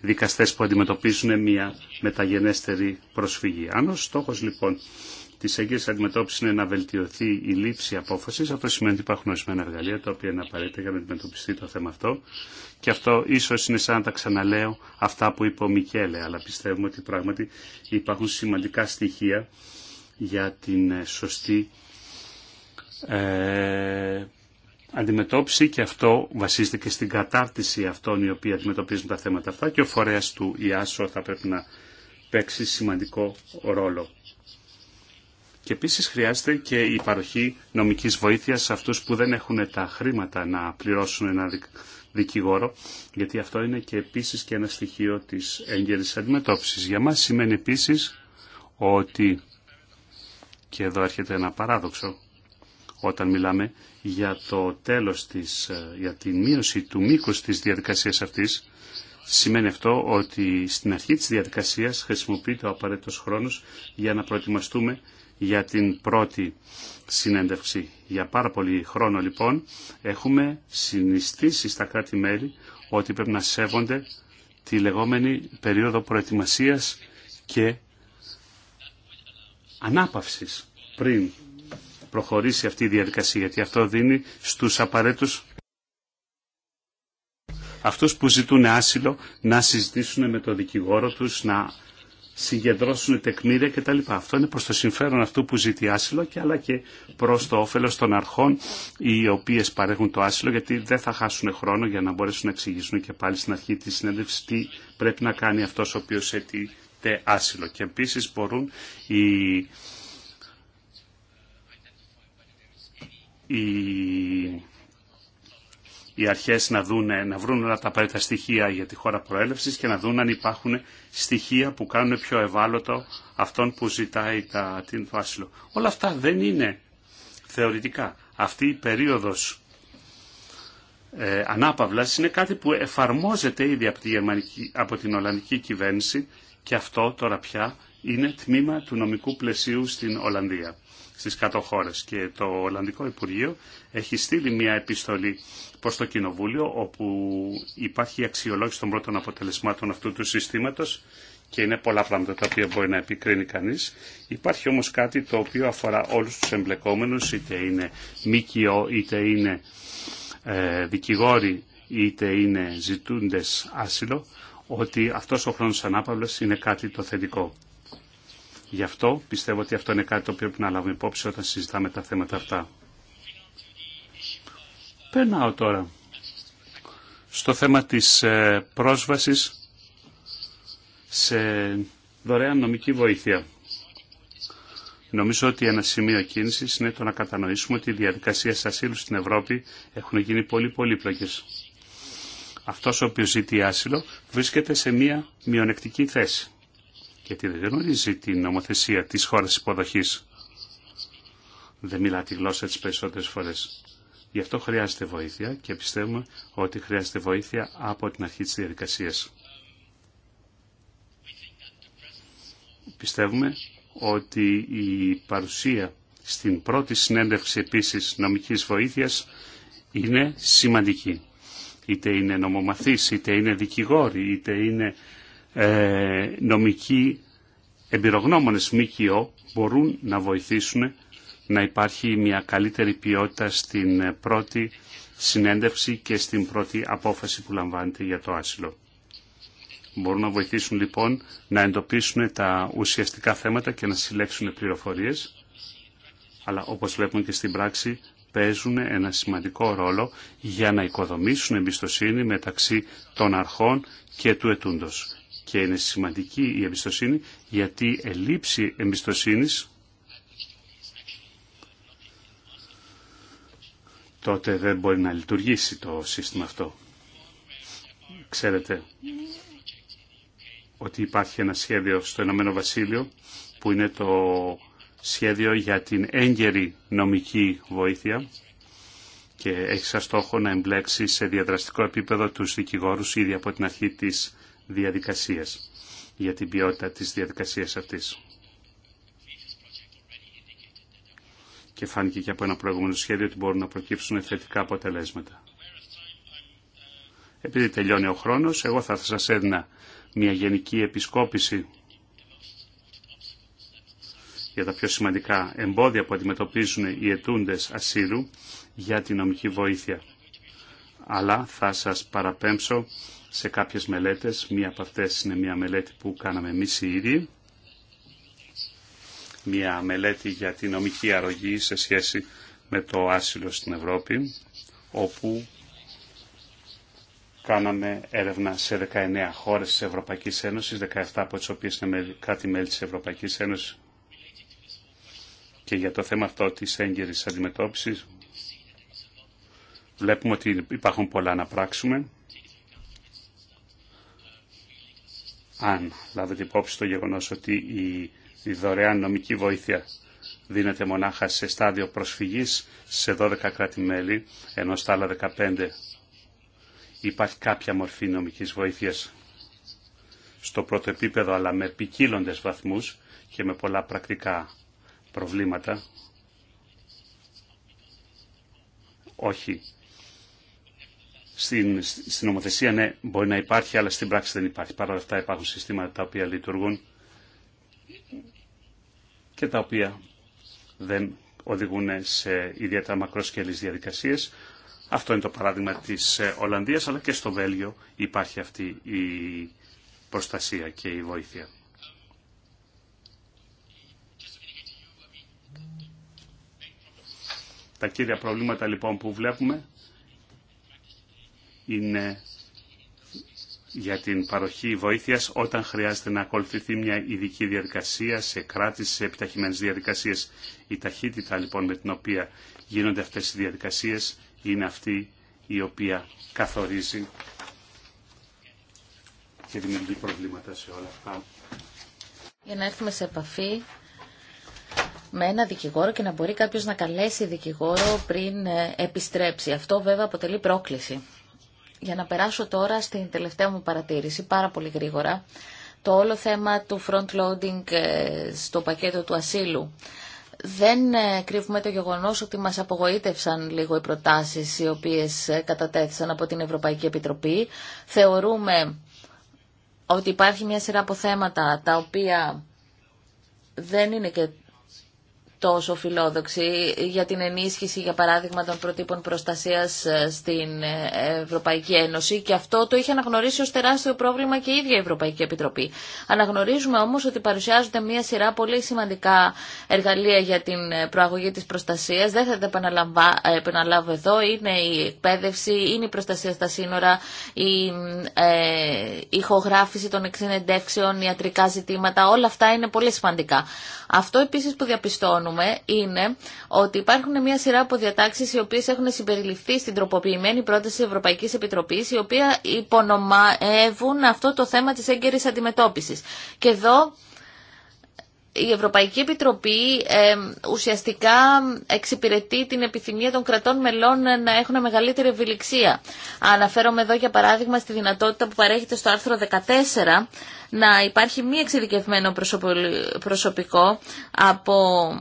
δικαστέ που αντιμετωπίζουν μια μεταγενέστερη προσφυγή. Αν ο στόχο λοιπόν τη έγκαιρη αντιμετώπιση είναι να βελτιωθεί η λήψη απόφαση. Αυτό σημαίνει ότι υπάρχουν ορισμένα εργαλεία τα οποία είναι απαραίτητα για να αντιμετωπιστεί το θέμα αυτό. Και αυτό ίσω είναι σαν να τα ξαναλέω αυτά που είπε ο Μικέλε, αλλά πιστεύουμε ότι πράγματι υπάρχουν σημαντικά στοιχεία για την ε, σωστή ε, αντιμετώπιση και αυτό βασίζεται και στην κατάρτιση αυτών οι οποίοι αντιμετωπίζουν τα θέματα αυτά και ο φορέας του ΙΑΣΟ θα πρέπει να παίξει σημαντικό ρόλο. Και επίσης χρειάζεται και η παροχή νομικής βοήθειας σε αυτούς που δεν έχουν τα χρήματα να πληρώσουν ένα δικηγόρο, γιατί αυτό είναι και επίσης και ένα στοιχείο της έγκαιρης αντιμετώπισης. Για μας σημαίνει επίσης ότι και εδώ έρχεται ένα παράδοξο όταν μιλάμε για το τέλος της, ε, για τη μείωση του μήκους της διαδικασίας αυτής, σημαίνει αυτό ότι στην αρχή της διαδικασίας χρησιμοποιείται ο απαραίτητος χρόνος για να προετοιμαστούμε για την πρώτη συνέντευξη. Για πάρα πολύ χρόνο λοιπόν έχουμε συνιστήσει στα κράτη-μέλη ότι πρέπει να σέβονται τη λεγόμενη περίοδο προετοιμασίας και ανάπαυσης πριν προχωρήσει αυτή η διαδικασία, γιατί αυτό δίνει στους απαραίτητους αυτούς που ζητούν άσυλο να συζητήσουν με τον δικηγόρο τους, να συγκεντρώσουν τεκμήρια κτλ. Αυτό είναι προς το συμφέρον αυτού που ζητεί άσυλο και αλλά και προς το όφελος των αρχών οι οποίες παρέχουν το άσυλο γιατί δεν θα χάσουν χρόνο για να μπορέσουν να εξηγήσουν και πάλι στην αρχή της συνέντευξης τι πρέπει να κάνει αυτός ο οποίος έτσι άσυλο. Και επίσης μπορούν οι, οι αρχές να, να βρουν όλα τα απαραίτητα στοιχεία για τη χώρα προέλευσης και να δουν αν υπάρχουν στοιχεία που κάνουν πιο ευάλωτο αυτόν που ζητάει τα, την, το άσυλο. Όλα αυτά δεν είναι θεωρητικά. Αυτή η περίοδος ε, ανάπαυλας είναι κάτι που εφαρμόζεται ήδη από, από την Ολλανδική κυβέρνηση και αυτό τώρα πια είναι τμήμα του νομικού πλαισίου στην Ολλανδία, στις κάτω χώρες. Και το Ολλανδικό Υπουργείο έχει στείλει μια επιστολή προς το Κοινοβούλιο, όπου υπάρχει αξιολόγηση των πρώτων αποτελεσμάτων αυτού του συστήματος και είναι πολλά πράγματα τα οποία μπορεί να επικρίνει κανείς. Υπάρχει όμως κάτι το οποίο αφορά όλους τους εμπλεκόμενους, είτε είναι ΜΚΟ, είτε είναι ε, δικηγόροι, είτε είναι ζητούντες άσυλο, ότι αυτός ο χρόνος ανάπαυλας είναι κάτι το θετικό. Γι' αυτό πιστεύω ότι αυτό είναι κάτι το οποίο πρέπει να λάβουμε υπόψη όταν συζητάμε τα θέματα αυτά. Περνάω τώρα στο θέμα της ε, πρόσβασης σε δωρεάν νομική βοήθεια. Νομίζω ότι ένα σημείο κίνηση είναι το να κατανοήσουμε ότι οι διαδικασίε ασύλου στην Ευρώπη έχουν γίνει πολύ πολύπλοκε αυτός ο οποίος ζητεί άσυλο βρίσκεται σε μία μειονεκτική θέση. Γιατί δεν γνωρίζει την νομοθεσία της χώρας υποδοχής. Δεν μιλά τη γλώσσα τις περισσότερες φορές. Γι' αυτό χρειάζεται βοήθεια και πιστεύουμε ότι χρειάζεται βοήθεια από την αρχή της διαδικασίας. Πιστεύουμε ότι η παρουσία στην πρώτη συνέντευξη επίσης νομικής βοήθειας είναι σημαντική είτε είναι νομομαθής, είτε είναι δικηγόροι, είτε είναι ε, νομικοί εμπειρογνώμονες ΜΚΟ μπορούν να βοηθήσουν να υπάρχει μια καλύτερη ποιότητα στην ε, πρώτη συνέντευξη και στην πρώτη απόφαση που λαμβάνεται για το άσυλο. Μπορούν να βοηθήσουν λοιπόν να εντοπίσουν τα ουσιαστικά θέματα και να συλλέξουν πληροφορίες, αλλά όπως βλέπουμε και στην πράξη παίζουν ένα σημαντικό ρόλο για να οικοδομήσουν εμπιστοσύνη μεταξύ των αρχών και του ετούντος. Και είναι σημαντική η εμπιστοσύνη γιατί ελλείψη εμπιστοσύνης τότε δεν μπορεί να λειτουργήσει το σύστημα αυτό. Ξέρετε ότι υπάρχει ένα σχέδιο στο Ηνωμένο Βασίλειο που είναι το σχέδιο για την έγκαιρη νομική βοήθεια και έχει σαν στόχο να εμπλέξει σε διαδραστικό επίπεδο τους δικηγόρους ήδη από την αρχή της διαδικασίας για την ποιότητα της διαδικασίας αυτής. Και φάνηκε και από ένα προηγούμενο σχέδιο ότι μπορούν να προκύψουν θετικά αποτελέσματα. Επειδή τελειώνει ο χρόνος, εγώ θα σας έδινα μια γενική επισκόπηση για τα πιο σημαντικά εμπόδια που αντιμετωπίζουν οι ετούντες ασύλου για τη νομική βοήθεια. Αλλά θα σας παραπέμψω σε κάποιες μελέτες. Μία από αυτές είναι μία μελέτη που κάναμε εμείς οι ίδιοι. Μία μελέτη για τη νομική αρρωγή σε σχέση με το άσυλο στην Ευρώπη, όπου κάναμε έρευνα σε 19 χώρες της Ευρωπαϊκής Ένωσης, 17 από τις οποίες είναι κάτι μέλη της Ευρωπαϊκής Ένωσης και για το θέμα αυτό της έγκαιρης αντιμετώπισης. Βλέπουμε ότι υπάρχουν πολλά να πράξουμε. Αν λάβετε υπόψη το γεγονός ότι η δωρεάν νομική βοήθεια δίνεται μονάχα σε στάδιο προσφυγής σε 12 κράτη-μέλη, ενώ στα άλλα 15 υπάρχει κάποια μορφή νομικής βοήθειας στο πρώτο επίπεδο, αλλά με επικύλοντες βαθμούς και με πολλά πρακτικά προβλήματα. Όχι. Στην, στην νομοθεσία ναι, μπορεί να υπάρχει, αλλά στην πράξη δεν υπάρχει. Παρ' όλα αυτά υπάρχουν συστήματα τα οποία λειτουργούν και τα οποία δεν οδηγούν σε ιδιαίτερα μακροσκελείς διαδικασίες. Αυτό είναι το παράδειγμα της ε, Ολλανδίας, αλλά και στο Βέλγιο υπάρχει αυτή η προστασία και η βοήθεια. Τα κύρια προβλήματα λοιπόν που βλέπουμε είναι για την παροχή βοήθειας όταν χρειάζεται να ακολουθηθεί μια ειδική διαδικασία σε κράτη, σε επιταχυμένες διαδικασίες. Η ταχύτητα λοιπόν με την οποία γίνονται αυτές οι διαδικασίες είναι αυτή η οποία καθορίζει και δημιουργεί προβλήματα σε όλα αυτά. Για να έρθουμε σε επαφή με ένα δικηγόρο και να μπορεί κάποιο να καλέσει δικηγόρο πριν ε, επιστρέψει. Αυτό βέβαια αποτελεί πρόκληση. Για να περάσω τώρα στην τελευταία μου παρατήρηση, πάρα πολύ γρήγορα, το όλο θέμα του front-loading ε, στο πακέτο του ασύλου. Δεν ε, κρύβουμε το γεγονός ότι μας απογοήτευσαν λίγο οι προτάσεις οι οποίες κατατέθησαν από την Ευρωπαϊκή Επιτροπή. Θεωρούμε ότι υπάρχει μια σειρά από θέματα τα οποία δεν είναι και τόσο φιλόδοξη για την ενίσχυση, για παράδειγμα, των προτύπων προστασίας ε, στην ε, Ευρωπαϊκή Ένωση και αυτό το είχε αναγνωρίσει ως τεράστιο πρόβλημα και η ίδια η Ευρωπαϊκή Επιτροπή. Αναγνωρίζουμε όμως ότι παρουσιάζονται μια σειρά πολύ σημαντικά εργαλεία για την ε, προαγωγή της προστασίας. Δεν θα τα επαναλάβω εδώ. Είναι η εκπαίδευση, είναι η προστασία στα σύνορα, η ε, ηχογράφηση των εξενεντεύξεων, ιατρικά ζητήματα. Όλα αυτά είναι πολύ σημαντικά. Αυτό επίσης που διαπιστώνουμε κάνουμε είναι ότι υπάρχουν μια σειρά από διατάξει οι οποίε έχουν συμπεριληφθεί στην τροποποιημένη πρόταση τη Ευρωπαϊκή Επιτροπή, η οποία υπονομεύουν αυτό το θέμα τη έγκαιρη αντιμετώπιση. Και εδώ η Ευρωπαϊκή Επιτροπή ουσιαστικά εξυπηρετεί την επιθυμία των κρατών μελών να έχουν μεγαλύτερη ευηλιξία. Αναφέρομαι εδώ για παράδειγμα στη δυνατότητα που παρέχεται στο άρθρο 14 να υπάρχει μη εξειδικευμένο προσωπικό από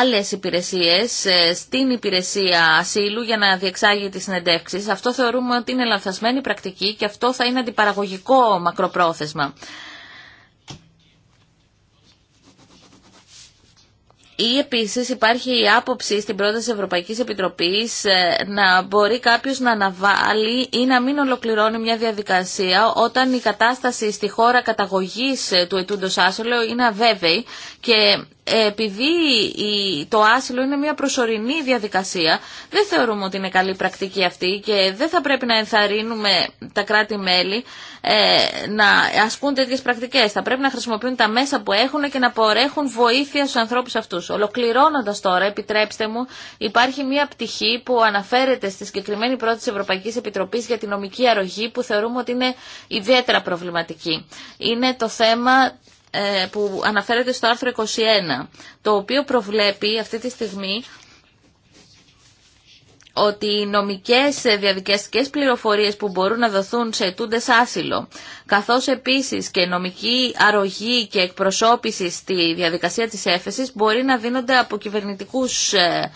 άλλες υπηρεσίες ε, στην υπηρεσία ασύλου για να διεξάγει τις συνεντεύξεις. Αυτό θεωρούμε ότι είναι λανθασμένη πρακτική και αυτό θα είναι αντιπαραγωγικό μακροπρόθεσμα. Ή επίσης υπάρχει η άποψη στην πρόταση Ευρωπαϊκής Επιτροπής ε, να μπορεί κάποιος να αναβάλει ή να μην ολοκληρώνει μια διαδικασία όταν η κατάσταση στη χώρα καταγωγής ε, του ετούντος άσολο είναι αβέβαιη και επειδή το άσυλο είναι μια προσωρινή διαδικασία, δεν θεωρούμε ότι είναι καλή πρακτική αυτή και δεν θα πρέπει να ενθαρρύνουμε τα κράτη-μέλη ε, να ασκούν τέτοιε πρακτικέ. Θα πρέπει να χρησιμοποιούν τα μέσα που έχουν και να πορέχουν βοήθεια στου ανθρώπου αυτού. Ολοκληρώνοντα τώρα, επιτρέψτε μου, υπάρχει μια πτυχή που αναφέρεται στη συγκεκριμένη πρώτη τη Ευρωπαϊκή Επιτροπή για την νομική αρρωγή που θεωρούμε ότι είναι ιδιαίτερα προβληματική. Είναι το θέμα ε, που αναφέρεται στο άρθρο 21, το οποίο προβλέπει αυτή τη στιγμή ότι οι νομικές διαδικαστικές πληροφορίες που μπορούν να δοθούν σε ετούντες άσυλο, καθώς επίσης και νομική αρρωγή και εκπροσώπηση στη διαδικασία της έφεσης μπορεί να δίνονται από κυβερνητικούς ε,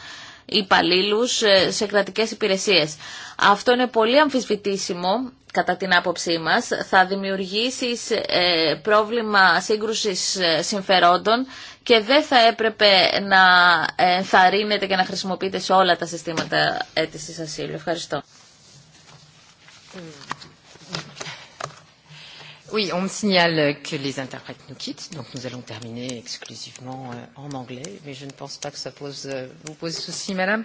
υπαλλήλου ε, σε κρατικές υπηρεσίες. Αυτό είναι πολύ αμφισβητήσιμο κατά την άποψή μας. Θα δημιουργήσει ε, πρόβλημα σύγκρουσης ε, συμφερόντων και δεν θα έπρεπε να ενθαρρύνεται και να χρησιμοποιείται σε όλα τα συστήματα αίτησης ασύλου. Ευχαριστώ. Mm. Oui, on me signale que les interprètes nous quittent, donc nous allons terminer exclusivement en anglais, mais je ne pense pas que ça pose, vous pose souci, madame.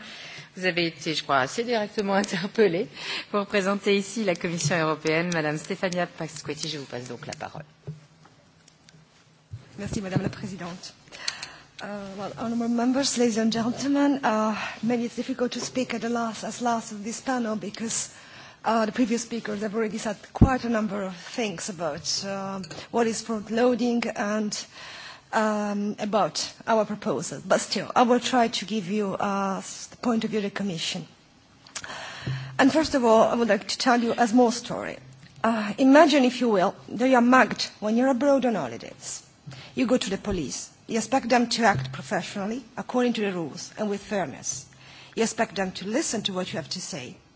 Vous avez été, je crois, assez directement interpellée pour présenter ici la Commission européenne. Madame Stefania Pasquetti, je vous passe donc la parole. Merci, madame la présidente. Well, honourable members, ladies and gentlemen, maybe it's difficult to speak at the last, as last of this panel because The previous speakers have already said quite a number of things about what is front-loading and about our proposals, But still, I will try to give you the point of view of the Commission. And first of all, I would like to tell you a small story. Imagine, if you will, that you are mugged when you're abroad on holidays. You go to the police. You expect them to act professionally, according to the rules, and with fairness. You expect them to listen to what you have to say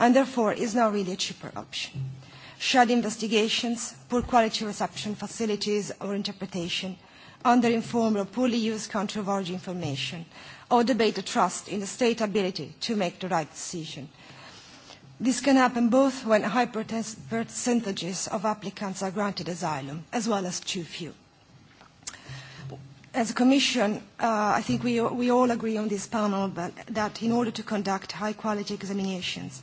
and therefore is now really a cheaper option. Shared investigations, poor quality reception facilities or interpretation, under-informed or poorly used country information, or debate the trust in the state ability to make the right decision. This can happen both when high percentages of applicants are granted asylum, as well as too few. As a Commission, I think we all agree on this panel that in order to conduct high-quality examinations,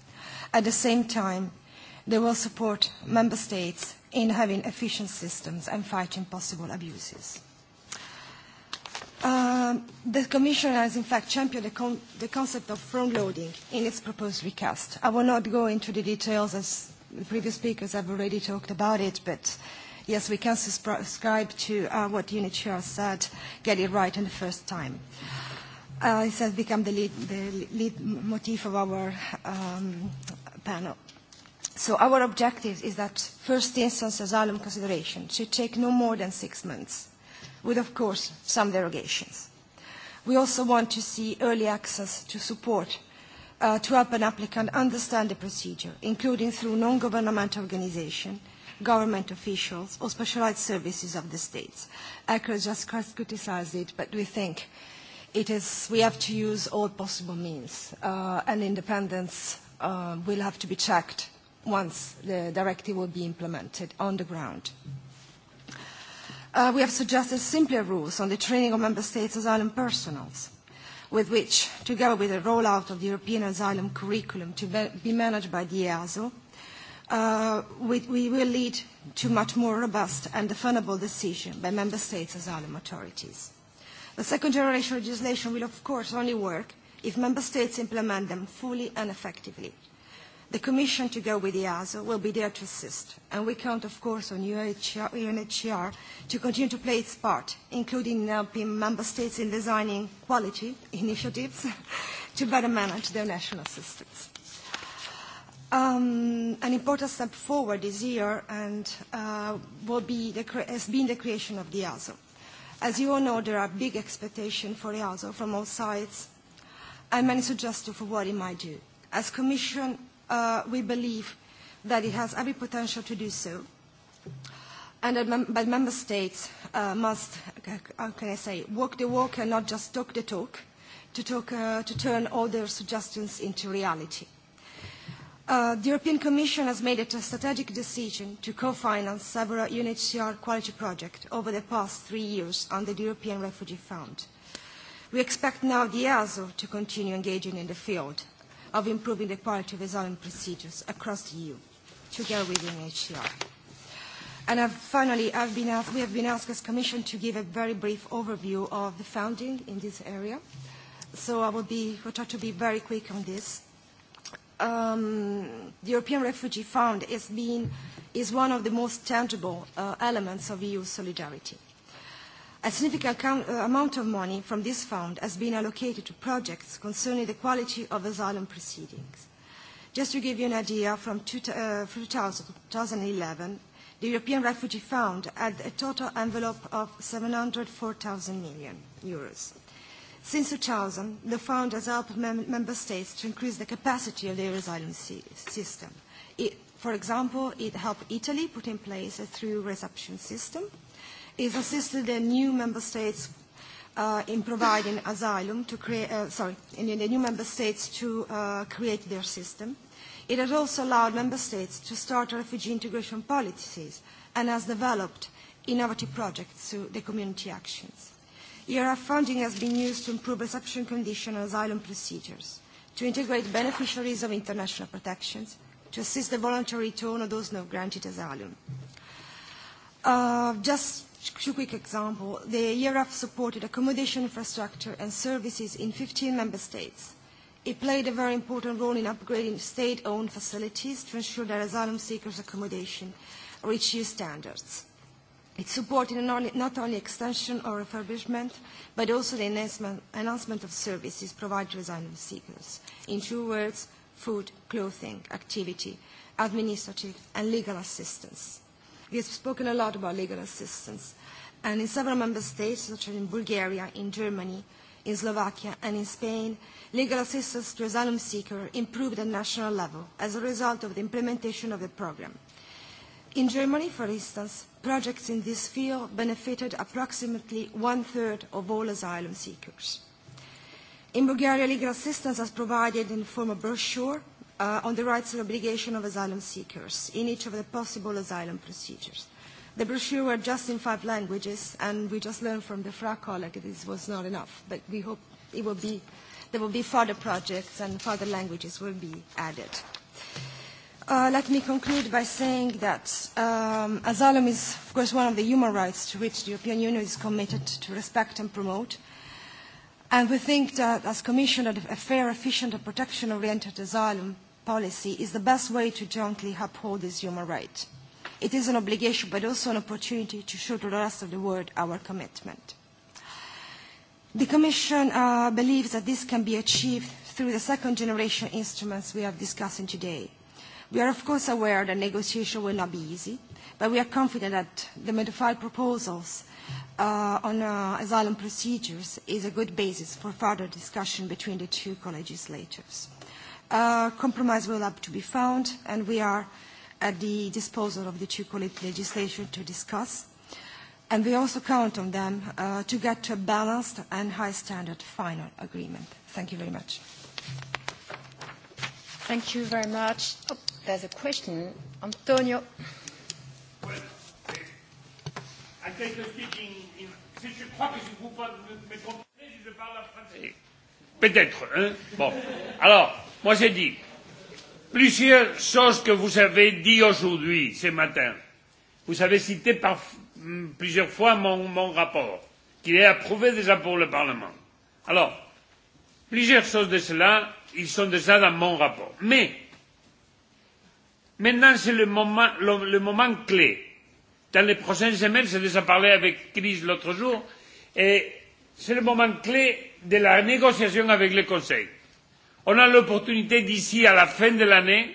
At the same time, they will support member states in having efficient systems and fighting possible abuses. The Commission has in fact championed the concept of front-loading in its proposed recast. I will not go into the details as the previous speakers have already talked about it, but yes, we can subscribe to what UNHCR said, get it right in the first time. It has become the lead motif of our panel. So our objective is that first instance asylum consideration should take no more than six months, with of course some derogations. We also want to see early access to support to help an applicant understand the procedure, including through non-governmental organizations, government officials, or specialized services of the states. ECHO just criticized it, but we think it is, we have to use all possible means, and independence will have to be checked once the directive will be implemented on the ground. We have suggested simpler rules on the training of member states' asylum personnels, with which, together with the rollout of the European asylum curriculum to be managed by the EASO, we will lead to much more robust and defendable decision by member states' asylum authorities. The second generation legislation will, of course, only work if Member States implement them fully and effectively. The Commission, together with the EASO, will be there to assist, and we count, of course, on UNHCR to continue to play its part, including helping Member States in designing quality initiatives to better manage their national systems. An important step forward this year and will be has been the creation of the EASO. As you all know, there are big expectations for EASO from all sides and many suggestions for what it might do. As Commission, we believe that it has every potential to do so, and that Member States must, how can I say, walk the walk and not just talk the talk, to turn all their suggestions into reality. The European Commission has made a strategic decision to co-finance several UNHCR quality projects over the past three years under the European Refugee Fund. We expect now the EASO to continue engaging in the field of improving the quality of asylum procedures across the EU, together with UNHCR. And finally, I've been asked, we have been asked as Commission to give a very brief overview of the founding in this area. So I will be, will try to be very quick on this. The European Refugee Fund is one of the most tangible elements of EU solidarity. A significant amount of money from this fund has been allocated to projects concerning the quality of asylum proceedings. Just to give you an idea, from 2011, the European Refugee Fund had a total envelope of 704,000 million euros. Since 2000, the fund has helped member states to increase the capacity of their asylum system. For example, it helped Italy put in place a through reception system has assisted the new member states in providing asylum to create, sorry, in the new member states to create their system. It has also allowed member states to start refugee integration policies and has developed innovative projects through the community actions. ERF funding has been used to improve reception conditions and asylum procedures, to integrate beneficiaries of international protections, to assist the voluntary return of those not granted asylum. Just quick example, the ERAF supported accommodation infrastructure and services in 15 member states. It played a very important role in upgrading state-owned facilities to ensure that asylum seekers' accommodation reach EU standards. It supported not only extension or refurbishment, but also the enhancement of services provided to asylum seekers. In two words, food, clothing, activity, administrative and legal assistance. We have spoken a lot about legal assistance. And in several member states, such as in Bulgaria, in Germany, in Slovakia, and in Spain, legal assistance to asylum seekers improved at national level as a result of the implementation of the program. In Germany, for instance, projects in this field benefited approximately one-third of all asylum seekers. In Bulgaria, legal assistance was provided in the form of brochure on the rights and obligations of asylum seekers in each of the possible asylum procedures. The brochure were just in five languages, and we just learned from the FRA colleague that this was not enough, but we hope it will be, there will be further projects and further languages will be added. Let me conclude by saying that asylum is, of course, one of the human rights to which the European Union is committed to respect and promote. And we think that, as Commission, a fair, efficient and protection-oriented asylum policy is the best way to jointly uphold this human right. It is an obligation but also an opportunity to show to the rest of the world our commitment. The Commission believes that this can be achieved through the second generation instruments we are discussing today. We are of course aware that negotiation will not be easy, but we are confident that the modified proposals on asylum procedures is a good basis for further discussion between the two co-legislators a Compromise will have to be found, and we are at the disposal of the two legislation to discuss. And we also count on them to get to a balanced and high-standard final agreement. Thank you very much. Thank you very much. There's a question. Antonio. I think you're speaking in parle français. Peut-être. Bon. Alors, Moi, j'ai dit plusieurs choses que vous avez dites aujourd'hui, ce matin. Vous avez cité par, plusieurs fois mon, rapport, qui est approuvé déjà pour le Parlement. Alors, plusieurs choses de cela, ils sont déjà dans mon rapport. Mais, maintenant, c'est le moment, le, le moment clé. Dans les prochaines semaines, j'ai déjà parlé avec Chris l'autre jour, et c'est le moment clé de la négociation avec le Conseil on a l'opportunité d'ici à la fin de l'année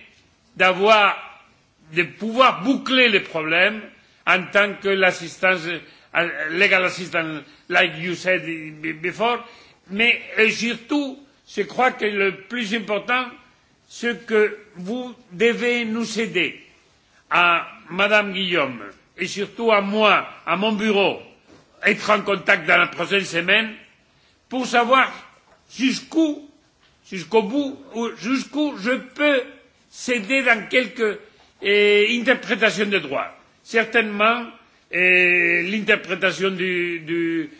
d'avoir de pouvoir boucler les problèmes en tant que l'assistance legal assistance like you said before mais surtout je crois que le plus important c'est que vous devez nous aider à madame Guillaume et surtout à moi à mon bureau être en contact dans la prochaine semaine pour savoir jusqu'où jusqu'au bout, jusqu'où je peux céder dans quelques interprétations de droit. Certainement, l'interprétation du du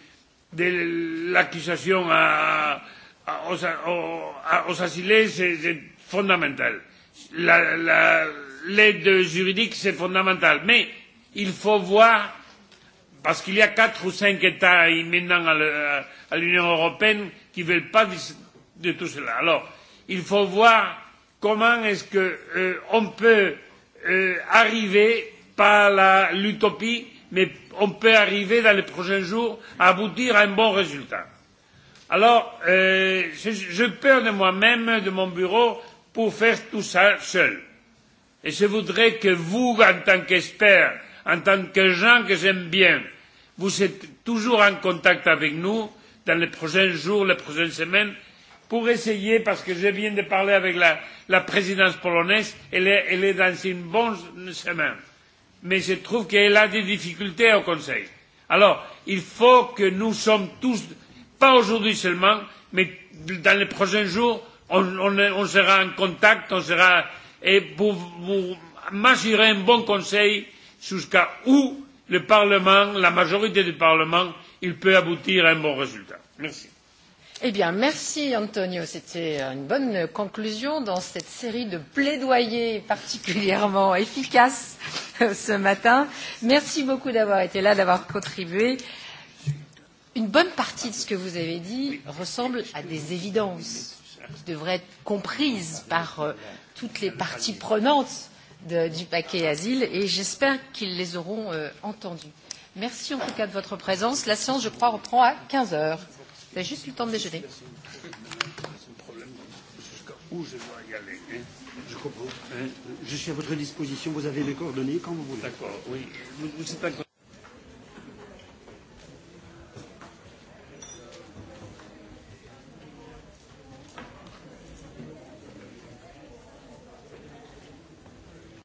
de l'accusation aux asilés, c'est fondamental. L'aide juridique, c'est fondamental. Mais il faut voir, parce qu'il y a quatre ou cinq États maintenant à l'Union européenne qui ne veulent pas de tout cela. Alors, il faut voir comment est-ce qu'on peut arriver, pas à l'utopie, mais on peut arriver dans les prochains jours à aboutir à un bon résultat. Alors, je peur de moi-même, de mon bureau, pour faire tout ça seul. Et je voudrais que vous, en tant qu'experts, en tant que gens que j'aime bien, vous êtes toujours en contact avec nous dans les prochains jours, les prochaines semaines, pour essayer, parce que je viens de parler avec la, la présidence polonaise, elle est, elle est dans une bonne semaine. Mais je trouve qu'elle a des difficultés au Conseil. Alors, il faut que nous sommes tous, pas aujourd'hui seulement, mais dans les prochains jours, on, on, on sera en contact, on sera, et pour vous m'assurer un bon conseil jusqu'à où le Parlement, la majorité du Parlement, il peut aboutir à un bon résultat. Merci. Eh bien, merci Antonio. C'était une bonne conclusion dans cette série de plaidoyers particulièrement efficaces ce matin. Merci beaucoup d'avoir été là, d'avoir contribué. Une bonne partie de ce que vous avez dit ressemble à des évidences qui devraient être comprises par toutes les parties prenantes du paquet asile et j'espère qu'ils les auront entendues. Merci en tout cas de votre présence. La séance, je crois, reprend à 15 heures. Vous avez juste le temps de déjeuner. Où je dois y aller hein Je comprends. Hein je suis à votre disposition. Vous avez mes coordonnées quand vous voulez. D'accord, oui. Vous, vous êtes